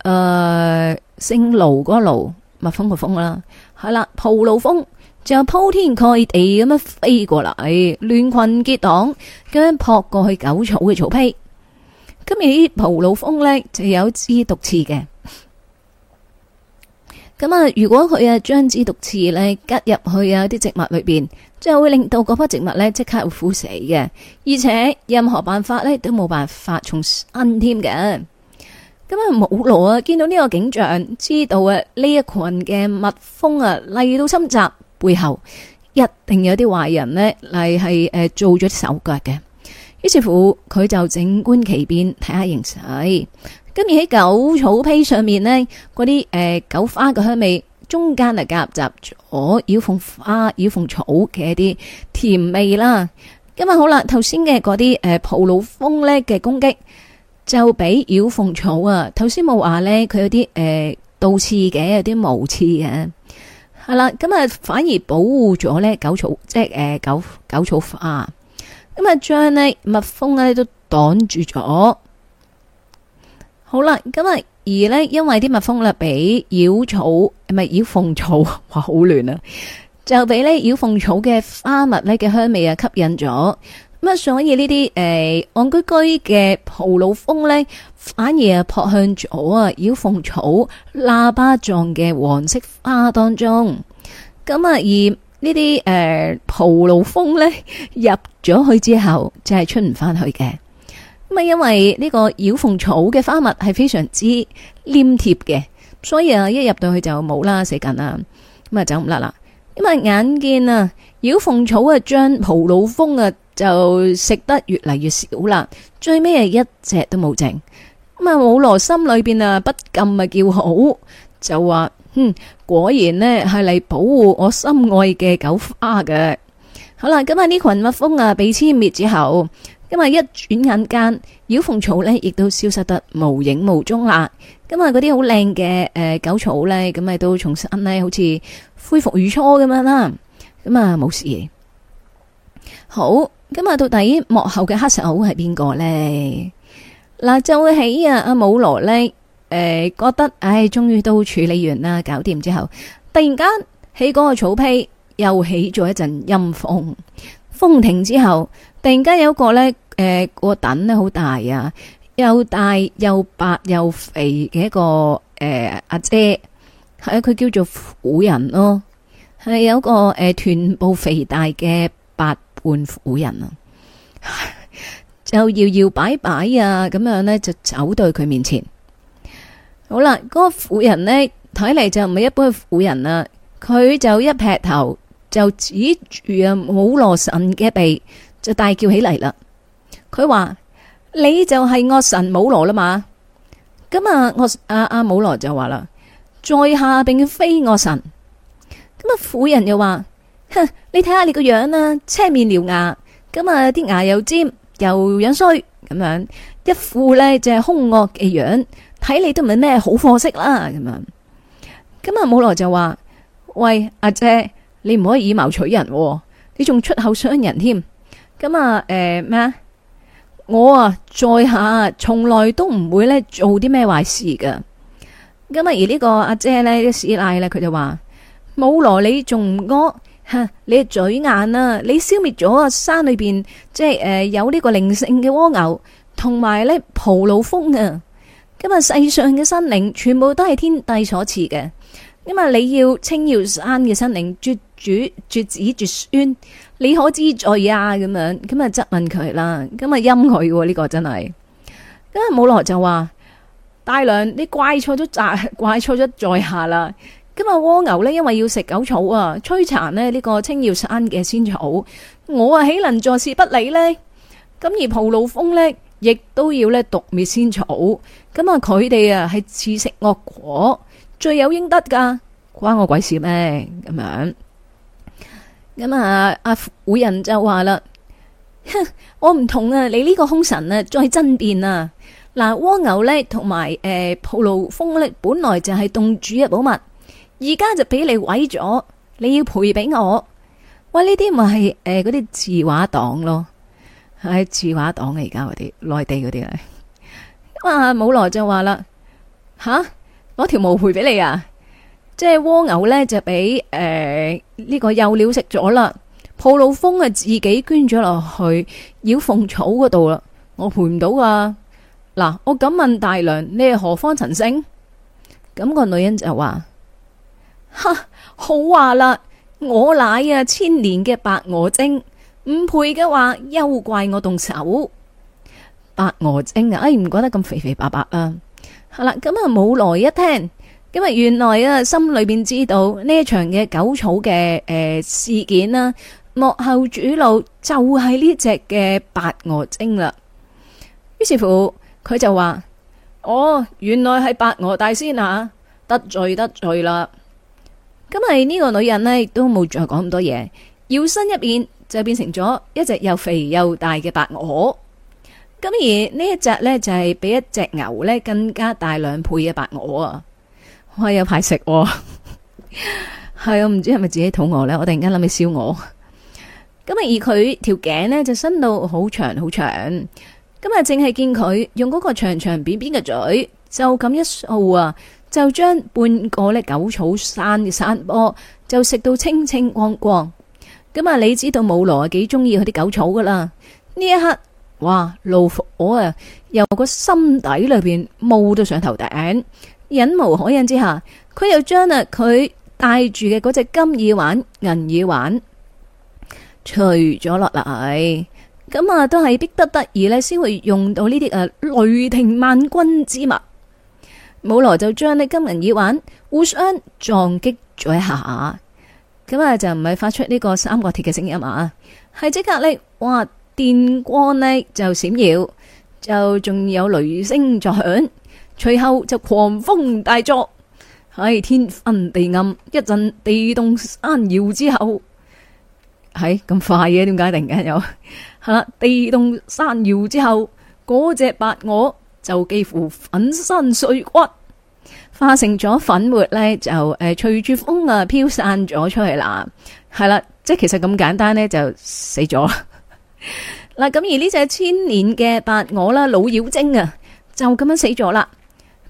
誒、呃、姓盧嗰個盧，蜜蜂個蜂啦，係啦蒲盧蜂，就係鋪天蓋地咁樣飛過嚟，亂群結黨咁樣撲過去狗草嘅曹丕，今日啲蒲盧蜂呢，就有支毒刺嘅。咁啊！如果佢啊將支毒刺咧拮入去啊啲植物裏邊，就會令到嗰棵植物咧即刻會枯死嘅。而且任何辦法咧都冇辦法重新添嘅。咁啊，母羅啊見到呢個景象，知道啊呢一群嘅蜜蜂啊嚟到侵襲，背後一定有啲壞人呢嚟係誒做咗手腳嘅。於是乎，佢就靜觀其變，睇下形勢。今日喺狗草坯上面呢，嗰啲誒狗花嘅香味，中間啊夾雜咗妖鳳花、妖鳳草嘅一啲甜味啦。咁、嗯、啊好啦，頭先嘅嗰啲誒蒲魯蜂咧嘅攻擊，就俾妖鳳草啊。頭先冇話咧，佢有啲誒倒刺嘅，有啲毛刺嘅，係啦。咁、嗯、啊，反而保護咗咧狗草，即係狗狗草花。咁、嗯、啊，將呢蜜蜂咧都擋住咗。好啦，咁啊，而呢，因為啲蜜蜂咧，俾妖草唔係妖鳳草，哇，好亂啊！就俾咧妖鳳草嘅花蜜呢嘅香味啊吸引咗，咁啊，所以呢啲誒憨居居嘅蒲盧蜂呢，反而啊撲向咗啊妖鳳草喇叭狀嘅黃色花當中，咁啊，而呢啲誒蒲盧蜂呢，入咗去之後，就係、是、出唔翻去嘅。咁啊，因為呢個妖鳳草嘅花蜜係非常之黏貼嘅，所以啊，一入到去就冇啦，死緊啦，咁啊走唔甩啦。咁啊眼見啊妖鳳草啊將蒲魯蜂啊就食得越嚟越少啦，最尾係一隻都冇剩。咁啊，武羅心裏邊啊不禁啊叫好，就話：哼、嗯，果然呢係嚟保護我心愛嘅九花嘅。好啦，咁啊呢群蜜蜂啊被殲滅之後。因為一轉眼間，妖鳳草呢亦都消失得無影無蹤啦。咁啊，嗰啲好靚嘅誒狗草呢，咁咪都重新呢，好似恢復如初咁樣啦。咁啊，冇事。好，咁啊，到底幕後嘅黑手係邊個呢？嗱，就起啊阿武羅呢，誒、呃、覺得，唉，終於都處理完啦，搞掂之後，突然間起嗰個草坯，又起咗一陣陰風，風停之後。突然間有個、呃那個咧，誒個等咧好大啊，又大又白又肥嘅一個誒阿、呃、姐，姐，係佢叫做婦人咯。係有個個誒、呃、臀部肥大嘅八半婦人搖搖擺擺啊，就搖搖擺擺啊，咁樣咧就走到佢面前。好啦，嗰、那個婦人咧睇嚟就唔係一般嘅婦人啦，佢就一劈頭就指住啊冇羅神嘅鼻。就大叫起嚟啦！佢話你就係惡神母羅啦嘛。咁啊，我阿阿母羅就話啦，在下並非惡神。咁啊，婦人又話，哼，你睇下你個樣啦、啊，車面獠牙，咁啊啲牙又尖又樣衰，咁樣一副呢就係、是、兇惡嘅樣，樣，睇你都唔係咩好貨色啦。咁樣，咁啊，母羅就話，喂，阿姐，你唔可以以貌取人、啊，你仲出口傷人添、啊。咁啊，誒咩啊？我啊，在下從來都唔會咧做啲咩壞事㗎。咁啊，而個呢個阿姐咧，師奶咧，佢就話：冇羅你仲唔屙？吓，你嘴硬啊！你消滅咗啊山裏邊，即係誒有呢個靈性嘅蝸牛，同埋咧蒲魯風啊！今日世上嘅生靈全部都係天帝所賜嘅。咁啊，你要清耀山嘅生靈絕主絕子絕孫。絕絕絕絕絕你可知罪啊？咁樣咁啊，質問佢啦，咁啊陰佢呢個真係，咁啊武羅就話，大娘，你怪錯咗責，怪錯咗在下啦。咁啊蝸牛呢，因為要食狗草啊，摧殘呢呢、這個青要山嘅仙草，我啊豈能坐視不理呢。咁而蒲露風呢，亦都要咧毒滅仙草。咁啊，佢哋啊係自食惡果，罪有應得噶，關我鬼事咩？咁樣。咁啊！阿、啊、古人就話啦，哼我唔同啊！你呢個凶神啊，再爭辯啊！嗱、啊，蝸牛咧，同埋誒，葡萄風咧，本來就係洞主嘅寶物，而家就俾你毀咗，你要賠俾我。喂，呢啲咪係誒嗰啲字畫黨咯，係字畫黨啊而家嗰啲，內地嗰啲啊。咁啊，冇耐就話啦，吓，攞條毛賠俾你啊！即係蝸牛呢，就俾誒呢個幼鳥食咗啦，鋪路峰啊自己捐咗落去妖鳳草嗰度啦，我賠唔到㗎。嗱，我敢問大娘，你係何方神聖？咁個女人就話：哈，好話啦，我乃啊千年嘅白鵝精，唔賠嘅話，休怪我動手。白鵝精啊，哎唔覺得咁肥肥白白啊？好啦，咁啊冇耐一聽。因為原來啊，心裏邊知道呢一場嘅狗草嘅、誒、呃、事件啦，幕後主腦就係呢隻嘅白鵝精啦。於是乎，佢就話：哦，原來係白鵝大仙啊，得罪得罪啦。咁係呢個女人咧，都冇再講咁多嘢，搖身一變就變成咗一隻又肥又大嘅白鵝。咁而這一隻呢一隻咧，就係、是、比一隻牛呢更加大兩倍嘅白鵝啊！我有排食、啊，係我唔知係咪自己肚餓咧。我突然間諗起燒鵝，咁。 而佢條頸呢，就伸到好長好長。咁。啊，淨係見佢用嗰個長長扁扁嘅嘴，就咁一掃啊，就將半個呢狗草山嘅山坡，就食到清清光光。咁、嗯、啊，你知道冇羅啊幾中意佢啲狗草噶啦？呢一刻，哇，老虎啊，由個心底裏邊冒到上頭頂。忍無可忍之下，佢又將啊佢戴住嘅嗰隻金耳環、銀耳環除咗落嚟，咁啊都係逼不得已呢先會用到呢啲啊雷霆萬鈞之物。武羅就將呢金銀耳環互相撞擊咗一下，咁啊就唔係發出呢個三角鐵嘅聲音啊，係即刻呢，哇，電光呢就閃耀，就仲有雷聲在響。隨後就狂風大作，係、哎、天昏地暗，一陣地動山搖之後，係、哎、咁快嘅，點解突然間又係啦？地動山搖之後，嗰隻白鵝就幾乎粉身碎骨，化成咗粉末呢，就誒隨住風啊飄散咗出嚟啦。係啦，即係其實咁簡單呢，就死咗啦。嗱，咁而呢隻千年嘅白鵝啦，老妖精啊，就咁樣死咗啦。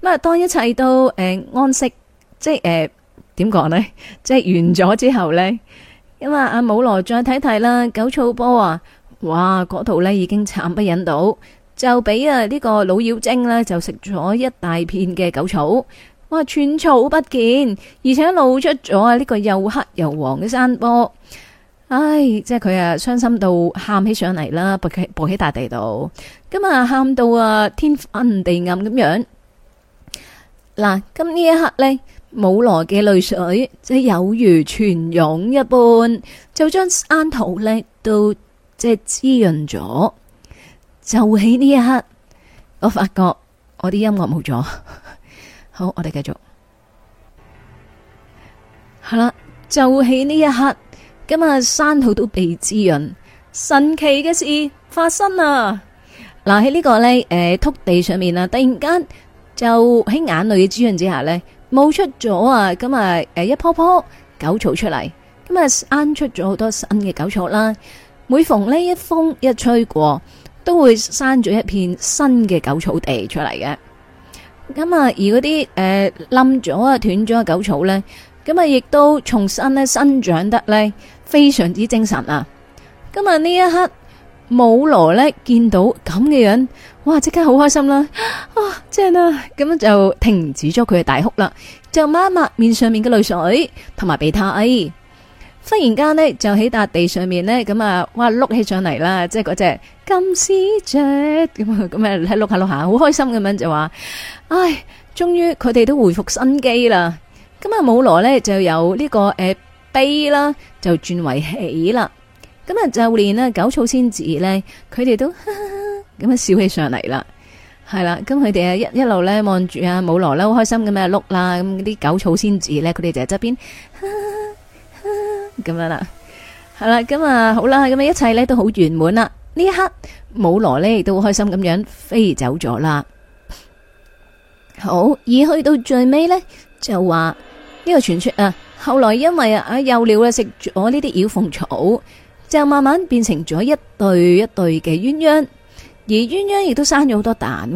咁啊，當一切都誒安息，即係誒點講呢？即係完咗之後呢，咁啊，阿武羅再睇睇啦。狗草坡啊，哇！嗰度呢已經慘不忍睹，就俾啊呢、呢個老妖精呢、啊、就食咗一大片嘅狗草，哇！寸草不見，而且露出咗啊呢個又黑又黃嘅山坡，唉，即係佢啊傷心到喊起上嚟啦，伏喺大地度，咁啊喊到啊天昏地暗咁樣。嗱，咁呢一刻呢，冇羅嘅淚水即係有如泉湧一般，就將山土咧都即係滋潤咗。就喺呢一刻，我發覺我啲音樂冇咗。好，我哋繼續。係啦，就喺呢一刻，今日山土都被滋潤，神奇嘅事發生啦。嗱、這個，喺呢個呢，誒，土地上面啊，突然間。就喺眼淚嘅滋潤之下呢，冒出咗啊！咁啊，誒，一棵棵狗草出嚟，咁啊，生出咗好多新嘅狗草啦。每逢呢一風一吹過，都會生咗一片新嘅狗草地出嚟嘅。咁啊，而嗰啲誒冧咗啊、斷咗嘅狗草呢，咁啊，亦都重新呢生長得呢，非常之精神啊！咁啊，呢一刻。母羅呢見到咁嘅人，哇！即刻好開心啦，啊正啦，啊、咁樣就停止咗佢嘅大哭啦，就抹一抹面上面嘅淚水，同埋鼻涕。忽然間呢，就喺笪地上面呢，咁啊，哇！碌起上嚟啦，即係嗰隻金絲雀咁啊咁啊喺碌下碌下，好開心咁樣就話，唉！終於佢哋都回復生機啦。咁啊，母羅呢，就由呢，這個誒、呃、悲啦，就轉為喜啦。咁啊，就連咧狗草仙子呢，佢哋都咁哈啊哈哈哈笑起上嚟啦，係啦。咁佢哋啊一一路呢望住阿母羅啦，好開心咁樣碌啦。咁啲狗草仙子呢，佢哋就喺側邊咁樣啦，係啦。咁啊好啦，咁啊一切呢都好圓滿啦。呢一刻母羅呢都都好開心咁樣飛走咗啦。好而去到最尾呢，就話呢、這個傳說啊，後來因為啊阿幼鳥食咗呢啲妖鳳草。就慢慢變成咗一對一對嘅鴛鴦，而鴛鴦亦都生咗好多蛋。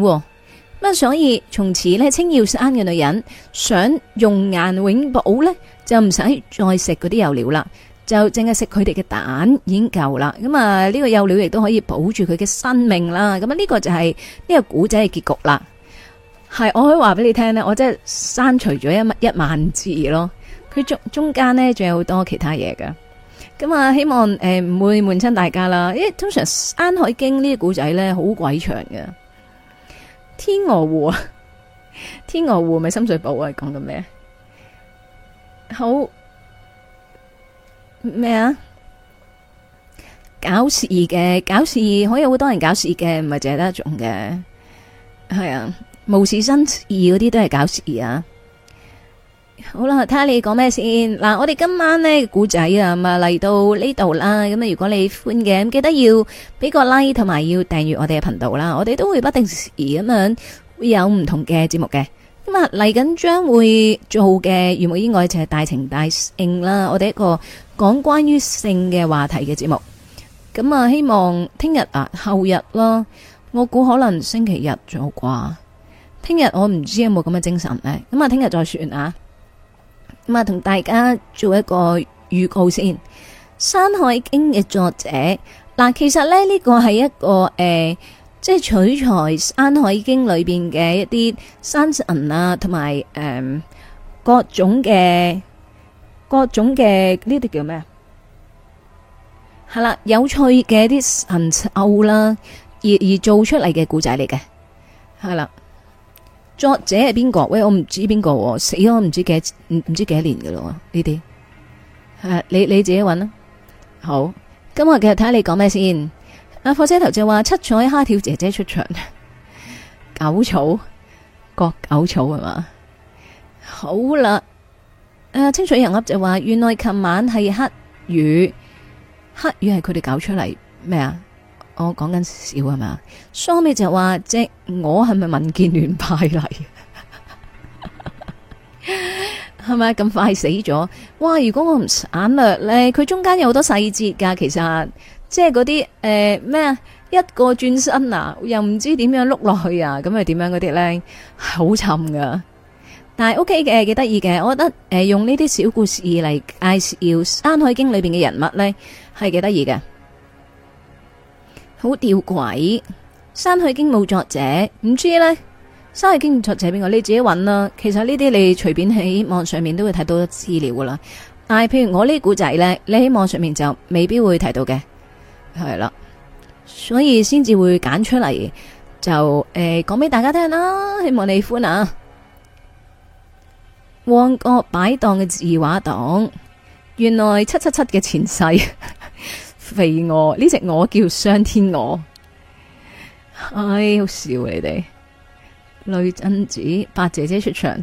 咁所以從此呢，青要山嘅女人想容顏永保呢，就唔使再食嗰啲幼鳥啦，就淨係食佢哋嘅蛋已經夠啦。咁啊，呢個幼鳥亦都可以保住佢嘅生命啦。咁啊，呢個就係呢個古仔嘅結局啦。係，我可以話俾你聽呢，我真係刪除咗一一萬字咯。佢中中間咧，仲有好多其他嘢噶。咁啊，希望誒唔、呃、會悶親大家啦。因為通常《山海經這些呢》呢個古仔咧好鬼長嘅，天鵝湖，天鵝湖咪深水埗啊！講緊咩？好咩啊？搞事嘅，搞事可以好多人搞事嘅，唔係淨係得一種嘅。係啊，無事生意嗰啲都係搞事啊！好啦，睇下你講咩先嗱，我哋今晚呢，古仔啊，啊嚟到呢度啦。咁啊，如果你喜歡嘅，記得要俾個 like，同埋要訂閱我哋嘅頻道啦。我哋都會不定時咁樣會有唔同嘅節目嘅。咁啊，嚟緊將會做嘅，如無意外就係、是、大情大性啦。我哋一個講關於性嘅話題嘅節目。咁、嗯、啊，希望聽日啊，後日囉。我估可能星期日做啩。聽日我唔知有冇咁嘅精神呢？咁、嗯、啊，聽日再算啊。咁啊，同大家做一個預告先，《山海經》嘅作者嗱，其實咧呢個係一個誒，即、呃、係、就是、取材《山海經》裏邊嘅一啲山神啊，同埋誒各種嘅各種嘅呢啲叫咩啊？係啦，有趣嘅啲神獸啦，而而做出嚟嘅故仔嚟嘅，係啦。作者係邊個？喂，我唔知邊個、啊，死咗唔知幾唔知幾多年噶咯？呢啲，你、uh, 你，你自己揾啦。好，咁我繼續睇下你講咩先。阿貨車頭就話七彩蝦條姐姐出場，狗草，割狗草係嘛？好啦，誒、啊，清水人噏就話原來琴晚係黑雨，黑雨係佢哋搞出嚟咩啊？什麼我講緊少係嘛，所以就話即我係咪民建聯派嚟？係咪咁快死咗？哇！如果我唔眼略咧，佢中間有好多細節噶。其實即係嗰啲誒咩一個轉身啊，又唔知點樣碌落去啊，咁係點樣嗰啲咧，好沉噶。但係 O K 嘅，幾得意嘅。我覺得誒、呃、用呢啲小故事嚟介紹《山海經》裏邊嘅人物咧，係幾得意嘅。好吊詭，山海經冇作者，唔知呢？山海經作者邊個，你自己揾啦。其實呢啲你隨便喺網上面都會睇到資料噶啦。但係譬如我呢古仔呢，你喺網上面就未必會睇到嘅，係啦。所以先至會揀出嚟，就誒講俾大家聽啦，希望你喜歡啊！旺角擺檔嘅字畫檔，原來七七七嘅前世。肥鵝呢隻鵝叫雙天鵝。唉，好笑、啊、你哋女貞子八姐姐出場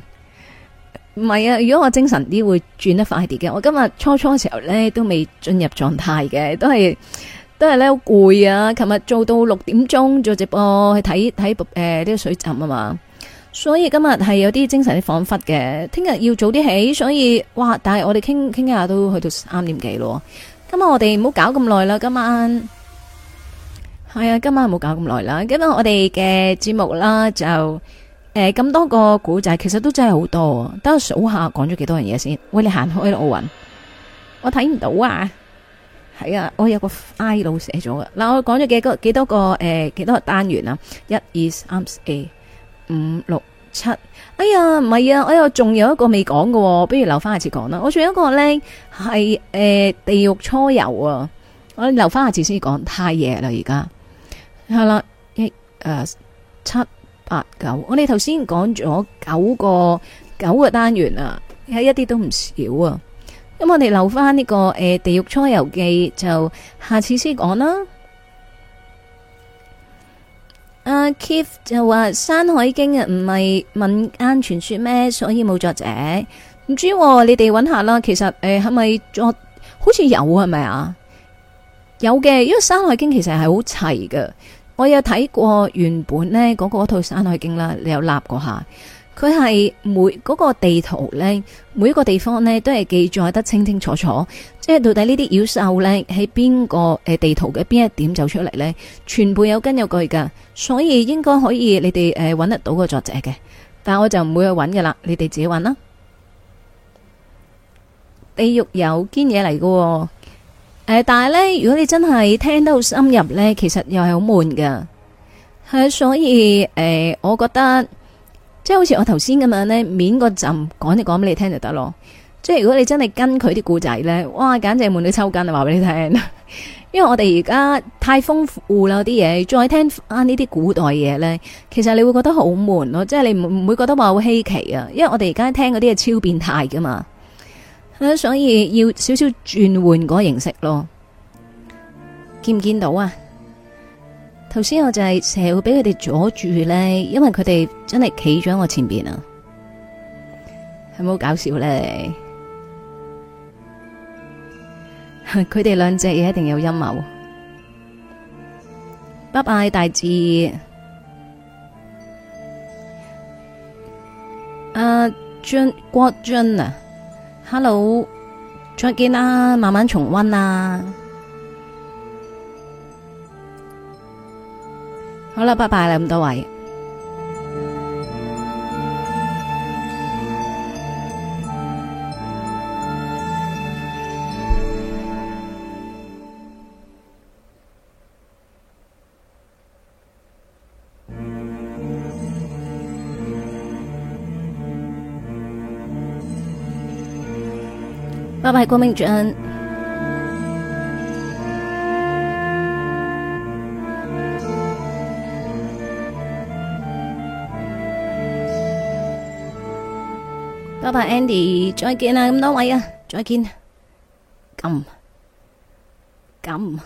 唔係啊！如果我精神啲會轉得快啲嘅，我今日初初嘅時候呢，都未進入狀態嘅，都係都係咧，好攰啊！琴日做到六點鐘做直播去睇睇誒呢個水浸啊嘛，所以今日係有啲精神啲恍惚嘅，聽日要早啲起，所以哇！但係我哋傾傾下都去到三點幾咯。今晚我哋唔好搞咁耐啦。今晚係啊，今晚唔好搞咁耐啦。今晚我哋嘅節目啦，就誒咁多個古仔，其實都真係好多。等我數下講咗幾多樣嘢先。喂，你行開啦，奧運，我睇唔到啊。係啊，我有個 I 老寫咗噶嗱。我講咗幾多幾多個誒，幾多個單元啊？一、二、三、四、五、六、七。哎呀，唔係啊，哎呀，仲有一個未講嘅，不如留翻下次講啦。我仲有一個呢，係誒、呃、地獄初遊啊，我留翻下次先講，太夜啦而家。係啦，一誒、呃、七八九，我哋頭先講咗九個九個單元啊，係一啲都唔少啊。咁我哋留翻呢、這個誒、呃、地獄初遊記，就下次先講啦。阿、uh, Keith 就話《山海經》啊，唔係民間傳說咩？所以冇作者，唔知、啊、你哋揾下啦。其實誒，係、呃、咪作？好似有係咪啊？有嘅，因為山、那個、那《山海經》其實係好齊嘅。我有睇過原本呢嗰個套《山海經》啦，你有立過下？佢係每嗰、嗰個地圖呢，每一個地方呢，都係記載得清清楚楚，即係到底呢啲妖獸呢，喺邊個誒地圖嘅邊一點走出嚟呢？全部有根有據噶，所以應該可以你哋誒、呃、揾得到個作者嘅，但係我就唔會去搵噶啦，你哋自己揾啦。地獄有堅嘢嚟噶，誒、呃，但係呢，如果你真係聽得好深入呢，其實又係好悶噶，係所以誒、呃，我覺得。即係好似我頭先咁樣呢，免個陣講就講俾你聽就得咯。即係如果你真係跟佢啲故仔呢，哇，簡直悶到抽筋啊！話俾你聽，因為我哋而家太豐富啦，啲嘢再聽翻呢啲古代嘢呢，其實你會覺得好悶咯，即係你唔唔會覺得話好稀奇啊？因為我哋而家聽嗰啲係超變態噶嘛，所以要少少轉換嗰個形式咯。見唔見到啊？頭先我就係成日會俾佢哋阻住咧，因為佢哋真係企咗喺我前邊啊，係咪好搞笑咧？佢哋兩隻嘢一定有陰謀。拜拜，大志。阿、啊、俊郭俊啊，Hello，再見啦，慢慢重溫啦。好啦，拜拜啦咁多位，拜拜光明之恩。拜拜，Andy，再見啊！咁多位啊，再見，咁咁。